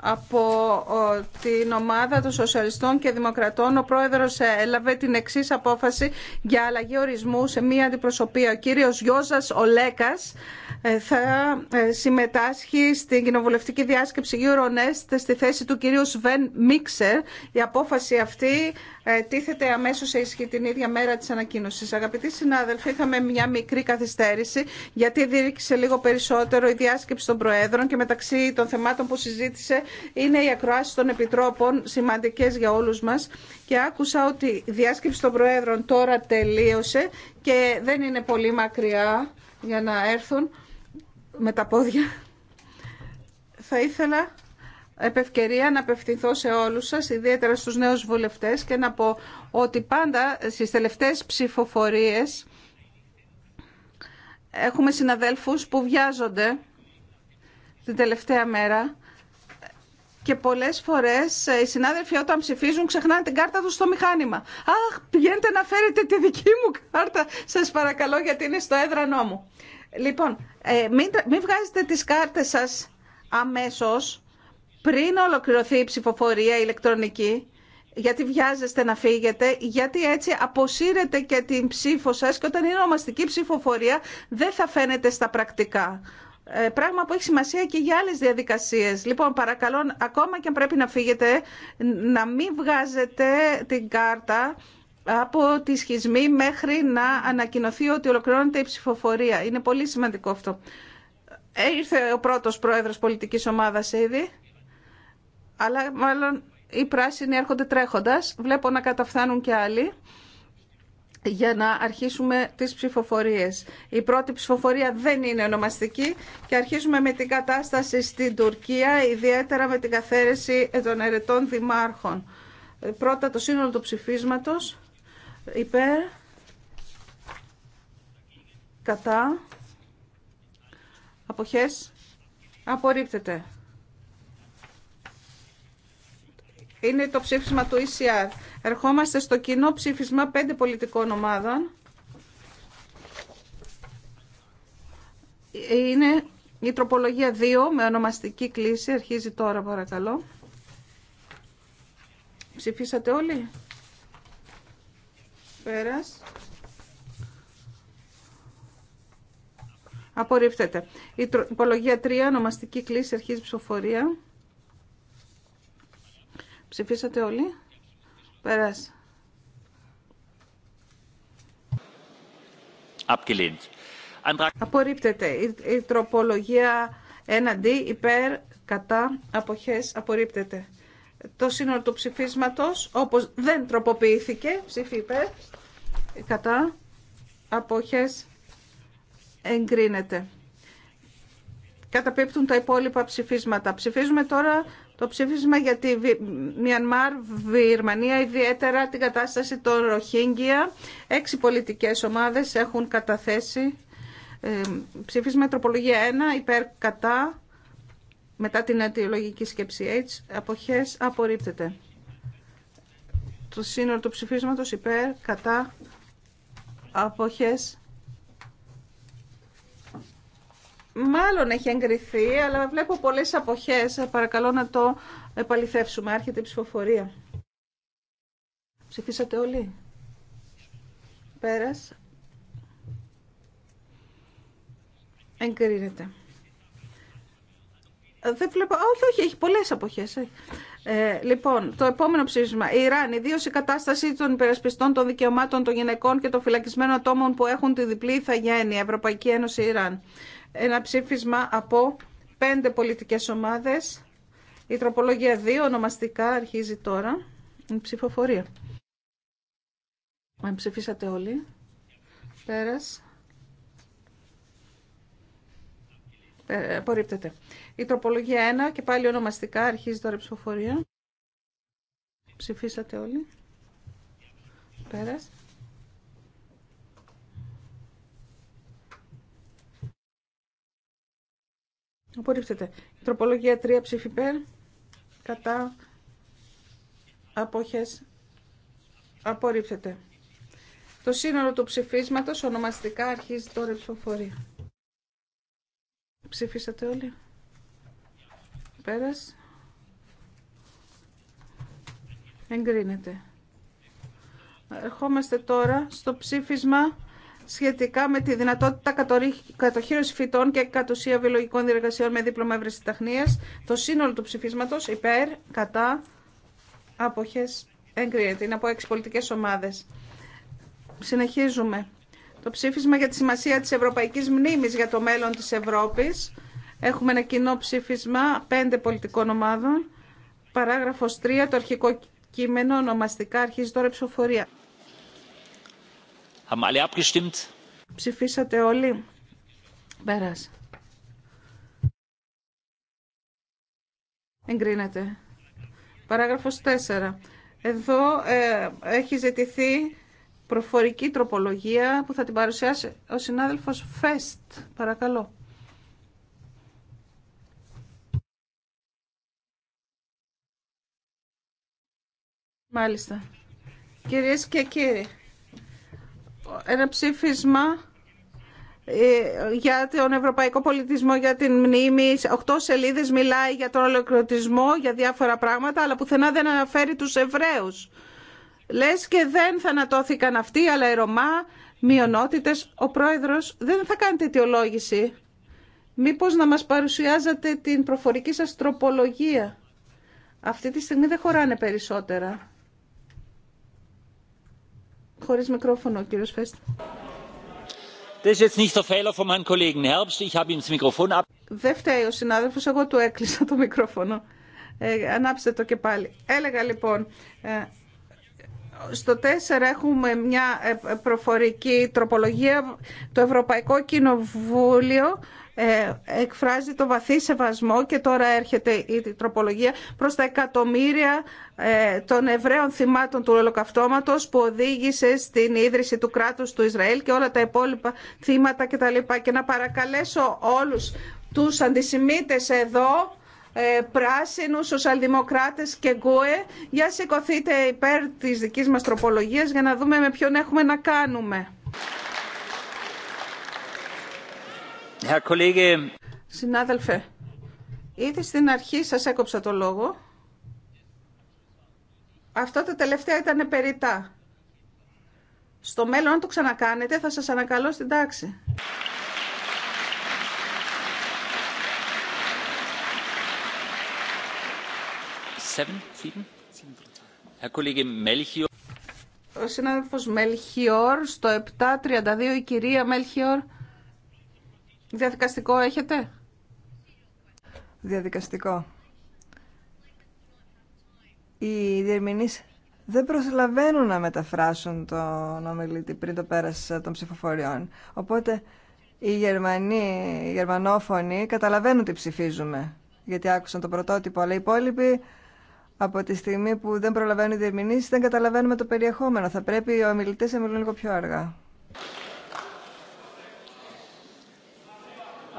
S8: Από την ομάδα των Σοσιαλιστών και Δημοκρατών, ο πρόεδρο ε, έλαβε την εξή απόφαση για αλλαγή ορισμού σε μία αντιπροσωπεία. Ο κύριο Γιώζα Ολέκα. Ε, θα ε, συμμετάσχει στην κοινοβουλευτική διάσκεψη Euronest στη θέση του κυρίου Σβέν Μίξερ. Η απόφαση αυτή ε, τίθεται αμέσως σε ισχύ την ίδια μέρα της ανακοίνωσης. Αγαπητοί συνάδελφοι, είχαμε μια μικρή καθυστέρηση γιατί διήρκησε λίγο περισσότερο η διάσκεψη των Προέδρων και μεταξύ των θεμάτων που συζήτησε είναι οι ακροάσει των Επιτρόπων σημαντικές για όλους μας και άκουσα ότι η διάσκεψη των Προέδρων τώρα τελείωσε και δεν είναι πολύ μακριά για να έρθουν με τα πόδια. Θα ήθελα επευκαιρία να απευθυνθώ σε όλους σας, ιδιαίτερα στους νέους βουλευτές και να πω ότι πάντα στις τελευταίες ψηφοφορίες έχουμε συναδέλφους που βιάζονται την τελευταία μέρα και πολλές φορές οι συνάδελφοι όταν ψηφίζουν ξεχνάνε την κάρτα τους στο μηχάνημα. Αχ, πηγαίνετε να φέρετε τη δική μου κάρτα, σας παρακαλώ γιατί είναι στο έδρανό μου. Λοιπόν, ε, μην, βγάζετε τις κάρτες σας αμέσως πριν ολοκληρωθεί η ψηφοφορία ηλεκτρονική, γιατί βιάζεστε να φύγετε, γιατί έτσι αποσύρετε και την ψήφο σας και όταν είναι ομαστική ψηφοφορία δεν θα φαίνεται στα πρακτικά. Ε, πράγμα που έχει σημασία και για άλλες διαδικασίες. Λοιπόν, παρακαλώ, ακόμα και αν πρέπει να φύγετε, να μην βγάζετε την κάρτα από τη σχισμή μέχρι να ανακοινωθεί ότι ολοκληρώνεται η ψηφοφορία. Είναι πολύ σημαντικό αυτό. Ε, ήρθε ο πρώτος πρόεδρος πολιτικής ομάδας ήδη, αλλά μάλλον οι πράσινοι έρχονται τρέχοντας. Βλέπω να καταφθάνουν και άλλοι για να αρχίσουμε τις ψηφοφορίες. Η πρώτη ψηφοφορία δεν είναι ονομαστική και αρχίζουμε με την κατάσταση στην Τουρκία, ιδιαίτερα με την καθαίρεση των ερετών δημάρχων. Ε, πρώτα το σύνολο του ψηφίσματος υπέρ κατά αποχές απορρίπτεται. Είναι το ψήφισμα του ECR. Ερχόμαστε στο κοινό ψήφισμα πέντε πολιτικών ομάδων. Είναι η τροπολογία 2 με ονομαστική κλίση. Αρχίζει τώρα παρακαλώ. Ψηφίσατε όλοι. Πέρας. Απορρίπτεται. Η τροπολογία 3, ονομαστική κλίση, αρχίζει ψηφοφορία. Ψηφίσατε όλοι. Πέρας. Abgelehnt. Απορρίπτεται. Η, η τροπολογία 1D υπέρ κατά αποχές απορρίπτεται το σύνολο του ψηφίσματος, όπως δεν τροποποιήθηκε, ψήφι κατά, αποχές, εγκρίνεται. Καταπίπτουν τα υπόλοιπα ψηφίσματα. Ψηφίζουμε τώρα το ψήφισμα για τη Μιανμάρ, Βιρμανία, ιδιαίτερα την κατάσταση των Ροχίνγκια. Έξι πολιτικές ομάδες έχουν καταθέσει ε, ψήφισμα τροπολογία 1, υπέρ κατά, μετά την αιτιολογική σκέψη H, αποχές απορρίπτεται. Το σύνολο του ψηφίσματος υπέρ, κατά, αποχές. Μάλλον έχει εγκριθεί, αλλά βλέπω πολλές αποχές. Παρακαλώ να το επαληθεύσουμε. Άρχεται η ψηφοφορία. Ψηφίσατε όλοι. Πέρας. Εγκρίνεται. Δεν βλέπω. Όχι, όχι, έχει πολλέ αποχέ. Ε, λοιπόν, το επόμενο ψήφισμα. Η Ιράν, ιδίω η κατάσταση των υπερασπιστών των δικαιωμάτων των γυναικών και των φυλακισμένων ατόμων που έχουν τη διπλή ηθαγένεια. Ευρωπαϊκή Ένωση Ιράν. Ένα ψήφισμα από πέντε πολιτικέ ομάδε. Η τροπολογία 2 ονομαστικά αρχίζει τώρα. Η ψηφοφορία. Αν ψηφίσατε όλοι. Πέρας. Ε, η τροπολογία 1 και πάλι ονομαστικά αρχίζει τώρα η ψηφοφορία. Ψηφίσατε όλοι. Πέρας. Απορρίπτεται. Η τροπολογία 3 ψήφι κατά απόχες απορρίπτεται. Το σύνολο του ψηφίσματος ονομαστικά αρχίζει τώρα η ψηφοφορία. Ψήφισατε όλοι. Πέρας. Εγκρίνεται. Ερχόμαστε τώρα στο ψήφισμα σχετικά με τη δυνατότητα κατοχήρωση φυτών και κατοσία βιολογικών διεργασιών με δίπλωμα ευρεσιτεχνίας. Το σύνολο του ψηφίσματος υπέρ, κατά, αποχές εγκρίνεται. Είναι από έξι πολιτικές ομάδες. Συνεχίζουμε το ψήφισμα για τη σημασία της Ευρωπαϊκής Μνήμης για το μέλλον της Ευρώπης. Έχουμε ένα κοινό ψήφισμα πέντε πολιτικών ομάδων. Παράγραφος 3, το αρχικό κείμενο ονομαστικά αρχίζει τώρα η ψηφοφορία. Ψηφίσατε όλοι. Πέρασε. Εγκρίνεται. Παράγραφος 4. Εδώ ε, έχει ζητηθεί προφορική τροπολογία που θα την παρουσιάσει ο συνάδελφος Φεστ. Παρακαλώ. Μάλιστα. Κυρίες και κύριοι, ένα ψήφισμα ε, για τον ευρωπαϊκό πολιτισμό, για την μνήμη. Οκτώ σελίδες μιλάει για τον ολοκληρωτισμό, για διάφορα πράγματα, αλλά πουθενά δεν αναφέρει τους Εβραίους. Λες και δεν θανατώθηκαν αυτοί, αλλά οι Ρωμά, μειονότητες, ο πρόεδρος δεν θα κάνετε αιτιολόγηση. Μήπως να μας παρουσιάζατε την προφορική σας τροπολογία. Αυτή τη στιγμή δεν χωράνε περισσότερα. Χωρίς μικρόφωνο ο κύριος Φέστη. Δεν φταίει ο συνάδελφος, εγώ του έκλεισα το μικρόφωνο. Ε, ανάψτε το και πάλι. Έλεγα λοιπόν, ε, στο 4 έχουμε μια ε, προφορική τροπολογία. Το Ευρωπαϊκό Κοινοβούλιο ε, εκφράζει το βαθύ σεβασμό και τώρα έρχεται η τροπολογία προς τα εκατομμύρια ε, των Εβραίων θυμάτων του ολοκαυτώματος που οδήγησε στην ίδρυση του κράτους του Ισραήλ και όλα τα υπόλοιπα θύματα κτλ. Και να παρακαλέσω όλους τους αντισημίτες εδώ ε, πράσινους, σοσιαλδημοκράτες και γκουε. Για σηκωθείτε υπέρ της δικής μας τροπολογίας για να δούμε με ποιον έχουμε να κάνουμε. Συνάδελφε, ήδη στην αρχή σας έκοψα το λόγο. Αυτό τα τελευταία ήταν περίτα. Στο μέλλον, αν το ξανακάνετε, θα σας ανακαλώ στην τάξη. Ο συνάδελφος Μελχιόρ στο 732 η κυρία Μελχιόρ. Διαδικαστικό έχετε.
S11: Διαδικαστικό. Οι διερμηνείς δεν προσλαβαίνουν να μεταφράσουν τον ομιλητή πριν το πέρας των ψηφοφοριών. Οπότε οι Γερμανοί, οι γερμανόφωνοι καταλαβαίνουν τι ψηφίζουμε. Γιατί άκουσαν το πρωτότυπο, αλλά οι υπόλοιποι από τη στιγμή που δεν προλαβαίνουν οι διερμηνήσεις δεν καταλαβαίνουμε το περιεχόμενο. Θα πρέπει οι ομιλητή να μιλούν λίγο πιο αργά.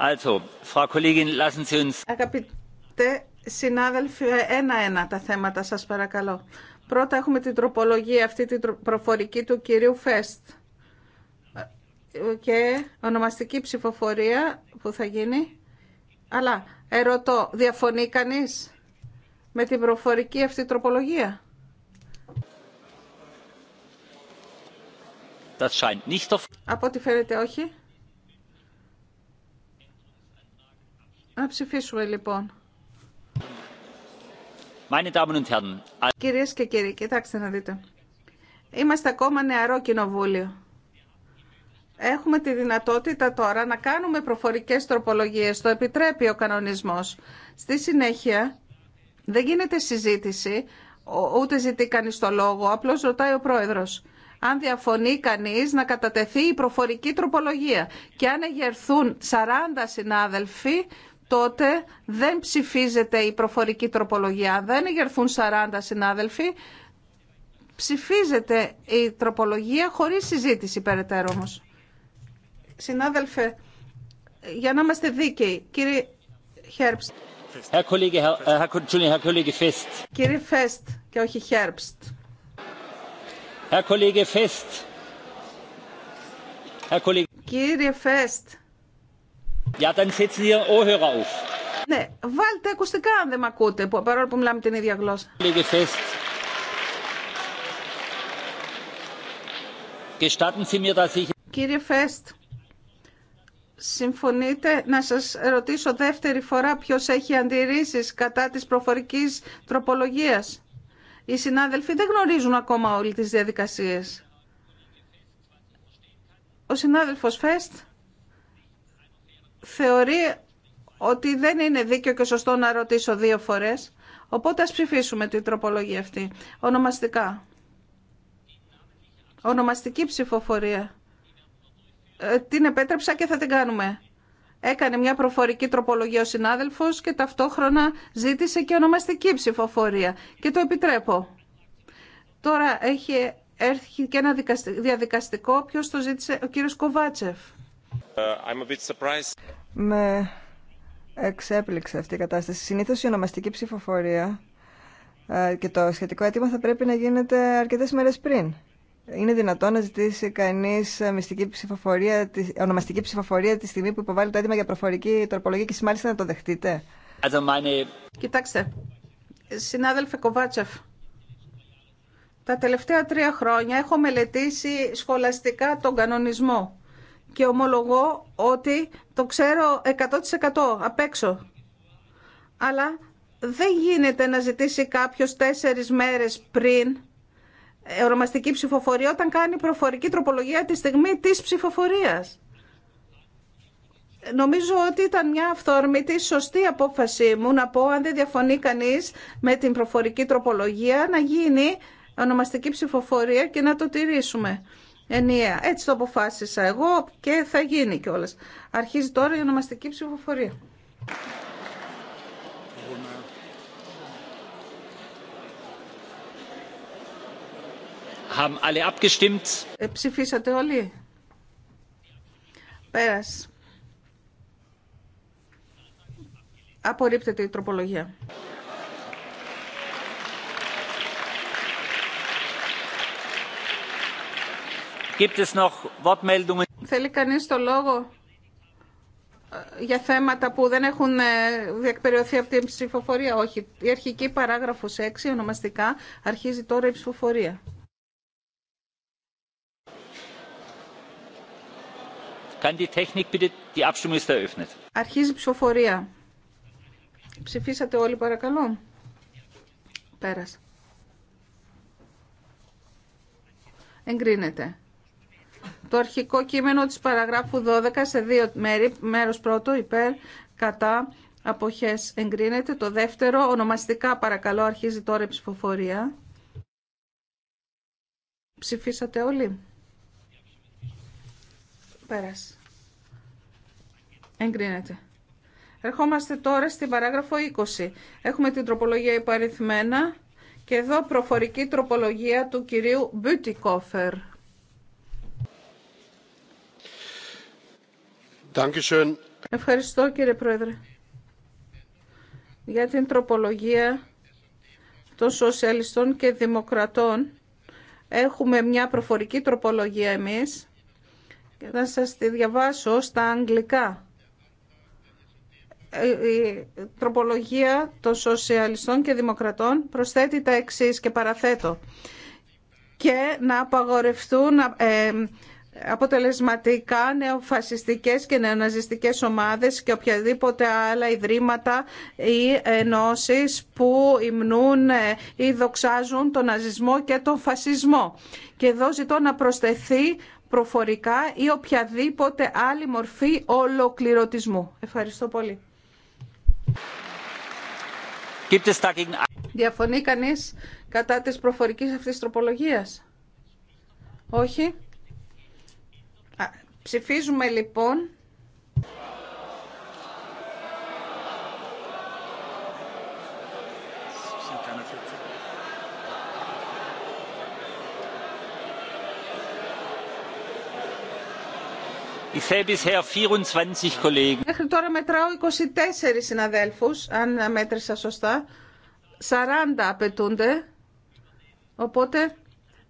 S2: Also, Frau Kollegin, lassen Sie uns... Αγαπητέ
S8: συνάδελφοι, ένα-ένα τα θέματα σας παρακαλώ. Πρώτα έχουμε την τροπολογία αυτή την προφορική του κυρίου Φέστ και ονομαστική ψηφοφορία που θα γίνει. Αλλά ερωτώ, διαφωνεί κανείς? με την προφορική αυτή τροπολογία. Das Από ό,τι φαίνεται όχι. Να ψηφίσουμε λοιπόν. Meine Κυρίες και κύριοι, κοιτάξτε να δείτε. Είμαστε ακόμα νεαρό κοινοβούλιο. Έχουμε τη δυνατότητα τώρα να κάνουμε προφορικές τροπολογίες. Το επιτρέπει ο κανονισμός. Στη συνέχεια δεν γίνεται συζήτηση, ούτε ζητεί κανεί το λόγο, απλώ ρωτάει ο πρόεδρο. Αν διαφωνεί κανεί, να κατατεθεί η προφορική τροπολογία. Και αν εγερθούν 40 συνάδελφοι, τότε δεν ψηφίζεται η προφορική τροπολογία. Αν δεν εγερθούν 40 συνάδελφοι, ψηφίζεται η τροπολογία χωρίς συζήτηση περαιτέρω όμως. Συνάδελφε, για να είμαστε δίκαιοι, κύριε Χέρψ.
S2: Äh, Κύριε Φεστ και όχι Χέρμπστ. Κύριε Φεστ. Ναι,
S8: βάλτε ακουστικά αν δεν με ακούτε, παρόλο που μιλάμε την ίδια γλώσσα. Κύριε Φεστ. Συμφωνείτε να σας ρωτήσω δεύτερη φορά ποιος έχει αντιρρήσεις κατά της προφορικής τροπολογίας. Οι συνάδελφοι δεν γνωρίζουν ακόμα όλες τις διαδικασίες. Ο συνάδελφος Φέστ θεωρεί ότι δεν είναι δίκαιο και σωστό να ρωτήσω δύο φορές, οπότε ας ψηφίσουμε την τροπολογία αυτή. Ονομαστικά. Ονομαστική ψηφοφορία. Ε, την επέτρεψα και θα την κάνουμε. Έκανε μια προφορική τροπολογία ο συνάδελφος και ταυτόχρονα ζήτησε και ονομαστική ψηφοφορία. Και το επιτρέπω. Τώρα έχει έρθει και ένα διαδικαστικό. Ποιος το ζήτησε, ο κύριος Κοβάτσεφ.
S7: Ε,
S11: Με εξέπληξε αυτή η κατάσταση. Συνήθως η ονομαστική ψηφοφορία ε, και το σχετικό αίτημα θα πρέπει να γίνεται αρκετές μέρες πριν είναι δυνατόν να ζητήσει κανεί ε, ψηφοφορία, ονομαστική ψηφοφορία τη στιγμή που υποβάλλει το αίτημα για προφορική τροπολογία και μάλιστα να το δεχτείτε. Κοιτάξτε, συνάδελφε Κοβάτσεφ,
S8: τα τελευταία τρία χρόνια έχω μελετήσει σχολαστικά τον κανονισμό και ομολογώ ότι το ξέρω 100% απ' έξω. Αλλά δεν γίνεται να ζητήσει κάποιος τέσσερις μέρες πριν ε, ονομαστική ψηφοφορία όταν κάνει προφορική τροπολογία τη στιγμή της ψηφοφορίας. Νομίζω ότι ήταν μια αυθόρμητη, σωστή απόφασή μου να πω αν δεν διαφωνεί κανείς με την προφορική τροπολογία να γίνει ονομαστική ψηφοφορία και να το τηρήσουμε ενιαία. Έτσι το αποφάσισα εγώ και θα γίνει κιόλας. Αρχίζει τώρα η ονομαστική ψηφοφορία.
S2: Haben alle abgestimmt.
S8: Ε, ψηφίσατε όλοι. Πέρας. Απορρίπτεται η τροπολογία.
S2: Gibt es noch Wortmeldungen?
S8: Θέλει κανείς το λόγο ε, για θέματα που δεν έχουν ε, διεκπεριωθεί από την ψηφοφορία. Όχι, η αρχική παράγραφος 6 ονομαστικά αρχίζει τώρα η ψηφοφορία. Αρχίζει η ψηφοφορία. Ψηφίσατε όλοι παρακαλώ. Πέρασε. Εγκρίνεται. Το αρχικό κείμενο της παραγράφου 12 σε δύο μέρη, μέρος πρώτο υπέρ, κατά, αποχές εγκρίνεται. Το δεύτερο, ονομαστικά παρακαλώ, αρχίζει τώρα η ψηφοφορία. Ψηφίσατε όλοι. Εγκρίνεται. Ερχόμαστε τώρα στην παράγραφο 20. Έχουμε την τροπολογία υπαριθμένα και εδώ προφορική τροπολογία του κυρίου Μπιουτικόφερ. Ευχαριστώ κύριε Πρόεδρε. Για την τροπολογία των σοσιαλιστών και δημοκρατών έχουμε μια προφορική τροπολογία εμείς να σας τη διαβάσω στα αγγλικά. Ε, η τροπολογία των σοσιαλιστών και δημοκρατών προσθέτει τα εξής και παραθέτω. Και να απαγορευτούν ε, αποτελεσματικά νεοφασιστικές και νεοναζιστικές ομάδες και οποιαδήποτε άλλα ιδρύματα ή ενώσεις που υμνούν ε, ή δοξάζουν τον ναζισμό και τον φασισμό. Και εδώ ζητώ να προσθεθεί προφορικά ή οποιαδήποτε άλλη μορφή ολοκληρωτισμού. Ευχαριστώ πολύ. Διαφωνεί κανείς κατά της προφορικής αυτής τροπολογίας. Όχι. Ψηφίζουμε λοιπόν Μέχρι τώρα μετράω 24 συναδέλφους, αν μέτρησα σωστά. 40 απαιτούνται, οπότε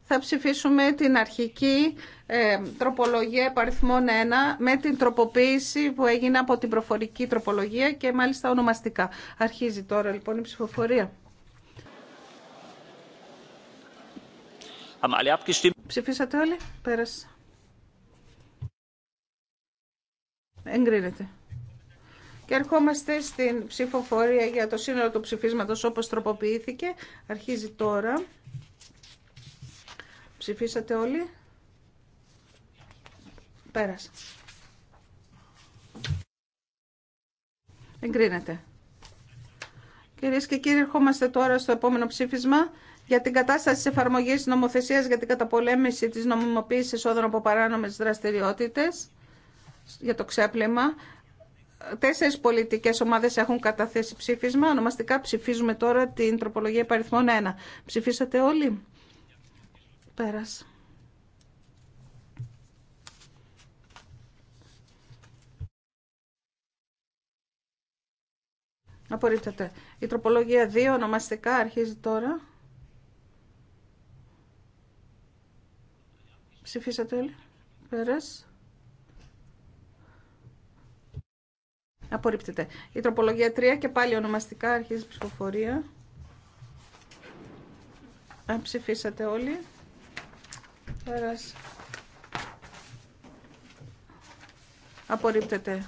S8: θα ψηφίσουμε την αρχική ε, τροπολογία επαριθμών 1 με την τροποποίηση που έγινε από την προφορική τροπολογία και μάλιστα ονομαστικά. Αρχίζει τώρα λοιπόν η ψηφοφορία. Ψηφίσατε όλοι, πέρασε. Εγκρίνεται. Και ερχόμαστε στην ψηφοφορία για το σύνολο του ψηφίσματος όπως τροποποιήθηκε. Αρχίζει τώρα. Ψηφίσατε όλοι. Πέρασε. Εγκρίνεται. Κυρίε και κύριοι, ερχόμαστε τώρα στο επόμενο ψήφισμα για την κατάσταση τη εφαρμογή νομοθεσία για την καταπολέμηση τη νομιμοποίηση εσόδων από παράνομε δραστηριότητε για το ξέπλεμα. τέσσερι πολιτικέ ομάδε έχουν καταθέσει ψήφισμα. Ονομαστικά ψηφίζουμε τώρα την τροπολογία υπαριθμών 1. Ψηφίσατε όλοι. Πέρας. Απορρίπτεται. Η τροπολογία 2 ονομαστικά αρχίζει τώρα. Ψηφίσατε όλοι. Πέρας. Απορρίπτεται. Η τροπολογία 3 και πάλι ονομαστικά αρχίζει η ψηφοφορία. Αν ψηφίσατε όλοι. Πέρασε. Απορρίπτεται.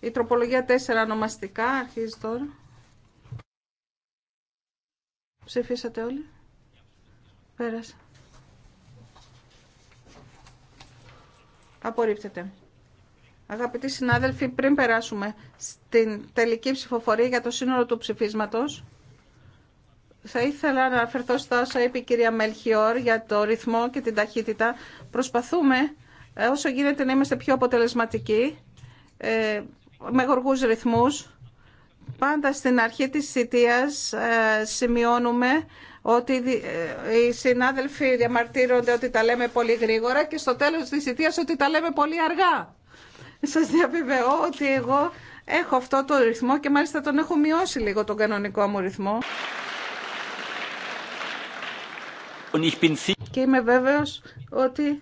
S8: Η τροπολογία 4 ονομαστικά αρχίζει τώρα. Ψηφίσατε όλοι. Πέρασε. Απορρίπτεται. Αγαπητοί συνάδελφοι, πριν περάσουμε στην τελική ψηφοφορία για το σύνολο του ψηφίσματος, θα ήθελα να αναφερθώ στα όσα είπε η κυρία Μελχιόρ για το ρυθμό και την ταχύτητα. Προσπαθούμε ε, όσο γίνεται να είμαστε πιο αποτελεσματικοί, ε, με γοργούς ρυθμούς. Πάντα στην αρχή της θητείας ε, σημειώνουμε ότι οι συνάδελφοι διαμαρτύρονται ότι τα λέμε πολύ γρήγορα και στο τέλος της θητείας ότι τα λέμε πολύ αργά. Σας διαβεβαιώ ότι εγώ έχω αυτό το ρυθμό και μάλιστα τον έχω μειώσει λίγο τον κανονικό μου ρυθμό. Και είμαι βέβαιος ότι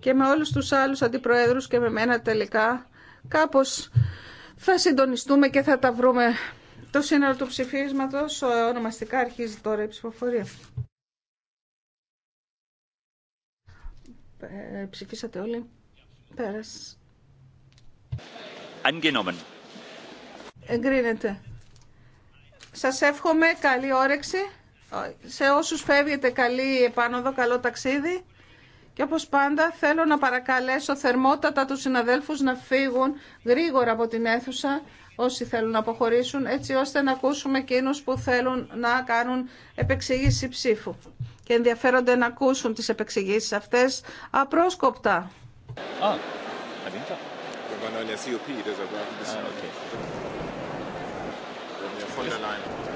S8: και με όλους τους άλλους αντιπροέδρους και με μένα τελικά κάπως θα συντονιστούμε και θα τα βρούμε. Το σύνολο του ψηφίσματος ονομαστικά αρχίζει τώρα η ψηφοφορία. Ε, ψηφίσατε όλοι.
S2: Πέρασε.
S8: Εγκρίνεται. Σας εύχομαι καλή όρεξη. Σε όσους φεύγετε καλή επάνωδο, καλό ταξίδι. Και όπως πάντα θέλω να παρακαλέσω θερμότατα τους συναδέλφους να φύγουν γρήγορα από την αίθουσα όσοι θέλουν να αποχωρήσουν έτσι ώστε να ακούσουμε εκείνους που θέλουν να κάνουν επεξηγήση ψήφου και ενδιαφέρονται να ακούσουν τις επεξηγήσεις αυτές απρόσκοπτα.
S2: Α, der COP, okay. Von der Leyen.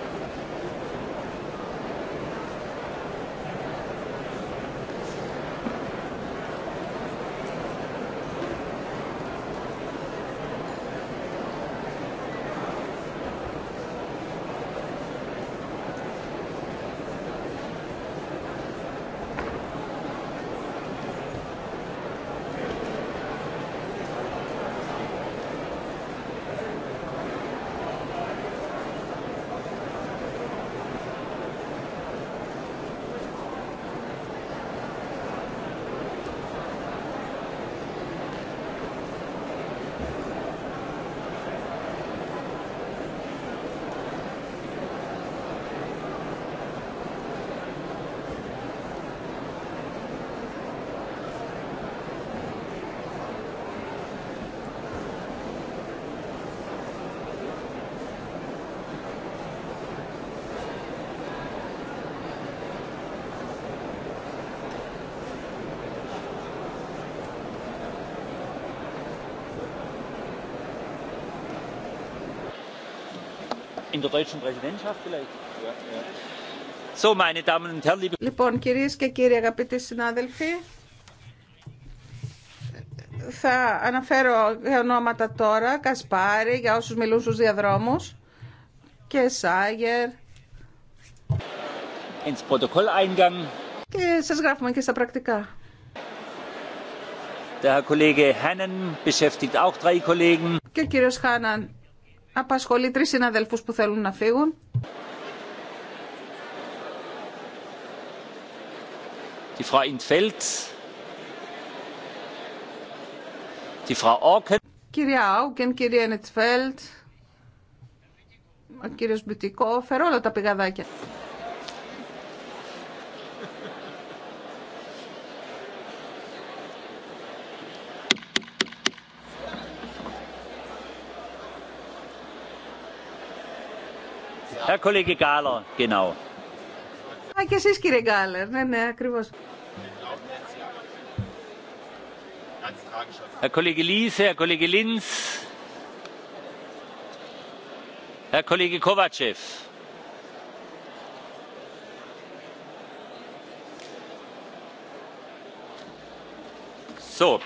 S2: der deutschen Präsidentschaft vielleicht. Ja, ja. So, meine Damen und Herren, liebe Λοιπόν, κυρίε και κύριοι αγαπητοί συνάδελφοι,
S8: θα αναφέρω ονόματα τώρα, Κασπάρη, για όσου μιλούν στου διαδρόμου. και Σάγερ.
S2: Ins Protokolleingang.
S8: Και σα γράφουμε και στα πρακτικά.
S2: Der Herr Kollege Hennen beschäftigt auch drei Kollegen.
S8: Και ο κύριο Χάναν Απασχολεί τρεις συναδελφούς που θέλουν να φύγουν.
S2: Die Frau
S8: Κυρία Άουκεν, κυρία Νιτφέλτ, ο κύριος Μπιτικό, φέρω όλα τα πηγαδάκια.
S2: Herr Kollege Gahler, genau.
S8: Α, και εσείς κύριε Γκάλερ, ναι,
S2: ναι, ακριβώς. Herr Kollege Liese, Herr Kollege Linz, Herr Kollege Kovacev. So,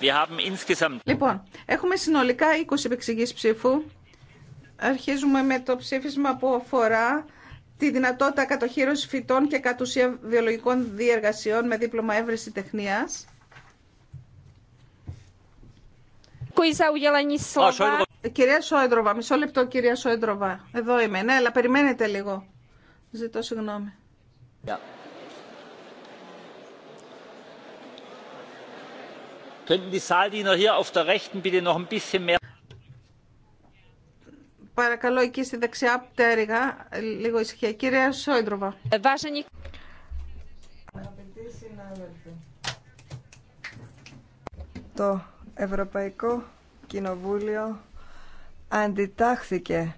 S2: wir haben insgesamt...
S8: Λοιπόν, έχουμε συνολικά 20 επεξηγήσεις ψήφου. Αρχίζουμε με το ψήφισμα που αφορά τη δυνατότητα κατοχήρωση φυτών και κατ' ουσία βιολογικών διεργασιών με δίπλωμα έβρεση τεχνίας. Κυρία Σόεντροβα, μισό λεπτό κυρία Σόεντροβα. Εδώ είμαι. Ναι, αλλά περιμένετε λίγο. Ζητώ συγγνώμη.
S2: Könnten Παρακαλώ
S8: εκεί στη δεξιά πτέρυγα, λίγο ησυχία. Κυρία Σόιντροβα.
S11: Το Ευρωπαϊκό Κοινοβούλιο αντιτάχθηκε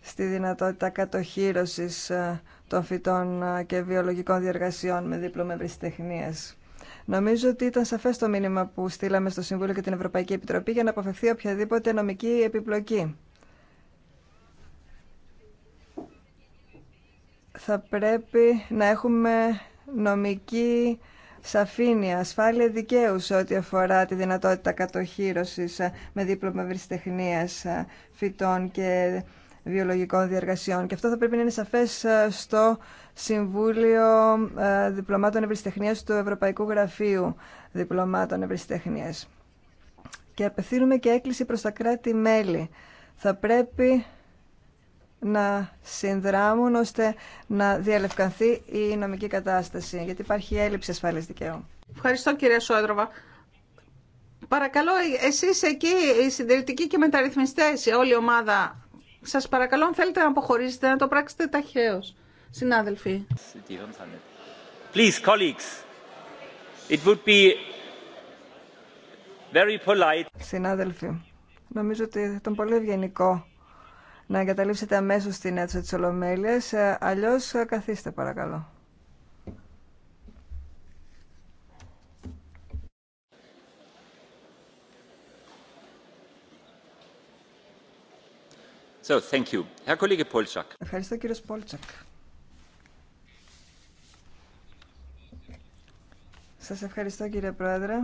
S11: στη δυνατότητα κατοχύρωσης ε, των φυτών ε, και βιολογικών διεργασιών με δίπλωμα ευρυστεχνίας. Νομίζω ότι ήταν σαφέ το μήνυμα που στείλαμε στο Συμβούλιο και την Ευρωπαϊκή Επιτροπή για να αποφευθεί οποιαδήποτε νομική επιπλοκή. θα πρέπει να έχουμε νομική σαφήνεια, ασφάλεια δικαίου σε ό,τι αφορά τη δυνατότητα κατοχήρωσης με δίπλωμα ευρυστεχνίας ε, φυτών και βιολογικών διεργασιών. Και αυτό θα πρέπει να είναι σαφές ε, στο Συμβούλιο ε, Διπλωμάτων Ευρυστεχνίας του Ευρωπαϊκού Γραφείου Διπλωμάτων Ευρυστεχνίας. Και απευθύνουμε και έκκληση προς τα κράτη-μέλη. Θα πρέπει να συνδράμουν ώστε να διαλευκανθεί η νομική κατάσταση, γιατί υπάρχει έλλειψη ασφαλής δικαίου.
S8: Ευχαριστώ κυρία Σόδροβα. Παρακαλώ, εσείς εκεί, οι συντηρητικοί και μεταρρυθμιστές, όλη η ομάδα, σας παρακαλώ αν θέλετε να αποχωρήσετε, να το πράξετε ταχαίως, συνάδελφοι.
S2: Please, colleagues, it would be very polite.
S11: Συνάδελφοι, νομίζω ότι ήταν πολύ ευγενικό να εγκαταλείψετε αμέσω την αίθουσα τη Ολομέλεια. Ε, Αλλιώ ε, καθίστε παρακαλώ. So, thank you. Ευχαριστώ κύριος Πόλτσακ. Σας ευχαριστώ κύριε Πρόεδρε.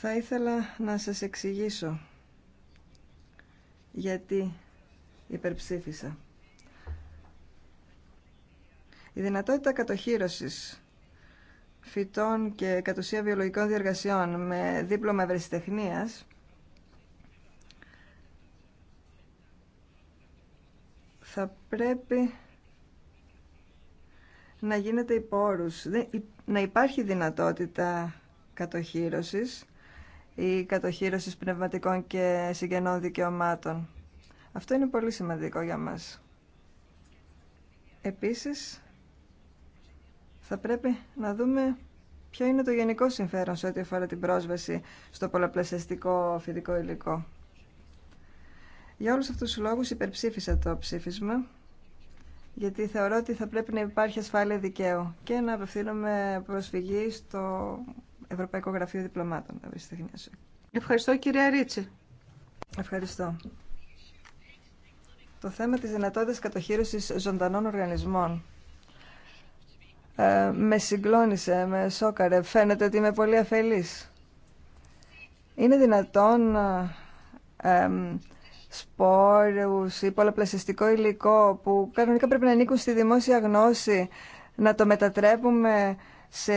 S11: Θα ήθελα να σας εξηγήσω γιατί υπερψήφισα. Η δυνατότητα κατοχήρωσης φυτών και κατ' ουσία βιολογικών διεργασιών με δίπλωμα ευρεσιτεχνίας θα πρέπει να γίνεται υπό όρους, να υπάρχει δυνατότητα κατοχήρωσης ή κατοχήρωση πνευματικών και συγγενών δικαιωμάτων. Αυτό είναι πολύ σημαντικό για μας. Επίσης, θα πρέπει να δούμε ποιο είναι το γενικό συμφέρον σε ό,τι αφορά την πρόσβαση στο πολλαπλασιαστικό φοιτικό υλικό. Για όλους αυτούς τους λόγους υπερψήφισα το ψήφισμα, γιατί θεωρώ ότι θα πρέπει να υπάρχει ασφάλεια δικαίου και να απευθύνομαι προσφυγή στο Ευρωπαϊκό Γραφείο Διπλωμάτων Ευχαριστώ κυρία Ρίτσι. Ευχαριστώ. Το θέμα της δυνατότητας κατοχήρωσης ζωντανών οργανισμών ε, με συγκλώνησε, με σόκαρε. Φαίνεται ότι είμαι πολύ αφελής. Είναι δυνατόν ε, ε σπόρους ή πολλαπλασιαστικό υλικό που κανονικά πρέπει να ανήκουν στη δημόσια γνώση να το μετατρέπουμε σε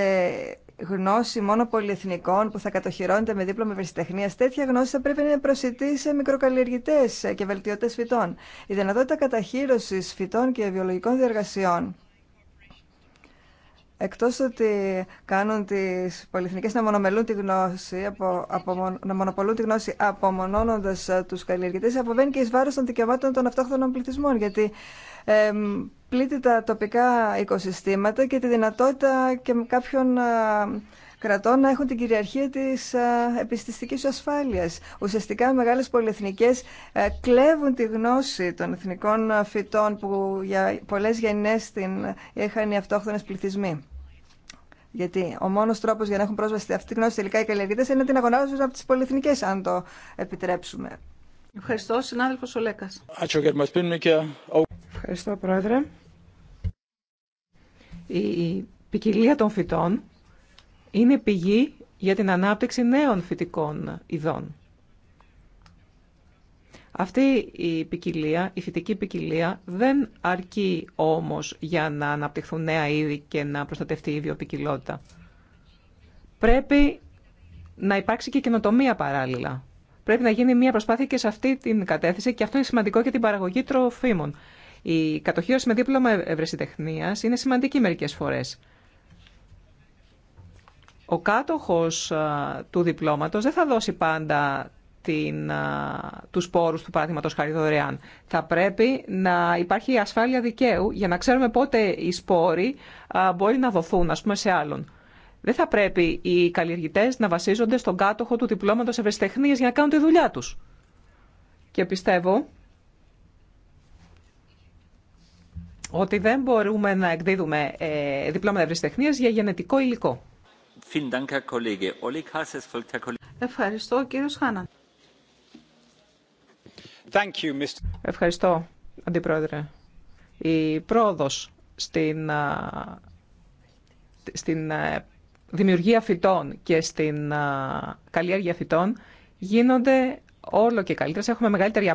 S11: γνώση μόνο πολυεθνικών που θα κατοχυρώνεται με δίπλωμα ευρεσιτεχνία, τέτοια γνώση θα πρέπει να είναι προσιτή σε μικροκαλλιεργητέ και βελτιωτέ φυτών. Η δυνατότητα καταχύρωση φυτών και βιολογικών διεργασιών. Εκτός ότι κάνουν τις πολυεθνικές να, μονομελούν τη γνώση, από, να μονοπολούν τη γνώση απομονώνοντα του καλλιεργητέ, αποβαίνει και ει βάρο των δικαιωμάτων των αυτόχθονων πληθυσμών, γιατί πλήττει τα τοπικά οικοσυστήματα και τη δυνατότητα και κάποιων κρατών να έχουν την κυριαρχία της επιστηστικής ασφάλειας. Ουσιαστικά μεγάλες πολυεθνικές ε, κλέβουν τη γνώση των εθνικών φυτών που για πολλές γενιές την είχαν οι αυτόχθονες πληθυσμοί. Γιατί ο μόνο τρόπο για να έχουν πρόσβαση σε αυτή τη γνώση τελικά οι καλλιεργητέ είναι να την αγωνάζουν από τι πολυεθνικέ, αν το επιτρέψουμε.
S8: Ευχαριστώ, συνάδελφο Ολέκα.
S5: Ευχαριστώ, Πρόεδρε. Η ποικιλία των φυτών είναι πηγή για την ανάπτυξη νέων φυτικών ειδών. Αυτή η ποικιλία, η φυτική ποικιλία, δεν αρκεί όμως για να αναπτυχθούν νέα είδη και να προστατευτεί η βιοποικιλότητα. Πρέπει να υπάρξει και καινοτομία παράλληλα. Πρέπει να γίνει μια προσπάθεια και σε αυτή την κατέθεση και αυτό είναι σημαντικό για την παραγωγή τροφίμων. Η κατοχήρωση με δίπλωμα ευρεσιτεχνία είναι σημαντική μερικέ φορέ. Ο κάτοχος του διπλώματο δεν θα δώσει πάντα την, τους πόρους του παραδείγματος χάρη δωρεάν. Θα πρέπει να υπάρχει ασφάλεια δικαίου για να ξέρουμε πότε οι σπόροι μπορεί να δοθούν ας πούμε, σε άλλον. Δεν θα πρέπει οι καλλιεργητές να βασίζονται στον κάτοχο του διπλώματος ευρεσιτεχνίας για να κάνουν τη δουλειά τους. Και πιστεύω ότι δεν μπορούμε να εκδίδουμε ε, διπλώματα ευρεσιτεχνίας για γενετικό υλικό. Ευχαριστώ, κύριο Χάναν. Ευχαριστώ, Αντιπρόεδρε. Η πρόοδος στην, στην δημιουργία φυτών και στην καλλιέργεια φυτών γίνονται όλο και καλύτερα έχουμε μεγαλύτερη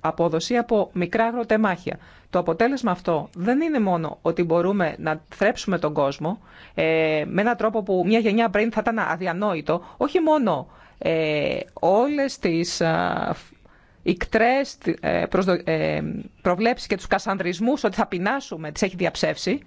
S5: απόδοση από μικρά αγροτεμάχια. Το αποτέλεσμα αυτό δεν είναι μόνο ότι μπορούμε να θρέψουμε τον κόσμο ε, με έναν τρόπο που μια γενιά πριν θα ήταν αδιανόητο, όχι μόνο ε, όλες τις προβλέψει ικτρές ε, ε, προβλέψεις και τους κασανδρισμούς ότι θα πεινάσουμε τις έχει διαψεύσει,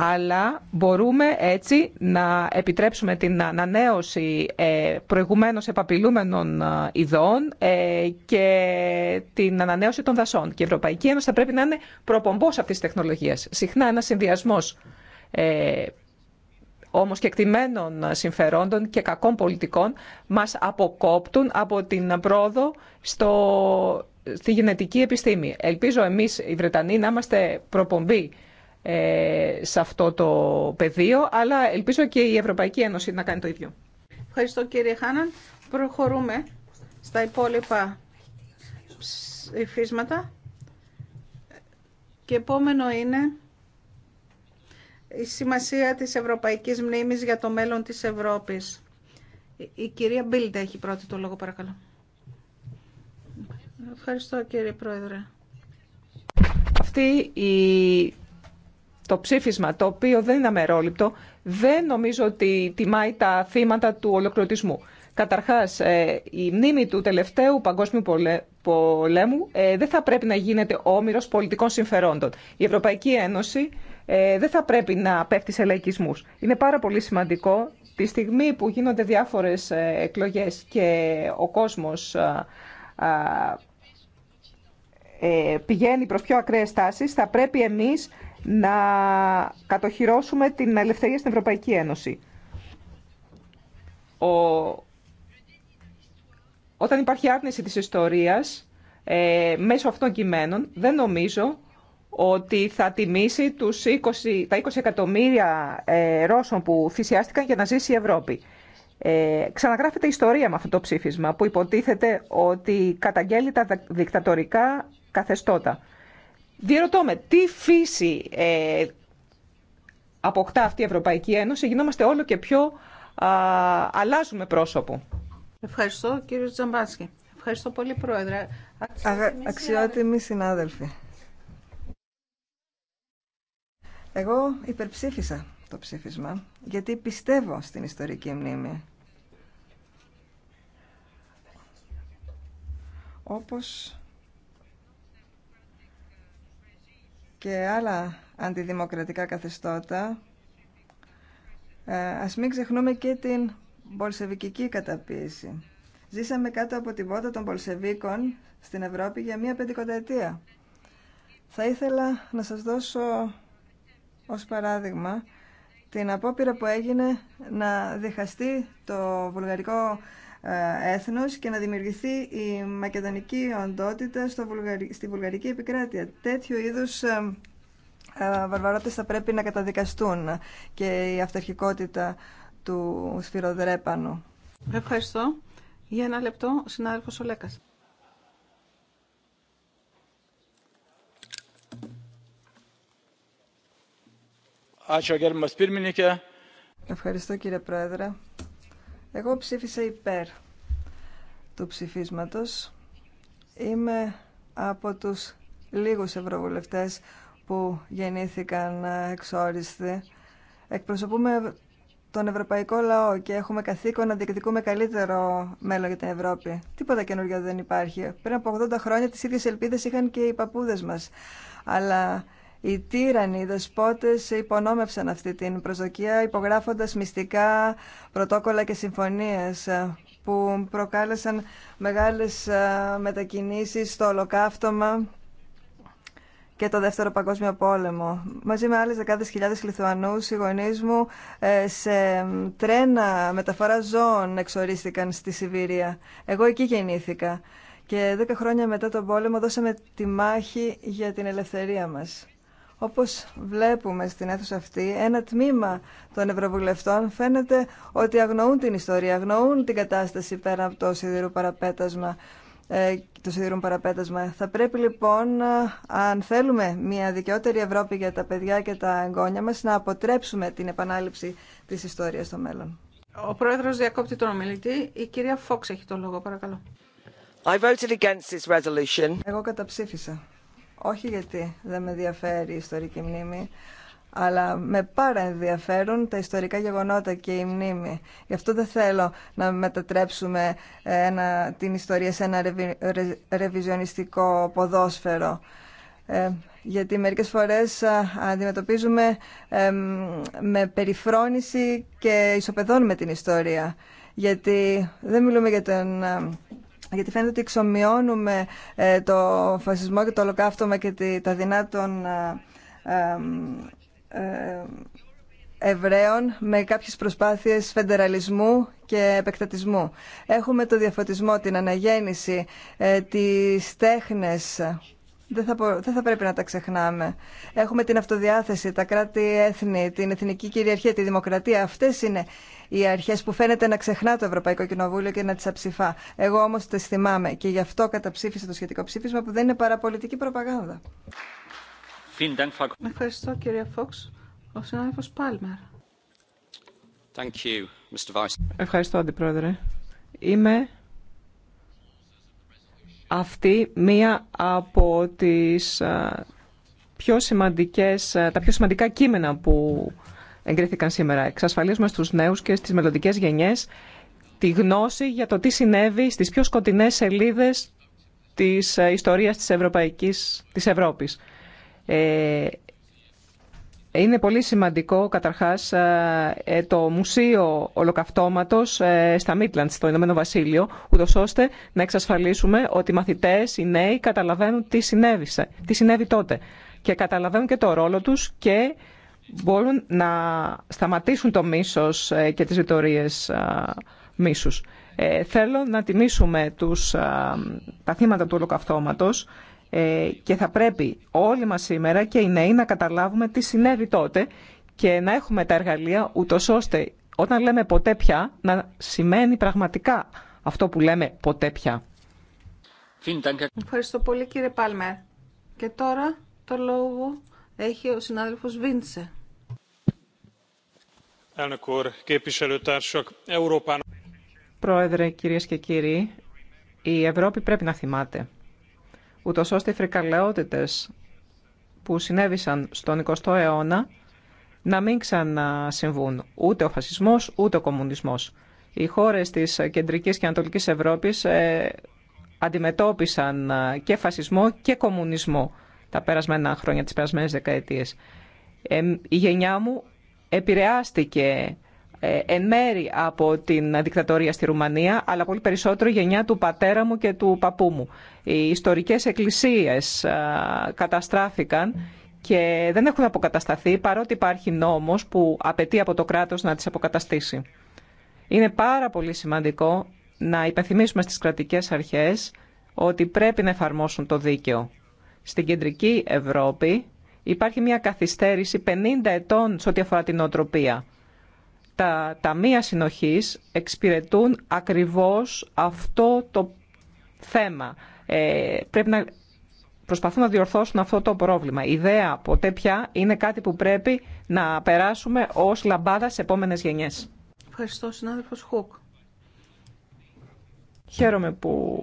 S5: αλλά μπορούμε έτσι να επιτρέψουμε την ανανέωση ε, προηγουμένως επαπειλούμενων ε, ειδών ε, και την ανανέωση των δασών. Και η Ευρωπαϊκή Ένωση θα πρέπει να είναι προπομπός αυτής της τεχνολογίας. Συχνά ένας συνδυασμός όμως και εκτιμένων συμφερόντων και κακών πολιτικών μας αποκόπτουν από την πρόοδο στο, στη γενετική επιστήμη. Ελπίζω εμείς οι Βρετανοί να είμαστε προπομπή ε, σε αυτό το πεδίο, αλλά ελπίζω και η Ευρωπαϊκή Ένωση να κάνει το ίδιο.
S8: Ευχαριστώ κύριε Χάναν. Προχωρούμε στα υπόλοιπα ψηφίσματα. Και επόμενο είναι η σημασία της Ευρωπαϊκής Μνήμης για το μέλλον της Ευρώπης. Η κυρία Μπίλντα έχει πρώτη το λόγο, παρακαλώ. Ευχαριστώ κύριε Πρόεδρε.
S5: Αυτή η το ψήφισμα, το οποίο δεν είναι αμερόληπτο, δεν νομίζω ότι τιμάει τα θύματα του ολοκληρωτισμού. Καταρχάς, ε, η μνήμη του τελευταίου παγκόσμιου πολέμου ε, δεν θα πρέπει να γίνεται όμοιρος πολιτικών συμφερόντων. Η Ευρωπαϊκή Ένωση ε, δεν θα πρέπει να πέφτει σε λαϊκισμούς. Είναι πάρα πολύ σημαντικό τη στιγμή που γίνονται διάφορες εκλογές και ο κόσμος πηγαίνει προς πιο ακραίες τάσεις, θα πρέπει εμείς να κατοχυρώσουμε την ελευθερία στην Ευρωπαϊκή Ένωση. Ο... Όταν υπάρχει άρνηση της ιστορίας ε, μέσω αυτών κειμένων, δεν νομίζω ότι θα τιμήσει τους 20, τα 20 εκατομμύρια ε, Ρώσων που θυσιάστηκαν για να ζήσει η Ευρώπη. Ε, ξαναγράφεται ιστορία με αυτό το ψήφισμα που υποτίθεται ότι καταγγέλει τα δικτατορικά καθεστώτα. Διερωτώ με, τι φύση ε, αποκτά αυτή η Ευρωπαϊκή Ένωση, γινόμαστε όλο και πιο, α, αλλάζουμε πρόσωπο.
S8: Ευχαριστώ κύριε
S5: Τζαμπάσκη. Ευχαριστώ πολύ πρόεδρε. Αξιότιμοι,
S8: Αξιότιμοι
S11: συνάδελφοι. Εγώ υπερψήφισα το ψήφισμα γιατί πιστεύω στην ιστορική μνήμη. Όπως και άλλα αντιδημοκρατικά καθεστώτα, ε, ας μην ξεχνούμε και την πολσεβικική καταπίεση. Ζήσαμε κάτω από την βότα των πολσεβίκων στην Ευρώπη για μία πεντηκονταετία. Θα ήθελα να σας δώσω ως παράδειγμα την απόπειρα που έγινε να διχαστεί το βουλγαρικό ε, έθνος και να δημιουργηθεί η μακεδονική οντότητα στο βουλγαρι... στη βουλγαρική επικράτεια. Τέτοιου είδους ε, ε, βαρβαρότητες θα πρέπει να καταδικαστούν και η αυταρχικότητα του σφυροδρέπανου.
S8: Ευχαριστώ. Για ένα λεπτό, ο συνάδελφος
S2: Ευχαριστώ
S11: κύριε Πρόεδρε. Εγώ ψήφισα υπέρ του ψηφίσματος. Είμαι από τους λίγους ευρωβουλευτές που γεννήθηκαν εξόριστοι. Εκπροσωπούμε τον ευρωπαϊκό λαό και έχουμε καθήκον να διεκδικούμε καλύτερο μέλλον για την Ευρώπη. Τίποτα καινούργιο δεν υπάρχει. Πριν από 80 χρόνια τις ίδιες ελπίδες είχαν και οι παππούδες μας. Αλλά οι τύρανοι, οι δεσπότες υπονόμευσαν αυτή την προσδοκία υπογράφοντας μυστικά πρωτόκολλα και συμφωνίες ε, που προκάλεσαν μεγάλες ε, μετακινήσεις στο ολοκαύτωμα και το Δεύτερο Παγκόσμιο Πόλεμο. Μαζί με άλλες δεκάδες χιλιάδες Λιθουανούς, οι γονεί μου ε, σε τρένα μεταφορά ζώων εξορίστηκαν στη Σιβηρία. Εγώ εκεί γεννήθηκα. Και δέκα χρόνια μετά τον πόλεμο δώσαμε τη μάχη για την ελευθερία μας. Όπως βλέπουμε στην αίθουσα αυτή, ένα τμήμα των Ευρωβουλευτών φαίνεται ότι αγνοούν την ιστορία, αγνοούν την κατάσταση πέρα από το σιδηρού παραπέτασμα ε, το παραπέτασμα. Θα πρέπει λοιπόν, ε, αν θέλουμε μια δικαιότερη Ευρώπη για τα παιδιά και τα εγγόνια μας, να αποτρέψουμε την επανάληψη της ιστορίας στο μέλλον.
S8: Ο Πρόεδρος διακόπτει τον ομιλητή. Η κυρία Φόξ έχει το λόγο,
S11: παρακαλώ. resolution. Εγώ καταψήφισα όχι γιατί δεν με ενδιαφέρει η ιστορική μνήμη, αλλά με πάρα ενδιαφέρουν τα ιστορικά γεγονότα και η μνήμη. Γι' αυτό δεν θέλω να μετατρέψουμε ε, ένα, την ιστορία σε ένα ρεβιζιονιστικό ποδόσφαιρο. Ε, γιατί μερικές φορές ε, αντιμετωπίζουμε ε, με περιφρόνηση και ισοπεδώνουμε την ιστορία. Γιατί δεν μιλούμε για τον γιατί φαίνεται ότι εξομοιώνουμε ε, το φασισμό και το ολοκαύτωμα και τα δεινά των ε, ε, Εβραίων με κάποιες προσπάθειες φεντεραλισμού και επεκτατισμού. Έχουμε το διαφωτισμό, την αναγέννηση, τις τέχνες δεν θα, θα πρέπει να τα ξεχνάμε. Έχουμε την αυτοδιάθεση, τα κράτη-έθνη, την εθνική κυριαρχία, τη δημοκρατία. Αυτέ είναι οι αρχέ που φαίνεται να ξεχνά το Ευρωπαϊκό Κοινοβούλιο και να τι αψηφά. Εγώ όμω τι θυμάμαι και γι' αυτό καταψήφισα το σχετικό ψήφισμα που δεν είναι παραπολιτική προπαγάνδα. Ευχαριστώ κύριε Φόξ. Ο συνάδελφο Πάλμερ.
S5: Ευχαριστώ, Αντιπρόεδρε. Είμαι αυτή μία από τις πιο σημαντικές, τα πιο σημαντικά κείμενα που εγκρίθηκαν σήμερα. Εξασφαλίζουμε στους νέους και στις μελλοντικές γενιές τη γνώση για το τι συνέβη στις πιο σκοτεινές σελίδες της ε, ιστορίας της, Ευρωπαϊκής, της Ευρώπης. Ε, είναι πολύ σημαντικό, καταρχάς, ε, ε, το Μουσείο Ολοκαυτώματος ε, στα Μίτλαντ, στο Ηνωμένο Βασίλειο, ούτως ώστε να εξασφαλίσουμε ότι οι μαθητές, οι νέοι, καταλαβαίνουν τι, συνέβησε, τι συνέβη τότε. Και καταλαβαίνουν και το ρόλο τους και μπορούν να σταματήσουν το μίσος και τις ρητορίες μίσους. Θέλω να τιμήσουμε τους, τα θύματα του Ολοκαυτώματος ε, και θα πρέπει όλοι μας σήμερα και οι νέοι να καταλάβουμε τι συνέβη τότε και να έχουμε τα εργαλεία ούτω ώστε όταν λέμε ποτέ πια να σημαίνει πραγματικά αυτό που λέμε ποτέ πια.
S8: Ευχαριστώ πολύ κύριε Και τώρα το λόγο έχει ο συνάδελφος Βίντσε.
S5: Πρόεδρε, κυρίες και κύριοι, η Ευρώπη πρέπει να θυμάται ούτως ώστε οι φρικαλαιότητε που συνέβησαν στον 20ο αιώνα να μην ξανασυμβούν ούτε ο φασισμός ούτε ο κομμουνισμός. Οι χώρες της Κεντρική και ανατολικής Ευρώπης ε, αντιμετώπισαν ε, και φασισμό και κομμουνισμό τα περασμένα χρόνια, τις περασμένες δεκαετίες. Ε, η γενιά μου επηρεάστηκε ε, εν μέρη από την δικτατορία στη Ρουμανία, αλλά πολύ περισσότερο γενιά του πατέρα μου και του παππού μου. Οι ιστορικές εκκλησίες καταστράφηκαν και δεν έχουν αποκατασταθεί, παρότι υπάρχει νόμος που απαιτεί από το κράτος να τις αποκαταστήσει. Είναι πάρα πολύ σημαντικό να υπενθυμίσουμε στις κρατικές αρχές ότι πρέπει να εφαρμόσουν το δίκαιο. Στην κεντρική Ευρώπη υπάρχει μια καθυστέρηση 50 ετών σε ό,τι αφορά την οτροπία τα ταμεία συνοχής εξυπηρετούν ακριβώς αυτό το θέμα. Ε, πρέπει να προσπαθούν να διορθώσουν αυτό το πρόβλημα. Η ιδέα ποτέ πια είναι κάτι που πρέπει να περάσουμε ως λαμπάδα σε επόμενες γενιές.
S8: Ευχαριστώ, συνάδελφος Χουκ.
S5: Χαίρομαι που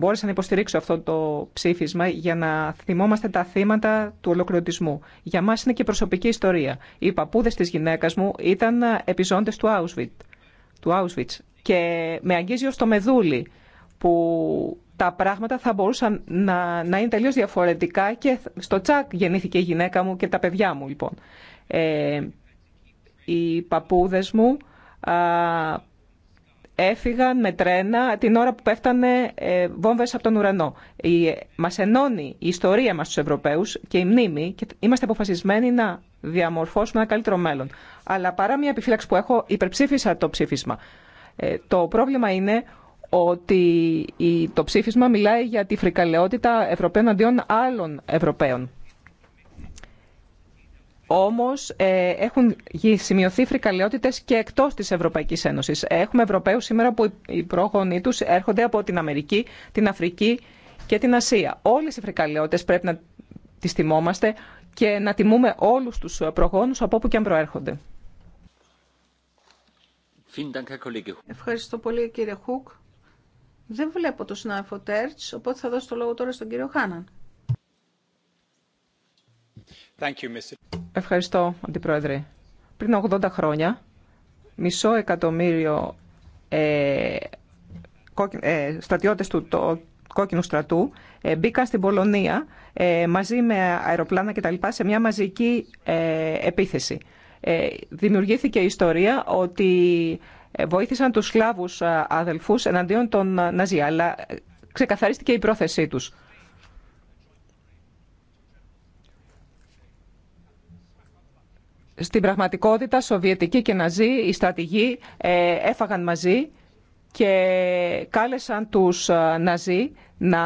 S5: μπόρεσα να υποστηρίξω αυτό το ψήφισμα για να θυμόμαστε τα θύματα του ολοκληρωτισμού. Για μας είναι και προσωπική ιστορία. Οι παππούδες της γυναίκας μου ήταν επιζώντες του Auschwitz, του Auschwitz και με αγγίζει ως το μεδούλι που τα πράγματα θα μπορούσαν να, να είναι τελείως διαφορετικά και στο τσακ γεννήθηκε η γυναίκα μου και τα παιδιά μου λοιπόν. Ε, οι παππούδες μου α, έφυγαν με τρένα την ώρα που πέφτανε ε, βόμβες από τον ουρανό. Η, μας ενώνει η ιστορία μας τους Ευρωπαίους και η μνήμη και είμαστε αποφασισμένοι να διαμορφώσουμε ένα καλύτερο μέλλον. Αλλά παρά μια επιφύλαξη που έχω, υπερψήφισα το ψήφισμα. Ε, το πρόβλημα είναι ότι το ψήφισμα μιλάει για τη φρικαλαιότητα Ευρωπαίων αντίον άλλων Ευρωπαίων. Όμως ε, έχουν σημειωθεί φρικαλαιότητες και εκτός της Ευρωπαϊκής Ένωσης. Έχουμε Ευρωπαίους σήμερα που οι πρόγονοί τους έρχονται από την Αμερική, την Αφρική και την Ασία. Όλες οι φρικαλαιότητες πρέπει να τις τιμόμαστε και να τιμούμε όλους τους προγόνους από όπου και αν προέρχονται.
S8: Ευχαριστώ πολύ κύριε Χουκ. Δεν βλέπω το συνάδελφο Τέρτς, οπότε θα δώσω το λόγο τώρα στον κύριο Χάναν.
S5: Ευχαριστώ, Αντιπρόεδρε. Πριν 80 χρόνια, μισό εκατομμύριο ε, ε, στρατιώτες του το, κόκκινου στρατού ε, μπήκαν στην Πολωνία ε, μαζί με αεροπλάνα κτλ. σε μια μαζική επίθεση. Δημιουργήθηκε η ιστορία ότι βοήθησαν τους Σλάβους αδελφούς εναντίον των Ναζί, αλλά ξεκαθαρίστηκε η πρόθεσή τους. Στην πραγματικότητα, Σοβιετικοί και Ναζί, οι στρατηγοί ε, έφαγαν μαζί και κάλεσαν τους ε, Ναζί να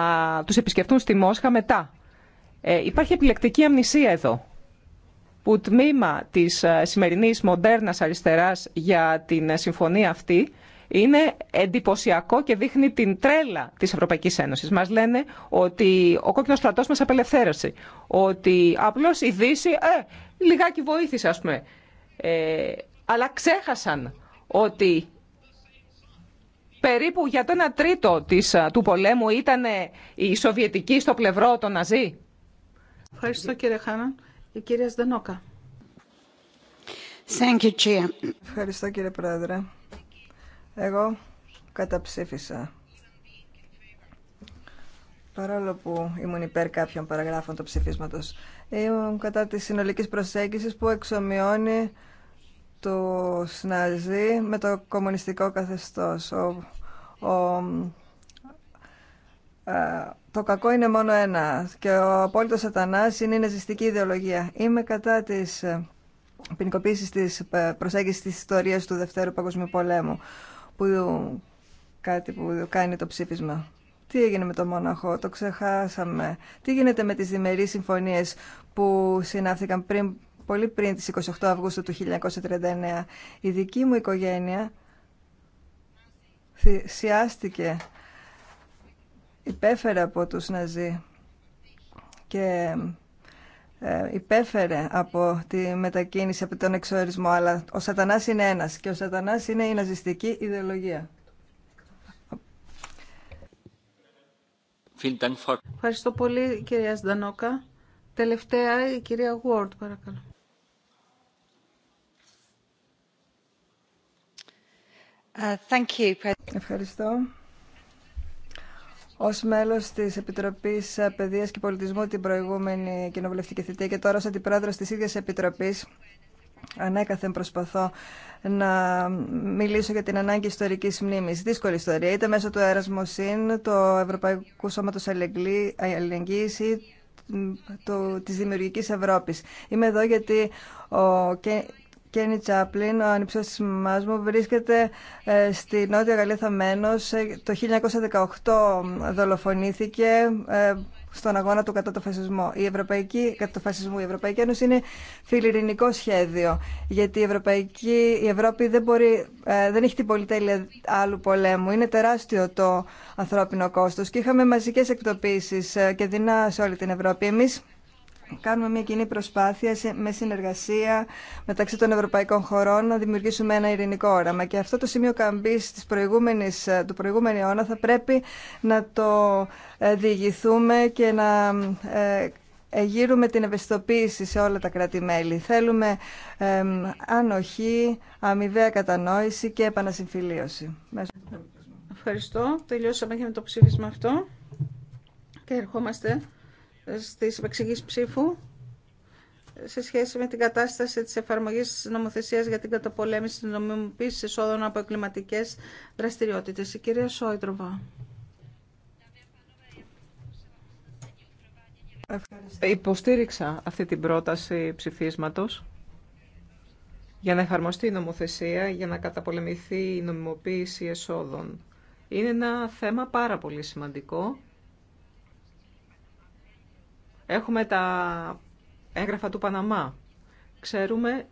S5: τους επισκεφτούν στη Μόσχα μετά. Ε, υπάρχει επιλεκτική αμνησία εδώ που τμήμα της σημερινής μοντέρνας αριστεράς για την συμφωνία αυτή είναι εντυπωσιακό και δείχνει την τρέλα της Ευρωπαϊκής Ένωσης. Μας λένε ότι ο κόκκινος στρατός μας απελευθέρωσε, ότι απλώς η Δύση ε, λιγάκι βοήθησε ας πούμε. Ε, αλλά ξέχασαν ότι περίπου για το 1 τρίτο της, του πολέμου ήταν η Σοβιετικοί στο πλευρό των Ναζί. Ευχαριστώ
S8: κύριε Χάναν. Η κυρία Σδενόκα.
S11: Ευχαριστώ κύριε Πρόεδρε. Εγώ καταψήφισα. Παρόλο που ήμουν υπέρ κάποιων παραγράφων του ψηφίσματο. ήμουν κατά της συνολική προσέγγιση που εξομοιώνει το σναζί με το κομμουνιστικό καθεστώς. Ε, το κακό είναι μόνο ένα και ο απόλυτο σατανά είναι η ναζιστική ιδεολογία. Είμαι κατά της ποινικοποίηση τη ε, προσέγγιση της ιστορίας του Δευτέρου Παγκοσμίου Πολέμου που κάτι που κάνει το ψήφισμα. Τι έγινε με το Μόναχο, το ξεχάσαμε. Τι γίνεται με τις διμερείς συμφωνίες που συνάφθηκαν πριν, πολύ πριν τις 28 Αυγούστου του 1939. Η δική μου οικογένεια θυσιάστηκε, υπέφερε από τους Ναζί και ε, υπέφερε από τη μετακίνηση, από τον εξορισμό, αλλά ο σατανάς είναι ένας και ο σατανάς είναι η ναζιστική ιδεολογία. Ευχαριστώ πολύ κυρία Σντανόκα.
S8: Τελευταία η κυρία Γουόρντ, παρακαλώ.
S11: Ε, thank you. Ευχαριστώ. Ω μέλο τη Επιτροπή Παιδεία και Πολιτισμού την προηγούμενη κοινοβουλευτική θητεία και τώρα ω αντιπρόεδρο τη ίδια Επιτροπής ανέκαθεν προσπαθώ να μιλήσω για την ανάγκη ιστορική μνήμη. Δύσκολη ιστορία, είτε μέσω του το του Ευρωπαϊκού Σώματο Αλληλεγγύη ή το, της Δημιουργικής Ευρώπης. Είμαι εδώ γιατί ο, Κένι Τσάπλιν, ο ανυψιός της μου, βρίσκεται ε, στη Νότια Γαλλία ε, Το 1918 δολοφονήθηκε ε, στον αγώνα του κατά το φασισμό. Η Ευρωπαϊκή, κατά φασισμό. Η Ευρωπαϊκή Ένωση είναι φιλιρινικό σχέδιο, γιατί η, Ευρωπαϊκή, η Ευρώπη δεν, μπορεί, δεν έχει την πολυτέλεια άλλου πολέμου. Είναι τεράστιο το ανθρώπινο κόστος και είχαμε μαζικές εκτοπίσεις και δεινά σε όλη την Ευρώπη. Εμείς κάνουμε μια κοινή προσπάθεια με συνεργασία μεταξύ των ευρωπαϊκών χωρών να δημιουργήσουμε ένα ειρηνικό όραμα. Και αυτό το σημείο καμπή ε, του προηγούμενου αιώνα θα πρέπει να το ε, διηγηθούμε και να ε, γύρουμε την ευαισθητοποίηση σε όλα τα κράτη-μέλη. Θέλουμε ανοχή, αμοιβαία κατανόηση και επανασυμφιλίωση.
S8: Ευχαριστώ. Τελειώσαμε και με το ψήφισμα αυτό και ερχόμαστε στις επεξηγήσεις ψήφου σε σχέση με την κατάσταση της εφαρμογής της νομοθεσίας για την καταπολέμηση της νομιμοποίησης εσόδων από εγκληματικές δραστηριότητες. Η κυρία Σόιτροβα.
S5: Υποστήριξα αυτή την πρόταση ψηφίσματος για να εφαρμοστεί η νομοθεσία, για να καταπολεμηθεί η νομιμοποίηση εσόδων. Είναι ένα θέμα πάρα πολύ σημαντικό Έχουμε τα έγγραφα του Παναμά. Ξέρουμε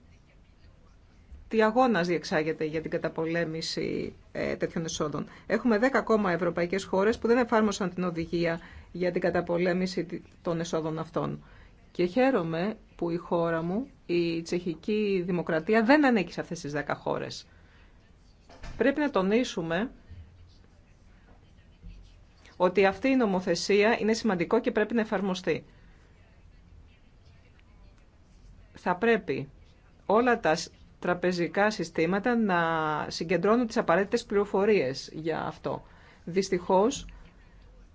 S5: τι αγώνας διεξάγεται για την καταπολέμηση ε, τέτοιων εσόδων. Έχουμε 10 ακόμα ευρωπαϊκές χώρες που δεν εφάρμοσαν την οδηγία για την καταπολέμηση των εσόδων αυτών. Και χαίρομαι που η χώρα μου, η τσεχική δημοκρατία, δεν ανήκει σε αυτές τις 10 χώρες. Πρέπει να τονίσουμε ότι αυτή η νομοθεσία είναι σημαντικό και πρέπει να εφαρμοστεί θα πρέπει όλα τα τραπεζικά συστήματα να συγκεντρώνουν τις απαραίτητες πληροφορίες για αυτό. Δυστυχώς,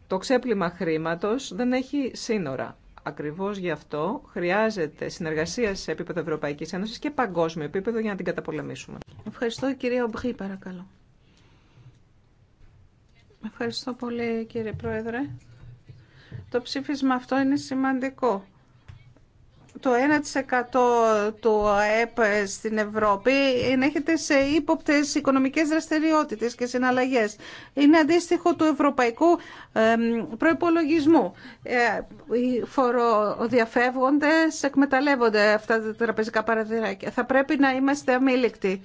S5: το ξέπλυμα χρήματος δεν έχει σύνορα. Ακριβώς γι' αυτό χρειάζεται συνεργασία σε επίπεδο Ευρωπαϊκής Ένωσης και παγκόσμιο επίπεδο για να την καταπολεμήσουμε.
S8: Ευχαριστώ κυρία Ομπχή παρακαλώ. Ευχαριστώ πολύ κύριε Πρόεδρε. Το ψήφισμα αυτό είναι σημαντικό το 1% του ΑΕΠ στην Ευρώπη ενέχεται σε ύποπτες οικονομικές δραστηριότητες και συναλλαγές. Είναι αντίστοιχο του ευρωπαϊκού προϋπολογισμού. Ε, οι φοροδιαφεύγοντες εκμεταλλεύονται αυτά τα τραπεζικά παραδειράκια. Θα πρέπει να είμαστε αμήλικτοι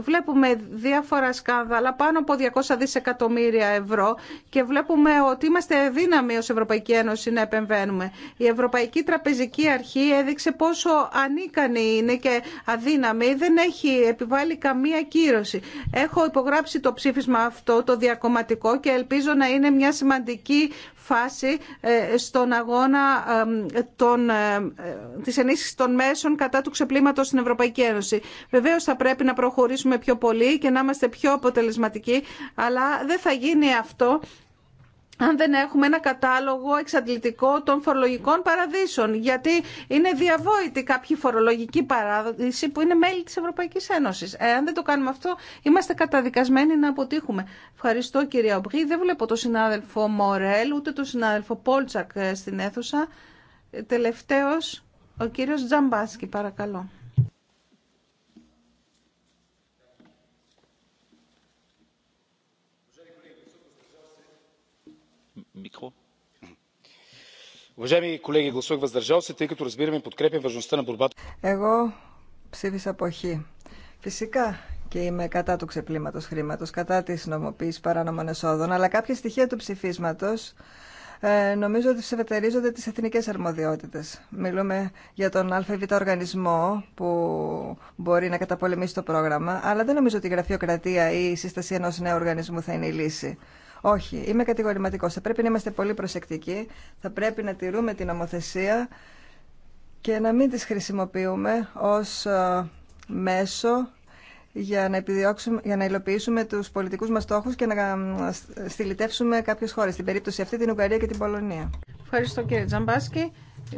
S8: βλέπουμε διάφορα σκάνδαλα πάνω από 200 δισεκατομμύρια ευρώ και βλέπουμε ότι είμαστε δύναμοι ως Ευρωπαϊκή Ένωση να επεμβαίνουμε. Η Ευρωπαϊκή Τραπεζική Αρχή έδειξε πόσο ανίκανη είναι και αδύναμη, δεν έχει επιβάλει καμία κύρωση. Έχω υπογράψει το ψήφισμα αυτό, το διακομματικό και ελπίζω να είναι μια σημαντική φάση ε, στον αγώνα των, ε, της ενίσχυσης των μέσων κατά του ξεπλήματος στην Ευρωπαϊκή Ένωση. Βεβαίως θα πρέπει να προχωρήσουμε πιο πολύ και να είμαστε πιο αποτελεσματικοί, αλλά δεν θα γίνει αυτό αν δεν έχουμε ένα κατάλογο εξαντλητικό των φορολογικών παραδείσων, γιατί είναι διαβόητη κάποια φορολογική παράδοση που είναι μέλη της Ευρωπαϊκής Ένωσης. Ε, αν δεν το κάνουμε αυτό, είμαστε καταδικασμένοι να αποτύχουμε. Ευχαριστώ κυρία Ομπρή. Δεν βλέπω τον συνάδελφο Μορέλ, ούτε τον συνάδελφο Πόλτσακ ε, στην αίθουσα. Ε, τελευταίος, ο κύριος Τζαμπάσκι, παρακαλώ.
S11: Εγώ ψήφισα αποχή. Φυσικά και είμαι κατά του ξεπλήματο χρήματο, κατά τη νομοποίηση παράνομων εσόδων, αλλά κάποια στοιχεία του ψηφίσματο ε, νομίζω ότι σεβετερίζονται τι εθνικέ αρμοδιότητε. Μιλούμε για τον ΑΒ οργανισμό που μπορεί να καταπολεμήσει το πρόγραμμα, αλλά δεν νομίζω ότι η γραφειοκρατία ή η σύσταση ενό νέου οργανισμού θα είναι η λύση. Όχι, είμαι κατηγορηματικός. Θα πρέπει να είμαστε πολύ προσεκτικοί, θα πρέπει να τηρούμε την νομοθεσία και να μην τις χρησιμοποιούμε ως ε, μέσο για να, για να υλοποιήσουμε τους πολιτικούς μας στόχους και να ε, στυλιτεύσουμε κάποιες χώρες, στην περίπτωση αυτή την Ουγγαρία και την Πολωνία. Ευχαριστώ κύριε Τζαμπάσκη.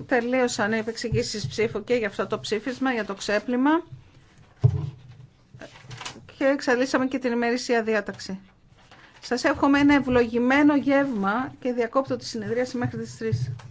S11: Τελείωσαν
S8: οι επεξηγήσεις ψήφου και για αυτό το ψήφισμα, για το ξέπλυμα και εξαλίσαμε και την ημερήσια διάταξη. Σας εύχομαι ένα ευλογημένο γεύμα και διακόπτω τη συνεδρίαση μέχρι τις 3.